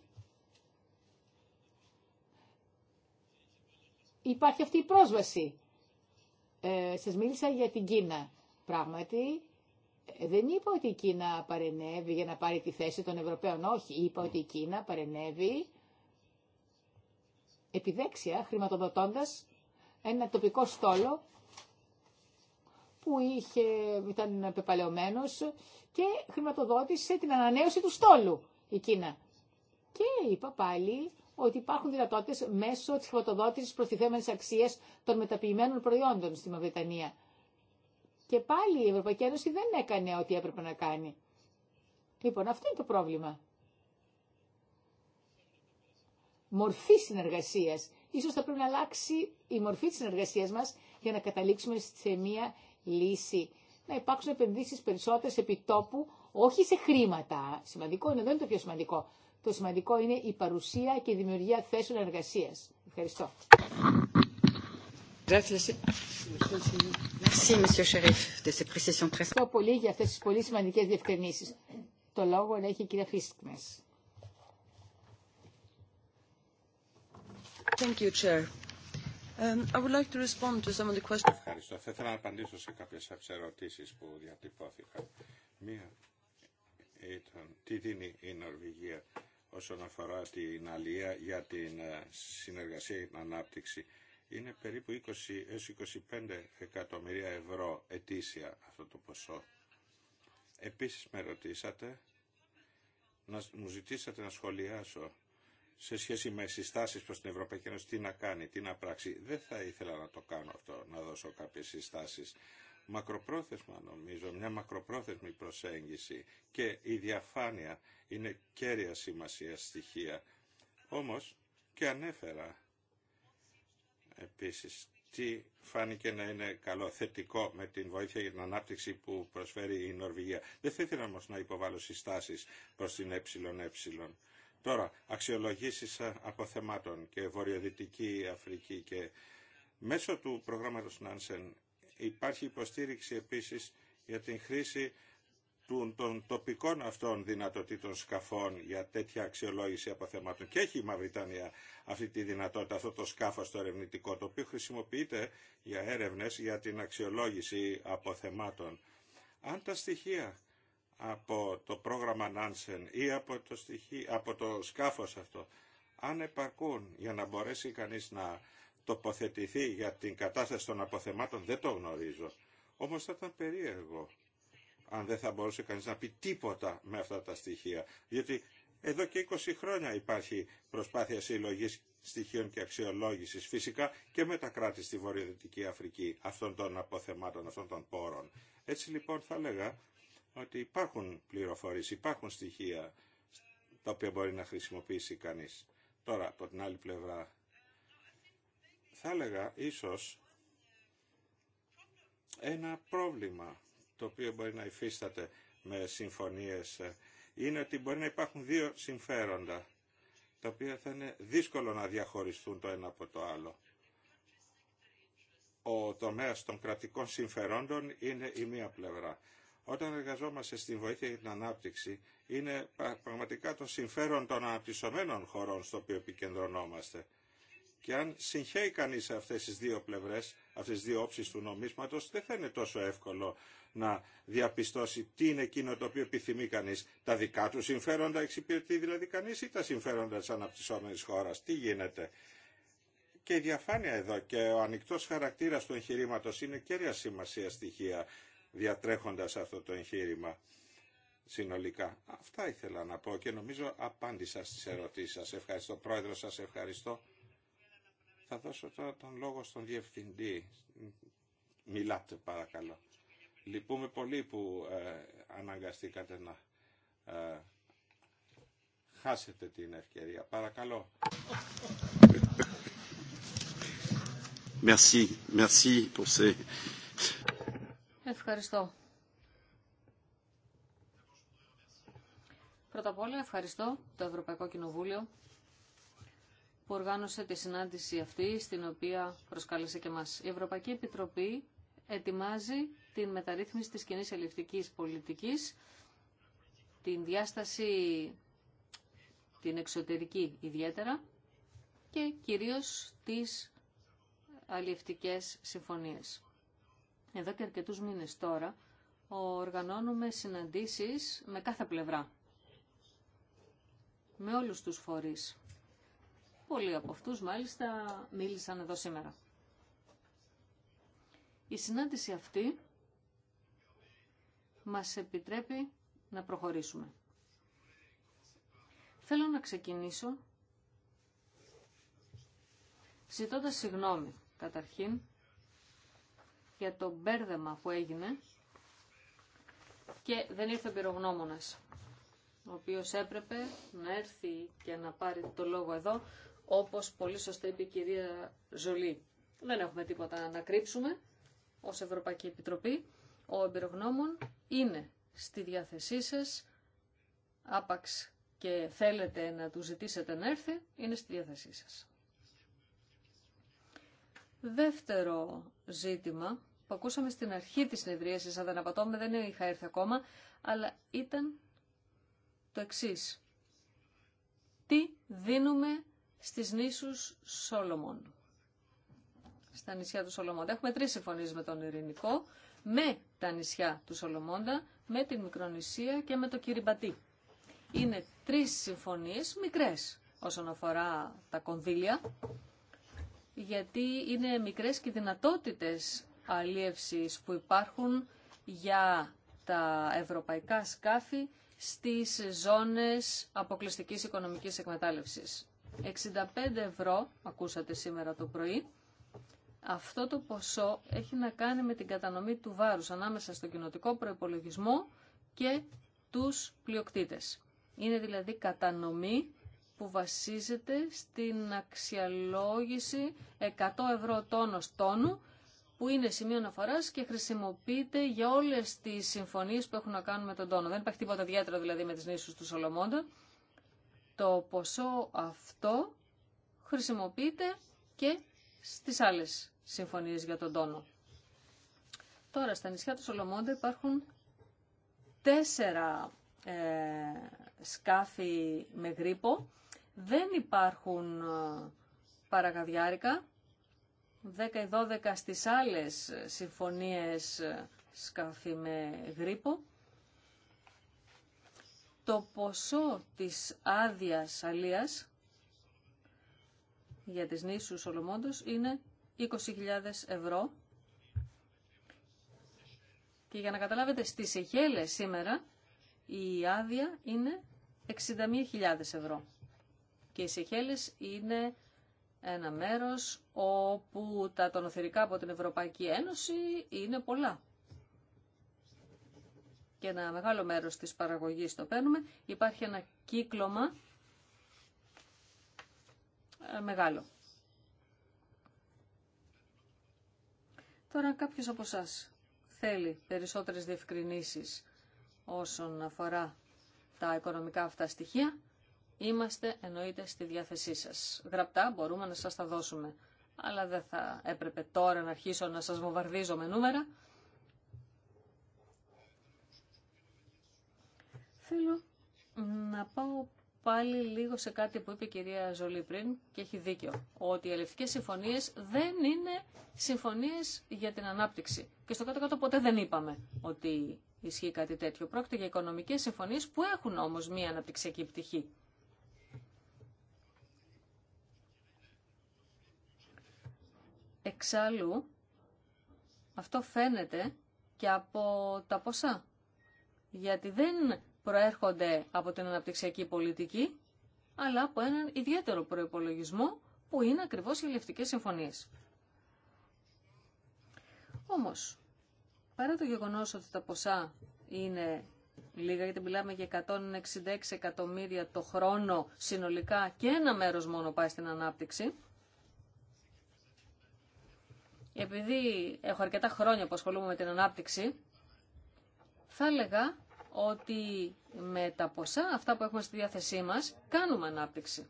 υπάρχει αυτή η πρόσβαση. Ε, σας μίλησα για την Κίνα. Πράγματι, ε, δεν είπα ότι η Κίνα παρενέβη για να πάρει τη θέση των Ευρωπαίων. Όχι, είπα ότι η Κίνα παρενέβη επιδέξια χρηματοδοτώντας ένα τοπικό στόλο που είχε, ήταν πεπαλαιωμένος και χρηματοδότησε την ανανέωση του στόλου η Κίνα. Και είπα πάλι ότι υπάρχουν δυνατότητες μέσω της χρηματοδότησης προστιθέμενης αξίας των μεταποιημένων προϊόντων στη Μαυριτανία. Και πάλι η Ευρωπαϊκή Ένωση δεν έκανε ό,τι έπρεπε να κάνει. Λοιπόν, αυτό είναι το πρόβλημα. Μορφή συνεργασία. Ίσως θα πρέπει να αλλάξει η μορφή τη συνεργασία μας για να καταλήξουμε σε μία λύση. Να υπάρξουν επενδύσει περισσότερες επί τόπου, όχι σε χρήματα. Σημαντικό είναι, δεν είναι το πιο σημαντικό. Το σημαντικό είναι η παρουσία και η δημιουργία θέσεων εργασία. Ευχαριστώ. Ευχαριστώ πολύ για αυτές τις πολύ σημαντικές διευκρινήσεις. Το λόγο έχει η κυρία Φίσκνες. Um, Ευχαριστώ. Θα ήθελα να απαντήσω σε κάποιες ερωτήσεις που διατυπώθηκαν. Μία ήταν τι δίνει η Νορβηγία όσον αφορά την αλία για την ε, συνεργασία και την ανάπτυξη είναι περίπου 20 έως 25 εκατομμυρία ευρώ ετήσια αυτό το ποσό. Επίσης με ρωτήσατε, να, μου ζητήσατε να σχολιάσω σε σχέση με συστάσεις προς την Ευρωπαϊκή Ένωση, τι να κάνει, τι να πράξει. Δεν θα ήθελα να το κάνω αυτό, να δώσω κάποιες συστάσεις. Μακροπρόθεσμα νομίζω, μια μακροπρόθεσμη προσέγγιση και η διαφάνεια είναι κέρια σημασία στοιχεία. Όμως και ανέφερα Επίσης, τι φάνηκε να είναι καλό, θετικό με την βοήθεια για την ανάπτυξη που προσφέρει η Νορβηγία. Δεν θα ήθελα όμως να υποβάλω συστάσεις προς την ΕΕ. Τώρα, αξιολογήσεις αποθεμάτων και Βορειοδυτική Αφρική και μέσω του προγράμματος Νάνσεν υπάρχει υποστήριξη επίσης για την χρήση των τοπικών αυτών δυνατοτήτων σκαφών για τέτοια αξιολόγηση αποθεμάτων. Και έχει η Μαυριτανία αυτή τη δυνατότητα, αυτό το σκάφο το ερευνητικό, το οποίο χρησιμοποιείται για έρευνε για την αξιολόγηση αποθεμάτων. Αν τα στοιχεία από το πρόγραμμα Νάνσεν ή από το, στοιχεί, από το σκάφος αυτό, αν επαρκούν για να μπορέσει κανείς να τοποθετηθεί για την κατάσταση των αποθεμάτων, δεν το γνωρίζω. Όμως θα ήταν περίεργο αν δεν θα μπορούσε κανείς να πει τίποτα με αυτά τα στοιχεία. Διότι εδώ και 20 χρόνια υπάρχει προσπάθεια συλλογής στοιχείων και αξιολόγησης φυσικά και με τα κράτη στη Βορειοδυτική Αφρική αυτών των αποθεμάτων, αυτών των πόρων. Έτσι λοιπόν θα λέγα ότι υπάρχουν πληροφορίες, υπάρχουν στοιχεία τα οποία μπορεί να χρησιμοποιήσει κανείς. Τώρα από την άλλη πλευρά θα έλεγα ίσως ένα πρόβλημα το οποίο μπορεί να υφίσταται με συμφωνίες ε, είναι ότι μπορεί να υπάρχουν δύο συμφέροντα τα οποία θα είναι δύσκολο να διαχωριστούν το ένα από το άλλο. Ο τομέας των κρατικών συμφερόντων είναι η μία πλευρά. Όταν εργαζόμαστε στην βοήθεια για την ανάπτυξη, είναι πραγματικά το συμφέρον των αναπτυσσομένων χωρών στο οποίο επικεντρωνόμαστε. Και αν συγχαίει κανείς αυτές τις δύο πλευρές, αυτές τις δύο όψεις του νομίσματος, δεν θα είναι τόσο εύκολο να διαπιστώσει τι είναι εκείνο το οποίο επιθυμεί κανείς. Τα δικά του συμφέροντα εξυπηρετεί δηλαδή κανείς ή τα συμφέροντα της αναπτυσσόμενης χώρας. Τι γίνεται. Και η διαφάνεια εδώ και ο ανοιχτό χαρακτήρας του εγχειρήματο είναι κέρια σημασία στοιχεία διατρέχοντας αυτό το εγχείρημα συνολικά. Αυτά ήθελα να πω και νομίζω απάντησα στις ερωτήσεις σας. Ευχαριστώ πρόεδρο σας, ευχαριστώ. Θα δώσω τώρα τον λόγο στον Διευθυντή. Μιλάτε παρακαλώ. Λυπούμε πολύ που ε, αναγκαστήκατε να ε, χάσετε την ευκαιρία. Παρακαλώ. Merci, merci pour ces... Ευχαριστώ. Πρώτα απ' όλα ευχαριστώ το Ευρωπαϊκό Κοινοβούλιο που οργάνωσε τη συνάντηση αυτή, στην οποία προσκάλεσε και μας. Η Ευρωπαϊκή Επιτροπή ετοιμάζει την μεταρρύθμιση της κοινή ελληνικής πολιτικής, την διάσταση την εξωτερική ιδιαίτερα και κυρίως τις αλλιευτικές συμφωνίες. Εδώ και αρκετούς μήνες τώρα οργανώνουμε συναντήσεις με κάθε πλευρά, με όλους τους φορείς Πολλοί από αυτούς μάλιστα μίλησαν εδώ σήμερα. Η συνάντηση αυτή μας επιτρέπει να προχωρήσουμε. Θέλω να ξεκινήσω ζητώντας συγνώμη καταρχήν για το μπέρδεμα που έγινε και δεν ήρθε ο πυρογνώμονας ο οποίος έπρεπε να έρθει και να πάρει το λόγο εδώ όπως πολύ σωστά είπε η κυρία Ζολή. Δεν έχουμε τίποτα να κρύψουμε ως Ευρωπαϊκή Επιτροπή. Ο εμπειρογνώμων είναι στη διάθεσή σας, άπαξ και θέλετε να του ζητήσετε να έρθει, είναι στη διάθεσή σας. Δεύτερο ζήτημα που ακούσαμε στην αρχή της συνεδρίασης, αν δεν απατώμε, δεν είχα έρθει ακόμα, αλλά ήταν το εξής. Τι δίνουμε στις νήσους Σόλομον. Στα νησιά του Σολομόντα. Έχουμε τρεις συμφωνίες με τον Ειρηνικό, με τα νησιά του Σολομόντα, με την Μικρονησία και με το Κυριμπατή. Είναι τρεις συμφωνίες μικρές όσον αφορά τα κονδύλια, γιατί είναι μικρές και δυνατότητες αλίευσης που υπάρχουν για τα ευρωπαϊκά σκάφη στις ζώνες αποκλειστικής οικονομικής εκμετάλλευσης. 65 ευρώ, ακούσατε σήμερα το πρωί, αυτό το ποσό έχει να κάνει με την κατανομή του βάρους ανάμεσα στο κοινοτικό προϋπολογισμό και τους πλειοκτήτες. Είναι δηλαδή κατανομή που βασίζεται στην αξιολόγηση 100 ευρώ τόνος τόνου που είναι σημείο αναφορά και χρησιμοποιείται για όλε τι συμφωνίε που έχουν να κάνουν με τον τόνο. Δεν υπάρχει τίποτα ιδιαίτερο δηλαδή με τι νήσου του Σολομόντα. Το ποσό αυτό χρησιμοποιείται και στις άλλες συμφωνίες για τον τόνο. Τώρα, στα νησιά του Σολομόντα υπάρχουν τέσσερα ε, σκάφη με γρίπο. Δεν υπάρχουν ε, παραγαδιάρικα. 10 ή 12 στις άλλες συμφωνίες ε, σκάφη με γρίπο το ποσό της άδεια αλίας για τις νήσους Σολομόντος είναι 20.000 ευρώ. Και για να καταλάβετε, στις Σεχέλε σήμερα η άδεια είναι 61.000 ευρώ. Και οι σεχέλε είναι ένα μέρος όπου τα τονοθερικά από την Ευρωπαϊκή Ένωση είναι πολλά και ένα μεγάλο μέρος της παραγωγής το παίρνουμε, υπάρχει ένα κύκλωμα ε, μεγάλο. Τώρα κάποιος από σας θέλει περισσότερες διευκρινήσεις όσον αφορά τα οικονομικά αυτά στοιχεία, είμαστε εννοείται στη διάθεσή σας. Γραπτά μπορούμε να σας τα δώσουμε, αλλά δεν θα έπρεπε τώρα να αρχίσω να σας βομβαρδίζω με νούμερα. Θέλω να πάω πάλι λίγο σε κάτι που είπε η κυρία Ζολή πριν και έχει δίκιο. Ότι οι ελευτικές συμφωνίες δεν είναι συμφωνίες για την ανάπτυξη. Και στο κάτω-κάτω ποτέ δεν είπαμε ότι ισχύει κάτι τέτοιο. Πρόκειται για οικονομικές συμφωνίες που έχουν όμως μία αναπτυξιακή πτυχή. Εξάλλου, αυτό φαίνεται και από τα ποσά. Γιατί δεν προέρχονται από την αναπτυξιακή πολιτική, αλλά από έναν ιδιαίτερο προϋπολογισμό που είναι ακριβώς οι ελευτικές συμφωνίες. Όμως, παρά το γεγονός ότι τα ποσά είναι λίγα, γιατί μιλάμε για 166 εκατομμύρια το χρόνο συνολικά και ένα μέρος μόνο πάει στην ανάπτυξη, επειδή έχω αρκετά χρόνια που ασχολούμαι με την ανάπτυξη, θα έλεγα ότι με τα ποσά αυτά που έχουμε στη διάθεσή μας κάνουμε ανάπτυξη.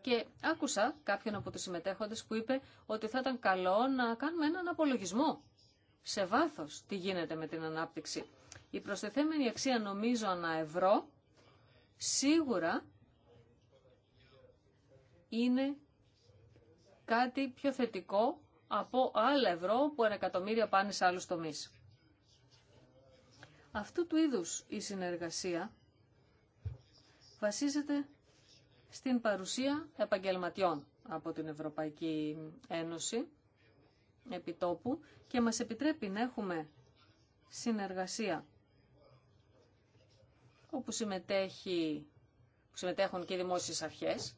Και άκουσα κάποιον από τους συμμετέχοντες που είπε ότι θα ήταν καλό να κάνουμε έναν απολογισμό σε βάθος τι γίνεται με την ανάπτυξη. Η προσθεθέμενη αξία νομίζω ανά ευρώ σίγουρα είναι κάτι πιο θετικό από άλλα ευρώ που ένα εκατομμύριο πάνε σε άλλους τομείς. Αυτού του είδους η συνεργασία βασίζεται στην παρουσία επαγγελματιών από την Ευρωπαϊκή Ένωση επιτόπου και μας επιτρέπει να έχουμε συνεργασία όπου συμμετέχει, που συμμετέχουν και οι δημόσιες αρχές,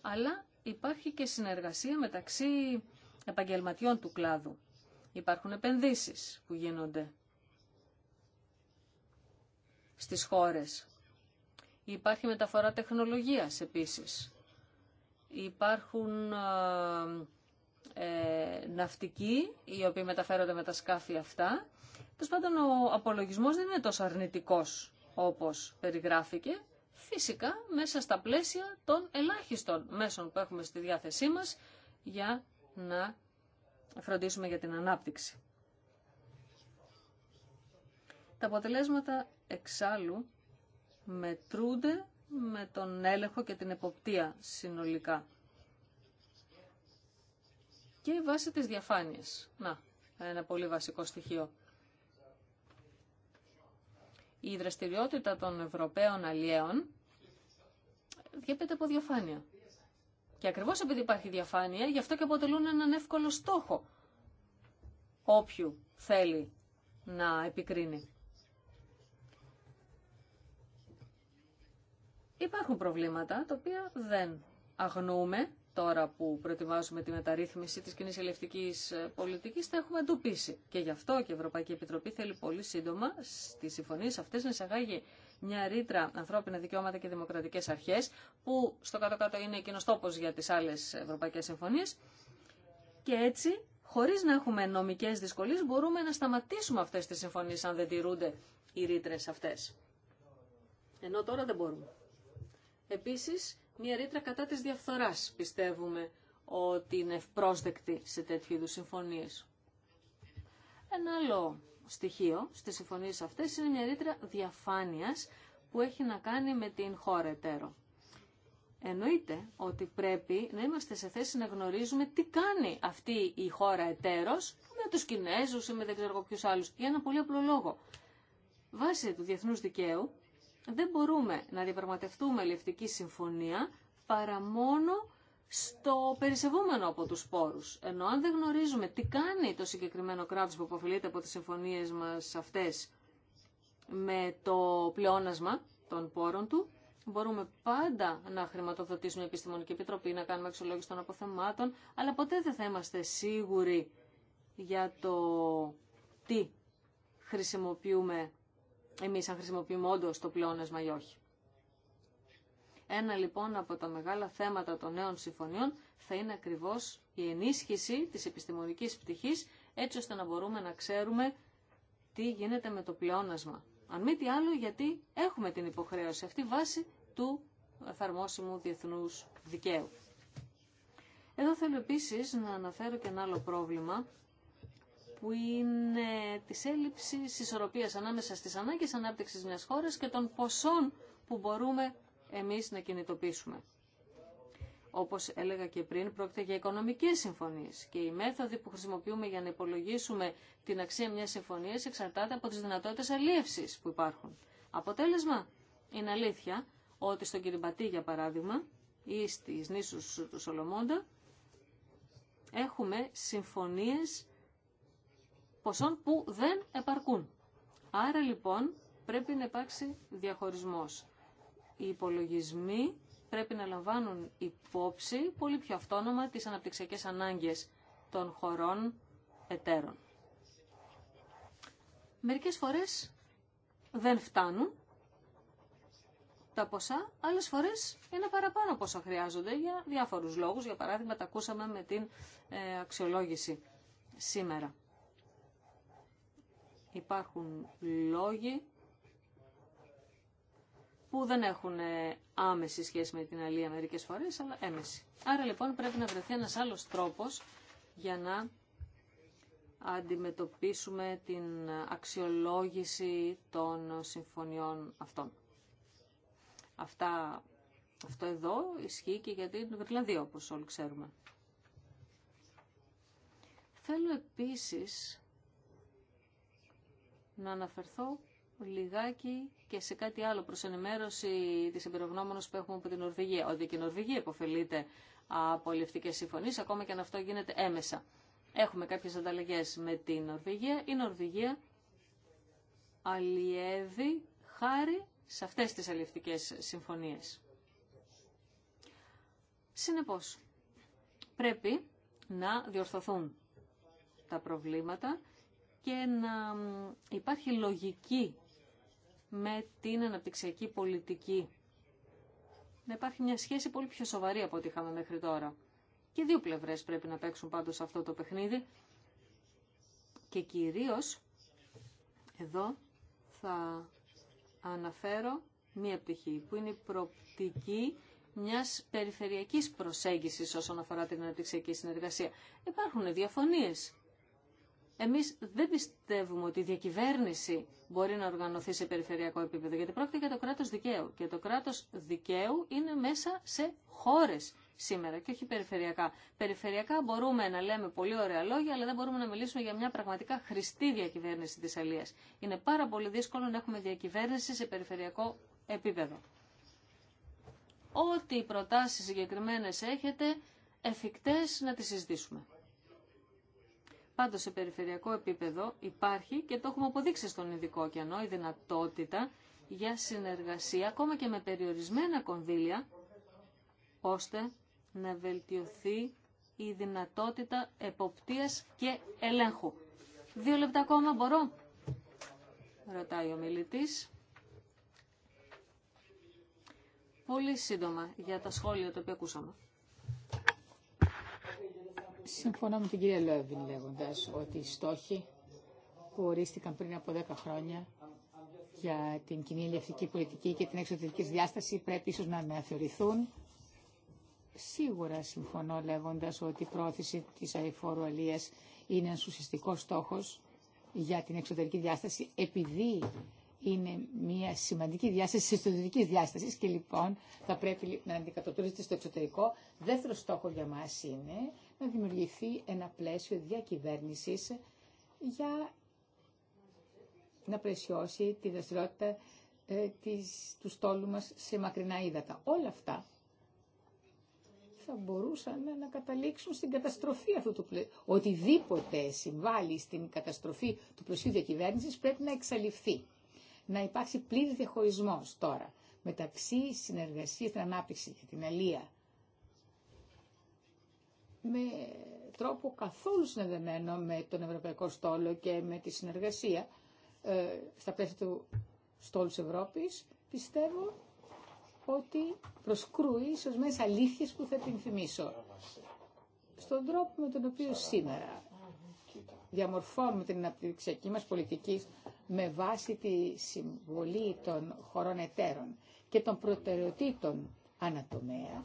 αλλά υπάρχει και συνεργασία μεταξύ επαγγελματιών του κλάδου. Υπάρχουν επενδύσεις που γίνονται στις χώρες. Υπάρχει μεταφορά τεχνολογίας επίσης. Υπάρχουν ε, ε, ναυτικοί οι οποίοι μεταφέρονται με τα σκάφη αυτά. Τέλο πάντων ο απολογισμός δεν είναι τόσο αρνητικός όπως περιγράφηκε. Φυσικά μέσα στα πλαίσια των ελάχιστων μέσων που έχουμε στη διάθεσή μας για να φροντίσουμε για την ανάπτυξη. Τα αποτελέσματα εξάλλου μετρούνται με τον έλεγχο και την εποπτεία συνολικά. Και βάση της διαφάνειας. Να, ένα πολύ βασικό στοιχείο. Η δραστηριότητα των Ευρωπαίων αλλιέων διέπεται από διαφάνεια. Και ακριβώς επειδή υπάρχει διαφάνεια, γι' αυτό και αποτελούν έναν εύκολο στόχο όποιου θέλει να επικρίνει. Υπάρχουν προβλήματα τα οποία δεν αγνοούμε τώρα που προετοιμάζουμε τη μεταρρύθμιση της κοινή ελευτικής ε, πολιτικής, τα έχουμε εντοπίσει. Και γι' αυτό και η Ευρωπαϊκή Επιτροπή θέλει πολύ σύντομα στις συμφωνίες αυτές να εισαγάγει μια ρήτρα ανθρώπινα δικαιώματα και δημοκρατικές αρχές, που στο κάτω-κάτω είναι εκείνος τόπος για τις άλλες ευρωπαϊκές συμφωνίες. Και έτσι, χωρίς να έχουμε νομικές δυσκολίες, μπορούμε να σταματήσουμε αυτές τις συμφωνίες αν δεν τηρούνται οι ρήτρε αυτές. Ενώ τώρα δεν μπορούμε. Επίσης, μια ρήτρα κατά της διαφθοράς πιστεύουμε ότι είναι ευπρόσδεκτη σε τέτοιου είδους συμφωνίες. Ένα άλλο στοιχείο στις συμφωνίες αυτές είναι μια ρήτρα διαφάνειας που έχει να κάνει με την χώρα εταίρο. Εννοείται ότι πρέπει να είμαστε σε θέση να γνωρίζουμε τι κάνει αυτή η χώρα εταίρος με τους Κινέζους ή με δεν ξέρω ποιους άλλους για ένα πολύ απλό λόγο. Βάσει του διεθνούς δικαίου δεν μπορούμε να διαπραγματευτούμε λευτική συμφωνία παρά μόνο στο περισεβούμενο από τους πόρους. Ενώ αν δεν γνωρίζουμε τι κάνει το συγκεκριμένο κράτος που αποφελείται από τις συμφωνίες μας αυτές με το πλεόνασμα των πόρων του, μπορούμε πάντα να χρηματοδοτήσουμε επιστημονική επιτροπή, να κάνουμε αξιολόγηση των αποθεμάτων, αλλά ποτέ δεν θα είμαστε σίγουροι για το τι χρησιμοποιούμε εμείς αν χρησιμοποιούμε όντω το πλεόνασμα ή όχι. Ένα λοιπόν από τα μεγάλα θέματα των νέων συμφωνιών θα είναι ακριβώς η ενίσχυση της επιστημονικής πτυχής έτσι ώστε να μπορούμε να ξέρουμε τι γίνεται με το πλεόνασμα. Αν μη τι άλλο γιατί έχουμε την υποχρέωση αυτή βάση του εφαρμόσιμου διεθνούς δικαίου. Εδώ θέλω επίσης να αναφέρω και ένα άλλο πρόβλημα που είναι της έλλειψης ισορροπίας ανάμεσα στις ανάγκες ανάπτυξης μιας χώρας και των ποσών που μπορούμε εμείς να κινητοποιήσουμε. Όπως έλεγα και πριν, πρόκειται για οικονομικές συμφωνίες και οι μέθοδοι που χρησιμοποιούμε για να υπολογίσουμε την αξία μιας συμφωνίας εξαρτάται από τις δυνατότητες αλίευσης που υπάρχουν. Αποτέλεσμα, είναι αλήθεια ότι στον Κυριμπατή, για παράδειγμα, ή στις νήσους του Σολομόντα έχουμε συμφωνίες ποσών που δεν επαρκούν. Άρα λοιπόν πρέπει να υπάρξει διαχωρισμός. Οι υπολογισμοί πρέπει να λαμβάνουν υπόψη πολύ πιο αυτόνομα τις αναπτυξιακές ανάγκες των χωρών εταίρων. Μερικές φορές δεν φτάνουν τα ποσά, άλλες φορές είναι παραπάνω πόσα χρειάζονται για διάφορους λόγους. Για παράδειγμα, τα ακούσαμε με την ε, αξιολόγηση σήμερα υπάρχουν λόγοι που δεν έχουν άμεση σχέση με την αλία μερικές φορές, αλλά έμεση. Άρα λοιπόν πρέπει να βρεθεί ένας άλλος τρόπος για να αντιμετωπίσουμε την αξιολόγηση των συμφωνιών αυτών. Αυτά, αυτό εδώ ισχύει και για την Βερλανδία, όπως όλοι ξέρουμε. Θέλω επίσης να αναφερθώ λιγάκι και σε κάτι άλλο προς ενημέρωση της εμπειρογνώμονος που έχουμε από την Νορβηγία. Ότι και η Νορβηγία υποφελείται από ελευτικές συμφωνίες, ακόμα και αν αυτό γίνεται έμεσα. Έχουμε κάποιες ανταλλαγές με την Νορβηγία. Η Νορβηγία αλλιεύει χάρη σε αυτές τις αλλιευτικές συμφωνίες. Συνεπώς, πρέπει να διορθωθούν τα προβλήματα και να υπάρχει λογική με την αναπτυξιακή πολιτική. Να υπάρχει μια σχέση πολύ πιο σοβαρή από ό,τι είχαμε μέχρι τώρα. Και δύο πλευρές πρέπει να παίξουν πάντως αυτό το παιχνίδι. Και κυρίως εδώ θα αναφέρω μία πτυχή που είναι η προπτική μιας περιφερειακής προσέγγισης όσον αφορά την αναπτυξιακή συνεργασία. Υπάρχουν διαφωνίες εμείς δεν πιστεύουμε ότι η διακυβέρνηση μπορεί να οργανωθεί σε περιφερειακό επίπεδο, γιατί πρόκειται για το κράτος δικαίου. Και το κράτος δικαίου είναι μέσα σε χώρες σήμερα και όχι περιφερειακά. Περιφερειακά μπορούμε να λέμε πολύ ωραία λόγια, αλλά δεν μπορούμε να μιλήσουμε για μια πραγματικά χρηστή διακυβέρνηση της Αλίας. Είναι πάρα πολύ δύσκολο να έχουμε διακυβέρνηση σε περιφερειακό επίπεδο. Ό,τι προτάσει προτάσεις συγκεκριμένες έχετε, εφικτές να τις συζητήσουμε. Πάντως σε περιφερειακό επίπεδο υπάρχει και το έχουμε αποδείξει στον ειδικό ωκεανό η δυνατότητα για συνεργασία ακόμα και με περιορισμένα κονδύλια ώστε να βελτιωθεί η δυνατότητα εποπτείας και ελέγχου. Δύο λεπτά ακόμα μπορώ. Ρωτάει ο μιλητής. Πολύ σύντομα για τα σχόλια τα οποία ακούσαμε. Συμφωνώ με την κυρία Λόβιν λέγοντας ότι οι στόχοι που ορίστηκαν πριν από 10 χρόνια για την κοινή ελευθερική πολιτική και την εξωτερική διάσταση πρέπει ίσως να αναθεωρηθούν. Σίγουρα συμφωνώ λέγοντας ότι η πρόθεση της αηφόρου αλίας είναι ένας ουσιαστικός στόχος για την εξωτερική διάσταση επειδή είναι μια σημαντική διάσταση τη εσωτερική διάσταση και λοιπόν θα πρέπει να αντικατοπτρίζεται στο εξωτερικό. Δεύτερο στόχο για μα είναι να δημιουργηθεί ένα πλαίσιο διακυβέρνησης για να πλαισιώσει τη δραστηριότητα ε, της, του στόλου μας σε μακρινά ύδατα. Όλα αυτά θα μπορούσαν να καταλήξουν στην καταστροφή αυτού του πλαισίου. Οτιδήποτε συμβάλλει στην καταστροφή του πλαισίου διακυβέρνησης πρέπει να εξαλειφθεί. Να υπάρξει πλήρη διαχωρισμός τώρα μεταξύ συνεργασίας στην ανάπτυξη και την αλία με τρόπο καθόλου συνδεδεμένο με τον Ευρωπαϊκό Στόλο και με τη συνεργασία ε, στα πλαίσια του Στόλου της Ευρώπης, πιστεύω ότι προσκρούει σε ορισμένε αλήθειες που θα την θυμίσω. Στον τρόπο με τον οποίο σήμερα διαμορφώνουμε την αναπτυξιακή μας πολιτική με βάση τη συμβολή των χωρών εταίρων και των προτεραιοτήτων ανατομέα,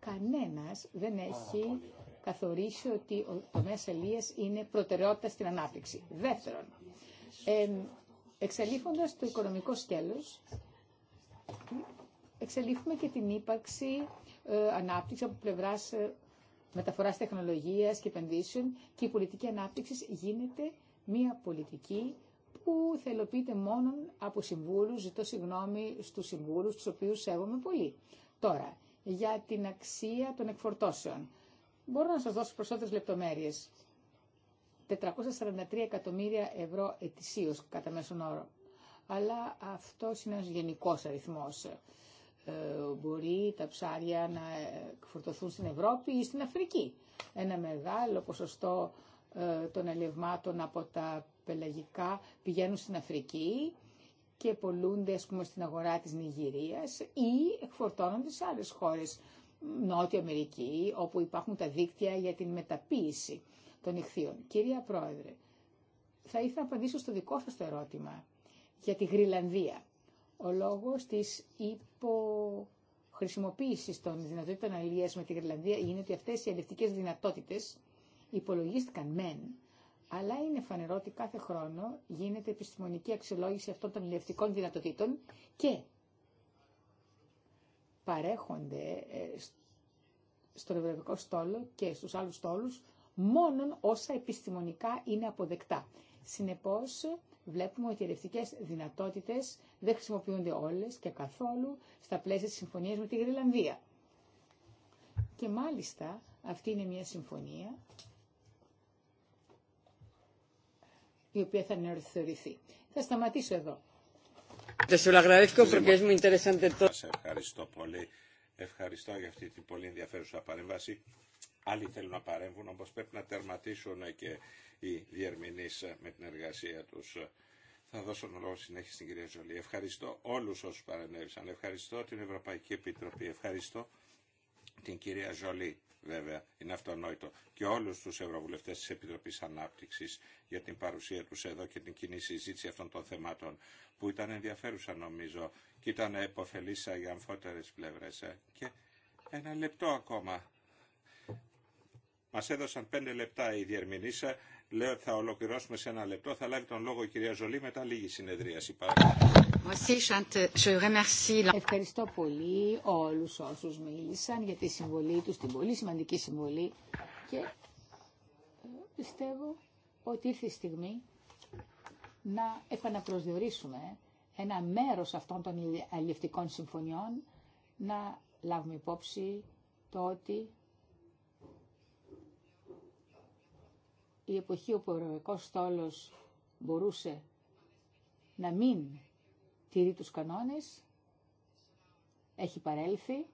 κανένας δεν έχει καθορίσει ότι ο τομέας ελίας είναι προτεραιότητα στην ανάπτυξη. Δεύτερον, ε, το οικονομικό σκέλος, εξελίφουμε και την ύπαρξη ε, ανάπτυξη από πλευράς ε, μεταφοράς τεχνολογίας και επενδύσεων και η πολιτική ανάπτυξη γίνεται μια πολιτική που θελοποιείται μόνο από συμβούλους, ζητώ συγγνώμη στους συμβούλους, τους οποίους σέβομαι πολύ. Τώρα, για την αξία των εκφορτώσεων. Μπορώ να σας δώσω προσώτες λεπτομέρειες. 443 εκατομμύρια ευρώ ετησίως κατά μέσον όρο. Αλλά αυτό είναι ένας γενικός αριθμός. Ε, μπορεί τα ψάρια να εκφορτωθούν στην Ευρώπη ή στην Αφρική. Ένα μεγάλο ποσοστό ε, των ελευμάτων από τα πελαγικά πηγαίνουν στην Αφρική και πολλούνται ας πούμε στην αγορά της Νιγηρίας ή εκφορτώνονται σε άλλες χώρες, Νότια Αμερική, όπου υπάρχουν τα δίκτυα για την μεταποίηση των ηχθείων. Κυρία Πρόεδρε, θα ήθελα να απαντήσω στο δικό σας το ερώτημα για τη Γρυλανδία. Ο λόγος της υποχρησιμοποίησης των δυνατοτήτων αλληλείας με τη Γρυλανδία είναι ότι αυτές οι αλληλευτικές δυνατότητες υπολογίστηκαν μεν, αλλά είναι φανερό ότι κάθε χρόνο γίνεται επιστημονική αξιολόγηση αυτών των ηλεκτρικών δυνατοτήτων και παρέχονται ε, στον Ευρωπαϊκό Στόλο και στους άλλους στόλους μόνον όσα επιστημονικά είναι αποδεκτά. Συνεπώς, βλέπουμε ότι οι ελευτικές δυνατότητες δεν χρησιμοποιούνται όλες και καθόλου στα πλαίσια της συμφωνίας με τη Γρυλανδία. Και μάλιστα, αυτή είναι μια συμφωνία η οποία θα αναθεωρηθεί. Θα σταματήσω εδώ. Σας ευχαριστώ πολύ. Ευχαριστώ για αυτή την πολύ ενδιαφέρουσα παρέμβαση. Άλλοι θέλουν να παρέμβουν, όπως πρέπει να τερματίσουν και οι διερμηνείς με την εργασία τους. Θα δώσω τον λόγο συνέχεια στην κυρία Ζολή. Ευχαριστώ όλους όσους παρενέβησαν. Ευχαριστώ την Ευρωπαϊκή Επιτροπή. Ευχαριστώ την κυρία Ζολή βέβαια, είναι αυτονόητο. Και όλου τους Ευρωβουλευτές τη Επιτροπή Ανάπτυξη για την παρουσία τους εδώ και την κοινή συζήτηση αυτών των θεμάτων που ήταν ενδιαφέρουσα νομίζω και ήταν επωφελήσα για αμφότερες πλευρές. Ε, και ένα λεπτό ακόμα. μα έδωσαν πέντε λεπτά οι διερμηνεί. Ε, Λέω ότι θα ολοκληρώσουμε σε ένα λεπτό. Θα λάβει τον λόγο η κυρία Ζολή μετά λίγη συνεδρίαση. Ευχαριστώ πολύ όλους όσους μίλησαν για τη συμβολή τους, την πολύ σημαντική συμβολή και ε, πιστεύω ότι ήρθε η στιγμή να επαναπροσδιορίσουμε ένα μέρος αυτών των αλληλευτικών συμφωνιών να λάβουμε υπόψη το ότι η εποχή όπου ο Ευρωπαϊκός Στόλος μπορούσε να μην τηρεί τους κανόνες, έχει παρέλθει,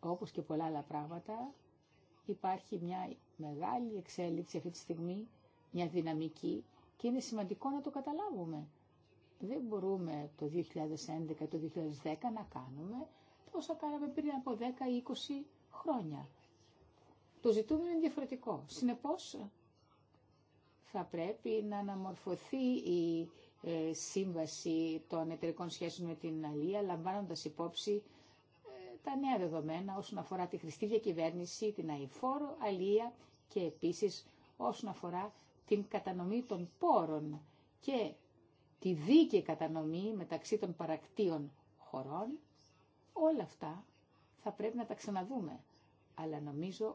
όπως και πολλά άλλα πράγματα, υπάρχει μια μεγάλη εξέλιξη αυτή τη στιγμή, μια δυναμική και είναι σημαντικό να το καταλάβουμε. Δεν μπορούμε το 2011 το 2010 να κάνουμε όσα κάναμε πριν από 10 ή 20 χρόνια. Το ζητούμενο είναι διαφορετικό. Συνεπώς, θα πρέπει να αναμορφωθεί η ε, σύμβαση των εταιρικών σχέσεων με την Αλία, λαμβάνοντας υπόψη ε, τα νέα δεδομένα όσον αφορά τη χρηστή διακυβέρνηση, την αηφόρο Αλία και επίσης όσον αφορά την κατανομή των πόρων και τη δίκαιη κατανομή μεταξύ των παρακτήων χωρών, όλα αυτά θα πρέπει να τα ξαναδούμε. Αλλά νομίζω